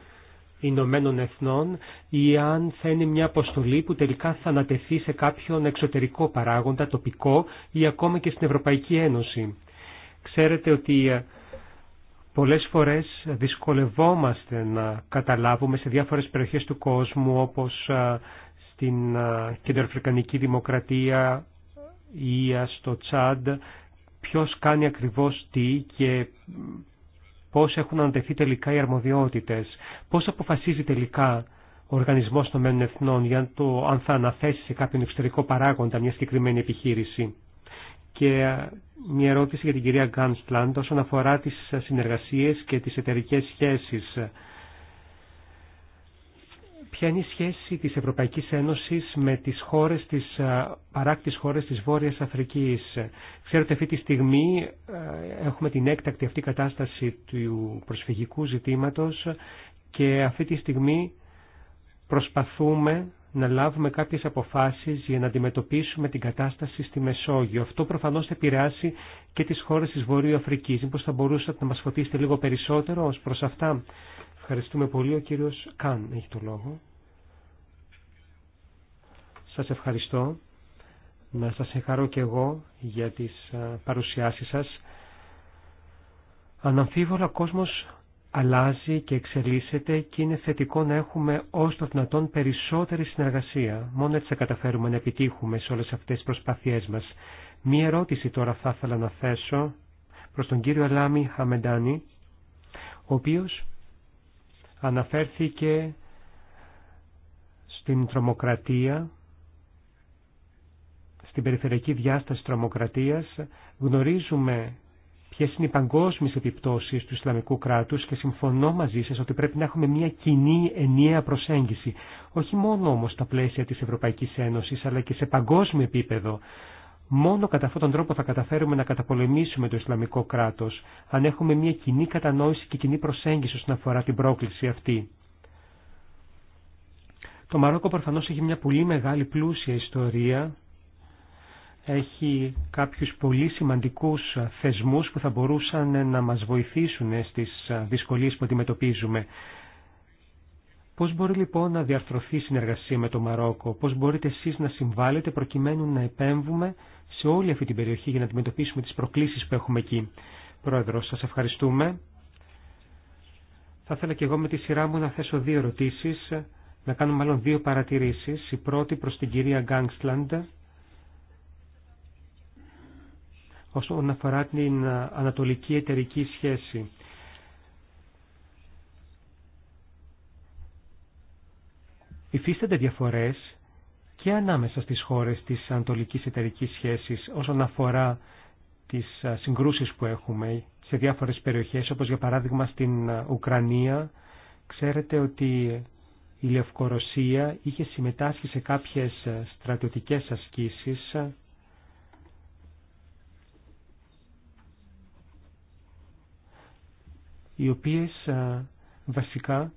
C: Ηνωμένων Εθνών ή αν θα είναι μια αποστολή που τελικά θα ανατεθεί σε κάποιον εξωτερικό παράγοντα, τοπικό ή ακόμα και στην Ευρωπαϊκή Ένωση. Ξέρετε ότι ε, πολλές φορές δυσκολευόμαστε να καταλάβουμε σε διάφορες περιοχές του κόσμου όπως ε, στην Κεντροφρικανική Δημοκρατία ή στο Τσάντ, ποιος κάνει ακριβώς τι και πώς έχουν αντεθεί τελικά οι αρμοδιότητες, πώς αποφασίζει τελικά ο Οργανισμός των Μένων Εθνών για το αν θα αναθέσει σε κάποιον εξωτερικό παράγοντα μια συγκεκριμένη επιχείρηση. Και μια ερώτηση για την κυρία Γκάνστλαντ όσον αφορά τις συνεργασίες και τις εταιρικές σχέσεις. Ποια είναι η σχέση της Ευρωπαϊκής Ένωσης με τις χώρες της, παράκτης χώρες της Βόρειας Αφρικής. Ξέρετε, αυτή τη στιγμή έχουμε την έκτακτη αυτή κατάσταση του προσφυγικού ζητήματος και αυτή τη στιγμή προσπαθούμε να λάβουμε κάποιες αποφάσεις για να αντιμετωπίσουμε την κατάσταση στη Μεσόγειο. Αυτό προφανώς θα επηρεάσει και τις χώρες της Βορείου Αφρικής. Μήπως θα μπορούσατε να μας φωτίσετε λίγο περισσότερο ως προς αυτά. Ευχαριστούμε πολύ. Ο κύριος Καν έχει το λόγο. Σας ευχαριστώ. Να σας ευχαρώ και εγώ για τις παρουσιάσεις σας. Αναμφίβολα ο κόσμος αλλάζει και εξελίσσεται και είναι θετικό να έχουμε ως το δυνατόν περισσότερη συνεργασία. Μόνο έτσι θα καταφέρουμε να επιτύχουμε σε όλες αυτές τις προσπάθειές μας. Μία ερώτηση τώρα θα ήθελα να θέσω προς τον κύριο Αλάμι Χαμεντάνη, ο οποίος αναφέρθηκε στην τρομοκρατία, στην περιφερειακή διάσταση τρομοκρατίας. Γνωρίζουμε ποιες είναι οι παγκόσμιες επιπτώσεις του Ισλαμικού κράτους και συμφωνώ μαζί σας ότι πρέπει να έχουμε μια κοινή ενιαία προσέγγιση, όχι μόνο όμως στα πλαίσια της Ευρωπαϊκής Ένωσης, αλλά και σε παγκόσμιο επίπεδο. Μόνο κατά αυτόν τον τρόπο θα καταφέρουμε να καταπολεμήσουμε το Ισλαμικό κράτος, αν έχουμε μια κοινή κατανόηση και κοινή προσέγγιση όσον αφορά την πρόκληση αυτή. Το Μαρόκο προφανώς έχει μια πολύ μεγάλη πλούσια ιστορία, έχει κάποιους πολύ σημαντικούς θεσμούς που θα μπορούσαν να μας βοηθήσουν στις δυσκολίες που αντιμετωπίζουμε. Πώς μπορεί λοιπόν να διαρθρωθεί η συνεργασία με το Μαρόκο, πώς μπορείτε εσείς να συμβάλλετε προκειμένου να επέμβουμε σε όλη αυτή την περιοχή για να αντιμετωπίσουμε τις προκλήσεις που έχουμε εκεί. Πρόεδρο, σας ευχαριστούμε. Θα ήθελα και εγώ με τη σειρά μου να θέσω δύο ερωτήσεις, να κάνω μάλλον δύο παρατηρήσεις. Η πρώτη προς την κυρία Γκάγκσλαντ, όσον αφορά την ανατολική εταιρική σχέση. Υφίστανται διαφορές και ανάμεσα στις χώρες της αντολικής εταιρική σχέσης όσον αφορά τις συγκρούσεις που έχουμε σε διάφορες περιοχές, όπως για παράδειγμα στην Ουκρανία. Ξέρετε ότι η Λευκορωσία είχε συμμετάσχει σε κάποιες στρατιωτικές ασκήσεις οι οποίες βασικά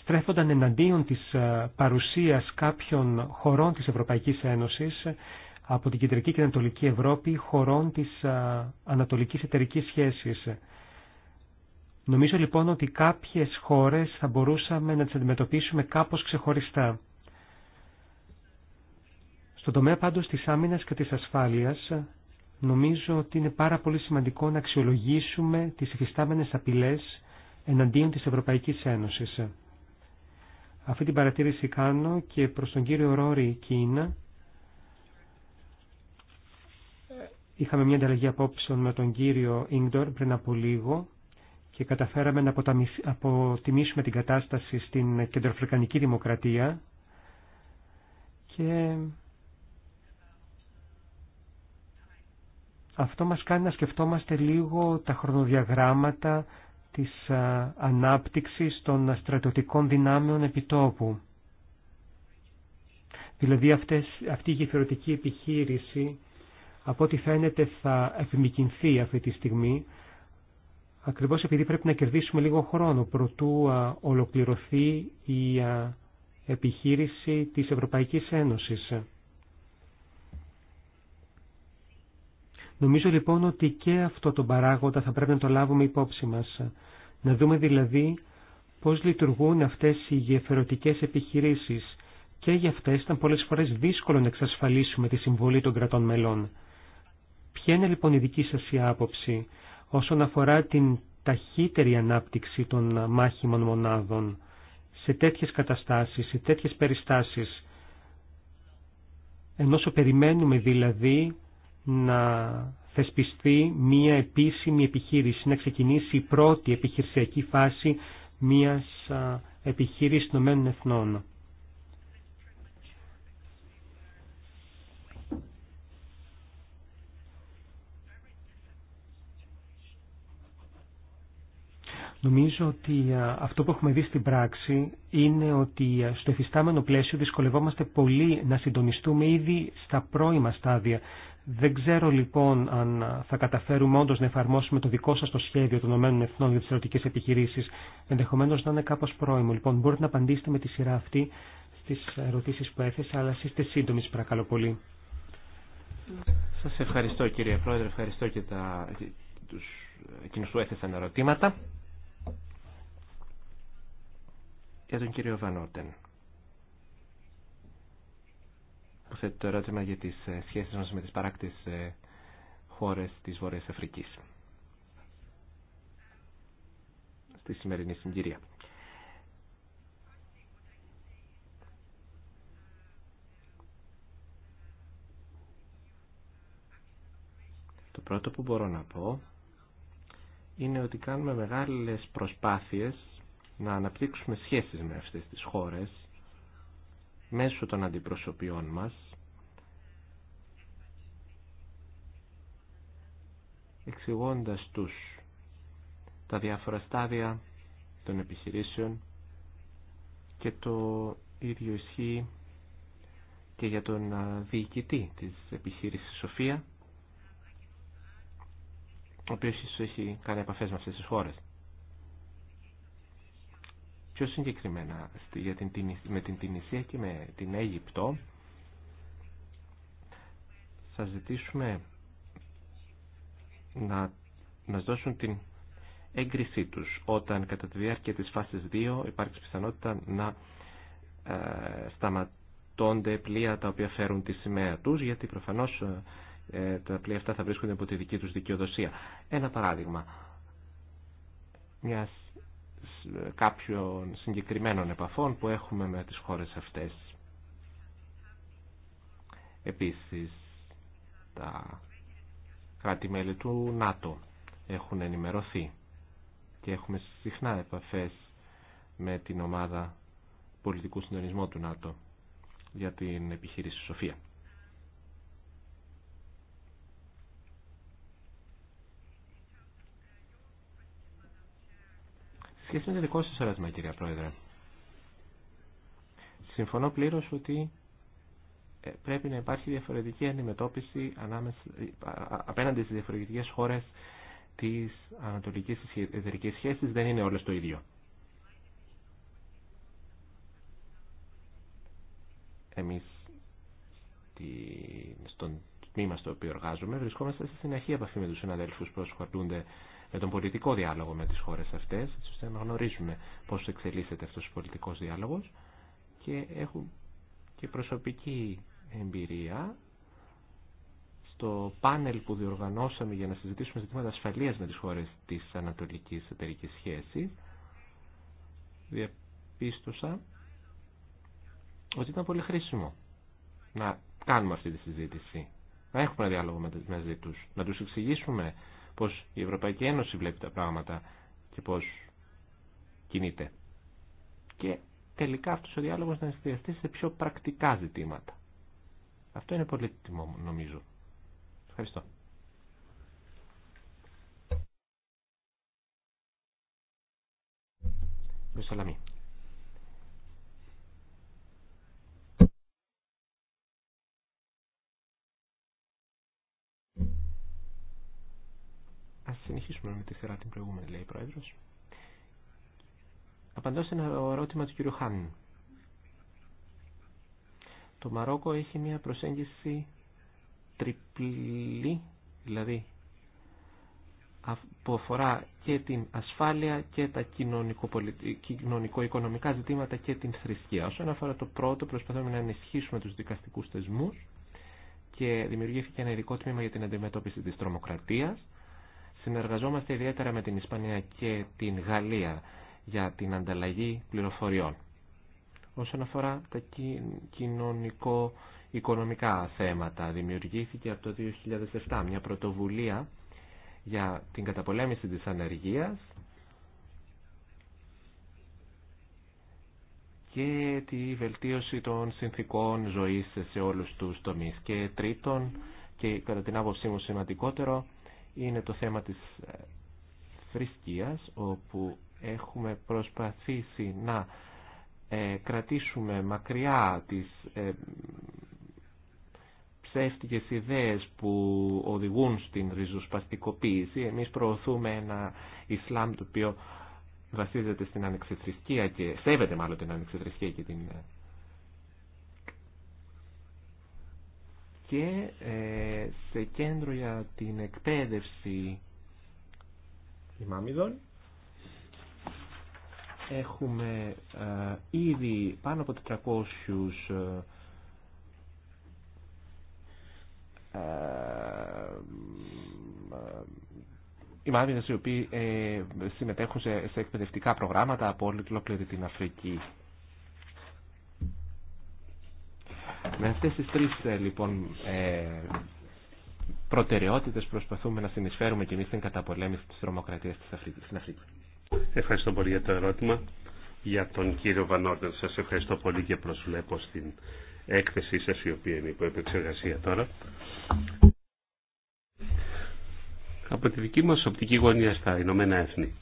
C: στρέφονταν εναντίον της ε, παρουσίας κάποιων χωρών της Ευρωπαϊκής Ένωσης ε, από την Κεντρική και Ανατολική Ευρώπη, χωρών της ε, Ανατολικής Εταιρικής Σχέσης. Νομίζω λοιπόν ότι κάποιες χώρες θα μπορούσαμε να τις αντιμετωπίσουμε κάπως ξεχωριστά. Στον τομέα πάντως της άμυνας και της ασφάλειας, νομίζω ότι είναι πάρα πολύ σημαντικό να αξιολογήσουμε τις υφιστάμενες απειλές εναντίον της Ευρωπαϊκής Ένωσης. Αυτή την παρατήρηση κάνω και προς τον κύριο Ρόρι Κίνα. Είχαμε μια ανταλλαγή απόψεων με τον κύριο Ίγντορ πριν από λίγο και καταφέραμε να αποτιμήσουμε την κατάσταση στην κεντροφρικανική δημοκρατία και αυτό μας κάνει να σκεφτόμαστε λίγο τα χρονοδιαγράμματα της ανάπτυξης των στρατιωτικών δυνάμεων επιτόπου. Δηλαδή αυτές, αυτή η γεφυρωτική επιχείρηση από ό,τι φαίνεται θα επιμηκυνθεί αυτή τη στιγμή ακριβώς επειδή πρέπει να κερδίσουμε λίγο χρόνο προτού ολοκληρωθεί η επιχείρηση της Ευρωπαϊκής Ένωσης. Νομίζω λοιπόν ότι και αυτό το παράγοντα θα πρέπει να το λάβουμε υπόψη μας. Να δούμε δηλαδή πώς λειτουργούν αυτές οι γεφερωτικές επιχειρήσεις και για αυτές ήταν πολλές φορές δύσκολο να εξασφαλίσουμε τη συμβολή των κρατών μελών. Ποια είναι λοιπόν η δική σας η άποψη όσον αφορά την ταχύτερη ανάπτυξη των μάχημων μονάδων σε τέτοιες καταστάσεις, σε τέτοιες περιστάσεις, ενώ περιμένουμε δηλαδή να θεσπιστεί μία επίσημη επιχείρηση, να ξεκινήσει η πρώτη επιχειρησιακή φάση μίας επιχείρησης των Ηνωμένων Εθνών. Νομίζω ότι αυτό που έχουμε δει στην πράξη είναι ότι στο εφιστάμενο πλαίσιο δυσκολευόμαστε πολύ να συντονιστούμε ήδη στα πρώιμα στάδια δεν ξέρω λοιπόν αν θα καταφέρουμε όντω να εφαρμόσουμε το δικό σα το σχέδιο των ΗΕ για τι ερωτικέ επιχειρήσει. Ενδεχομένω να είναι κάπω πρόημο. Λοιπόν, μπορείτε να απαντήσετε με τη σειρά αυτή στι ερωτήσει που έθεσα, αλλά είστε σύντομοι, παρακαλώ πολύ.
D: Σα ευχαριστώ κύριε Πρόεδρε, ευχαριστώ και τα... τους... εκείνου που έθεσαν ερωτήματα. Για τον κύριο Βανότεν. θέτει το ερώτημα για τις ε, σχέσεις μας με τις παράκτης ε, χώρες της Βόρειας Αφρικής. Στη σημερινή συγκυρία. Το πρώτο που μπορώ να πω είναι ότι κάνουμε μεγάλες προσπάθειες να αναπτύξουμε σχέσεις με αυτές τις χώρες μέσω των αντιπροσωπιών μας εξηγώντας τους τα διάφορα στάδια των επιχειρήσεων και το ίδιο ισχύει και για τον διοικητή της επιχείρησης Σοφία ο οποίος ίσως έχει κάνει επαφές με αυτές τις χώρες. Πιο συγκεκριμένα για την, με την Τινησία και με την Αίγυπτο θα ζητήσουμε να μας δώσουν την έγκρισή τους όταν κατά τη διάρκεια της φάσης 2 υπάρχει πιθανότητα να ε, σταματώνται πλοία τα οποία φέρουν τη σημαία τους γιατί προφανώς ε, ε, τα πλοία αυτά θα βρίσκονται υπό τη δική τους δικαιοδοσία. Ένα παράδειγμα μιας κάποιων συγκεκριμένων επαφών που έχουμε με τις χώρες αυτές. Επίσης, τα κράτη-μέλη του ΝΑΤΟ έχουν ενημερωθεί και έχουμε συχνά επαφές με την ομάδα πολιτικού συντονισμού του ΝΑΤΟ για την επιχείρηση Σοφία. Σχέση με το δικό σας ερώτημα, κυρία Πρόεδρε. Συμφωνώ πλήρως ότι ε, πρέπει να υπάρχει διαφορετική αντιμετώπιση ανάμεσα, απέναντι στις διαφορετικές χώρες της ανατολικής εταιρικής σχέσης. Δεν είναι όλες το ίδιο. Εμείς στον τμήμα στο οποίο εργάζομαι βρισκόμαστε σε συνεχή επαφή με τους συναδέλφους που ασχολούνται με τον πολιτικό διάλογο με τις χώρες αυτές, έτσι ώστε να γνωρίζουμε πώς εξελίσσεται αυτός ο πολιτικός διάλογος και έχουν και προσωπική εμπειρία στο πάνελ που διοργανώσαμε για να συζητήσουμε ζητήματα ασφαλείας με τις χώρες της ανατολικής εταιρικής σχέσης διαπίστωσα ότι ήταν πολύ χρήσιμο να κάνουμε αυτή τη συζήτηση να έχουμε ένα διάλογο μαζί τους να τους εξηγήσουμε πως η Ευρωπαϊκή Ένωση βλέπει τα πράγματα και πως κινείται και τελικά αυτός ο διάλογος να εστιαστεί σε πιο πρακτικά ζητήματα αυτό είναι πολύ τιμό, νομίζω. Ευχαριστώ. Μεσολαμή. Ας συνεχίσουμε με τη σειρά την προηγούμενη, λέει η Πρόεδρος. Απαντώ σε ένα ερώτημα του κ. Χάνιν. Το Μαρόκο έχει μια προσέγγιση τριπλή, δηλαδή που αφορά και την ασφάλεια και τα κοινωνικο-οικονομικά ζητήματα και την θρησκεία. Όσον αφορά το πρώτο, προσπαθούμε να ενισχύσουμε τους δικαστικούς θεσμούς και δημιουργήθηκε ένα ειδικό τμήμα για την αντιμετώπιση της τρομοκρατίας. Συνεργαζόμαστε ιδιαίτερα με την Ισπανία και την Γαλλία για την ανταλλαγή πληροφοριών όσον αφορά τα κοινωνικο-οικονομικά θέματα. Δημιουργήθηκε από το 2007 μια πρωτοβουλία για την καταπολέμηση της ανεργίας και τη βελτίωση των συνθήκων ζωής σε όλους τους τομείς. Και τρίτον, και κατά την άποψή μου σημαντικότερο, είναι το θέμα της ε, θρησκείας, όπου έχουμε προσπαθήσει να ε, κρατήσουμε μακριά τις ε, ψεύτικες ιδέες που οδηγούν στην ριζοσπαστικοποίηση. Εμείς προωθούμε ένα Ισλάμ το οποίο βασίζεται στην ανεξιθρησκεία και σέβεται μάλλον την ανεξιθρησκεία και την... Ε, και σε κέντρο για την εκπαίδευση ημάμιδων Έχουμε ε, ήδη πάνω από 400 ε, ε, ε οι οποίοι συμμετέχουν σε, σε εκπαιδευτικά προγράμματα από όλη την Αφρική. Με αυτές τις τρεις λοιπόν προτεραιότητες προσπαθούμε να συνεισφέρουμε και εμείς στην καταπολέμηση της τρομοκρατίας στην Αφρική.
B: Ευχαριστώ πολύ για το ερώτημα. Για τον κύριο Βανόρντεν, σας ευχαριστώ πολύ και προσβλέπω στην έκθεσή σας η οποία είναι υπό επεξεργασία τώρα. Από τη δική μας οπτική γωνία στα Ηνωμένα Έθνη,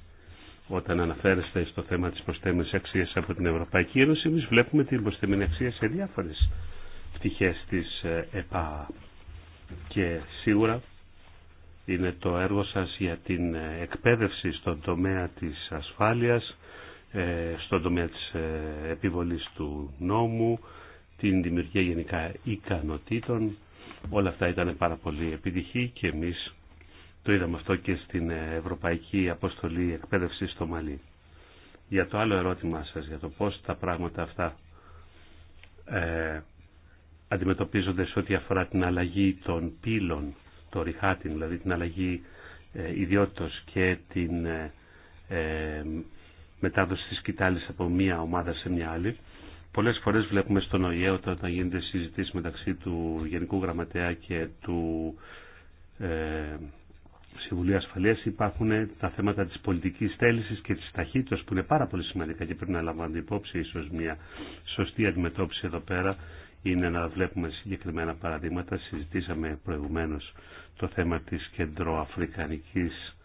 B: όταν αναφέρεστε στο θέμα της προστέμενης αξίας από την Ευρωπαϊκή Ένωση, εμείς βλέπουμε την προστέμενη αξία σε διάφορες πτυχές της ε, ΕΠΑ. Και σίγουρα είναι το έργο σας για την ε, εκπαίδευση στον τομέα της ασφάλειας, ε, στον τομέα της ε, επιβολής του νόμου, την δημιουργία γενικά ικανοτήτων. Όλα αυτά ήταν πάρα πολύ επιτυχή και εμείς το είδαμε αυτό και στην Ευρωπαϊκή Αποστολή Εκπαίδευση στο Μαλί. Για το άλλο ερώτημά σας, για το πώς τα πράγματα αυτά ε, αντιμετωπίζονται σε ό,τι αφορά την αλλαγή των πύλων το ριχάτιν, δηλαδή την αλλαγή ε, και την ε, ε μετάδοση της κοιτάλης από μία ομάδα σε μία άλλη. Πολλές φορές βλέπουμε στον ΟΗΕ όταν γίνεται συζητήσει μεταξύ του Γενικού Γραμματέα και του ε, Συμβουλίου Ασφαλείας υπάρχουν τα θέματα της πολιτικής θέλησης και της ταχύτητας που είναι πάρα πολύ σημαντικά και πρέπει να λαμβάνεται υπόψη ίσως μια σωστή αντιμετώπιση εδώ πέρα είναι να βλέπουμε συγκεκριμένα παραδείγματα. Συζητήσαμε προηγουμένως το θέμα της κεντροαφρικανικής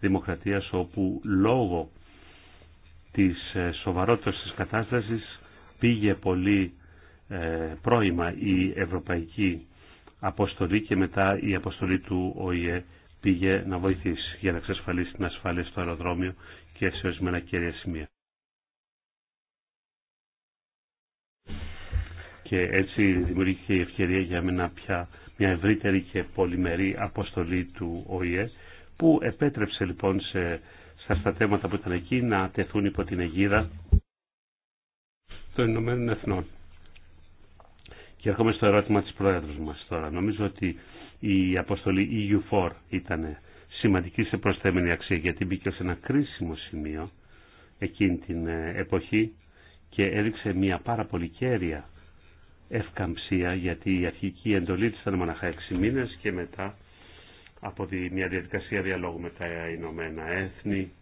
B: δημοκρατίας όπου λόγω της ε, σοβαρότητας της κατάστασης πήγε πολύ ε, πρώιμα η ευρωπαϊκή αποστολή και μετά η αποστολή του ΟΗΕ πήγε να βοηθήσει για να εξασφαλίσει την ασφάλεια στο αεροδρόμιο και σε ορισμένα κέρια σημεία. Και έτσι δημιουργήθηκε η ευκαιρία για μένα πια μια ευρύτερη και πολυμερή αποστολή του ΟΗΕ που επέτρεψε λοιπόν σε, στα θέματα που ήταν εκεί να τεθούν υπό την αιγίδα των Ηνωμένων Εθνών. Και έρχομαι στο ερώτημα της πρόεδρος μας τώρα. Νομίζω ότι η αποστολή EU4 ήταν σημαντική σε προσθέμενη αξία γιατί μπήκε σε ένα κρίσιμο σημείο εκείνη την ε, εποχή και έδειξε μια πάρα πολύ κέρια ευκαμψία γιατί η αρχική εντολή της ήταν μοναχά 6 μήνες και μετά από τη, μια διαδικασία διαλόγου με τα Ηνωμένα Έθνη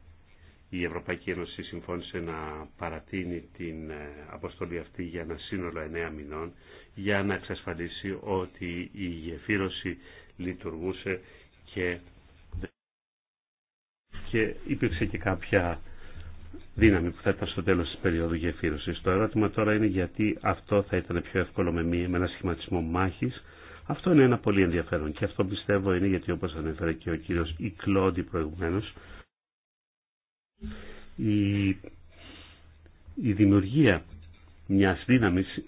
B: η Ευρωπαϊκή Ένωση συμφώνησε να παρατείνει την ε, αποστολή αυτή για ένα σύνολο 9 μηνών για να εξασφαλίσει ότι η γεφύρωση λειτουργούσε και, και υπήρξε και κάποια δύναμη που θα ήταν στο τέλος της περίοδου γεφύρωσης. Το ερώτημα τώρα είναι γιατί αυτό θα ήταν πιο εύκολο με, μία, με ένα σχηματισμό μάχης. Αυτό είναι ένα πολύ ενδιαφέρον και αυτό πιστεύω είναι γιατί όπως ανέφερε και ο κύριος Ικλόντι προηγουμένως η, η δημιουργία μιας δύναμης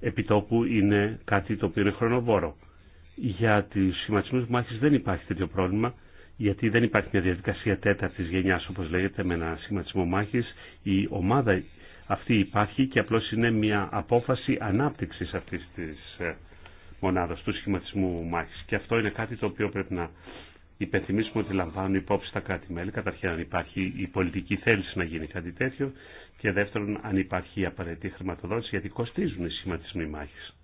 B: επιτόπου είναι κάτι το οποίο είναι χρονοβόρο. Για τους σχηματισμούς μάχης δεν υπάρχει τέτοιο πρόβλημα γιατί δεν υπάρχει μια διαδικασία τέταρτης γενιάς όπως λέγεται με ένα σχηματισμό μάχης. Η ομάδα αυτή υπάρχει και απλώς είναι μια απόφαση ανάπτυξης αυτής της ε, μονάδας του σχηματισμού μάχης. Και αυτό είναι κάτι το οποίο πρέπει να υπενθυμίσουμε ότι λαμβάνουν υπόψη τα κράτη-μέλη. Καταρχήν αν υπάρχει η πολιτική θέληση να γίνει κάτι τέτοιο και δεύτερον αν υπάρχει η απαραίτητη χρηματοδότηση γιατί κοστίζουν οι σχηματισμοί μάχης.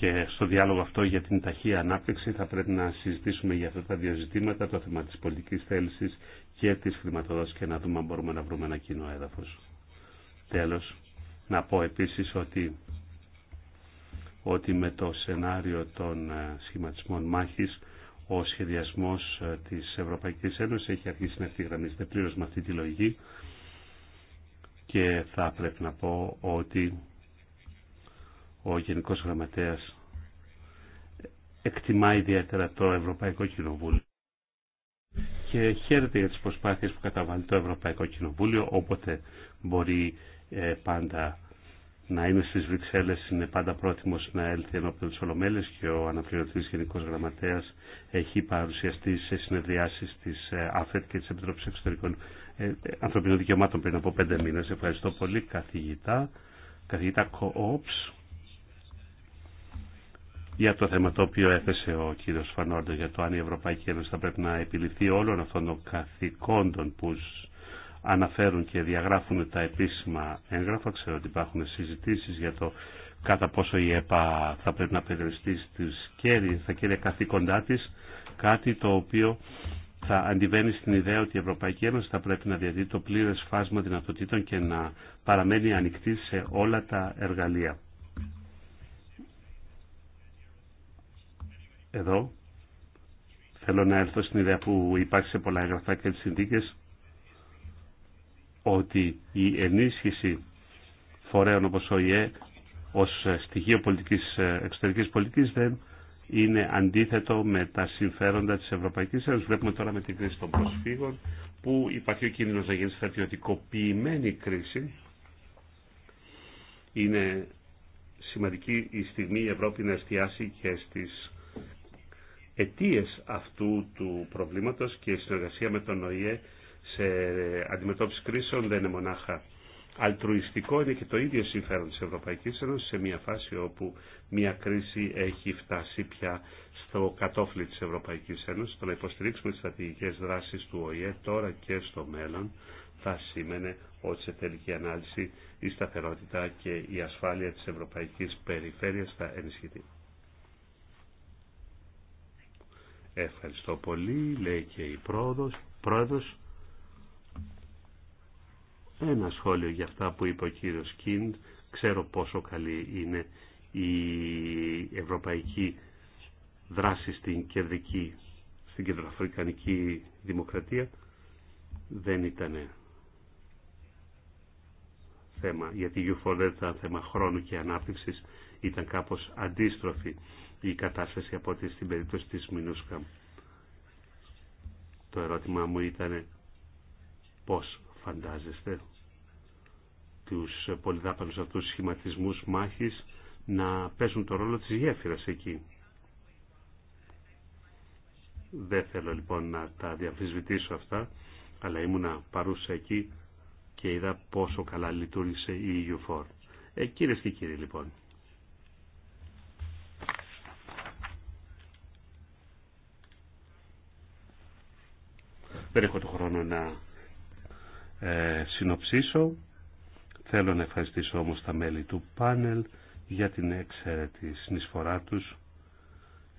B: και στο διάλογο αυτό για την ταχεία ανάπτυξη θα πρέπει να συζητήσουμε για αυτά τα δύο ζητήματα, το θέμα της πολιτικής θέλησης και της χρηματοδότησης και να δούμε αν μπορούμε να βρούμε ένα κοινό έδαφος. Τέλος, να πω επίσης ότι, ότι με το σενάριο των ε, σχηματισμών μάχης ο σχεδιασμός ε, της Ευρωπαϊκής Ένωσης έχει αρχίσει να ευθυγραμμίζεται πλήρως με αυτή τη λογική και θα πρέπει να πω ότι ο Γενικό Γραμματέα εκτιμά ιδιαίτερα το Ευρωπαϊκό Κοινοβούλιο και χαίρεται για τι προσπάθειε που καταβάλει το Ευρωπαϊκό Κοινοβούλιο όποτε μπορεί ε, πάντα να είναι στι Βρυξέλλες είναι πάντα πρότιμο να έλθει ενώπιον τη Ολομέλεια και ο αναπληρωτής Γενικό Γραμματέα έχει παρουσιαστεί σε συνεδριάσεις τη ε, ΑΦΕΤ και τη Επιτροπή Εξωτερικών ε, Ανθρωπινών Δικαιωμάτων πριν από πέντε μήνες. Ευχαριστώ πολύ καθηγητά, καθηγητά Coops, για το θέμα το οποίο έθεσε ο κύριο Φανόρντο για το αν η Ευρωπαϊκή Ένωση θα πρέπει να επιληθεί όλων αυτών των καθηκόντων που αναφέρουν και διαγράφουν τα επίσημα έγγραφα. Ξέρω ότι υπάρχουν συζητήσει για το κατά πόσο η ΕΠΑ θα πρέπει να περιοριστεί στις κέρδη, στα κέρια καθήκοντά της, κάτι το οποίο θα αντιβαίνει στην ιδέα ότι η Ευρωπαϊκή Ένωση θα πρέπει να διαδίδει το πλήρες φάσμα δυνατοτήτων και να παραμένει ανοιχτή σε όλα τα εργαλεία. Εδώ θέλω να έρθω στην ιδέα που υπάρχει σε πολλά εγγραφά και τις συνθήκες ότι η ενίσχυση φορέων όπως ο ΙΕ ως στοιχείο πολιτικής, εξωτερικής πολιτικής δεν είναι αντίθετο με τα συμφέροντα της Ευρωπαϊκής Ένωσης. Βλέπουμε τώρα με την κρίση των προσφύγων που υπάρχει ο κίνδυνος να γίνει στρατιωτικοποιημένη κρίση. Είναι σημαντική η στιγμή η Ευρώπη να εστιάσει και στις αιτίες αυτού του προβλήματος και η συνεργασία με τον ΟΗΕ σε αντιμετώπιση κρίσεων δεν είναι μονάχα αλτρουιστικό, είναι και το ίδιο συμφέρον της Ευρωπαϊκής Ένωσης σε μια φάση όπου μια κρίση έχει φτάσει πια στο κατόφλι της Ευρωπαϊκής Ένωσης. Το να υποστηρίξουμε τις στρατηγικές δράσεις του ΟΗΕ τώρα και στο μέλλον θα σήμαινε ότι σε τελική ανάλυση η σταθερότητα και η ασφάλεια της ευρωπαϊκής περιφέρειας θα ενισχυθεί. Ευχαριστώ πολύ, λέει και η πρόοδος, πρόεδρος. Ένα σχόλιο για αυτά που είπε ο κύριος Κίντ. Ξέρω πόσο καλή είναι η ευρωπαϊκή δράση στην κεντρική, στην κεντροαφρικανική δημοκρατία. Δεν ήταν θέμα, γιατί η UFO θέμα χρόνου και ανάπτυξης, ήταν κάπως αντίστροφη η κατάσταση από ό,τι στην περίπτωση της Μινούσκα. Το ερώτημά μου ήταν πώς φαντάζεστε τους πολυδάπανους αυτούς σχηματισμούς μάχης να παίζουν το ρόλο της γέφυρας εκεί. Δεν θέλω λοιπόν να τα διαφυσβητήσω αυτά, αλλά ήμουνα παρούσα εκεί και είδα πόσο καλά λειτουργήσε η EU4. Ε, και λοιπόν, Δεν έχω το χρόνο να ε, συνοψίσω. Θέλω να ευχαριστήσω όμως τα μέλη του πάνελ για την εξαίρετη συνεισφορά τους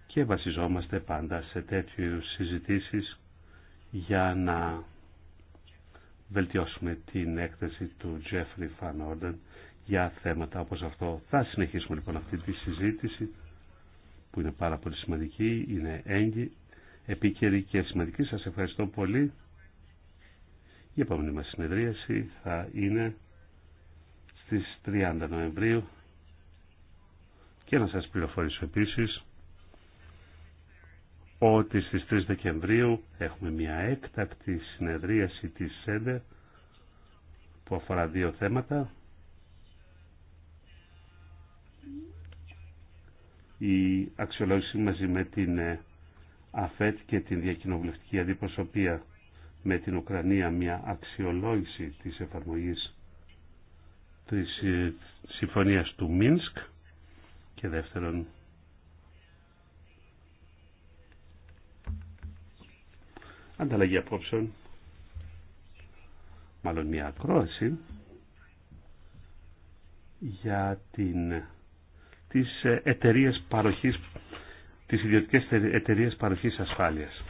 B: και βασιζόμαστε πάντα σε τέτοιου συζητήσεις για να βελτιώσουμε την έκθεση του Jeffrey Van Orden για θέματα όπως αυτό. Θα συνεχίσουμε λοιπόν αυτή τη συζήτηση που είναι πάρα πολύ σημαντική, είναι έγκυη επίκαιρη και σημαντική. Σας ευχαριστώ πολύ. Η επόμενη μας συνεδρίαση θα είναι στις 30 Νοεμβρίου και να σας πληροφορήσω επίσης ότι στις 3 Δεκεμβρίου έχουμε μια έκτακτη συνεδρίαση της ΣΕΔΕ που αφορά δύο θέματα. Η αξιολόγηση μαζί με την ΑΦΕΤ και την διακοινοβουλευτική αντιπροσωπεία με την Ουκρανία μια αξιολόγηση της εφαρμογής της ε, συμφωνίας του Μίνσκ και δεύτερον ανταλλαγή απόψεων μάλλον μια ακρόαση για την, τις ε, εταιρείες παροχής τις ιδιωτικές εταιρείες παροχής ασφάλειας.